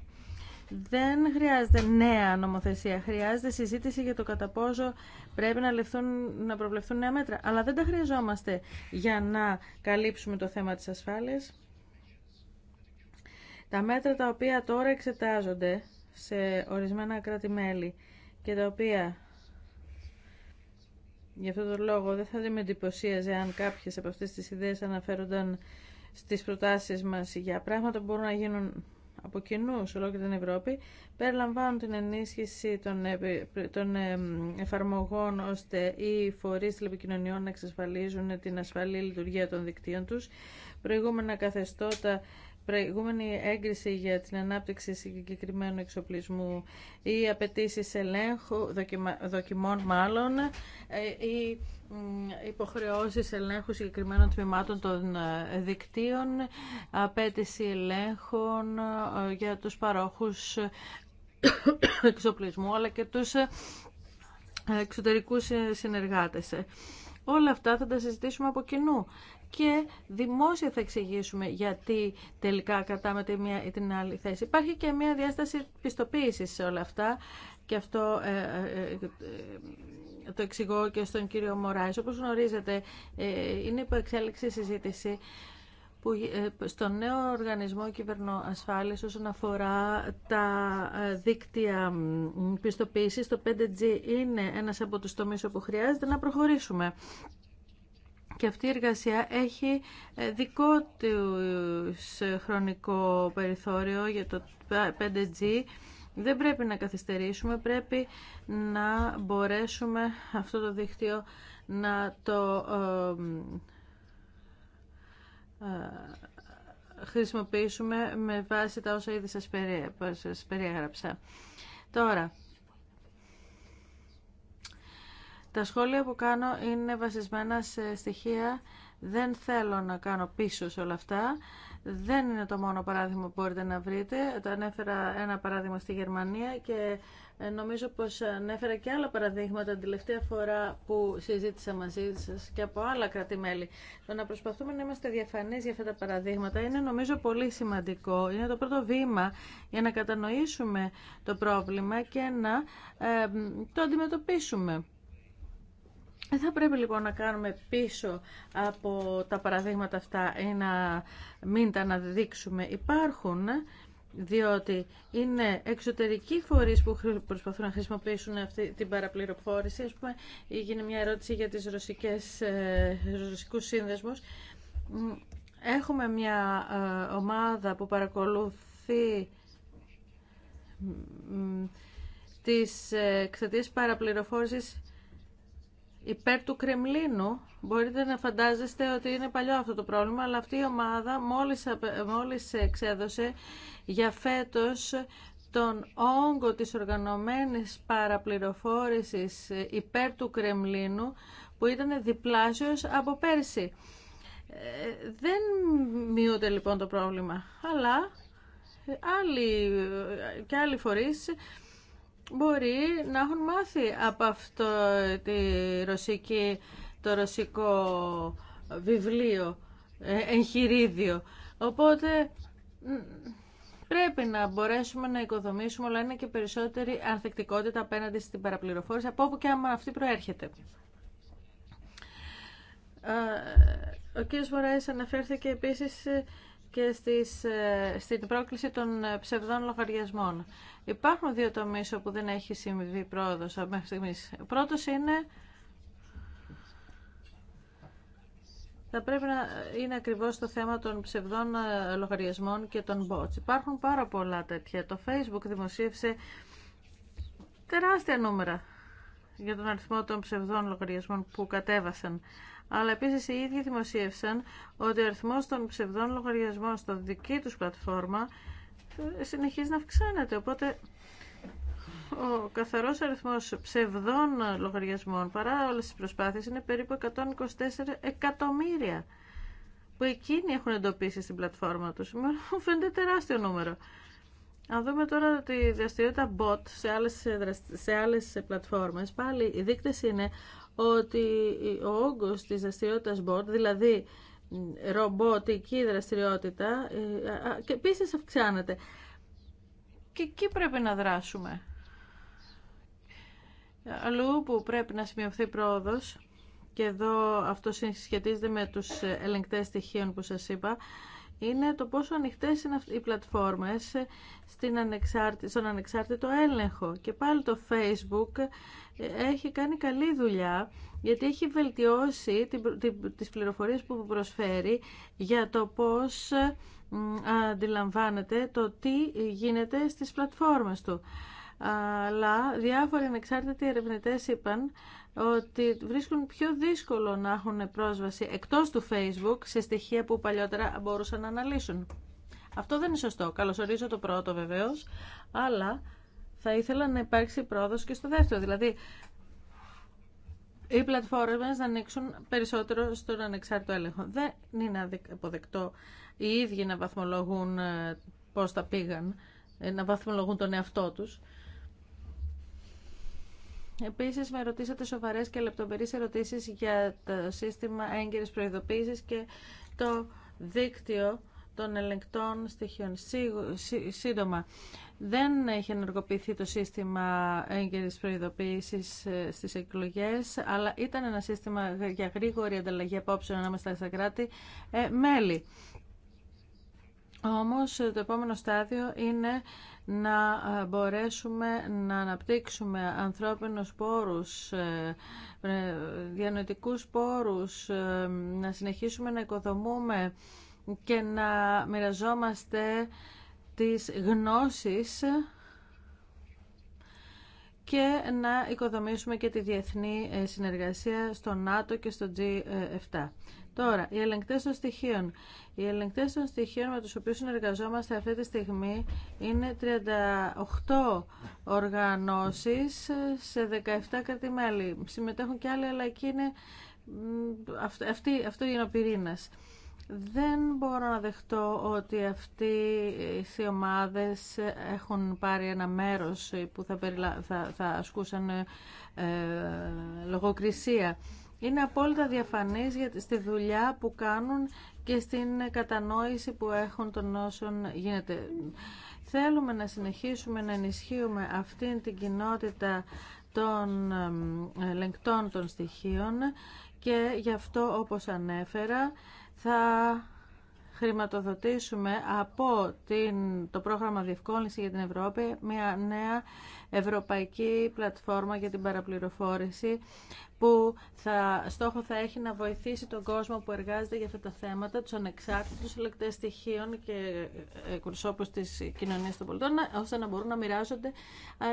Δεν χρειάζεται νέα νομοθεσία, χρειάζεται συζήτηση για το κατά πόσο πρέπει να, λεφθούν, να προβλεφθούν νέα μέτρα. Αλλά δεν τα χρειαζόμαστε για να καλύψουμε το θέμα της ασφάλειας. Τα μέτρα τα οποία τώρα εξετάζονται σε ορισμένα κράτη-μέλη και τα οποία γι' αυτόν τον λόγο δεν θα με εντυπωσίαζε αν κάποιες από αυτές τις ιδέες αναφέρονταν στις προτάσεις μας για πράγματα που μπορούν να γίνουν από κοινού σε και την Ευρώπη περιλαμβάνουν την ενίσχυση των, των εφαρμογών ώστε οι φορείς τηλεπικοινωνιών να εξασφαλίζουν την ασφαλή λειτουργία των δικτύων τους, προηγούμενα καθεστώτα προηγούμενη έγκριση για την ανάπτυξη συγκεκριμένου εξοπλισμού ή απαιτήσει ελέγχου, δοκιμών μάλλον, ε, ή υποχρεώσεις ελέγχου συγκεκριμένων τμήματων των ε, δικτύων, απέτηση ελέγχων ε, για τους παρόχους εξοπλισμού, αλλά και τους εξωτερικούς συνεργάτες. Όλα αυτά θα τα συζητήσουμε από κοινού και δημόσια θα εξηγήσουμε γιατί τελικά κρατάμε μία την άλλη θέση. Υπάρχει και μία διάσταση πιστοποίησης σε όλα αυτά και αυτό ε, ε, ε, το εξηγώ και στον κύριο Μωράης. Όπως γνωρίζετε, είναι υπό εξέλιξη συζήτηση που στον νέο οργανισμό κυβερνοασφάλειας όσον αφορά τα δίκτυα πιστοποίησης, το 5G είναι ένας από τους τομείς όπου χρειάζεται να προχωρήσουμε και αυτή η εργασία έχει ε, δικό του ε, χρονικό περιθώριο για το 5G. Δεν πρέπει να καθυστερήσουμε, πρέπει να μπορέσουμε αυτό το δίκτυο να το ε, χρησιμοποιήσουμε με βάση τα όσα ήδη σας περιέγραψα. Τώρα, τα σχόλια που κάνω είναι βασισμένα σε στοιχεία. Δεν θέλω να κάνω πίσω σε όλα αυτά. Δεν είναι το μόνο παράδειγμα που μπορείτε να βρείτε. Το ανέφερα ένα παράδειγμα στη Γερμανία και ε, νομίζω πως ανέφερα και άλλα παραδείγματα την τελευταία φορά που συζήτησα μαζί σας και από άλλα κρατημέλη. Το να προσπαθούμε να είμαστε διαφανείς για αυτά τα παραδείγματα είναι νομίζω πολύ σημαντικό. Είναι το πρώτο βήμα για να κατανοήσουμε το πρόβλημα και να ε, το αντιμετωπίσουμε. Ε, θα πρέπει λοιπόν να κάνουμε πίσω από τα παραδείγματα αυτά ή να μην τα αναδείξουμε. Υπάρχουν διότι είναι εξωτερικοί φορείς που προσπαθούν να χρησιμοποιήσουν αυτή την παραπληροφόρηση. Ας πούμε, έγινε μια ερώτηση για τις ρωσικές, ε, ρωσικούς σύνδεσμους. Έχουμε μια ε, ομάδα που παρακολουθεί τις εξαιτίες παραπληροφόρησης υπέρ του Κρεμλίνου. Μπορείτε να φαντάζεστε ότι είναι παλιό αυτό το πρόβλημα, αλλά αυτή η ομάδα μόλις, μόλις εξέδωσε για φέτος τον όγκο της οργανωμένης παραπληροφόρησης υπέρ του Κρεμλίνου, που ήταν διπλάσιος από πέρσι. Ε, δεν μειούνται λοιπόν το πρόβλημα, αλλά άλλοι, και άλλοι φορείς μπορεί να έχουν μάθει από αυτό τη ρωσική, το ρωσικό βιβλίο, ε, εγχειρίδιο. Οπότε πρέπει να μπορέσουμε να οικοδομήσουμε όλα είναι και περισσότερη ανθεκτικότητα απέναντι στην παραπληροφόρηση από όπου και άμα αυτή προέρχεται. Ο κ. Μωράης αναφέρθηκε επίσης ε, και ε, στην πρόκληση των ε, ψευδών λογαριασμών. Υπάρχουν δύο τομείς όπου δεν έχει συμβεί πρόοδος μέχρι στιγμής. Ο πρώτος είναι θα πρέπει να είναι ακριβώς το θέμα των ψευδών ε, λογαριασμών και των bots. Υπάρχουν πάρα πολλά τέτοια. Το Facebook δημοσίευσε τεράστια νούμερα για τον αριθμό των ψευδών λογαριασμών που κατέβασαν αλλά επίσης οι ίδιοι δημοσίευσαν ότι ο αριθμός των ψευδών λογαριασμών στο δική τους πλατφόρμα ε, συνεχίζει να αυξάνεται. Οπότε ο καθαρός αριθμός ψευδών λογαριασμών παρά όλες τις προσπάθειες είναι περίπου 124 εκατομμύρια που εκείνοι έχουν εντοπίσει στην πλατφόρμα τους. Μου φαίνεται τεράστιο νούμερο. Αν δούμε τώρα τη δραστηριότητα bot σε άλλες, σε άλλες πλατφόρμες, πάλι οι δείκτες είναι ότι ο όγκος της δραστηριότητας board, δηλαδή ρομπότικη δραστηριότητα, ε, και επίσης αυξάνεται. Και εκεί πρέπει να δράσουμε. Αλλού που πρέπει να σημειωθεί πρόοδος, και εδώ αυτό συσχετίζεται με τους ελεγκτές στοιχείων που σας είπα, είναι το πόσο ανοιχτές είναι οι πλατφόρμες ε, στην στον ανεξάρτητο έλεγχο. Και πάλι το Facebook ε, έχει κάνει καλή δουλειά γιατί έχει βελτιώσει τις πληροφορίες που προσφέρει για το πώς αντιλαμβάνεται το τι γίνεται στις πλατφόρμες του. Αλλά διάφοροι ανεξάρτητοι ερευνητές είπαν ότι βρίσκουν πιο δύσκολο να έχουν πρόσβαση εκτός του Facebook σε στοιχεία που παλιότερα μπορούσαν να αναλύσουν. Αυτό δεν είναι σωστό. Καλωσορίζω το πρώτο βεβαίως, αλλά θα ήθελα να υπάρξει πρόοδος και στο δεύτερο. Δηλαδή, οι πλατφόρμες να ανοίξουν περισσότερο στον ανεξάρτητο έλεγχο. Δεν είναι αποδεκτό οι ίδιοι να βαθμολογούν ε, πώς τα πήγαν, ε, να βαθμολογούν τον εαυτό τους. Επίσης με ρωτήσατε σοβαρές και λεπτομερείς ερωτήσεις για το σύστημα έγκυρης προειδοποίησης και το δίκτυο των ελεγκτών στοιχείων. Σύντομα, δεν έχει ενεργοποιηθεί το σύστημα έγκαιρης προειδοποίησης ε, στις εκλογές, αλλά ήταν ένα σύστημα για γρήγορη ανταλλαγή απόψεων ανάμεσα στα κράτη-μέλη. Ε, όμως το επόμενο στάδιο είναι να ε, μπορέσουμε να αναπτύξουμε ανθρώπινους πόρους, ε, ε, διανοητικούς πόρους, να συνεχίσουμε να οικοδομούμε και να μοιραζόμαστε τις γνώσεις και να οικοδομήσουμε και τη διεθνή συνεργασία στο ΝΑΤΟ και στο G7. Τώρα, οι ελεγκτέ των στοιχείων. Οι ελεγκτέ των στοιχείων με του οποίου συνεργαζόμαστε αυτή τη στιγμή είναι 38 οργανώσει σε 17 κρατημέλη. Συμμετέχουν και άλλοι, αλλά εκεί είναι. αυτό είναι ο πυρήνα. Δεν μπορώ να δεχτώ ότι αυτοί οι ομάδες έχουν πάρει ένα μέρος που θα, θα, θα ασκούσαν ε, λογοκρισία είναι απόλυτα διαφανής για, στη δουλειά που κάνουν και στην κατανόηση που έχουν των όσων γίνεται. Θέλουμε να συνεχίσουμε να ενισχύουμε αυτήν την κοινότητα των ελεγκτών των στοιχείων και γι' αυτό όπως ανέφερα θα χρηματοδοτήσουμε από την, το πρόγραμμα Διευκόλυνση για την Ευρώπη μια νέα Ευρωπαϊκή Πλατφόρμα για την Παραπληροφόρηση που θα, στόχο θα έχει να βοηθήσει τον κόσμο που εργάζεται για αυτά τα θέματα, τους ανεξάρτητους ελεκτές στοιχείων και ε, εκπροσώπους της κοινωνίας των πολιτών, ώστε να μπορούν να μοιράζονται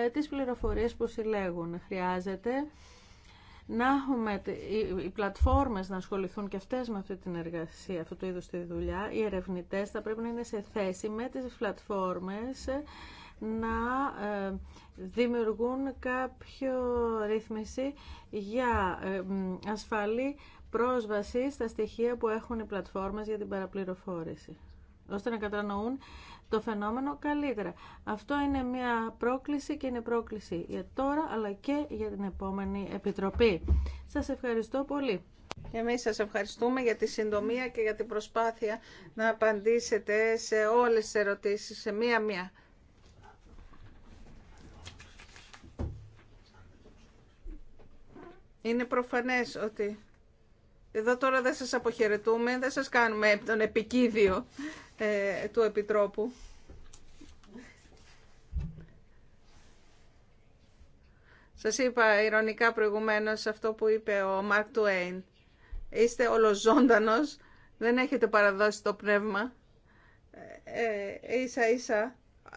ε, τις πληροφορίες που συλλέγουν. Χρειάζεται να έχουμε οι πλατφόρμες να ασχοληθούν και αυτές με αυτή την εργασία, αυτού του είδους τη δουλειά. Οι ερευνητές θα πρέπει να είναι σε θέση με τις πλατφόρμες ε, να ε, δημιουργούν κάποιο ρύθμιση για ε, ασφαλή πρόσβαση στα στοιχεία που έχουν οι πλατφόρμες για την παραπληροφόρηση ώστε να κατανοούν το φαινόμενο καλύτερα. Αυτό είναι μια πρόκληση και είναι πρόκληση για τώρα αλλά και για την επόμενη Επιτροπή. Σας ευχαριστώ πολύ. Εμείς σας ευχαριστούμε για τη συντομία και για την προσπάθεια να απαντήσετε σε όλες τις ερωτήσεις, σε μία-μία. Είναι προφανές ότι εδώ τώρα δεν σας αποχαιρετούμε, δεν σας κάνουμε τον επικίδιο ε, του Επιτρόπου. Σας είπα ηρωνικά προηγουμένως αυτό που είπε ο Μαρκ Τουέιν. Είστε ολοζώντανος, δεν έχετε παραδώσει το πνεύμα. Ε, ε ίσα ίσα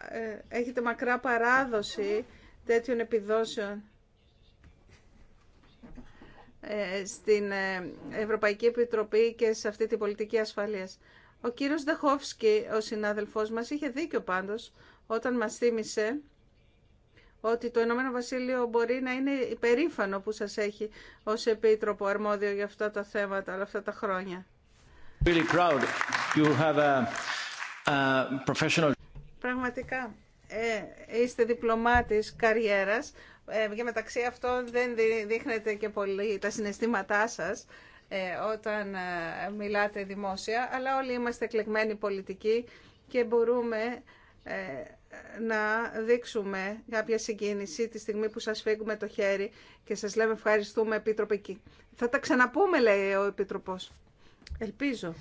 ε, έχετε μακρά παράδοση τέτοιων επιδόσεων ε, στην ε, Ευρωπαϊκή Επιτροπή και σε αυτή την πολιτική ασφαλείας. Ο κύριος Δεχόφσκι, ο συνάδελφός μας, είχε δίκιο πάντως όταν μας θύμισε ότι το Ηνωμένο Βασίλειο μπορεί να είναι υπερήφανο που σας έχει ως επίτροπο αρμόδιο για αυτά τα θέματα όλα αυτά τα χρόνια. Really You have a, Πραγματικά, ε, είστε διπλωμάτης καριέρας, ε, και μεταξύ αυτών δεν δείχνετε και πολύ τα συναισθήματά σας ε, όταν ε, μιλάτε δημόσια, αλλά όλοι είμαστε εκλεγμένοι πολιτικοί και μπορούμε να δείξουμε κάποια συγκίνηση τη στιγμή που σας φύγουμε το χέρι και σας λέμε ευχαριστούμε Επίτροπε εκεί. Θα τα ξαναπούμε λέει ο Επίτροπος. Ελπίζω.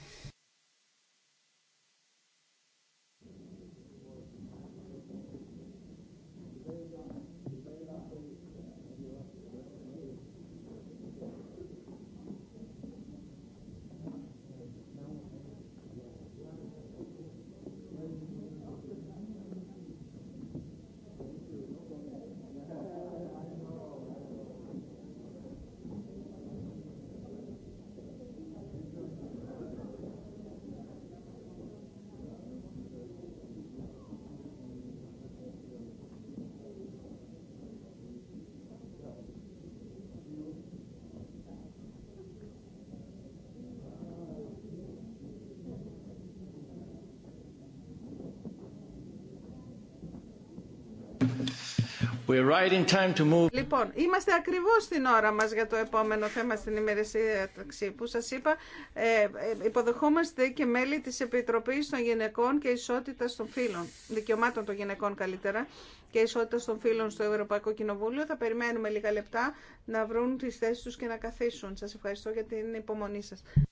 Λοιπόν, είμαστε ακριβώς στην ώρα μας για το επόμενο θέμα στην ημερησία που σας είπα. Ε, ε, υποδεχόμαστε και μέλη της Επιτροπής των Γυναικών και Ισότητας των Φίλων, δικαιωμάτων των γυναικών καλύτερα, και Ισότητας των Φίλων στο Ευρωπαϊκό Κοινοβούλιο. Θα περιμένουμε λίγα λεπτά να βρουν τις θέσει του και να καθίσουν. Σα ευχαριστώ για την υπομονή σα.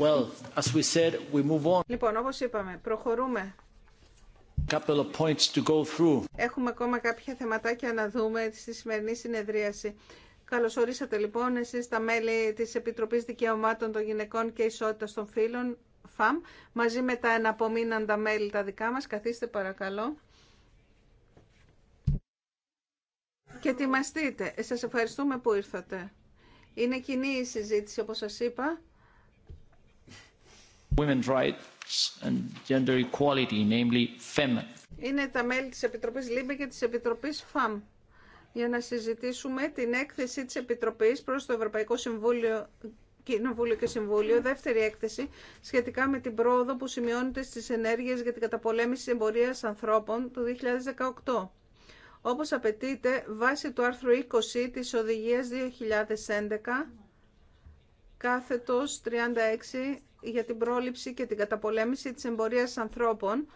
Well, as we said, we move on. Λοιπόν, όπως είπαμε, προχωρούμε. Couple of points to go through. Έχουμε ακόμα κάποια θεματάκια να δούμε στη σημερινή συνεδρίαση. Καλωσορίσατε λοιπόν εσείς τα μέλη της Επιτροπής Δικαιωμάτων των Γυναικών και Ισότητας των Φίλων, ΦΑΜ, μαζί με τα εναπομείναντα μέλη τα δικά μας. Καθίστε παρακαλώ. Και ετοιμαστείτε. Σας ευχαριστούμε που ήρθατε. Είναι κοινή η συζήτηση όπως σας είπα Rights and Gender Equality, namely Είναι τα μέλη της Επιτροπής ΛΥΜΠΕ και της Επιτροπής ΦΑΜ για να συζητήσουμε την έκθεση της Επιτροπής προς το Ευρωπαϊκό Συμβούλιο Κοινοβούλιο και Συμβούλιο, δεύτερη έκθεση σχετικά με την πρόοδο που σημειώνεται στις ενέργειες για την καταπολέμηση εμπορίας ανθρώπων του 2018 όπως απαιτείται βάσει του άρθρου 20 της Οδηγίας 2011 κάθετος 36 για την πρόληψη και την καταπολέμηση της εμπορίας ανθρώπων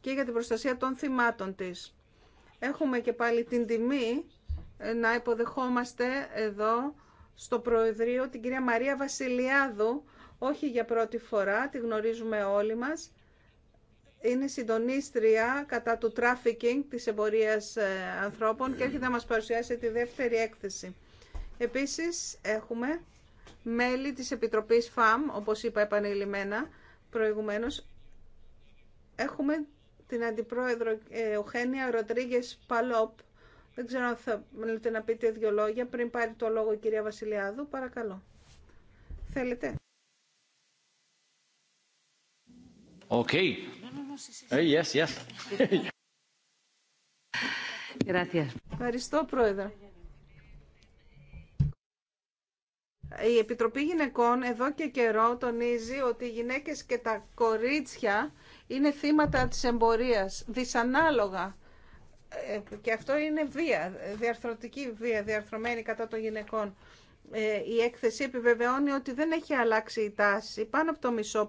και για την προστασία των θυμάτων της. Έχουμε και πάλι την τιμή ε, να υποδεχόμαστε εδώ στο Προεδρείο την κυρία Μαρία Βασιλιάδου, όχι για πρώτη φορά, τη γνωρίζουμε όλοι μας. Είναι συντονίστρια κατά του τράφικινγκ της εμπορίας ε, ανθρώπων και έρχεται να μας παρουσιάσει τη δεύτερη έκθεση. Επίσης έχουμε μέλη της Επιτροπής ΦΑΜ, όπως είπα επανειλημμένα προηγουμένως, έχουμε την Αντιπρόεδρο Οχένια Ροντρίγκες Παλόπ. Δεν ξέρω αν θα θέλετε να πείτε δύο λόγια πριν πάρει το λόγο η κυρία Βασιλιάδου. Παρακαλώ. Θέλετε. Okay. Ε, yes, yes. Ευχαριστώ, Πρόεδρε. Η Επιτροπή Γυναικών εδώ και καιρό τονίζει ότι οι γυναίκες και τα κορίτσια είναι θύματα της εμπορίας, δυσανάλογα. Ε, και αυτό είναι βία, διαρθρωτική βία, διαρθρωμένη κατά των γυναικών. Ε, η έκθεση επιβεβαιώνει ότι δεν έχει αλλάξει η τάση. Πάνω από το μισό,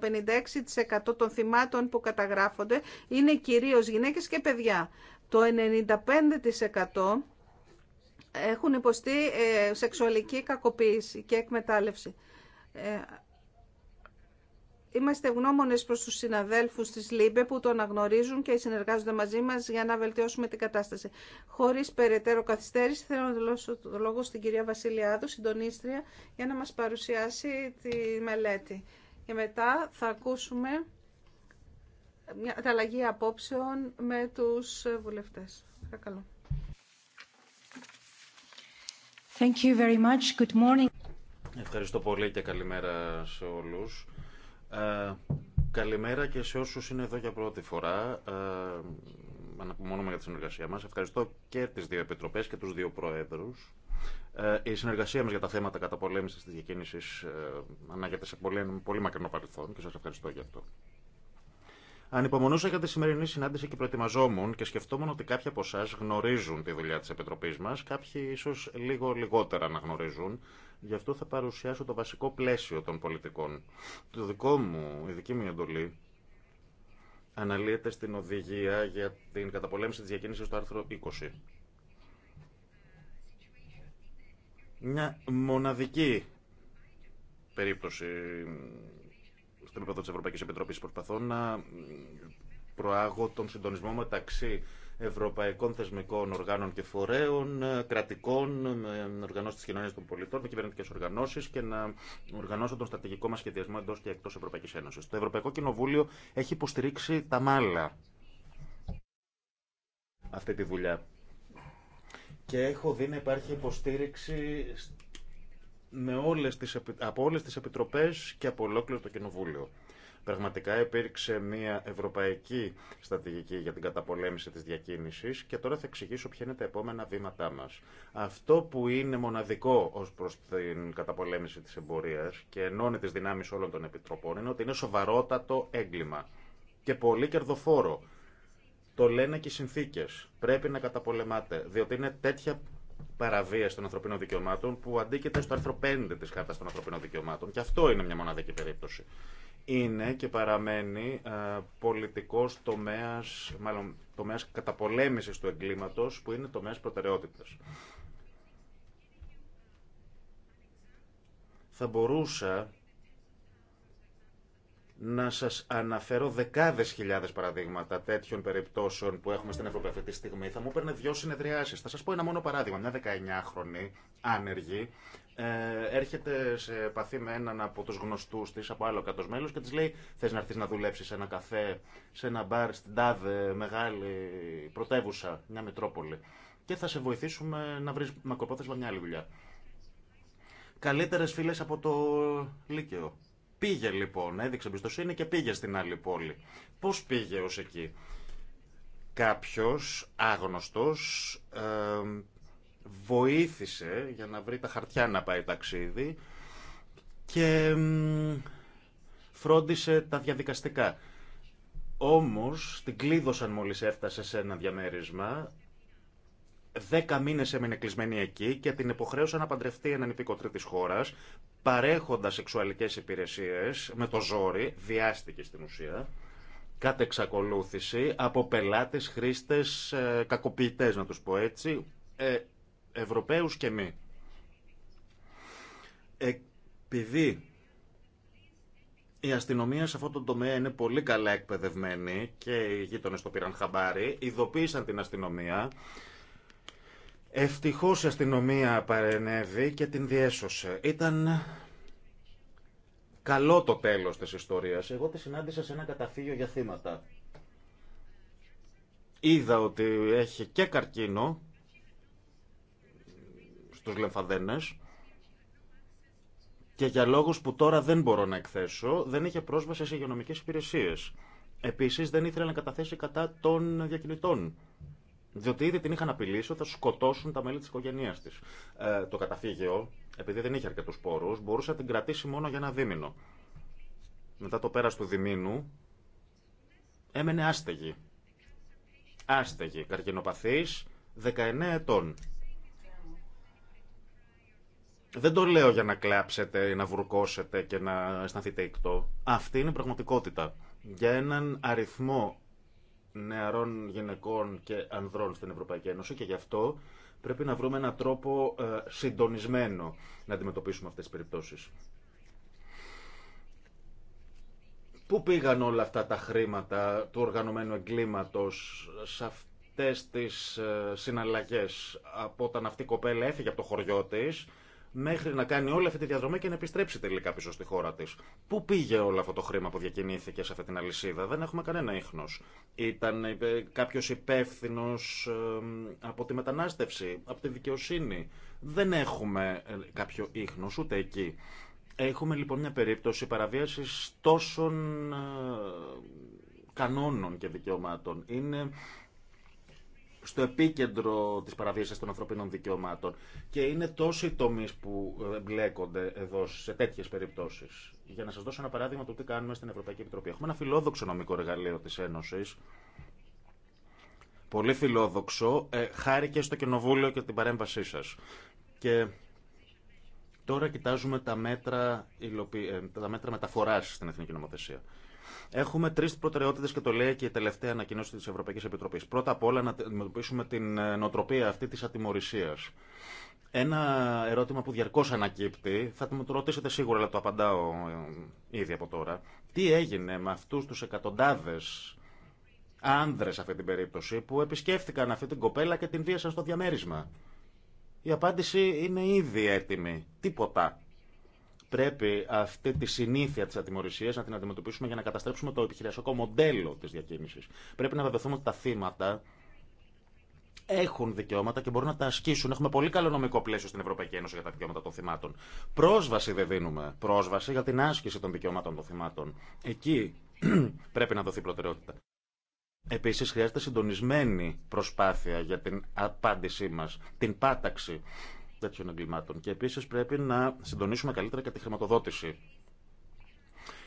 56% των θυμάτων που καταγράφονται είναι κυρίως γυναίκες και παιδιά. Το 95% έχουν υποστεί ε, σεξουαλική κακοποίηση και εκμετάλλευση. Ε, είμαστε γνώμονες προς τους συναδέλφους της ΛΥΜΠΕ που το αναγνωρίζουν και συνεργάζονται μαζί μας για να βελτιώσουμε την κατάσταση. Χωρίς περαιτέρω καθυστέρηση, θέλω να δώσω το λόγο στην κυρία Βασιλιάδου, συντονίστρια, για να μας παρουσιάσει τη μελέτη. Και μετά θα ακούσουμε μια αλλαγή απόψεων με τους βουλευτές. Παρακαλώ. Thank you very much. Good morning. Ευχαριστώ πολύ και καλημέρα σε όλους. Ε, καλημέρα και σε όσους είναι εδώ για πρώτη φορά. Ε, αναπομονούμε για τη συνεργασία μας. Ευχαριστώ και τις δύο επιτροπές και τους δύο προέδρους. Ε, η συνεργασία μας για τα θέματα καταπολέμησης της διακίνησης ε, ανάγεται σε πολύ, πολύ μακρινό παρελθόν και σας ευχαριστώ για αυτό. Ανυπομονούσα για τη σημερινή συνάντηση και προετοιμαζόμουν και σκεφτόμουν ότι κάποιοι από εσά γνωρίζουν τη δουλειά τη Επιτροπή μα, κάποιοι ίσω λίγο λιγότερα να γνωρίζουν. Γι' αυτό θα παρουσιάσω το βασικό πλαίσιο των πολιτικών. Το δικό μου, η δική μου εντολή αναλύεται στην οδηγία για την καταπολέμηση τη διακίνηση στο άρθρο 20. Μια μοναδική περίπτωση στον επίπεδο τη Ευρωπαϊκή Επιτροπή. Προσπαθώ να προάγω τον συντονισμό μεταξύ ευρωπαϊκών θεσμικών οργάνων και φορέων, κρατικών, οργανώσεων τη κοινωνία των πολιτών, με κυβερνητικέ οργανώσει και να οργανώσω τον στρατηγικό μα σχεδιασμό εντό και εκτό Ευρωπαϊκή Ένωση. Το Ευρωπαϊκό Κοινοβούλιο έχει υποστηρίξει τα μάλα αυτή τη δουλειά. Και έχω δει να υπάρχει υποστήριξη με όλες τις, από όλες τις επιτροπές και από ολόκληρο το Κοινοβούλιο. Πραγματικά υπήρξε μια ευρωπαϊκή στρατηγική για την καταπολέμηση της διακίνησης και τώρα θα εξηγήσω ποια είναι τα επόμενα βήματά μας. Αυτό που είναι μοναδικό ως προς την καταπολέμηση της εμπορίας και ενώνει τις δυνάμεις όλων των επιτροπών είναι ότι είναι σοβαρότατο έγκλημα και πολύ κερδοφόρο. Το λένε και οι συνθήκες. Πρέπει να καταπολεμάτε, διότι είναι τέτοια παραβίαση των ανθρωπίνων δικαιωμάτων που αντίκειται στο άρθρο 5 της Χάρτας των Ανθρωπίνων Δικαιωμάτων. Και αυτό είναι μια μοναδική περίπτωση. Είναι και παραμένει ε, πολιτικός τομέας, μάλλον τομέας καταπολέμησης του εγκλήματος που είναι τομέας προτεραιότητας. Θα μπορούσα να σα αναφέρω δεκάδε χιλιάδε παραδείγματα τέτοιων περιπτώσεων που έχουμε στην Ευρώπη αυτή τη στιγμή. Θα μου έπαιρνε δυο συνεδριάσει. Θα σα πω ένα μόνο παράδειγμα. Μια 19χρονη άνεργη ε, έρχεται σε επαφή με έναν από του γνωστού τη από άλλο κάτω μέλο και τη λέει Θε να έρθει να δουλέψει σε ένα καφέ, σε ένα μπαρ στην τάδε μεγάλη πρωτεύουσα, μια μετρόπολη και θα σε βοηθήσουμε να βρεις μακροπρόθεσμα μια άλλη δουλειά. Καλύτερε φίλε από το Λύκειο Πήγε λοιπόν, έδειξε εμπιστοσύνη και πήγε στην άλλη πόλη. Πώς πήγε ως εκεί. Κάποιος άγνωστος βοήθησε για να βρει τα χαρτιά να πάει ταξίδι και φρόντισε τα διαδικαστικά. Όμως την κλείδωσαν μόλις έφτασε σε ένα διαμέρισμα Δέκα μήνε έμεινε κλεισμένη εκεί και την υποχρέωσε να παντρευτεί έναν υπήκο τρίτη χώρα, παρέχοντα σεξουαλικέ υπηρεσίε με το ζόρι, διάστηκε στην ουσία, κάτω εξακολούθηση από πελάτε, χρήστε, κακοποιητέ, να του πω έτσι, ε, Ευρωπαίου και μη. Επειδή η αστυνομία σε αυτό το τομέα είναι πολύ καλά εκπαιδευμένη και οι γείτονε το πήραν χαμπάρι, ειδοποίησαν την αστυνομία Ευτυχώς η αστυνομία παρενέβη και την διέσωσε. Ήταν καλό το τέλος της ιστορίας. Εγώ τη συνάντησα σε ένα καταφύγιο για θύματα. Είδα ότι έχει και καρκίνο στους λεμφαδένες και για λόγους που τώρα δεν μπορώ να εκθέσω δεν είχε πρόσβαση σε υγειονομικές υπηρεσίες. Επίσης δεν ήθελε να καταθέσει κατά των διακινητών διότι ήδη την είχαν απειλήσει ότι θα σκοτώσουν τα μέλη τη οικογένειά τη. Ε, το καταφύγιο, επειδή δεν είχε αρκετού πόρου, μπορούσε να την κρατήσει μόνο για ένα δίμηνο. Μετά το πέρα του διμήνου, έμενε άστεγη. Άστεγη, καρκινοπαθή, 19 ετών. Δεν το λέω για να κλάψετε, ή να βουρκώσετε και να αισθανθείτε ικτό. Αυτή είναι η πραγματικότητα. Για έναν αριθμό νεαρών γυναικών και ανδρών στην Ευρωπαϊκή Ένωση και γι' αυτό πρέπει να βρούμε έναν τρόπο ε, συντονισμένο να αντιμετωπίσουμε αυτές τις περιπτώσεις. Πού πήγαν όλα αυτά τα χρήματα του οργανωμένου εγκλήματος σε αυτές τις ε, συναλλαγές από όταν αυτή η κοπέλα έφυγε από το χωριό της μέχρι να κάνει όλη αυτή τη διαδρομή και να επιστρέψει τελικά πίσω στη χώρα τη. Πού πήγε όλο αυτό το χρήμα που διακινήθηκε σε αυτή την αλυσίδα, δεν έχουμε κανένα ίχνο. Ήταν ε, ε, κάποιο υπεύθυνο ε, από τη μετανάστευση, από τη δικαιοσύνη. Δεν έχουμε κάποιο ίχνο ούτε εκεί. Έχουμε λοιπόν μια περίπτωση παραβίαση τόσων κανόνων και δικαιωμάτων. Είναι στο επίκεντρο της παραβίασης των ανθρωπίνων δικαιωμάτων. Και είναι τόσοι τομείς που ε, μπλέκονται εδώ σε τέτοιες περιπτώσεις. Για να σας δώσω ένα παράδειγμα του τι κάνουμε στην Ευρωπαϊκή Επιτροπή. Έχουμε ένα φιλόδοξο νομικό εργαλείο της Ένωσης, πολύ φιλόδοξο, ε, χάρη και στο Κοινοβούλιο και την παρέμβασή σας. Και τώρα κοιτάζουμε τα μέτρα, υλοποιη... Ε, τα μέτρα μεταφοράς στην Εθνική Νομοθεσία. Έχουμε τρει προτεραιότητε και το λέει και η τελευταία ανακοινώση τη Ευρωπαϊκή Επιτροπή. Πρώτα απ' όλα να αντιμετωπίσουμε την ε, νοοτροπία αυτή τη ατιμορρησία. Ένα ερώτημα που διαρκώ ανακύπτει, θα το ρωτήσετε σίγουρα, αλλά το απαντάω ε, ήδη από τώρα. Τι έγινε με αυτού του εκατοντάδε άνδρες αυτή την περίπτωση που επισκέφτηκαν αυτή την κοπέλα και την βίασαν στο διαμέρισμα. Η απάντηση είναι ήδη έτοιμη. Τίποτα. Πρέπει αυτή τη συνήθεια τη ατιμορρησία να την αντιμετωπίσουμε για να καταστρέψουμε το επιχειρησιακό μοντέλο τη διακίνηση. Πρέπει να βεβαιωθούμε ότι τα θύματα έχουν δικαιώματα και μπορούν να τα ασκήσουν. Έχουμε πολύ καλό νομικό πλαίσιο στην Ευρωπαϊκή Ένωση για τα δικαιώματα των θυμάτων. Πρόσβαση δεν δίνουμε. Πρόσβαση για την άσκηση των δικαιωμάτων των θυμάτων. Εκεί <clears throat> πρέπει να δοθεί προτεραιότητα. Επίση, χρειάζεται συντονισμένη προσπάθεια για την απάντησή μα, την πάταξη τέτοιων εγκλημάτων. Και επίση πρέπει να συντονίσουμε καλύτερα και τη χρηματοδότηση.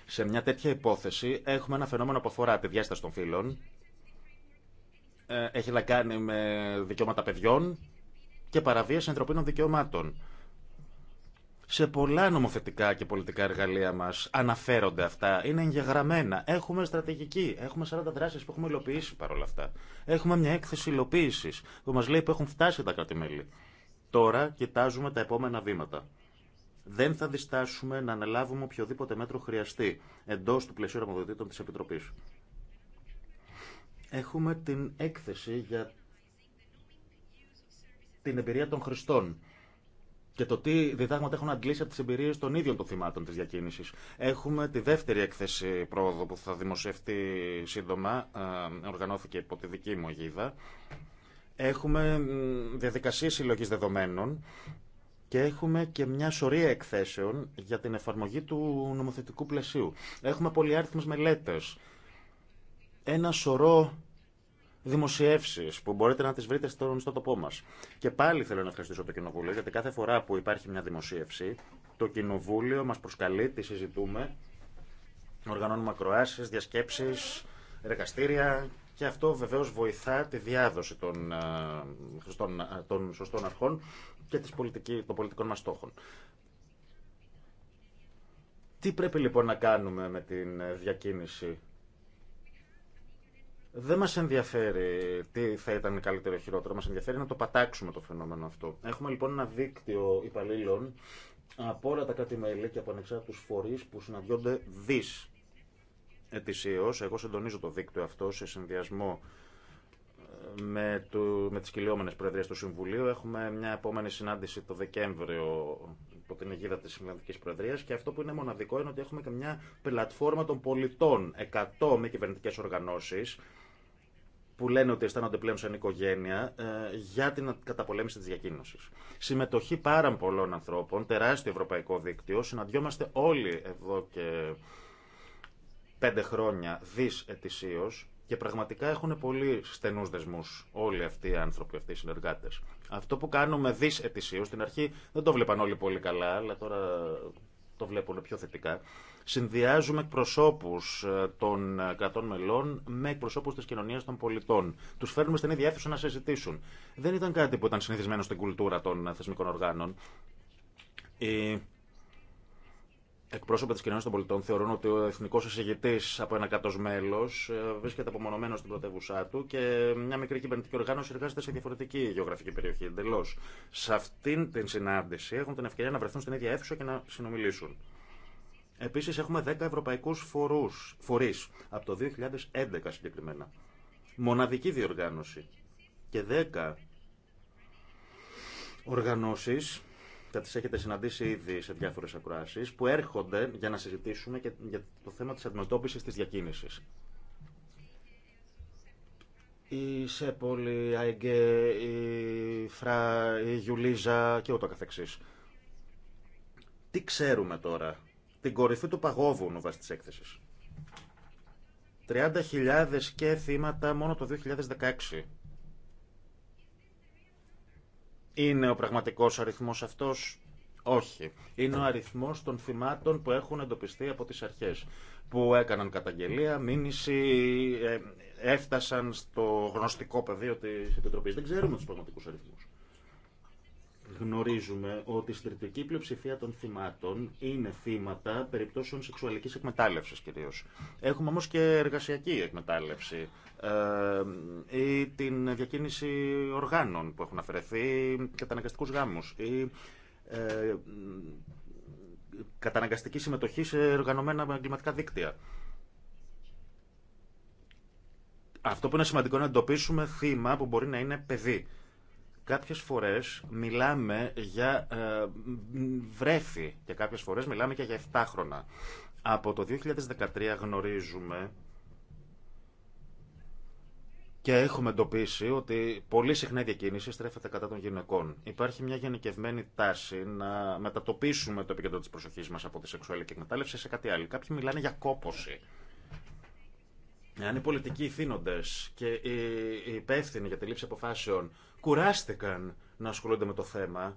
Σε μια τέτοια υπόθεση έχουμε ένα φαινόμενο που αφορά τη διάσταση των φύλων. Ε, έχει να κάνει με δικαιώματα παιδιών και παραβίαση ανθρωπίνων δικαιωμάτων. Σε πολλά νομοθετικά και πολιτικά εργαλεία μα αναφέρονται αυτά. Είναι εγγεγραμμένα. Έχουμε στρατηγική. Έχουμε 40 δράσει που έχουμε υλοποιήσει παρόλα αυτά. Έχουμε μια έκθεση υλοποίηση που μα λέει που έχουν φτάσει τα κράτη-μέλη. Τώρα κοιτάζουμε τα επόμενα βήματα. Δεν θα διστάσουμε να αναλάβουμε οποιοδήποτε μέτρο χρειαστεί εντό του πλαισίου αρμοδιοτήτων τη Επιτροπή. Έχουμε την έκθεση για την εμπειρία των χρηστών και το τι διδάγματα έχουν αντλήσει από τι εμπειρίε των ίδιων των θυμάτων τη διακίνηση. Έχουμε τη δεύτερη έκθεση πρόοδο που θα δημοσιευτεί σύντομα, ε, οργανώθηκε υπό τη δική μου αγίδα, Έχουμε διαδικασίε συλλογή δεδομένων και έχουμε και μια σωρία εκθέσεων για την εφαρμογή του νομοθετικού πλαισίου. Έχουμε πολυάριθμες μελέτες, ένα σωρό δημοσιεύσεις που μπορείτε να τις βρείτε στον στο τοπό μας. Και πάλι θέλω να ευχαριστήσω το Κοινοβούλιο, γιατί κάθε φορά που υπάρχει μια δημοσίευση, το Κοινοβούλιο μας προσκαλεί, τη συζητούμε, οργανώνουμε ακροάσεις, διασκέψεις, εργαστήρια και αυτό βεβαίως βοηθά τη διάδοση ε, ε, των, σωστών αρχών και της πολιτική, των πολιτικών μας στόχων. Τι πρέπει λοιπόν να κάνουμε με την ε, διακίνηση δεν μας ενδιαφέρει τι θα ήταν καλύτερο ή χειρότερο, μας ενδιαφέρει να το πατάξουμε το φαινόμενο αυτό. Έχουμε λοιπόν ένα δίκτυο υπαλλήλων από όλα τα κρατη μέλη και από ανεξάρτητους φορείς που συναντιόνται δις ετησίω. Εγώ συντονίζω το δίκτυο αυτό σε συνδυασμό ε, με, του, με τις κυλιόμενες προεδρίες του Συμβουλίου. Έχουμε μια επόμενη συνάντηση το Δεκέμβριο υπό την αιγίδα της Συνδικής Προεδρίας και αυτό που είναι μοναδικό είναι ότι έχουμε και μια πλατφόρμα των πολιτών, 100 μη κυβερνητικέ οργανώσεις που λένε ότι αισθάνονται πλέον σαν οικογένεια ε, για την καταπολέμηση της διακίνησης. Συμμετοχή πάρα πολλών ανθρώπων, τεράστιο ευρωπαϊκό δίκτυο, συναντιόμαστε όλοι εδώ και πέντε χρόνια δις ετησίως και πραγματικά έχουν πολύ στενούς δεσμούς όλοι αυτοί οι άνθρωποι, αυτοί οι συνεργάτε. Αυτό που κάνουμε δις ετησίω, στην αρχή δεν το βλέπαν όλοι πολύ καλά, αλλά τώρα το βλέπουν πιο θετικά. Συνδυάζουμε εκπροσώπου ε, των κρατών μελών με εκπροσώπου τη κοινωνία των πολιτών. Του φέρνουμε στην ίδια αίθουσα να συζητήσουν. Δεν ήταν κάτι που ήταν συνηθισμένο στην κουλτούρα των θεσμικών οργάνων. Η εκπρόσωποι τη κοινωνία των πολιτών θεωρούν ότι ο εθνικό εισηγητή από ένα κάτω μέλο ε, βρίσκεται απομονωμένο στην πρωτεύουσά του και μια μικρή κυβερνητική οργάνωση εργάζεται σε διαφορετική γεωγραφική περιοχή εντελώ. Σε αυτήν την συνάντηση έχουν την ευκαιρία να βρεθούν στην ίδια αίθουσα και να συνομιλήσουν. Επίση, έχουμε 10 ευρωπαϊκού φορεί από το 2011 συγκεκριμένα. Μοναδική διοργάνωση. Και 10 οργανώσεις θα τις έχετε συναντήσει ήδη σε διάφορες ακροάσεις, που έρχονται για να συζητήσουμε και για το θέμα της αντιμετώπισης της διακίνησης. Η Σέπολη, η ΑΕΓΕ, η ΦΡΑ, η Γιουλίζα και ούτω καθεξής. Τι ξέρουμε τώρα. Την κορυφή του παγόβουνου βάσει της έκθεσης. 30.000 και θύματα μόνο το 2016. Είναι ο πραγματικός αριθμό αυτός. Όχι. Είναι ο αριθμό των θυμάτων που έχουν εντοπιστεί από τις αρχές. Που έκαναν καταγγελία, μήνυση, ε, έφτασαν στο γνωστικό πεδίο τη Επιτροπής. Δεν ξέρουμε του πραγματικούς αριθμού γνωρίζουμε ότι η συντριπτική πλειοψηφία των θυμάτων είναι θύματα περιπτώσεων σεξουαλική εκμετάλλευσης κυρίως. Έχουμε όμω και εργασιακή εκμετάλλευση ε, ή την διακίνηση οργάνων που έχουν αφαιρεθεί, καταναγκαστικούς γάμους ή ε, καταναγκαστική συμμετοχή σε οργανωμένα εγκληματικά δίκτυα. Αυτό που είναι σημαντικό είναι να εντοπίσουμε θύμα που μπορεί να είναι παιδί. Κάποιες φορές μιλάμε για ε, βρέφη και κάποιες φορές μιλάμε και για 7 χρόνια. Από το 2013 γνωρίζουμε και έχουμε εντοπίσει ότι πολύ συχνά η διακίνηση στρέφεται κατά των γυναικών. Υπάρχει μια γενικευμένη τάση να μετατοπίσουμε το επικεντρό της προσοχής μας από τη σεξουαλική εκμετάλλευση σε κάτι άλλο. Κάποιοι μιλάνε για κόποση. Εάν οι πολιτικοί ηθήνοντες και οι υπεύθυνοι για τη λήψη αποφάσεων κουράστηκαν να ασχολούνται με το θέμα.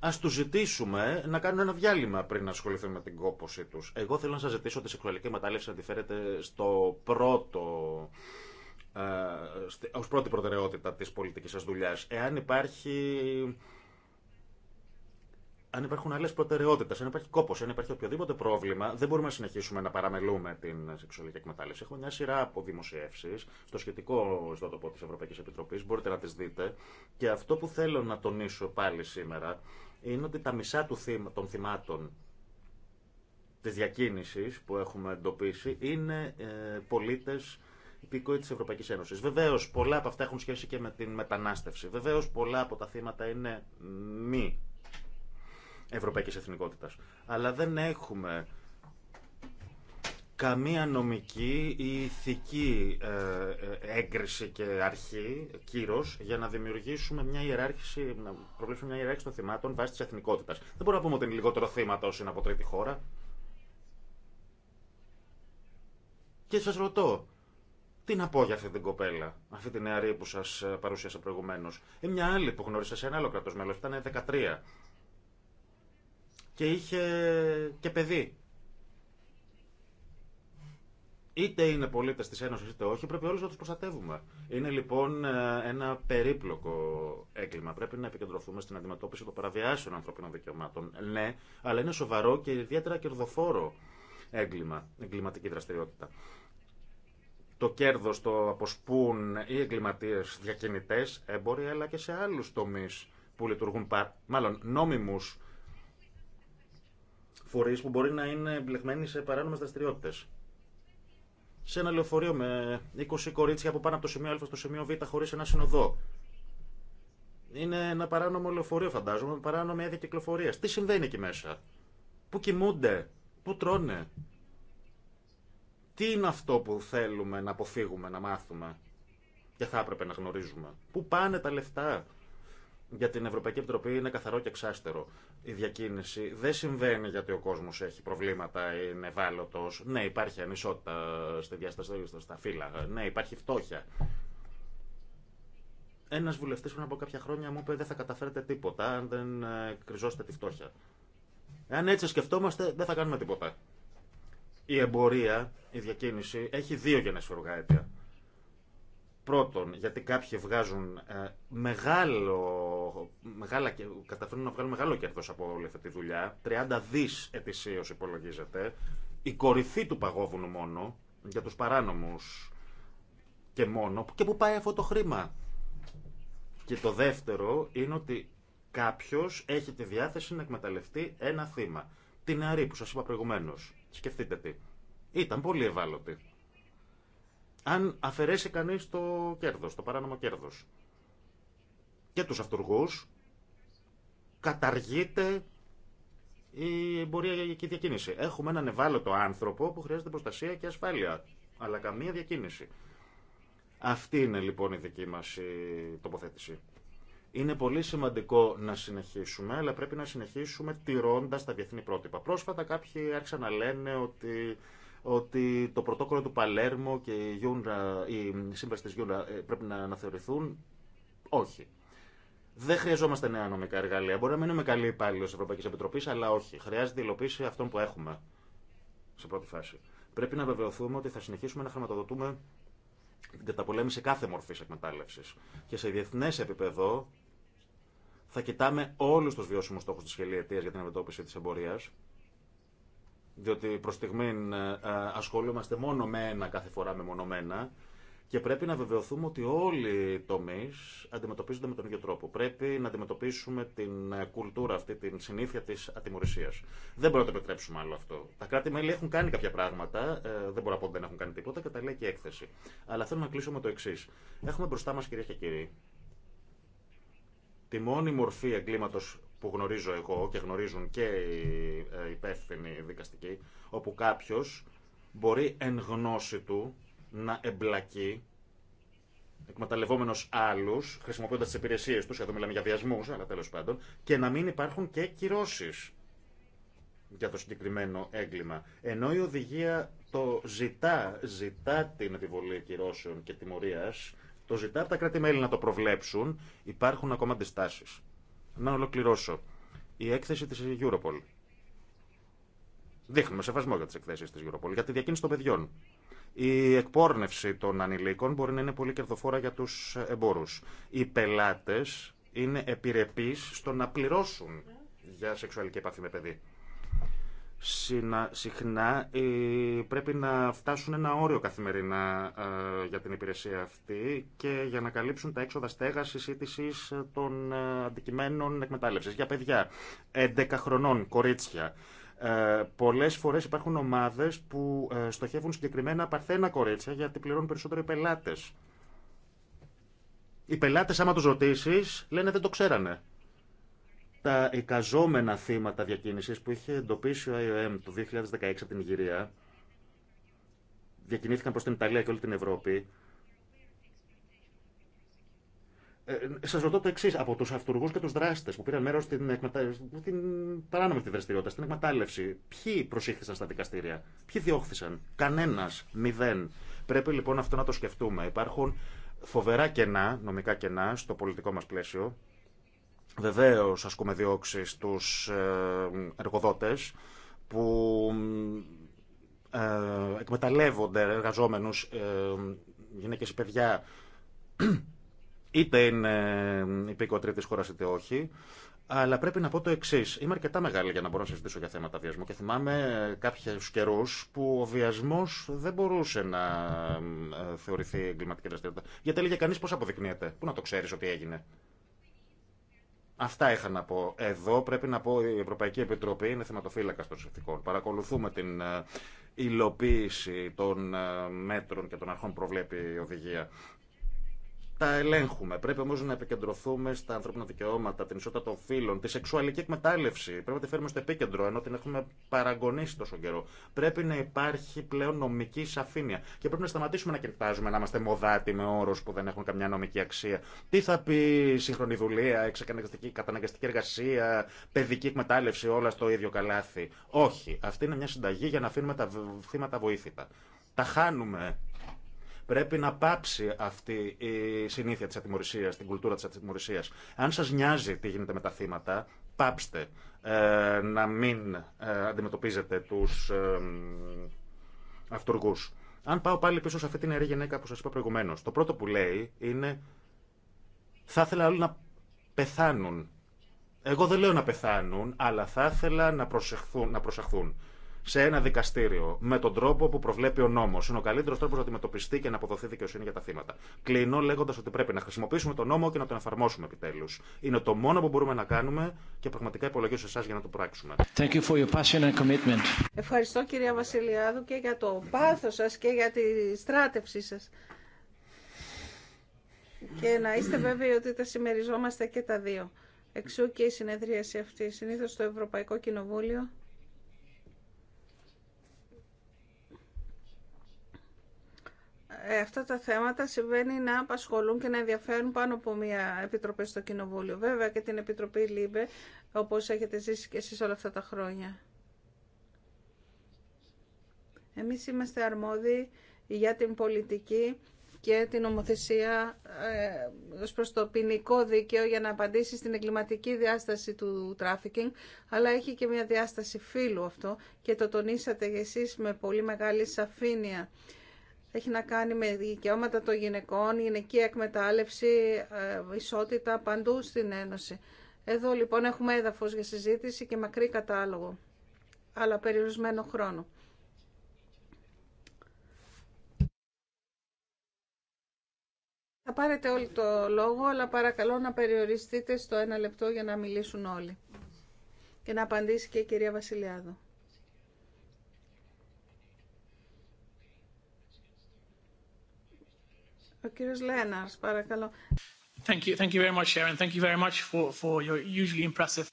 ας τους ζητήσουμε να κάνουν ένα διάλειμμα πριν να ασχοληθούν με την κόπωσή τους. Εγώ θέλω να σας ζητήσω τη σεξουαλική μετάλλευση να τη στο πρώτο. Ε, πρώτη προτεραιότητα τη πολιτική σα δουλειά. Εάν υπάρχει αν υπάρχουν άλλε προτεραιότητε, αν υπάρχει κόπο, αν υπάρχει οποιοδήποτε πρόβλημα, δεν μπορούμε να συνεχίσουμε να παραμελούμε την σεξουαλική εκμετάλλευση. Έχουμε μια σειρά από δημοσιεύσει στο σχετικό ιστότοπο τη Ευρωπαϊκή Επιτροπή, μπορείτε να τι δείτε. Και αυτό που θέλω να τονίσω πάλι σήμερα είναι ότι τα μισά των θυμάτων τη διακίνηση που έχουμε εντοπίσει είναι ε, πολίτε υπηκόοι τη Ευρωπαϊκή Ένωση. Βεβαίω, πολλά από αυτά έχουν σχέση και με την μετανάστευση. Βεβαίω, πολλά από τα θύματα είναι μη Ευρωπαϊκή εθνικότητα. Αλλά δεν έχουμε καμία νομική ή ηθική ε, ε, έγκριση και αρχή, κύρος, για να δημιουργήσουμε μια ιεράρχηση, να προβλέψουμε μια ιεράρχηση των θυμάτων βάσει τη εθνικότητα. Δεν μπορούμε να πούμε ότι είναι λιγότερο θύματα όσοι είναι από τρίτη χώρα. Και σα ρωτώ, τι να πω για αυτή την κοπέλα, αυτή την νεαρή που σα ε, παρουσίασα προηγουμένω. Είναι μια άλλη που γνώρισα σε ένα άλλο κρατός ήταν 13 και είχε και παιδί. Είτε είναι πολίτε τη Ένωση είτε όχι, πρέπει όλου να του προστατεύουμε. Είναι λοιπόν ε, ένα περίπλοκο έγκλημα. Πρέπει να επικεντρωθούμε στην αντιμετώπιση των παραβιάσεων ανθρωπίνων δικαιωμάτων. Ναι, αλλά είναι σοβαρό και ιδιαίτερα κερδοφόρο έγκλημα, εγκληματική δραστηριότητα. Το κέρδο το αποσπούν οι εγκληματίε διακινητέ, έμποροι, αλλά και σε άλλου τομεί που λειτουργούν, μάλλον νόμιμου Φορεί που μπορεί να είναι εμπλεγμένοι σε παράνομες δραστηριότητε. Σε ένα λεωφορείο με 20 κορίτσια που πάνε από το σημείο Α στο σημείο Β χωρίς ένα συνοδό. Είναι ένα παράνομο λεωφορείο φαντάζομαι, με παράνομη άδεια κυκλοφορία. Τι συμβαίνει εκεί μέσα. Πού κοιμούνται, πού τρώνε. Τι είναι αυτό που θέλουμε να αποφύγουμε, να μάθουμε και θα έπρεπε να γνωρίζουμε. Πού πάνε τα λεφτά, για την Ευρωπαϊκή Επιτροπή είναι καθαρό και εξάστερο. Η διακίνηση δεν συμβαίνει γιατί ο κόσμο έχει προβλήματα, είναι ευάλωτο. Ναι, υπάρχει ανισότητα στη διάσταση στα φύλλα. Ναι, υπάρχει φτώχεια. Ένα βουλευτή πριν από κάποια χρόνια μου είπε: Δεν θα καταφέρετε τίποτα αν δεν ε, κρυζώσετε τη φτώχεια. Εάν έτσι σκεφτόμαστε, δεν θα κάνουμε τίποτα. Η εμπορία, η διακίνηση έχει δύο γενέσφαιρου αίτια. Πρώτον, γιατί κάποιοι βγάζουν ε, μεγάλο, μεγάλα, καταφέρνουν να βγάλουν μεγάλο κέρδο από όλη αυτή τη δουλειά. 30 δις ετησίως υπολογίζεται. Η κορυφή του παγόβουνου μόνο, για τους παράνομού και μόνο, και που πάει αυτό το χρήμα. Και το δεύτερο είναι ότι κάποιο έχει τη διάθεση να εκμεταλλευτεί ένα θύμα. Την νεαρή που σα είπα προηγουμένω. Σκεφτείτε τι. Ήταν πολύ ευάλωτη αν αφαιρέσει κανείς το κέρδος, το παράνομο κέρδος και τους αυτούργους, καταργείται η εμπορία για η διακίνηση. Έχουμε έναν ευάλωτο άνθρωπο που χρειάζεται προστασία και ασφάλεια, αλλά καμία διακίνηση. Αυτή είναι λοιπόν η δική μας τοποθέτηση. Είναι πολύ σημαντικό να συνεχίσουμε, αλλά πρέπει να συνεχίσουμε τηρώντας τα διεθνή πρότυπα. Πρόσφατα κάποιοι άρχισαν να λένε ότι ότι το πρωτόκολλο του Παλέρμο και η, η σύμβαση της Γιούνρα ε, πρέπει να αναθεωρηθούν. Όχι. Δεν χρειαζόμαστε νέα νομικά εργαλεία. Μπορεί να μείνουμε καλοί υπάλληλοι τη Ευρωπαϊκή Επιτροπή, αλλά όχι. Χρειάζεται η υλοποίηση αυτών που έχουμε σε πρώτη φάση. Πρέπει να βεβαιωθούμε ότι θα συνεχίσουμε να χρηματοδοτούμε την καταπολέμηση κάθε μορφή εκμετάλλευση. Και σε διεθνέ επίπεδο θα κοιτάμε όλου του βιώσιμου στόχου τη χιλιετία για την αντιμετώπιση τη εμπορία διότι προ στιγμήν ε, ε, ασχολούμαστε μόνο με ένα κάθε φορά με μεμονωμένα και πρέπει να βεβαιωθούμε ότι όλοι οι τομεί αντιμετωπίζονται με τον ίδιο τρόπο. Πρέπει να αντιμετωπίσουμε την ε, κουλτούρα αυτή, την συνήθεια τη ατιμορρησία. Δεν μπορούμε να το επιτρέψουμε άλλο αυτό. Τα κράτη-μέλη έχουν κάνει κάποια πράγματα, δεν μπορώ να πω ότι δεν έχουν κάνει τίποτα και τα λέει και η έκθεση. Αλλά θέλω να κλείσω με το εξή. Έχουμε μπροστά μα, κυρίε και κύριοι, τη μόνη μορφή εγκλήματο που γνωρίζω εγώ και γνωρίζουν και οι ε, υπεύθυνοι δικαστικοί, όπου κάποιο μπορεί εν γνώση του να εμπλακεί εκμεταλλευόμενο άλλου, χρησιμοποιώντα τι υπηρεσίε του, εδώ μιλάμε για βιασμού, αλλά τέλο πάντων, και να μην υπάρχουν και κυρώσει για το συγκεκριμένο έγκλημα. Ενώ η οδηγία το ζητά, ζητά την επιβολή κυρώσεων και τιμωρία, το ζητά από τα κράτη-μέλη να το προβλέψουν, υπάρχουν ακόμα αντιστάσει να ολοκληρώσω. Η έκθεση της Europol. Δείχνουμε σεβασμό για τις εκθέσεις της Europol, για τη διακίνηση των παιδιών. Η εκπόρνευση των ανηλίκων μπορεί να είναι πολύ κερδοφόρα για τους εμπόρους. Οι πελάτες είναι επιρρεπεί στο να πληρώσουν για σεξουαλική επαφή με παιδί συχνά ε, πρέπει να φτάσουν ένα όριο καθημερινά ε, για την υπηρεσία αυτή και για να καλύψουν τα έξοδα στέγασης ή ε, των αντικειμένων εκμετάλλευση. Για παιδιά, 11 χρονών, κορίτσια, ε, πολλές φορές υπάρχουν ομάδες που στοχεύουν συγκεκριμένα παρθένα κορίτσια γιατί πληρώνουν περισσότερο οι πελάτες. Οι πελάτες άμα τους ρωτήσεις λένε δεν το ξέρανε τα εικαζόμενα θύματα διακίνησης που είχε εντοπίσει ο IOM το 2016 από την Ιγυρία, διακινήθηκαν προς την Ιταλία και όλη την Ευρώπη, ε, σα ρωτώ το εξή. Από του αυτούργου και του δράστε που πήραν μέρο στην, εκμετα... στην παράνομη τη δραστηριότητα, στην εκμετάλλευση, ποιοι προσήχθησαν στα δικαστήρια, ποιοι διώχθησαν. Κανένα, μηδέν. Πρέπει λοιπόν αυτό να το σκεφτούμε. Υπάρχουν φοβερά κενά, νομικά κενά, στο πολιτικό μα πλαίσιο. Βεβαίως ασκούμε διώξει στους ε, εργοδότες που ε, εκμεταλλεύονται εργαζόμενους ε, γυναίκες ή παιδιά είτε είναι υπήκοτροι τρίτη χώρα είτε όχι. Αλλά πρέπει να πω το εξή. Είμαι αρκετά μεγάλη για να μπορώ να συζητήσω για θέματα βιασμού και θυμάμαι κάποιου καιρού που ο βιασμό δεν μπορούσε να θεωρηθεί εγκληματική δραστηριότητα. Γιατί έλεγε κανεί πώ αποδεικνύεται. Πού να το ξέρει ότι έγινε. Αυτά είχα να πω εδώ. Πρέπει να πω η Ευρωπαϊκή Επιτροπή είναι θεματοφύλακα των συνθηκών. Παρακολουθούμε την ε, υλοποίηση των ε, μέτρων και των αρχών προβλέπει η οδηγία τα ελέγχουμε. Πρέπει όμω να επικεντρωθούμε στα ανθρώπινα δικαιώματα, την ισότητα των φύλων, τη σεξουαλική εκμετάλλευση. Πρέπει να τη φέρουμε στο επίκεντρο, ενώ την έχουμε παραγωνίσει τόσο καιρό. Πρέπει να υπάρχει πλέον νομική σαφήνεια. Και πρέπει να σταματήσουμε να κοιτάζουμε να είμαστε μοδάτοι με όρου που δεν έχουν καμιά νομική αξία. Τι θα πει σύγχρονη δουλεία, εξακαναγκαστική, καταναγκαστική εργασία, παιδική εκμετάλλευση, όλα στο ίδιο καλάθι. Όχι. Αυτή είναι μια συνταγή για να αφήνουμε τα θύματα βοήθητα. Τα χάνουμε Πρέπει να πάψει αυτή η συνήθεια τη ατιμορρησία, την κουλτούρα τη ατιμορρησία. Αν σα νοιάζει τι γίνεται με τα θύματα, πάψτε ε, να μην ε, αντιμετωπίζετε του ε, αυτοργού. Αν πάω πάλι πίσω σε αυτή την αιρή γυναίκα που σα είπα προηγουμένω, το πρώτο που λέει είναι θα ήθελα όλοι να πεθάνουν. Εγώ δεν λέω να πεθάνουν, αλλά θα ήθελα να προσεχθούν. Να προσεχθούν σε ένα δικαστήριο με τον τρόπο που προβλέπει ο νόμο. Είναι ο καλύτερο τρόπο να αντιμετωπιστεί και να αποδοθεί δικαιοσύνη για τα θύματα. Κλείνω λέγοντα ότι πρέπει να χρησιμοποιήσουμε τον νόμο και να τον εφαρμόσουμε επιτέλου. Είναι το μόνο που μπορούμε να κάνουμε και πραγματικά υπολογίζω σε εσά για να το πράξουμε. Ευχαριστώ κυρία Βασιλιάδου και για το πάθο σα και για τη στράτευσή σα. Και να είστε βέβαιοι ότι τα συμμεριζόμαστε και τα δύο. Εξού και η συνεδρίαση αυτή. συνήθω στο Ευρωπαϊκό Κοινοβούλιο Ε, αυτά τα θέματα συμβαίνει να απασχολούν και να ενδιαφέρουν πάνω από μία επιτροπή στο Κοινοβούλιο. Βέβαια και την Επιτροπή ΛΥΜΠΕ, όπως έχετε ζήσει και εσείς όλα αυτά τα χρόνια. Εμείς είμαστε αρμόδιοι για την πολιτική και την νομοθεσία ε, ως προς το ποινικό δίκαιο για να απαντήσει στην εγκληματική διάσταση του τράφικινγκ, αλλά έχει και μια διάσταση φύλου αυτό και το τονίσατε εσείς με πολύ μεγάλη σαφήνεια έχει να κάνει με δικαιώματα των γυναικών, γυναική εκμετάλλευση, ε, ισότητα παντού στην Ένωση. Εδώ λοιπόν έχουμε έδαφος για συζήτηση και μακρύ κατάλογο, αλλά περιορισμένο χρόνο. Θα πάρετε όλοι το λόγο, αλλά παρακαλώ να περιοριστείτε στο ένα λεπτό για να μιλήσουν όλοι. Και να απαντήσει και η κυρία Βασιλιάδου. Ο κύριος Λέναρς, παρακαλώ.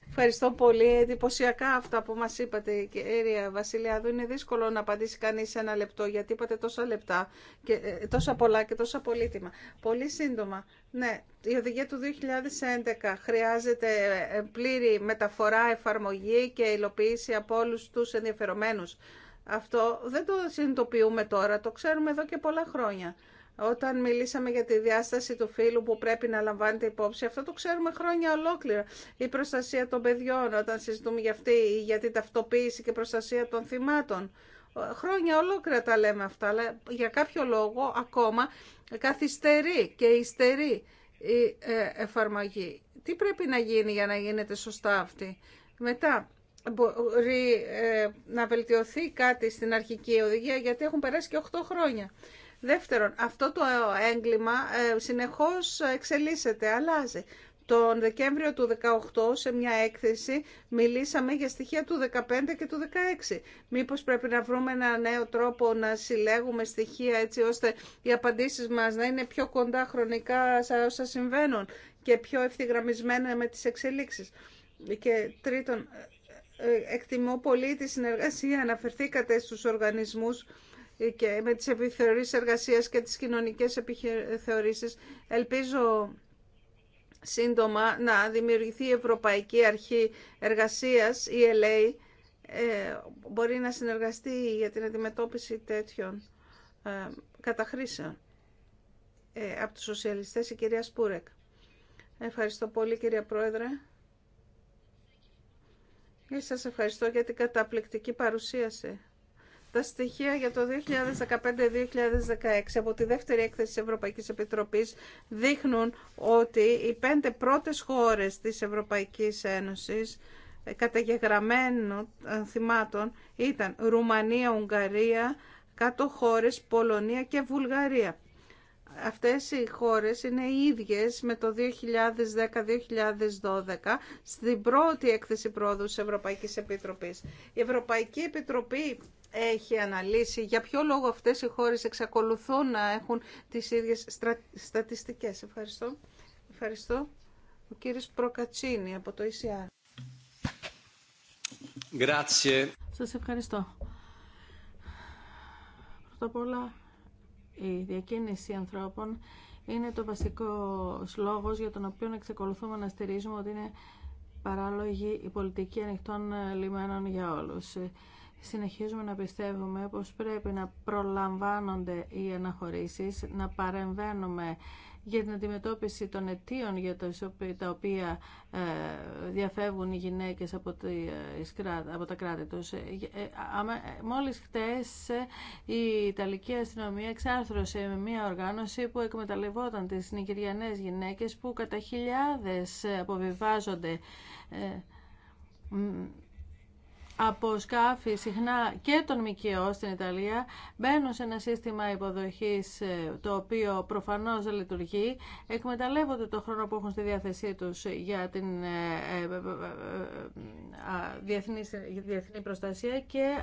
Ευχαριστώ πολύ. Εντυπωσιακά αυτά που μας είπατε, κυρία Βασιλιάδου. Είναι δύσκολο να απαντήσει κανείς σε ένα λεπτό, γιατί είπατε τόσα λεπτά, και, ε, τόσα πολλά και τόσα πολύτιμα. Πολύ σύντομα. Ναι, η οδηγία του 2011 χρειάζεται ε, πλήρη μεταφορά, εφαρμογή και υλοποίηση από όλου τους ενδιαφερομένους. Αυτό δεν το συνειδητοποιούμε τώρα, το ξέρουμε εδώ και πολλά χρόνια. Όταν μιλήσαμε για τη διάσταση του φύλου που πρέπει να λαμβάνεται υπόψη, αυτό το ξέρουμε χρόνια ολόκληρα. Η προστασία των παιδιών, όταν συζητούμε για αυτή, για την ταυτοποίηση και προστασία των θυμάτων. Χρόνια ολόκληρα τα λέμε αυτά, αλλά για κάποιο λόγο ακόμα καθυστερεί και υστερεί η ε, εφαρμογή. Τι πρέπει να γίνει για να γίνεται σωστά αυτή. Μετά, μπορεί ε, να βελτιωθεί κάτι στην αρχική οδηγία, γιατί έχουν περάσει και 8 χρόνια. Δεύτερον, αυτό το έγκλημα ε, συνεχώς εξελίσσεται, αλλάζει. Τον Δεκέμβριο του 2018 σε μια έκθεση μιλήσαμε για στοιχεία του 15 και του 2016. Μήπως πρέπει να βρούμε ένα νέο τρόπο να συλλέγουμε στοιχεία έτσι ώστε οι απαντήσεις μας να είναι πιο κοντά χρονικά σε όσα συμβαίνουν και πιο ευθυγραμμισμένα με τις εξελίξεις. Και τρίτον, ε, ε, εκτιμώ πολύ τη συνεργασία. Αναφερθήκατε στους οργανισμούς και με τις επιθεωρήσεις εργασίας και τις κοινωνικές επιθεωρήσεις. Ελπίζω σύντομα να δημιουργηθεί η Ευρωπαϊκή Αρχή Εργασίας, η ΕΛΕΗ, μπορεί να συνεργαστεί για την αντιμετώπιση τέτοιων ε, καταχρήσεων. Ε, από τους σοσιαλιστές η κυρία Σπούρεκ. Ευχαριστώ πολύ κυρία Πρόεδρε. Και σας ευχαριστώ για την καταπληκτική παρουσίαση τα στοιχεία για το 2015-2016 από τη δεύτερη έκθεση της Ευρωπαϊκής Επιτροπής δείχνουν ότι οι πέντε πρώτες χώρες της Ευρωπαϊκής Ένωσης ε, καταγεγραμμένων θυμάτων ήταν Ρουμανία, Ουγγαρία, κάτω χώρες, Πολωνία και Βουλγαρία. Αυτές οι χώρες είναι οι ίδιες με το 2010-2012 στην πρώτη έκθεση πρόοδου της Ευρωπαϊκής Επιτροπής. Η Ευρωπαϊκή Επιτροπή έχει αναλύσει για ποιο λόγο αυτές οι χώρες εξακολουθούν να έχουν τις ίδιες στατιστικές. Ευχαριστώ. Ευχαριστώ. Ο κύριος Προκατσίνη από το ECR. Grazie. Σας ευχαριστώ. Πρώτα απ' Η διακίνηση ανθρώπων είναι το βασικό λόγο για τον οποίο εξακολουθούμε να στηρίζουμε ότι είναι παράλογη η πολιτική ανοιχτών λιμένων για όλους. Συνεχίζουμε να πιστεύουμε πως πρέπει να προλαμβάνονται οι αναχωρήσεις, να παρεμβαίνουμε για την αντιμετώπιση των αιτίων για τα οποία ε, διαφεύγουν οι γυναίκες από, ε, από τα κράτη τους. Ε, μόλις χτες η Ιταλική αστυνομία εξάρθρωσε με μια οργάνωση που εκμεταλλευόταν τις νικηριανές γυναίκες που κατά χιλιάδες αποβιβάζονται από σκάφη συχνά και των ΜΚΟ στην Ιταλία μπαίνουν σε ένα σύστημα υποδοχής ε, το οποίο προφανώς λειτουργεί, εκμεταλλεύονται το χρόνο που έχουν στη διάθεσή τους για την ε, ε, διεθνή, διεθνή προστασία και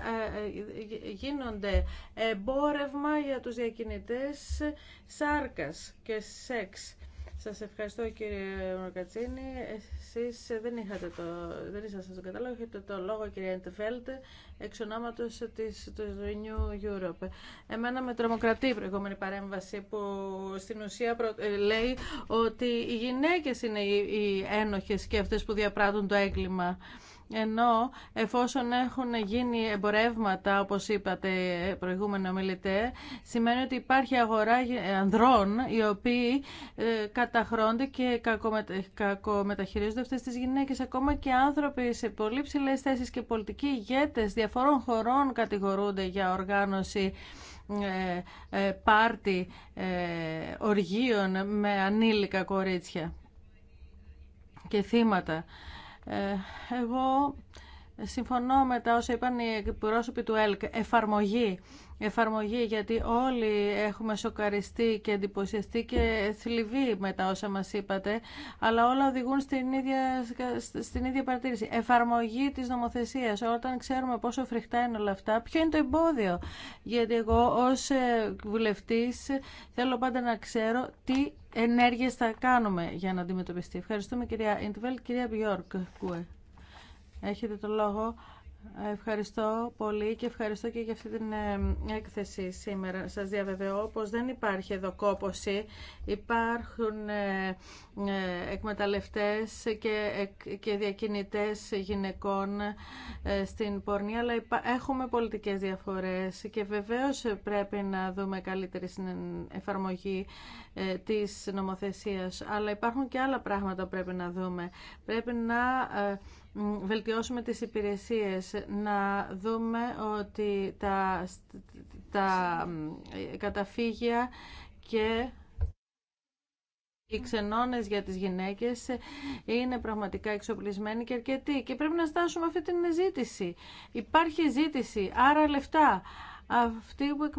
γίνονται εμπόρευμα για τους διακινητές σάρκας και σεξ. Σας ευχαριστώ κύριε Μορκατσίνη. Εσείς δεν, είχατε το, δεν ήσασταν στον κατάλογο, έχετε το λόγο κύριε Εντεφέλτ, εξ ονόματος της, του Renew Europe. Εμένα με τρομοκρατεί η προηγούμενη παρέμβαση που στην ουσία ε, λέει ότι οι γυναίκες είναι οι, οι ένοχες και αυτές που διαπράττουν το έγκλημα ενώ εφόσον έχουν γίνει εμπορεύματα, όπως είπατε προηγούμενο ομιλητέ, σημαίνει ότι υπάρχει αγορά ανδρών οι οποίοι ε, καταχρώνται και κακομεταχειρίζονται αυτές τις γυναίκες. Ακόμα και άνθρωποι σε πολύ ψηλέ θέσεις και πολιτικοί ηγέτες διαφορών χωρών κατηγορούνται για οργάνωση ε, ε, πάρτι οργείων με ανήλικα κορίτσια και θύματα. Ε, εγώ συμφωνώ με τα όσα είπαν οι εκπρόσωποι του ΕΛΚ. Εφαρμογή. Εφαρμογή, γιατί όλοι έχουμε σοκαριστεί και εντυπωσιαστεί και θλιβεί με τα όσα μας είπατε, αλλά όλα οδηγούν στην ίδια, στην ίδια παρατήρηση. Εφαρμογή της νομοθεσίας, όταν ξέρουμε πόσο φρικτά είναι όλα αυτά, ποιο είναι το εμπόδιο. Γιατί εγώ ως ε, βουλευτής θέλω πάντα να ξέρω τι ενέργειες θα κάνουμε για να αντιμετωπιστεί. Ευχαριστούμε κυρία Ιντβέλ, κυρία Μπιόρκ Κουέ. Έχετε το λόγο. Ευχαριστώ πολύ και ευχαριστώ και για αυτή την ε, έκθεση σήμερα. Σας διαβεβαιώ πως δεν υπάρχει εδώ κόποση. Υπάρχουν ε, ε, εκμεταλλευτές και διακινητές γυναικών στην πορνεία, αλλά έχουμε πολιτικές διαφορές και βεβαίως πρέπει να δούμε καλύτερη εφαρμογή της νομοθεσίας. Αλλά υπάρχουν και άλλα πράγματα που πρέπει να δούμε. Πρέπει να βελτιώσουμε τις υπηρεσίες, να δούμε ότι τα, τα ε, καταφύγια και οι ξενώνες για τις γυναίκες είναι πραγματικά εξοπλισμένοι και αρκετοί και πρέπει να στάσουμε αυτή την ζήτηση. Υπάρχει ζήτηση, άρα λεφτά αυτοί που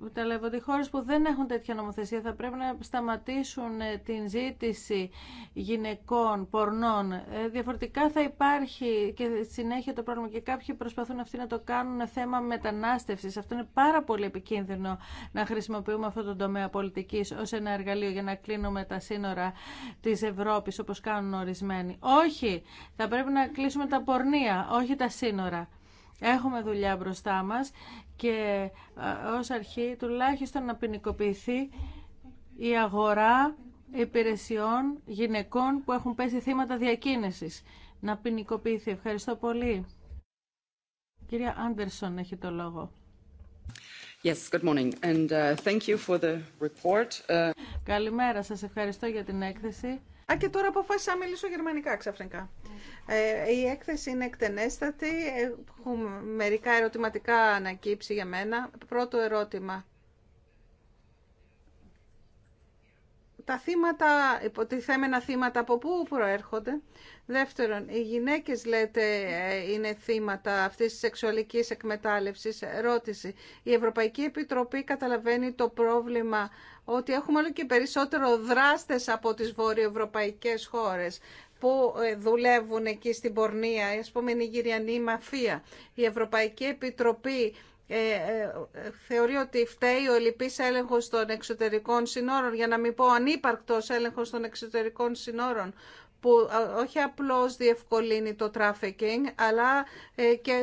εκμεταλλεύονται οι χώρες που δεν έχουν τέτοια νομοθεσία θα πρέπει να σταματήσουν ε, την ζήτηση γυναικών, πορνών. Ε, διαφορετικά θα υπάρχει και συνέχεια το πρόβλημα και κάποιοι προσπαθούν αυτοί να το κάνουν θέμα μετανάστευσης. Αυτό είναι πάρα πολύ επικίνδυνο να χρησιμοποιούμε αυτό το τομέα πολιτικής ως ένα εργαλείο για να κλείνουμε τα σύνορα της Ευρώπης όπως κάνουν ορισμένοι. Όχι, θα πρέπει να κλείσουμε τα πορνεία, όχι τα σύνορα. Έχουμε δουλειά μπροστά μας και ε, ως αρχή τουλάχιστον να ποινικοποιηθεί η αγορά υπηρεσιών γυναικών που έχουν πέσει θύματα διακίνησης. Να ποινικοποιηθεί. Ευχαριστώ πολύ. Κυρία Άντερσον έχει το λόγο. Yes, good morning. And, uh, thank you for the report. Uh, Καλημέρα. Σας ευχαριστώ για την έκθεση. Α, και τώρα αποφάσισα να μιλήσω γερμανικά ξαφνικά. Ε, η έκθεση είναι εκτενέστατη. Έχουν μερικά ερωτηματικά ανακύψει για μένα. Πρώτο ερώτημα. Τα θύματα, υποτιθέμενα θύματα από πού προέρχονται. Δεύτερον, οι γυναίκες λέτε ε, είναι θύματα αυτής της σεξουαλικής εκμετάλλευσης. Ερώτηση. Η Ευρωπαϊκή Επιτροπή καταλαβαίνει το πρόβλημα ότι έχουμε όλο και περισσότερο δράστες από τις βορειοευρωπαϊκές χώρες που ε, δουλεύουν εκεί στην πορνεία, ας πούμε η Νιγηριανή μαφία. Η Ευρωπαϊκή Επιτροπή ε, ε, θεωρεί ότι φταίει ο έλεγχος των εξωτερικών συνόρων, για να μην πω ανύπαρκτος έλεγχος των εξωτερικών συνόρων, που όχι απλώς διευκολύνει το τράφικινγκ, αλλά και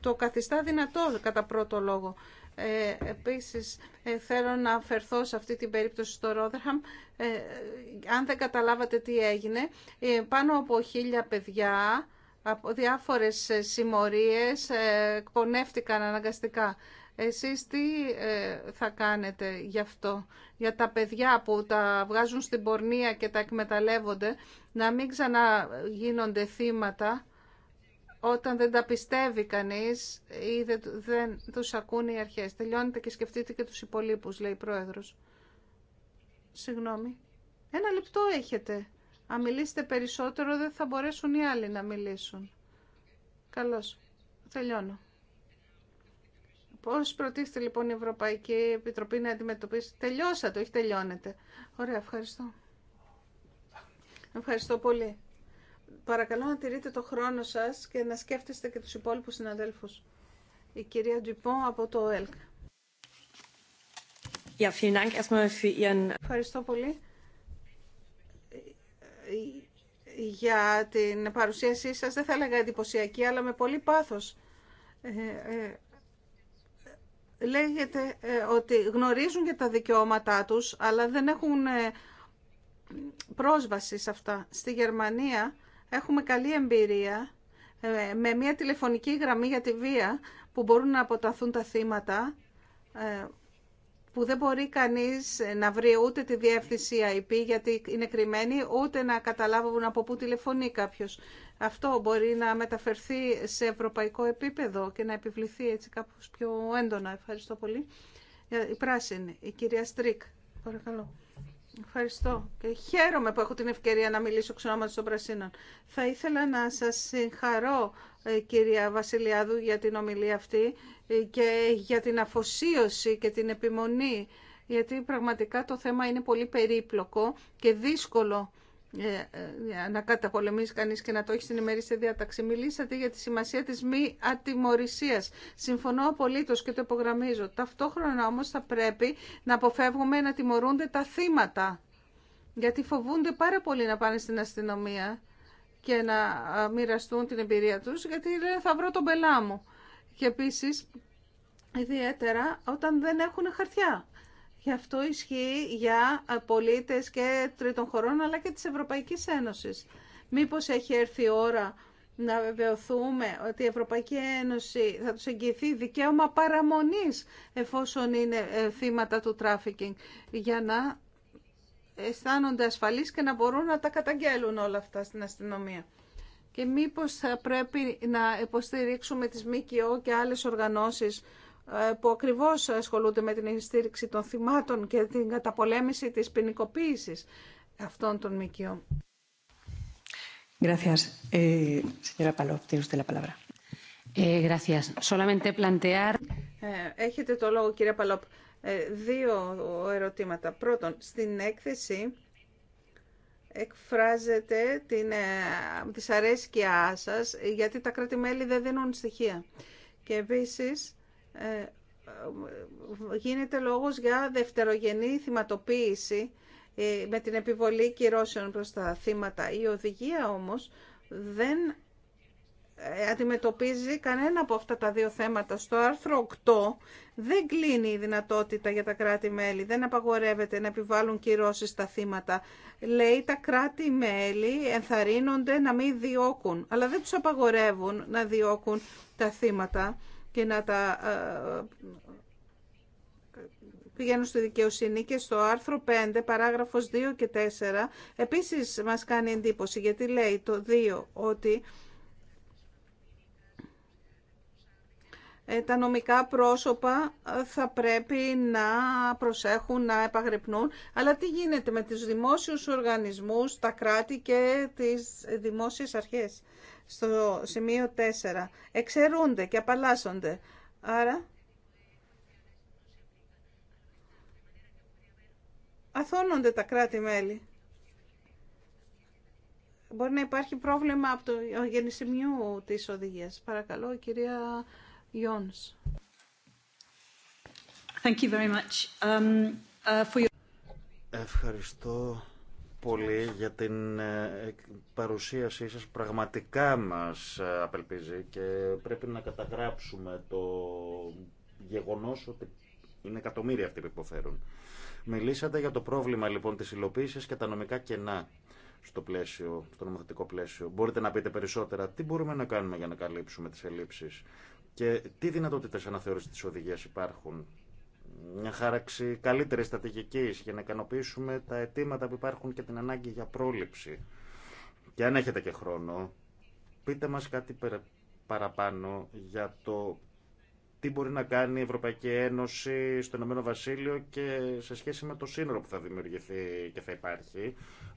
το καθιστά δυνατό κατά πρώτο λόγο. Ε, επίσης ε, θέλω να αφαιρθώ σε αυτή την περίπτωση στο Ρόδραμ ε, αν δεν καταλάβατε τι έγινε, ε, πάνω από χίλια παιδιά από διάφορες συμμορίες εκπονεύτηκαν αναγκαστικά. Εσείς τι θα κάνετε γι' αυτό, για τα παιδιά που τα βγάζουν στην πορνεία και τα εκμεταλλεύονται, να μην ξαναγίνονται θύματα όταν δεν τα πιστεύει κανείς ή δεν, δεν τους ακούν οι αρχές. Τελειώνετε και σκεφτείτε και τους υπολείπους, λέει η Πρόεδρος. Συγγνώμη. Ένα λεπτό έχετε. Αν μιλήσετε περισσότερο δεν θα μπορέσουν οι άλλοι να μιλήσουν. Καλώς. Τελειώνω. Πώς προτίθεται λοιπόν η Ευρωπαϊκή Επιτροπή να αντιμετωπίσει. Τελειώσατε, όχι τελειώνετε. Ωραία, ευχαριστώ. Ευχαριστώ πολύ. Παρακαλώ να τηρείτε το χρόνο σας και να σκέφτεστε και τους υπόλοιπους συναδέλφους. Η κυρία Τζιπόν από το ΕΛΚ. Ευχαριστώ πολύ για την παρουσίασή σας. Δεν θα έλεγα εντυπωσιακή, αλλά με πολύ πάθος. Ε, ε, λέγεται ε, ότι γνωρίζουν για τα δικαιώματά τους, αλλά δεν έχουν πρόσβαση σε αυτά. Στη Γερμανία Έχουμε καλή εμπειρία ε, με μια τηλεφωνική γραμμή για τη βία που μπορούν να αποταθούν τα θύματα ε, που δεν μπορεί κανείς να βρει ούτε τη διεύθυνση IP γιατί είναι κρυμμένη, ούτε να καταλάβουν από πού τηλεφωνεί κάποιος. Αυτό μπορεί να μεταφερθεί σε ευρωπαϊκό επίπεδο και να επιβληθεί έτσι κάπως πιο έντονα. Ευχαριστώ πολύ. Ε, η πράσινη, η κυρία Στρίκ. Παρακαλώ. Ευχαριστώ και χαίρομαι που έχω την ευκαιρία να μιλήσω μαζί των Πρασίνων. Θα ήθελα να σας συγχαρώ, ε, κυρία Βασιλιάδου, για την ομιλία αυτή ε, και για την αφοσίωση και την επιμονή, γιατί πραγματικά το θέμα είναι πολύ περίπλοκο και δύσκολο ε, ε, να καταπολεμήσει κανείς και να το έχει στην ημερήσια διάταξη. Μιλήσατε για τη σημασία της μη ατιμορρησίας. Συμφωνώ απολύτως και το υπογραμμίζω. Ταυτόχρονα όμως θα πρέπει να αποφεύγουμε να τιμωρούνται τα θύματα. Γιατί φοβούνται πάρα πολύ να πάνε στην αστυνομία και να μοιραστούν την εμπειρία τους, γιατί λένε θα βρω τον πελά μου. Και επίσης, ιδιαίτερα όταν δεν έχουν χαρτιά και αυτό ισχύει για πολίτες και τρίτων χωρών αλλά και της Ευρωπαϊκής Ένωσης. Μήπως έχει έρθει η ώρα να βεβαιωθούμε ότι η Ευρωπαϊκή Ένωση θα τους εγγυηθεί δικαίωμα παραμονής εφόσον είναι ε, θύματα του τράφικινγκ για να αισθάνονται ασφαλείς και να μπορούν να τα καταγγέλουν όλα αυτά στην αστυνομία. Και μήπως θα πρέπει να υποστηρίξουμε τις ΜΚΟ και άλλες οργανώσεις ε, που ακριβώς ασχολούνται με την στήριξη των θυμάτων και την καταπολέμηση της ποινικοποίηση αυτών των ΜΚΟ. Gracias. Ε, señora tiene usted la palabra. Ε, gracias. Solamente plantear... έχετε το λόγο, κυρία Παλόπ. δύο ερωτήματα. Πρώτον, στην έκθεση εκφράζεται την ε, σα, σας γιατί τα κράτη-μέλη δεν δίνουν στοιχεία. Και επίσης, ε, γίνεται λόγος για δευτερογενή θυματοποίηση ε, με την επιβολή κυρώσεων προς τα θύματα. Η οδηγία όμως δεν ε, αντιμετωπίζει κανένα από αυτά τα δύο θέματα. Στο άρθρο 8 δεν κλείνει η δυνατότητα για τα κράτη-μέλη, δεν απαγορεύεται να επιβάλλουν κυρώσεις στα θύματα. Λέει τα κράτη-μέλη ενθαρρύνονται να μην διώκουν, αλλά δεν τους απαγορεύουν να διώκουν τα θύματα και να τα ε, πηγαίνουν στη δικαιοσύνη και στο άρθρο 5, παράγραφος 2 και 4, επίσης μας κάνει εντύπωση, γιατί λέει το 2 ότι ε, τα νομικά πρόσωπα ε, θα πρέπει να προσέχουν, να επαγρυπνούν. Αλλά τι γίνεται με τους δημόσιους οργανισμούς, τα κράτη και τις δημόσιες αρχές στο σημείο 4. Εξαιρούνται και απαλλάσσονται. Άρα, αθώνονται τα κράτη-μέλη. Μπορεί να υπάρχει πρόβλημα από το γεννησιμιού της οδηγίας. Παρακαλώ, η κυρία Ιόνς Thank you very much. Um, uh, for your... Ευχαριστώ πολύ για την ε, παρουσίασή σας. Πραγματικά μας ε, απελπίζει και πρέπει να καταγράψουμε το γεγονός ότι είναι εκατομμύρια αυτοί που υποφέρουν. Μιλήσατε για το πρόβλημα λοιπόν της υλοποίησης και τα νομικά κενά στο, πλαίσιο, στο νομοθετικό πλαίσιο. Μπορείτε να πείτε περισσότερα τι μπορούμε να κάνουμε για να καλύψουμε τις ελλείψεις και τι δυνατότητες αναθεώρησης της οδηγίας υπάρχουν μια χάραξη καλύτερη στρατηγική για να ικανοποιήσουμε τα αιτήματα που υπάρχουν και την ανάγκη για πρόληψη. Και αν έχετε και χρόνο, πείτε μας κάτι παραπάνω για το τι μπορεί να κάνει η Ευρωπαϊκή Ένωση στο Ηνωμένο Βασίλειο και σε σχέση με το σύνορο που θα δημιουργηθεί και θα υπάρχει,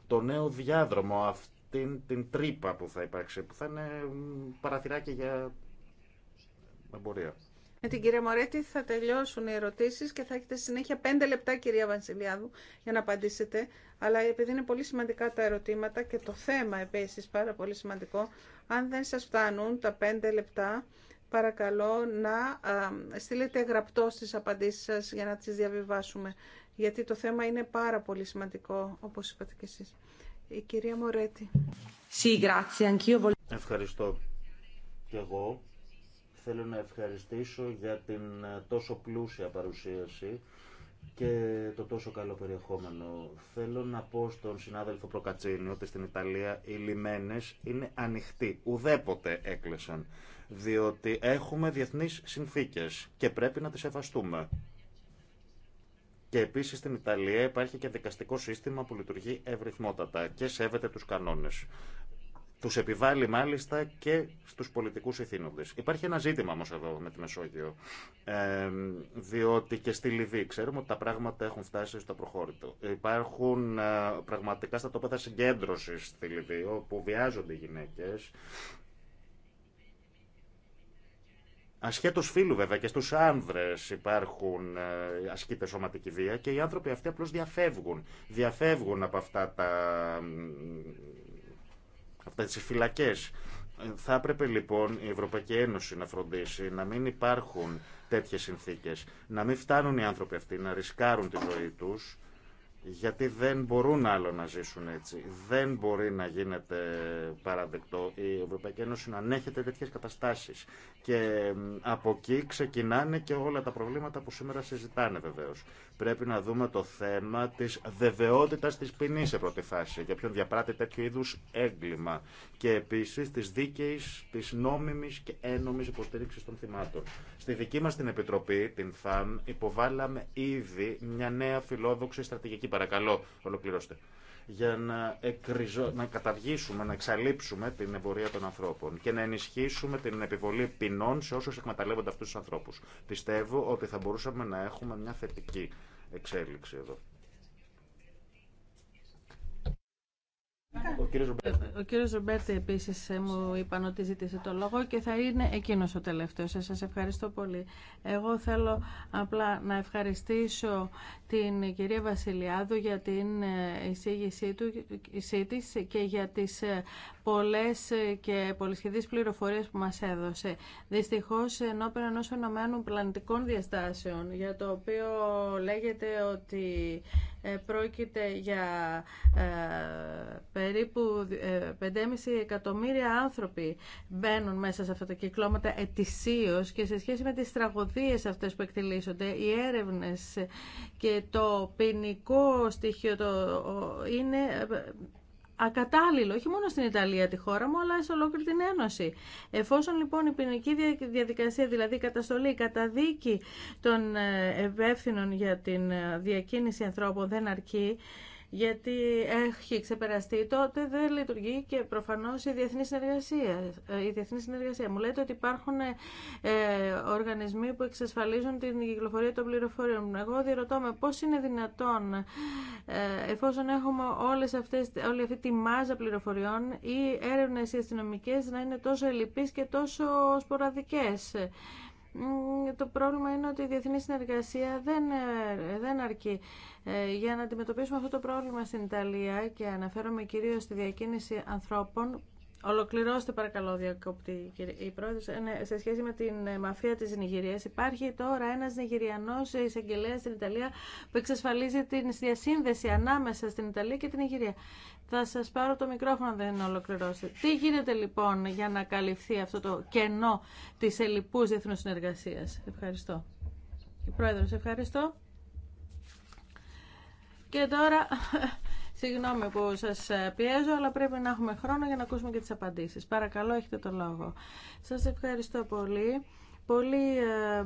το νέο διάδρομο, αυτήν την τρύπα που θα υπάρξει, που θα είναι παραθυράκι για εμπορία. Με την κυρία Μωρέτη θα τελειώσουν οι ερωτήσεις και θα έχετε συνέχεια πέντε λεπτά κυρία Βανσιλιάδου για να απαντήσετε. Αλλά επειδή είναι πολύ σημαντικά τα ερωτήματα και το θέμα επίση, πάρα πολύ σημαντικό, αν δεν σας φτάνουν τα πέντε λεπτά, παρακαλώ να στείλετε γραπτό στις απαντήσεις σα για να τις διαβιβάσουμε. Γιατί το θέμα είναι πάρα πολύ σημαντικό, όπω είπατε και εσείς. Η κυρία Μωρέτη. Ευχαριστώ. Θέλω να ευχαριστήσω για την ε, τόσο πλούσια παρουσίαση και το τόσο καλό περιεχόμενο. Θέλω να πω στον συνάδελφο Προκατσίνη ότι στην Ιταλία οι λιμένες είναι ανοιχτοί. Ουδέποτε έκλεισαν. Διότι έχουμε διεθνείς συνθήκες και πρέπει να τις εφαστούμε. Και επίσης στην Ιταλία υπάρχει και δικαστικό σύστημα που λειτουργεί ευρυθμότατα και σέβεται τους κανόνες. Τους επιβάλλει μάλιστα και στους πολιτικούς ηθήνοντες. Υπάρχει ένα ζήτημα όμως εδώ με τη Μεσόγειο, ε, διότι και στη Λιβύη ξέρουμε ότι τα πράγματα έχουν φτάσει στο προχώρητο. Υπάρχουν ε, πραγματικά στα τόπεδα συγκέντρωσης στη Λιβύη, όπου βιάζονται οι γυναίκες, Ασχέτως φίλου βέβαια και στους άνδρες υπάρχουν ε, ασκείται σωματική βία και οι άνθρωποι αυτοί απλώς διαφεύγουν. Διαφεύγουν από αυτά τα σε τις φυλακές. Θα έπρεπε λοιπόν η Ευρωπαϊκή Ένωση να φροντίσει να μην υπάρχουν τέτοιες συνθήκες, να μην φτάνουν οι άνθρωποι αυτοί να ρισκάρουν τη ζωή τους γιατί δεν μπορούν άλλο να ζήσουν έτσι. Δεν μπορεί να γίνεται παραδεκτό η Ευρωπαϊκή Ένωση να ανέχεται τέτοιε καταστάσει. Και από εκεί ξεκινάνε και όλα τα προβλήματα που σήμερα συζητάνε βεβαίω. Πρέπει να δούμε το θέμα τη βεβαιότητα τη ποινή σε πρώτη φάση, για ποιον διαπράττει τέτοιου είδου έγκλημα. Και επίση τη δίκαιη, τη νόμιμη και ένομη υποστήριξη των θυμάτων. Στη δική μα την Επιτροπή, την ΦΑΜ, υποβάλαμε ήδη μια νέα φιλόδοξη στρατηγική παρακαλώ, ολοκληρώστε. Για να, εκριζω... να καταργήσουμε, να εξαλείψουμε την εμπορία των ανθρώπων και να ενισχύσουμε την επιβολή ποινών σε όσου εκμεταλλεύονται αυτού του ανθρώπου. Πιστεύω ότι θα μπορούσαμε να έχουμε μια θετική εξέλιξη εδώ. Ο κύριο Ρομπέρτη, επίση επίσης ε, μου είπαν ότι ζήτησε το λόγο και θα είναι εκείνο ο τελευταίο. Ε, Σα ευχαριστώ πολύ. Εγώ θέλω απλά να ευχαριστήσω την κυρία Βασιλιάδου για την ε, εισήγησή του, και για τι πολλές ε, και πολυσχεδείς πληροφορίες που μας έδωσε. Δυστυχώς ενώπιον ενός φαινομένου πλανητικών διαστάσεων, για το οποίο λέγεται ότι ε, πρόκειται για ε, περίπου 5,5 εκατομμύρια άνθρωποι μπαίνουν μέσα σε αυτά τα κυκλώματα ετησίως και σε σχέση με τις τραγωδίες αυτές που εκτελήσονται, οι έρευνες και το ποινικό στοιχείο το, είναι ακατάλληλο, όχι μόνο στην Ιταλία τη χώρα μου, αλλά σε ολόκληρη την Ένωση. Εφόσον λοιπόν η ποινική διαδικασία, δηλαδή η καταστολή, η καταδίκη των ε, ευεύθυνων για την ε, διακίνηση ανθρώπων δεν αρκεί, γιατί έχει ξεπεραστεί, τότε δεν λειτουργεί και προφανώς η διεθνή συνεργασία. Ε, η διεθνή συνεργασία. Μου λέτε ότι υπάρχουν ε, οργανισμοί που εξασφαλίζουν την κυκλοφορία των πληροφοριών. Εγώ διερωτώ με πώς είναι δυνατόν, ε, εφόσον έχουμε όλες αυτές, όλη αυτή τη μάζα πληροφοριών, οι έρευνες οι αστυνομικές να είναι τόσο ελλειπείς και τόσο σποραδικές. Το πρόβλημα είναι ότι η διεθνή συνεργασία δεν, ε, δεν αρκεί. Ε, για να αντιμετωπίσουμε αυτό το πρόβλημα στην Ιταλία και αναφέρομαι κυρίως στη διακίνηση ανθρώπων Ολοκληρώστε παρακαλώ διακόπτη η πρόεδρος. Ε, ναι, σε σχέση με την ε, μαφία της Νιγηρίας υπάρχει τώρα ένας Νιγηριανός εισαγγελέα στην Ιταλία που εξασφαλίζει την διασύνδεση ανάμεσα στην Ιταλία και την Νιγηρία. Θα σας πάρω το μικρόφωνο δεν ολοκληρώσετε. Τι γίνεται λοιπόν για να καλυφθεί αυτό το κενό της ελληπούς διεθνούς συνεργασίας. Ευχαριστώ. Η πρόεδρος ευχαριστώ. Και τώρα Συγγνώμη που σας ε, πιέζω, αλλά πρέπει να έχουμε χρόνο για να ακούσουμε και τις απαντήσεις. Παρακαλώ, έχετε το λόγο. Σας ευχαριστώ πολύ. Πολύ ε, ε,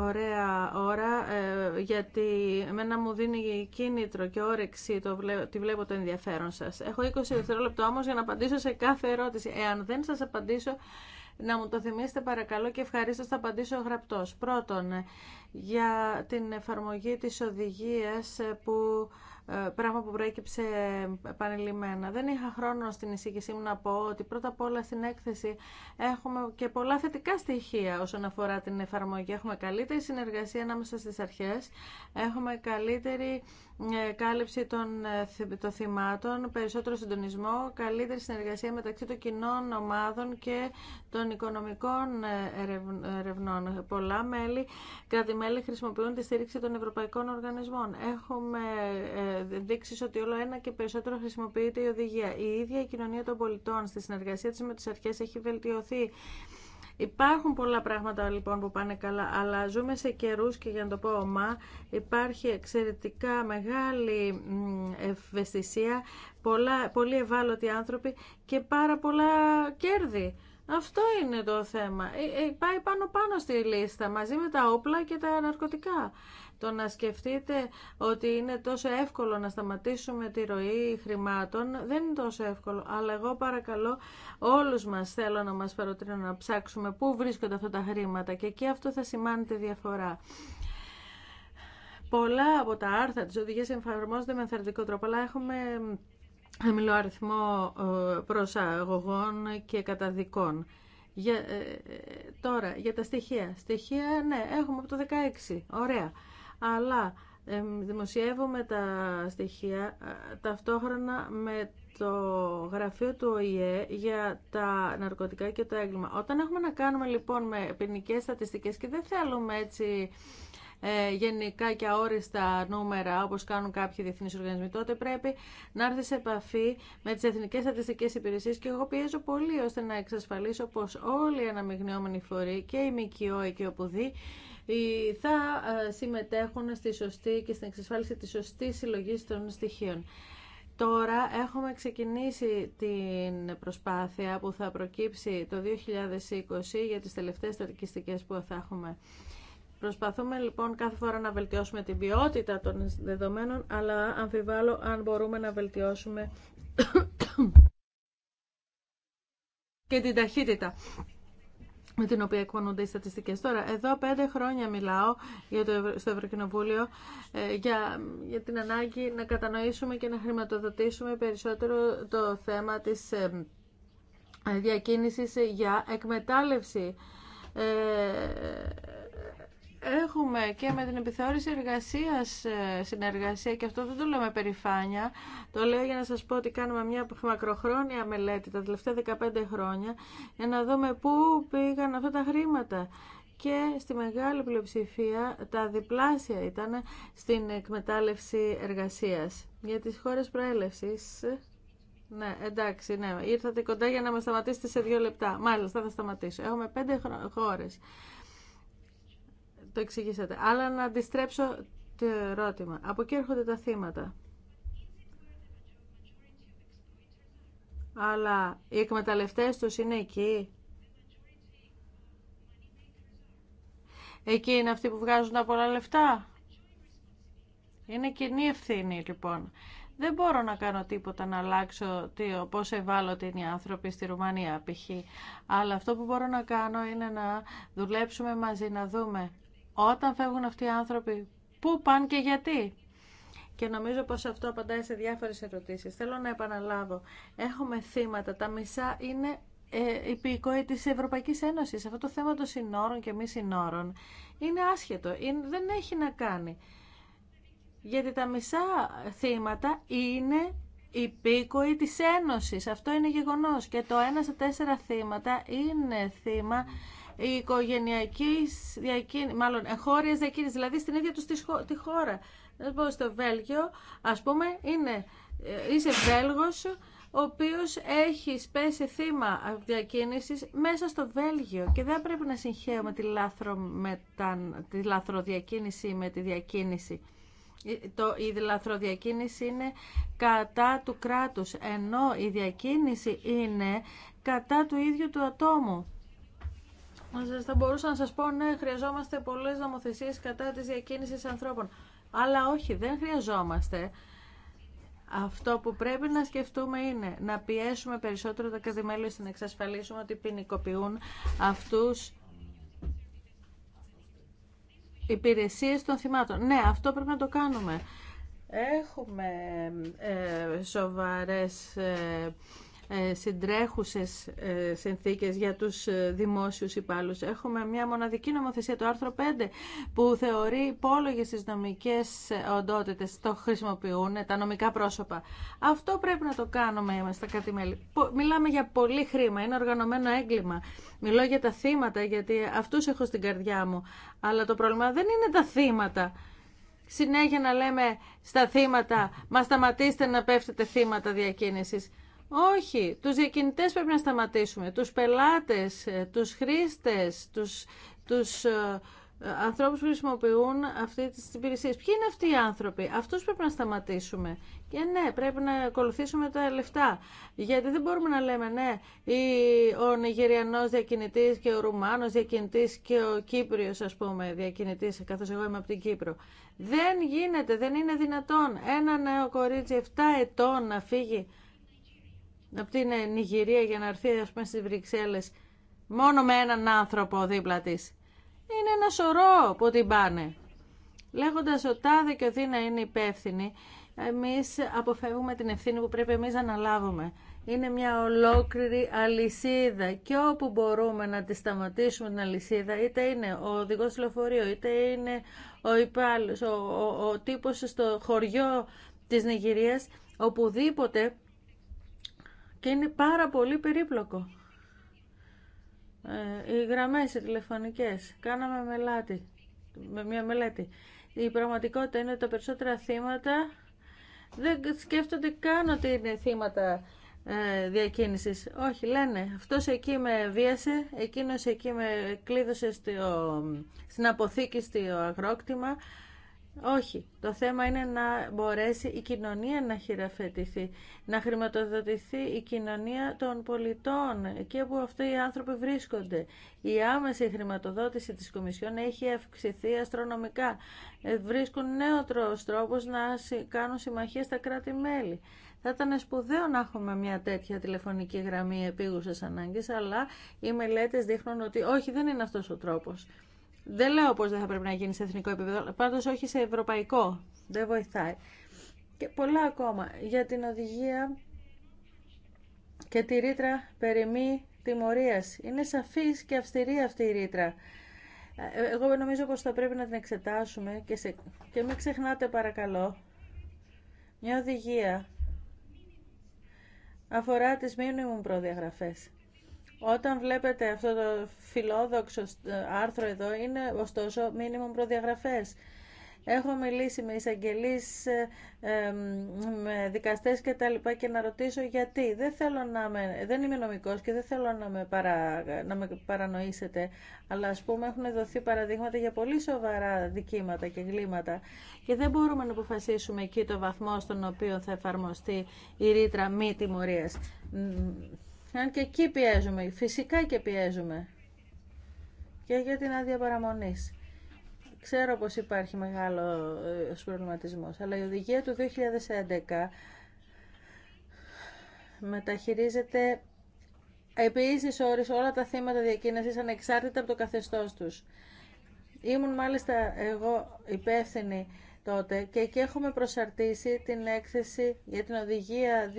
ωραία ώρα, ε, γιατί εμένα μου δίνει κίνητρο και όρεξη, το βλέπω, τη βλέπω το ενδιαφέρον σας. Έχω 20 δευτερόλεπτα όμως για να απαντήσω σε κάθε ερώτηση. Εάν δεν σας απαντήσω, να μου το θυμίσετε παρακαλώ και ευχαρίστως θα απαντήσω γραπτός. Πρώτον, για την εφαρμογή της οδηγίας που... Ε, πράγμα που προέκυψε επανειλημμένα. Δεν είχα χρόνο στην εισήγησή μου να πω ότι πρώτα απ' όλα στην έκθεση έχουμε και πολλά θετικά στοιχεία όσον αφορά την εφαρμογή. Έχουμε καλύτερη συνεργασία ανάμεσα στις αρχές, έχουμε καλύτερη ε, κάλυψη ε, των, θυμάτων, περισσότερο συντονισμό, καλύτερη συνεργασία μεταξύ των κοινών ομάδων και των οικονομικών ε, ερευνών. Πολλά μέλη, κράτη-μέλη χρησιμοποιούν τη στήριξη των ευρωπαϊκών οργανισμών. Έχουμε δείξει ότι όλο ένα και περισσότερο χρησιμοποιείται η οδηγία. Η ίδια η κοινωνία των πολιτών στη συνεργασία της με τις αρχές έχει βελτιωθεί. Υπάρχουν πολλά πράγματα λοιπόν που πάνε καλά, αλλά ζούμε σε καιρούς και για να το πω ομά, υπάρχει εξαιρετικά μεγάλη ευαισθησία, πολλά, πολύ ευάλωτοι άνθρωποι και πάρα πολλά κέρδη. Αυτό είναι το θέμα. Ε, ε, πάει πάνω πάνω στη λίστα μαζί με τα όπλα και τα ναρκωτικά. Το να σκεφτείτε ότι είναι τόσο εύκολο να σταματήσουμε τη ροή χρημάτων δεν είναι τόσο εύκολο. Αλλά εγώ παρακαλώ όλους μας θέλω να μας παροτρύνω να ψάξουμε πού βρίσκονται αυτά τα χρήματα και εκεί αυτό θα σημάνει τη διαφορά. Πολλά από τα άρθρα τη οδηγίας εμφαρμόζονται με ενθαρρυντικό τρόπο, αλλά έχουμε χαμηλό αριθμό ε, προσαγωγών και καταδικών. Για, ε, ε, τώρα, για τα στοιχεία. Στοιχεία, ναι, έχουμε από το 16. Ωραία αλλά δημοσιεύουμε τα στοιχεία ταυτόχρονα με το γραφείο του ΟΗΕ για τα ναρκωτικά και το έγκλημα. Όταν έχουμε να κάνουμε λοιπόν με ποινικέ στατιστικές και δεν θέλουμε έτσι ε, γενικά και αόριστα νούμερα όπως κάνουν κάποιοι διεθνείς οργανισμοί, τότε πρέπει να έρθει σε επαφή με τις Εθνικές Στατιστικές Υπηρεσίες και εγώ πιέζω πολύ ώστε να εξασφαλίσω πως όλοι οι αναμειγνυόμενοι φορεί και η ΜΚΟ και ο ε, θα ε, συμμετέχουν στη σωστή και στην εξασφάλιση της σωστής συλλογής των στοιχείων. Τώρα έχουμε ξεκινήσει την προσπάθεια που θα προκύψει το 2020 για τις τελευταίες στατικιστικές που θα έχουμε. Προσπαθούμε λοιπόν κάθε φορά να βελτιώσουμε την ποιότητα των δεδομένων, αλλά αμφιβάλλω αν μπορούμε να βελτιώσουμε <coughs> και την ταχύτητα με την οποία εκπονούνται οι στατιστικές. Τώρα, εδώ πέντε χρόνια μιλάω για το, στο Ευρωκοινοβούλιο ε, για, για την ανάγκη να κατανοήσουμε και να χρηματοδοτήσουμε περισσότερο το θέμα της ε, διακίνησης για εκμετάλλευση ε, Έχουμε και με την επιθεώρηση εργασίας ε, συνεργασία και αυτό δεν το λέμε περηφάνεια. Το λέω για να σας πω ότι κάνουμε μια μακροχρόνια μελέτη τα τελευταία 15 χρόνια για να δούμε πού πήγαν αυτά τα χρήματα και στη μεγάλη πλειοψηφία τα διπλάσια ήταν στην εκμετάλλευση εργασίας. Για τις χώρες προέλευσης, ναι, εντάξει, ναι, ήρθατε κοντά για να με σταματήσετε σε δύο λεπτά. Μάλιστα, θα σταματήσω. Έχουμε πέντε χώρες το εξηγήσατε. Αλλά να αντιστρέψω το ερώτημα. Από εκεί έρχονται τα θύματα. Αλλά οι εκμεταλλευτές τους είναι εκεί. Εκεί είναι αυτοί που βγάζουν τα πολλά λεφτά. Είναι κοινή ευθύνη λοιπόν. Δεν μπορώ να κάνω τίποτα να αλλάξω τι, πόσο ευάλωτοι είναι οι άνθρωποι στη Ρουμανία π.χ. Αλλά αυτό που μπορώ να κάνω είναι να δουλέψουμε μαζί, να δούμε όταν φεύγουν αυτοί οι άνθρωποι, πού πάνε και γιατί. Και νομίζω πως αυτό απαντάει σε διάφορες ερωτήσεις. Θέλω να επαναλάβω. Έχουμε θύματα. Τα μισά είναι ε, υπηκόοι της Ευρωπαϊκής Ένωσης. Αυτό το θέμα των συνόρων και μη συνόρων είναι άσχετο. Είναι, δεν έχει να κάνει. Γιατί τα μισά θύματα είναι υπήκοοι της Ένωσης. Αυτό είναι γεγονός. Και το ένα στα τέσσερα θύματα είναι θύμα η οικογενειακή διακίνηση, μάλλον εγχώρια διακίνηση, δηλαδή στην ίδια του τη χώρα. Να πω στο Βέλγιο, ας πούμε, είναι, ε, είσαι Βέλγος, ο οποίο έχει πέσει θύμα διακίνηση μέσα στο Βέλγιο και δεν πρέπει να με τη, λάθρο τη λαθροδιακίνηση με τη διακίνηση. Ε, το, η λαθροδιακίνηση είναι κατά του κράτους, ενώ η διακίνηση είναι κατά του ίδιου του ατόμου θα μπορούσα να σας πω, ναι, χρειαζόμαστε πολλές νομοθεσίες κατά της διακίνησης ανθρώπων. Αλλά όχι, δεν χρειαζόμαστε. Αυτό που πρέπει να σκεφτούμε είναι να πιέσουμε περισσότερο τα καθημέλια στην να εξασφαλίσουμε ότι ποινικοποιούν αυτούς υπηρεσίες των θυμάτων. Ναι, αυτό πρέπει να το κάνουμε. Έχουμε ε, σοβαρές... Ε, ε, συντρέχουσες ε, συνθήκες για τους ε, δημόσιους υπάλληλους. Έχουμε μια μοναδική νομοθεσία, το άρθρο 5, που θεωρεί υπόλογες τις νομικές οντότητες, το χρησιμοποιούν τα νομικά πρόσωπα. Αυτό πρέπει να το κάνουμε στα κάτι μέλη. Μιλάμε για πολύ χρήμα, είναι οργανωμένο έγκλημα. Μιλώ για τα θύματα, γιατί αυτούς έχω στην καρδιά μου. Αλλά το πρόβλημα δεν είναι τα θύματα συνέχεια να λέμε στα θύματα, μα σταματήστε να πέφτετε θύματα διακίνησης. Όχι, τους διακινητές πρέπει να σταματήσουμε, τους πελάτες, ε, τους χρήστες, τους, τους ε, ανθρώπους που χρησιμοποιούν αυτή τις υπηρεσίες. Ποιοι είναι αυτοί οι άνθρωποι, αυτούς πρέπει να σταματήσουμε. Και ναι, πρέπει να ακολουθήσουμε τα λεφτά. Γιατί δεν μπορούμε να λέμε ναι, ή ο Νιγηριανός διακινητής και ο Ρουμάνος διακινητής και ο Κύπριος ας πούμε διακινητής, καθώς εγώ είμαι από την Κύπρο. Δεν γίνεται, δεν είναι δυνατόν ένα νέο κορίτσι 7 ετών να φύγει από την Νιγηρία για να έρθει ας πούμε στις Βρυξέλλες μόνο με έναν άνθρωπο δίπλα τη. Είναι ένα σωρό που την πάνε. Λέγοντας ο Τάδε και ο Δίνα είναι υπεύθυνοι, εμείς αποφεύγουμε την ευθύνη που πρέπει εμείς να αναλάβουμε. Είναι μια ολόκληρη αλυσίδα και όπου μπορούμε να τη σταματήσουμε την αλυσίδα, είτε είναι ο οδηγό λεωφορείου, είτε είναι ο υπάλληλο, ο, τύπος στο χωριό της Νιγηρίας, οπουδήποτε και είναι πάρα πολύ περίπλοκο. Ε, οι γραμμές οι τηλεφωνικές, κάναμε μελάτη, με μια μελέτη. Η πραγματικότητα είναι ότι τα περισσότερα θύματα δεν σκέφτονται καν ότι είναι θύματα ε, διακίνησης. Όχι, λένε, αυτός εκεί με βίασε, εκείνος εκεί με κλείδωσε στην αποθήκη, στο αγρόκτημα. Όχι. Το θέμα είναι να μπορέσει η κοινωνία να χειραφετηθεί, να χρηματοδοτηθεί η κοινωνία των πολιτών, εκεί που αυτοί οι άνθρωποι βρίσκονται. Η άμεση χρηματοδότηση της Κομισιόν έχει αυξηθεί αστρονομικά. Ε, βρίσκουν νέο τρόπος να κάνουν συμμαχία στα κράτη-μέλη. Θα ήταν σπουδαίο να έχουμε μια τέτοια τηλεφωνική γραμμή επίγουσας ανάγκης, αλλά οι μελέτες δείχνουν ότι όχι, δεν είναι αυτός ο τρόπος. Δεν λέω πως δεν θα πρέπει να γίνει σε εθνικό επίπεδο, πάντως όχι σε ευρωπαϊκό. Δεν βοηθάει. Και πολλά ακόμα για την οδηγία και τη ρήτρα περί τιμωρίας. Είναι σαφής και αυστηρή αυτή η ρήτρα. Εγώ νομίζω πως θα πρέπει να την εξετάσουμε και, σε... και μην ξεχνάτε παρακαλώ μια οδηγία αφορά τις μήνυμου προδιαγραφές. Όταν βλέπετε αυτό το φιλόδοξο άρθρο εδώ, είναι ωστόσο μήνυμα προδιαγραφές. Έχω μιλήσει με εισαγγελεί ε, με δικαστές και τα και να ρωτήσω γιατί. Δεν, θέλω να με, δεν είμαι νομικός και δεν θέλω να με, παρα, να με παρανοήσετε, αλλά ας πούμε έχουν δοθεί παραδείγματα για πολύ σοβαρά δικήματα και εγκλήματα και δεν μπορούμε να αποφασίσουμε εκεί το βαθμό στον οποίο θα εφαρμοστεί η ρήτρα μη τιμωρίας. Αν και εκεί πιέζουμε, φυσικά και πιέζουμε. Και για την άδεια παραμονή. Ξέρω πως υπάρχει μεγάλο ε, προβληματισμός, αλλά η οδηγία του 2011 μεταχειρίζεται επί ίσης όλα τα θύματα διακίνησης ανεξάρτητα από το καθεστώς τους. Ήμουν μάλιστα εγώ υπεύθυνη τότε και εκεί έχουμε προσαρτήσει την έκθεση για την οδηγία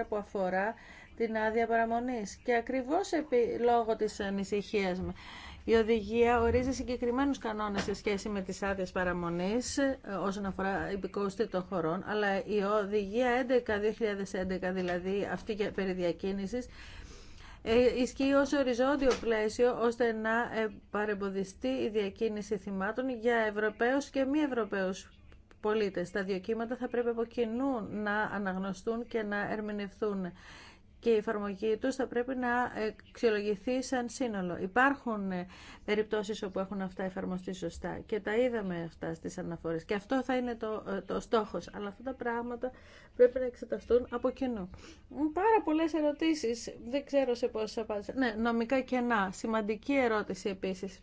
2004 που αφορά την άδεια παραμονή. Και ακριβώ λόγω τη ανησυχία μου. Η οδηγία ορίζει συγκεκριμένου κανόνε σε σχέση με τι άδειε παραμονή ε, όσον αφορά υπηκόστη των χωρών, αλλά η οδηγία 11-2011, δηλαδή αυτή περί διακίνησης, ε, ισχύει ως οριζόντιο πλαίσιο ώστε να παρεμποδιστεί η διακίνηση θυμάτων για Ευρωπαίους και μη Ευρωπαίους πολίτες. Τα δύο θα πρέπει από κοινού να αναγνωστούν και να ερμηνευθούν και η εφαρμογή τους θα πρέπει να αξιολογηθεί σαν σύνολο. Υπάρχουν ε, περιπτώσεις όπου έχουν αυτά εφαρμοστεί σωστά και τα είδαμε αυτά στις αναφορές και αυτό θα είναι το, ε, το στόχος, αλλά αυτά τα πράγματα πρέπει να εξεταστούν από κοινού. Πάρα πολλές ερωτήσεις, δεν ξέρω σε πόσες απάντησα. Ναι, νομικά κενά, σημαντική ερώτηση επίσης.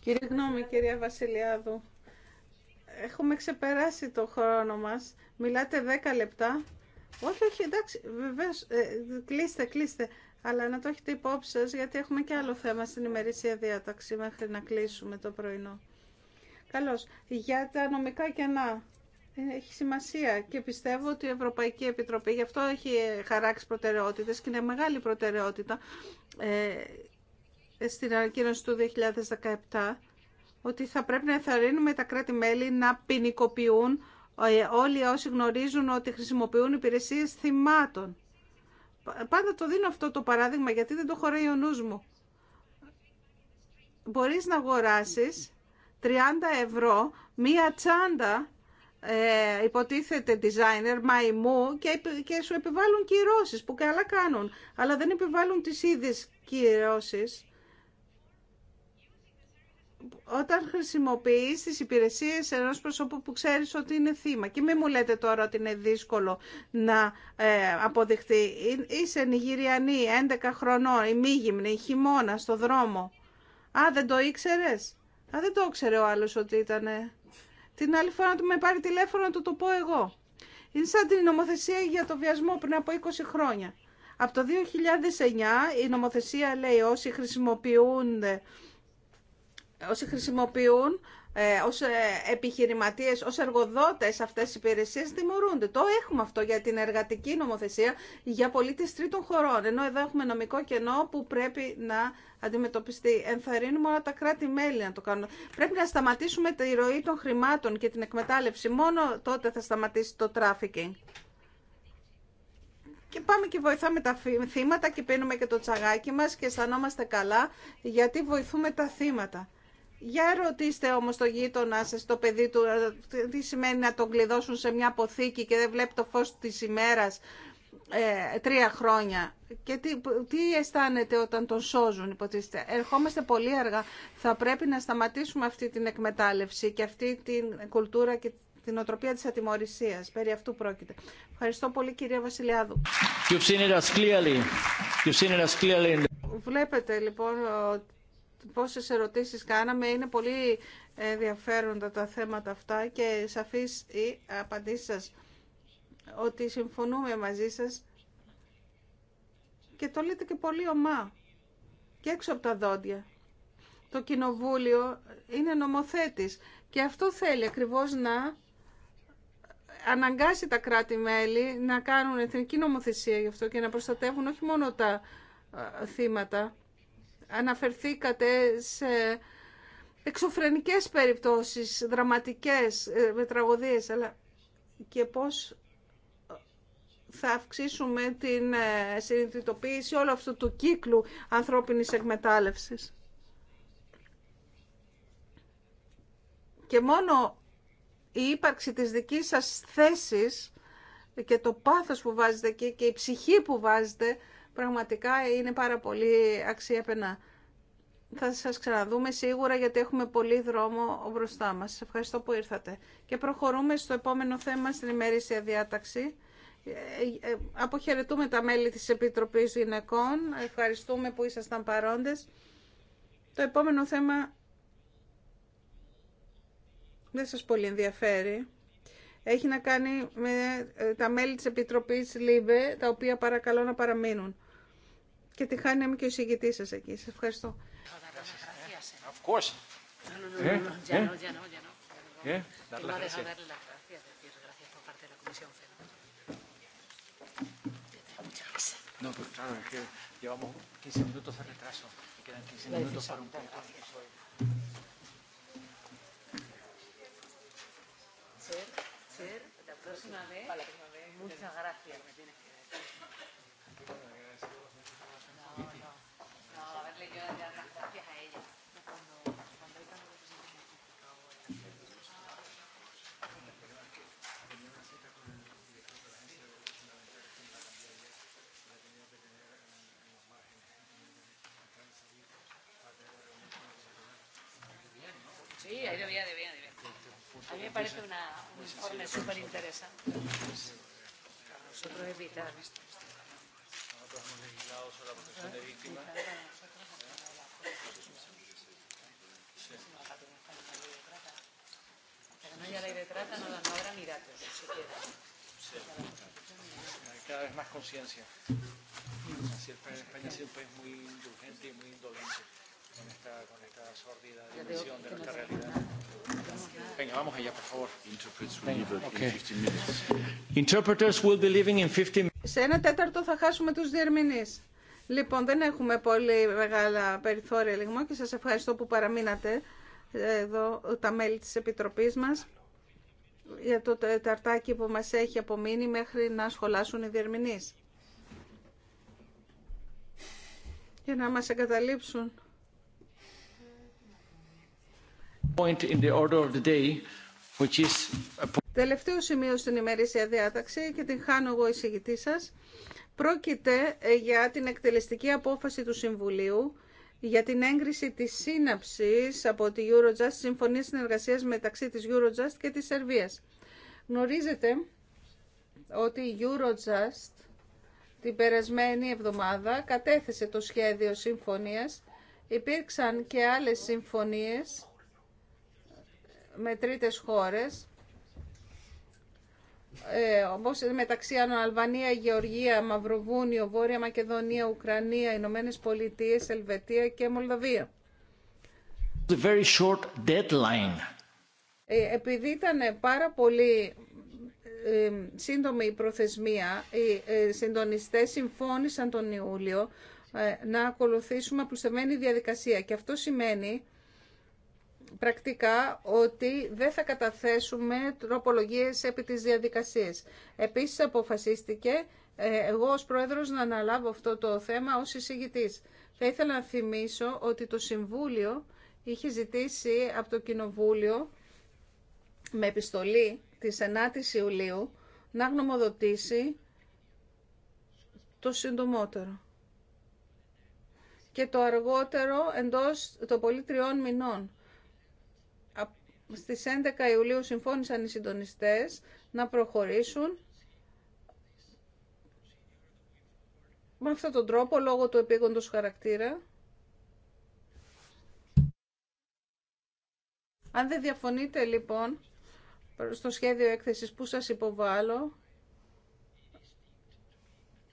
Κύριε Γνώμη, κυρία Βασιλιάδου, έχουμε ξεπεράσει το χρόνο μας. Μιλάτε 10 λεπτά. Όχι, όχι, εντάξει, βεβαίω. Ε, κλείστε, κλείστε. Αλλά να το έχετε υπόψη σα, γιατί έχουμε και άλλο θέμα στην ημερήσια διάταξη μέχρι να κλείσουμε το πρωινό. Καλώ. Για τα νομικά κενά. Ε, έχει σημασία και πιστεύω ότι η Ευρωπαϊκή Επιτροπή γι' αυτό έχει χαράξει προτεραιότητες και είναι μεγάλη προτεραιότητα ε, στην ανακοίνωση του 2017 ότι θα πρέπει να εθαρρύνουμε τα κράτη-μέλη να ποινικοποιούν ε, όλοι όσοι γνωρίζουν ότι χρησιμοποιούν υπηρεσίες θυμάτων. Πάντα το δίνω αυτό το παράδειγμα γιατί δεν το χωράει ο νους μου. Μπορείς να αγοράσεις 30 ευρώ μία τσάντα ε, υποτίθεται designer, μαϊμού και, και σου επιβάλλουν κυρώσεις που καλά κάνουν. Αλλά δεν επιβάλλουν τις ίδιες κυρώσεις όταν χρησιμοποιείς τις υπηρεσίες ενός προσώπου που ξέρεις ότι είναι θύμα και μην μου λέτε τώρα ότι είναι δύσκολο να ε, αποδειχτεί είσαι Νιγηριανή 11 χρονών η η χειμώνα στο δρόμο α δεν το ήξερες α δεν το ήξερε ο άλλος ότι ήταν την άλλη φορά να του με πάρει τηλέφωνο να του το πω εγώ είναι σαν την νομοθεσία για το βιασμό πριν από 20 χρόνια από το 2009 η νομοθεσία λέει όσοι χρησιμοποιούνται όσοι χρησιμοποιούν ε, ως ε, επιχειρηματίες, ως εργοδότες αυτές τις υπηρεσίες δημιουργούνται. Το έχουμε αυτό για την εργατική νομοθεσία για πολίτες τρίτων χωρών. Ενώ εδώ έχουμε νομικό κενό που πρέπει να αντιμετωπιστεί. Ενθαρρύνουμε όλα τα κράτη-μέλη να το κάνουν. Πρέπει να σταματήσουμε τη ροή των χρημάτων και την εκμετάλλευση. Μόνο τότε θα σταματήσει το τράφικινγκ. Και πάμε και βοηθάμε τα θύματα και πίνουμε και το τσαγάκι μας και αισθανόμαστε καλά γιατί βοηθούμε τα θύματα. Για ρωτήστε όμως το γείτονά σας, το παιδί του, ε, τι σημαίνει να τον κλειδώσουν σε μια αποθήκη και δεν βλέπει το φως της ημέρας ε, τρία χρόνια. Και τι, τι αισθάνεται όταν τον σώζουν, υποτίθεται. Ερχόμαστε πολύ αργά. Θα πρέπει να σταματήσουμε αυτή την εκμετάλλευση και αυτή την κουλτούρα και την οτροπία της ατιμορρησίας. Περί αυτού πρόκειται. Ευχαριστώ πολύ κυρία Βασιλιάδου. Βλέπετε λοιπόν πόσες ερωτήσεις κάναμε. Είναι πολύ ενδιαφέροντα τα θέματα αυτά και σαφής η απαντήση σας ότι συμφωνούμε μαζί σας και το λέτε και πολύ ομά και έξω από τα δόντια. Το κοινοβούλιο είναι νομοθέτης και αυτό θέλει ακριβώς να αναγκάσει τα κράτη-μέλη να κάνουν εθνική νομοθεσία γι' αυτό και να προστατεύουν όχι μόνο τα θύματα αναφερθήκατε σε εξωφρενικές περιπτώσεις, δραματικές, ε, με τραγωδίες, αλλά και πώς θα αυξήσουμε την ε, συνειδητοποίηση όλου αυτού του κύκλου ανθρώπινης εκμετάλλευσης. Και μόνο η ύπαρξη της δικής σας θέσης και το πάθος που βάζετε εκεί και η ψυχή που βάζετε πραγματικά είναι πάρα πολύ αξιέπαινα. Θα σας ξαναδούμε σίγουρα γιατί έχουμε πολύ δρόμο μπροστά μας. Σας ευχαριστώ που ήρθατε. Και προχωρούμε στο επόμενο θέμα στην ημερήσια διάταξη. Ε, ε, αποχαιρετούμε τα μέλη της Επιτροπής Γυναικών. Ευχαριστούμε που ήσασταν παρόντες. Το επόμενο θέμα δεν σας πολύ ενδιαφέρει. Έχει να κάνει με ε, τα μέλη της Επιτροπής ΛΥΒΕ, τα οποία παρακαλώ να παραμείνουν. Και τη χάνει και ο συγκητή σας εκεί. Σας ευχαριστώ. Muchas gracias. parece una, un informe súper interesante. Nosotros evitar. Nosotros hemos legislado sobre la protección de víctimas. Pero no haya ley de trata, no, no habrá ni datos, siquiera. Hay cada vez más conciencia. Así es, España ha sido un país muy indulgente y muy indolente esta, sórdida dimensión de realidad. Σε ένα τέταρτο θα χάσουμε τους διερμηνείς. Λοιπόν, δεν έχουμε πολύ μεγάλα περιθώρια λιγμό και σας ευχαριστώ που παραμείνατε ε, εδώ τα μέλη της Επιτροπής μας για το τεταρτάκι που μας έχει απομείνει μέχρι να σχολάσουν οι διερμηνείς. Για να μας εγκαταλείψουν. Τελευταίο σημείο στην ημερήσια διάταξη και την χάνω εγώ εισηγητή σας. Πρόκειται ε, για την εκτελεστική απόφαση του Συμβουλίου για την έγκριση της σύναψης από τη Eurojust συμφωνία συνεργασίας μεταξύ της Eurojust και της Σερβίας. Γνωρίζετε ότι η Eurojust την περασμένη εβδομάδα κατέθεσε το σχέδιο συμφωνίας. Υπήρξαν και άλλες συμφωνίες με τρίτες χώρες, ε, όπως μεταξύ Αλβανία, Γεωργία, Μαυροβούνιο, Βόρεια Μακεδονία, Ουκρανία, Ηνωμένε Πολιτείες, Ελβετία και Μολδαβία. A very short Ε, επειδή ήταν πάρα πολύ ε, σύντομη η προθεσμία, οι ε, συντονιστές συμφώνησαν τον Ιούλιο ε, να ακολουθήσουμε απλουστευμένη διαδικασία. Και αυτό σημαίνει πρακτικά ότι δεν θα καταθέσουμε τροπολογίες επί της διαδικασίας. Επίσης αποφασίστηκε ε, εγώ ως Πρόεδρος να αναλάβω αυτό το θέμα ως εισηγητής. Θα ήθελα να θυμίσω ότι το Συμβούλιο είχε ζητήσει από το Κοινοβούλιο με επιστολή της 9ης Ιουλίου να γνωμοδοτήσει το συντομότερο και το αργότερο εντός των πολύ τριών μηνών. Στις 11 Ιουλίου συμφώνησαν οι συντονιστές να προχωρήσουν με αυτόν τον τρόπο, λόγω του επίγοντος χαρακτήρα. Αν δεν διαφωνείτε λοιπόν στο σχέδιο έκθεσης που σας υποβάλλω,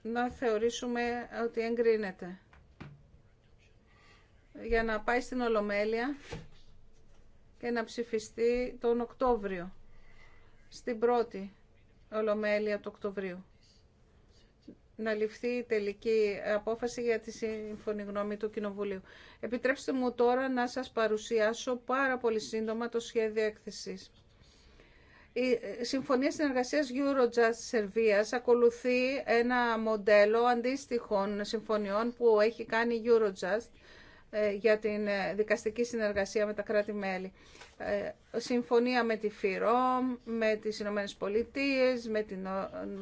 να θεωρήσουμε ότι εγκρίνεται. Για να πάει στην Ολομέλεια και να ψηφιστεί τον Οκτώβριο, στην πρώτη Ολομέλεια του Οκτωβρίου. Να ληφθεί η τελική απόφαση για τη σύμφωνη γνώμη του Κοινοβουλίου. Επιτρέψτε μου τώρα να σας παρουσιάσω πάρα πολύ σύντομα το σχέδιο έκθεσης. Η Συμφωνία Συνεργασίας Eurojust Σερβίας ακολουθεί ένα μοντέλο αντίστοιχων συμφωνιών που έχει κάνει Eurojust ε, για την ε, δικαστική συνεργασία με τα κράτη-μέλη. Ε, συμφωνία με τη ΦΥΡΟΜ, με τις Ηνωμένες Πολιτείες, με την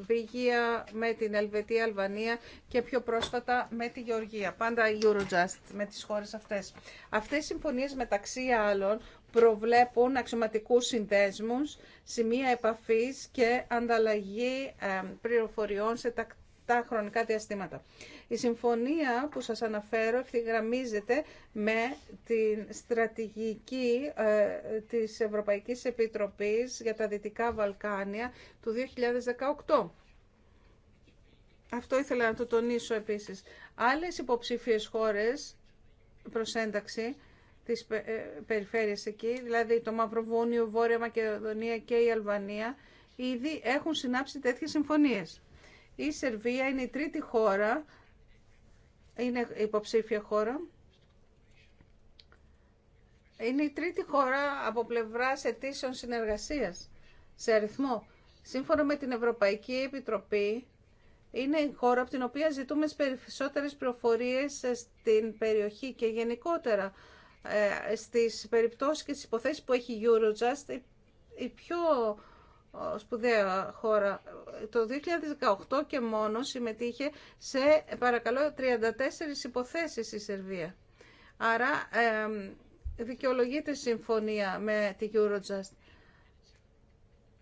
Βηγία, με την Ελβετία, Αλβανία και πιο πρόσφατα με τη Γεωργία. Πάντα Eurojust με τις χώρες αυτές. Αυτές οι συμφωνίες μεταξύ άλλων προβλέπουν αξιωματικούς συνδέσμους, σημεία επαφής και ανταλλαγή πληροφοριών σε τακτική τα χρονικά διαστήματα. Η συμφωνία που σας αναφέρω ευθυγραμμίζεται με τη στρατηγική ε, της Ευρωπαϊκής Επιτροπής για τα Δυτικά Βαλκάνια του 2018. Αυτό ήθελα να το τονίσω επίσης. Άλλες υποψήφιες χώρες προς ένταξη της ε, περιφέρειας εκεί, δηλαδή το Μαυροβούνιο, Βόρεια Μακεδονία και η Αλβανία, ήδη έχουν συνάψει τέτοιες συμφωνίες. Η Σερβία είναι η τρίτη χώρα, είναι υποψήφια χώρα. Είναι η τρίτη χώρα από πλευράς αιτήσεων συνεργασίας σε αριθμό. Σύμφωνα με την Ευρωπαϊκή Επιτροπή, είναι η χώρα από την οποία ζητούμε περισσότερες προφορίες στην περιοχή και γενικότερα ε, στις περιπτώσεις και τις υποθέσεις που έχει Eurojust, η πιο σπουδαία χώρα. Το 2018 και μόνο συμμετείχε σε, παρακαλώ, 34 υποθέσεις η Σερβία. Άρα ε, δικαιολογείται συμφωνία με τη Eurojust.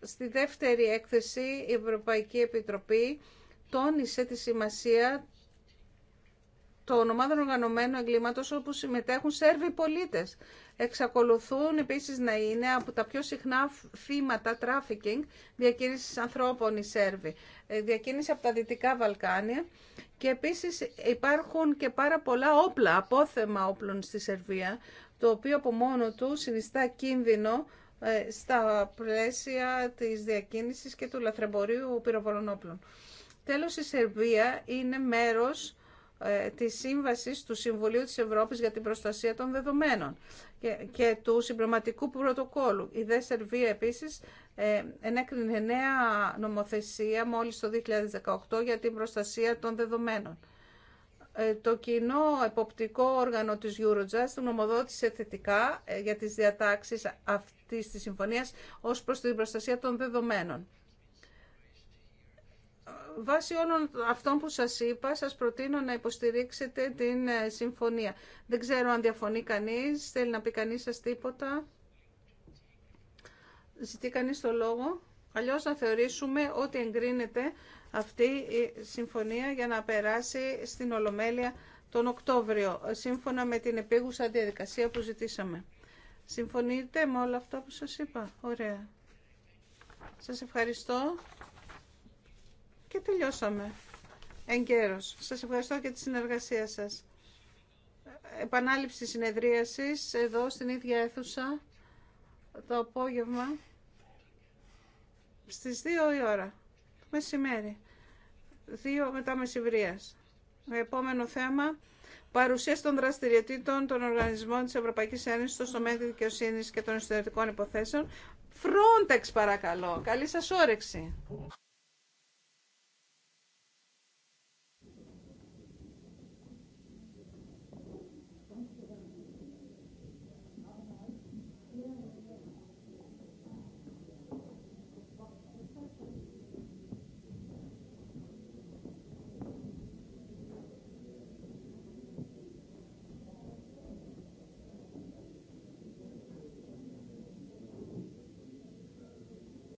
Στη δεύτερη έκθεση η Ευρωπαϊκή Επιτροπή τόνισε τη σημασία των ομάδων οργανωμένων εγκλήματος όπου συμμετέχουν Σέρβοι πολίτες εξακολουθούν επίσης να είναι από τα πιο συχνά θύματα τράφικινγκ διακίνησης ανθρώπων η Σέρβοι, ε, διακίνηση από τα Δυτικά Βαλκάνια και επίσης υπάρχουν και πάρα πολλά όπλα, απόθεμα όπλων στη Σερβία, το οποίο από μόνο του συνιστά κίνδυνο ε, στα πλαίσια της διακίνησης και του λαθρεμπορίου πυροβολών όπλων. Τέλος, η Σερβία είναι μέρος ε, της Σύμβασης του Συμβουλίου της Ευρώπης για την Προστασία των Δεδομένων και του συμπληρωματικού πρωτοκόλου. Η ΔΕ Σερβία επίσης ε, ενέκρινε νέα νομοθεσία μόλις το 2018 για την προστασία των δεδομένων. Ε, το κοινό εποπτικό όργανο της Eurojust νομοδότησε θετικά ε, για τις διατάξεις αυτής της συμφωνίας ως προς την προστασία των δεδομένων βάσει όλων αυτών που σας είπα, σας προτείνω να υποστηρίξετε την ε, συμφωνία. Δεν ξέρω αν διαφωνεί κανείς, θέλει να πει κανείς σας τίποτα. Ζητεί κανείς το λόγο. Αλλιώς να θεωρήσουμε ότι εγκρίνεται αυτή η συμφωνία για να περάσει στην Ολομέλεια τον Οκτώβριο, σύμφωνα με την επίγουσα διαδικασία που ζητήσαμε. Συμφωνείτε με όλα αυτά που σας είπα. Ωραία. Σας ευχαριστώ και τελειώσαμε εγκαίρως. Σας ευχαριστώ για τη συνεργασία σας. Επανάληψη συνεδρίασης εδώ στην ίδια αίθουσα το απόγευμα στις 2 η ώρα, μεσημέρι, 2 μετά μεσημβρίας. Το επόμενο θέμα, παρουσίαση των δραστηριοτήτων των οργανισμών της Ευρωπαϊκής Ένωσης στο τομέα Δικαιοσύνη και των ιστορικών υποθέσεων. Frontex παρακαλώ. Καλή σας όρεξη.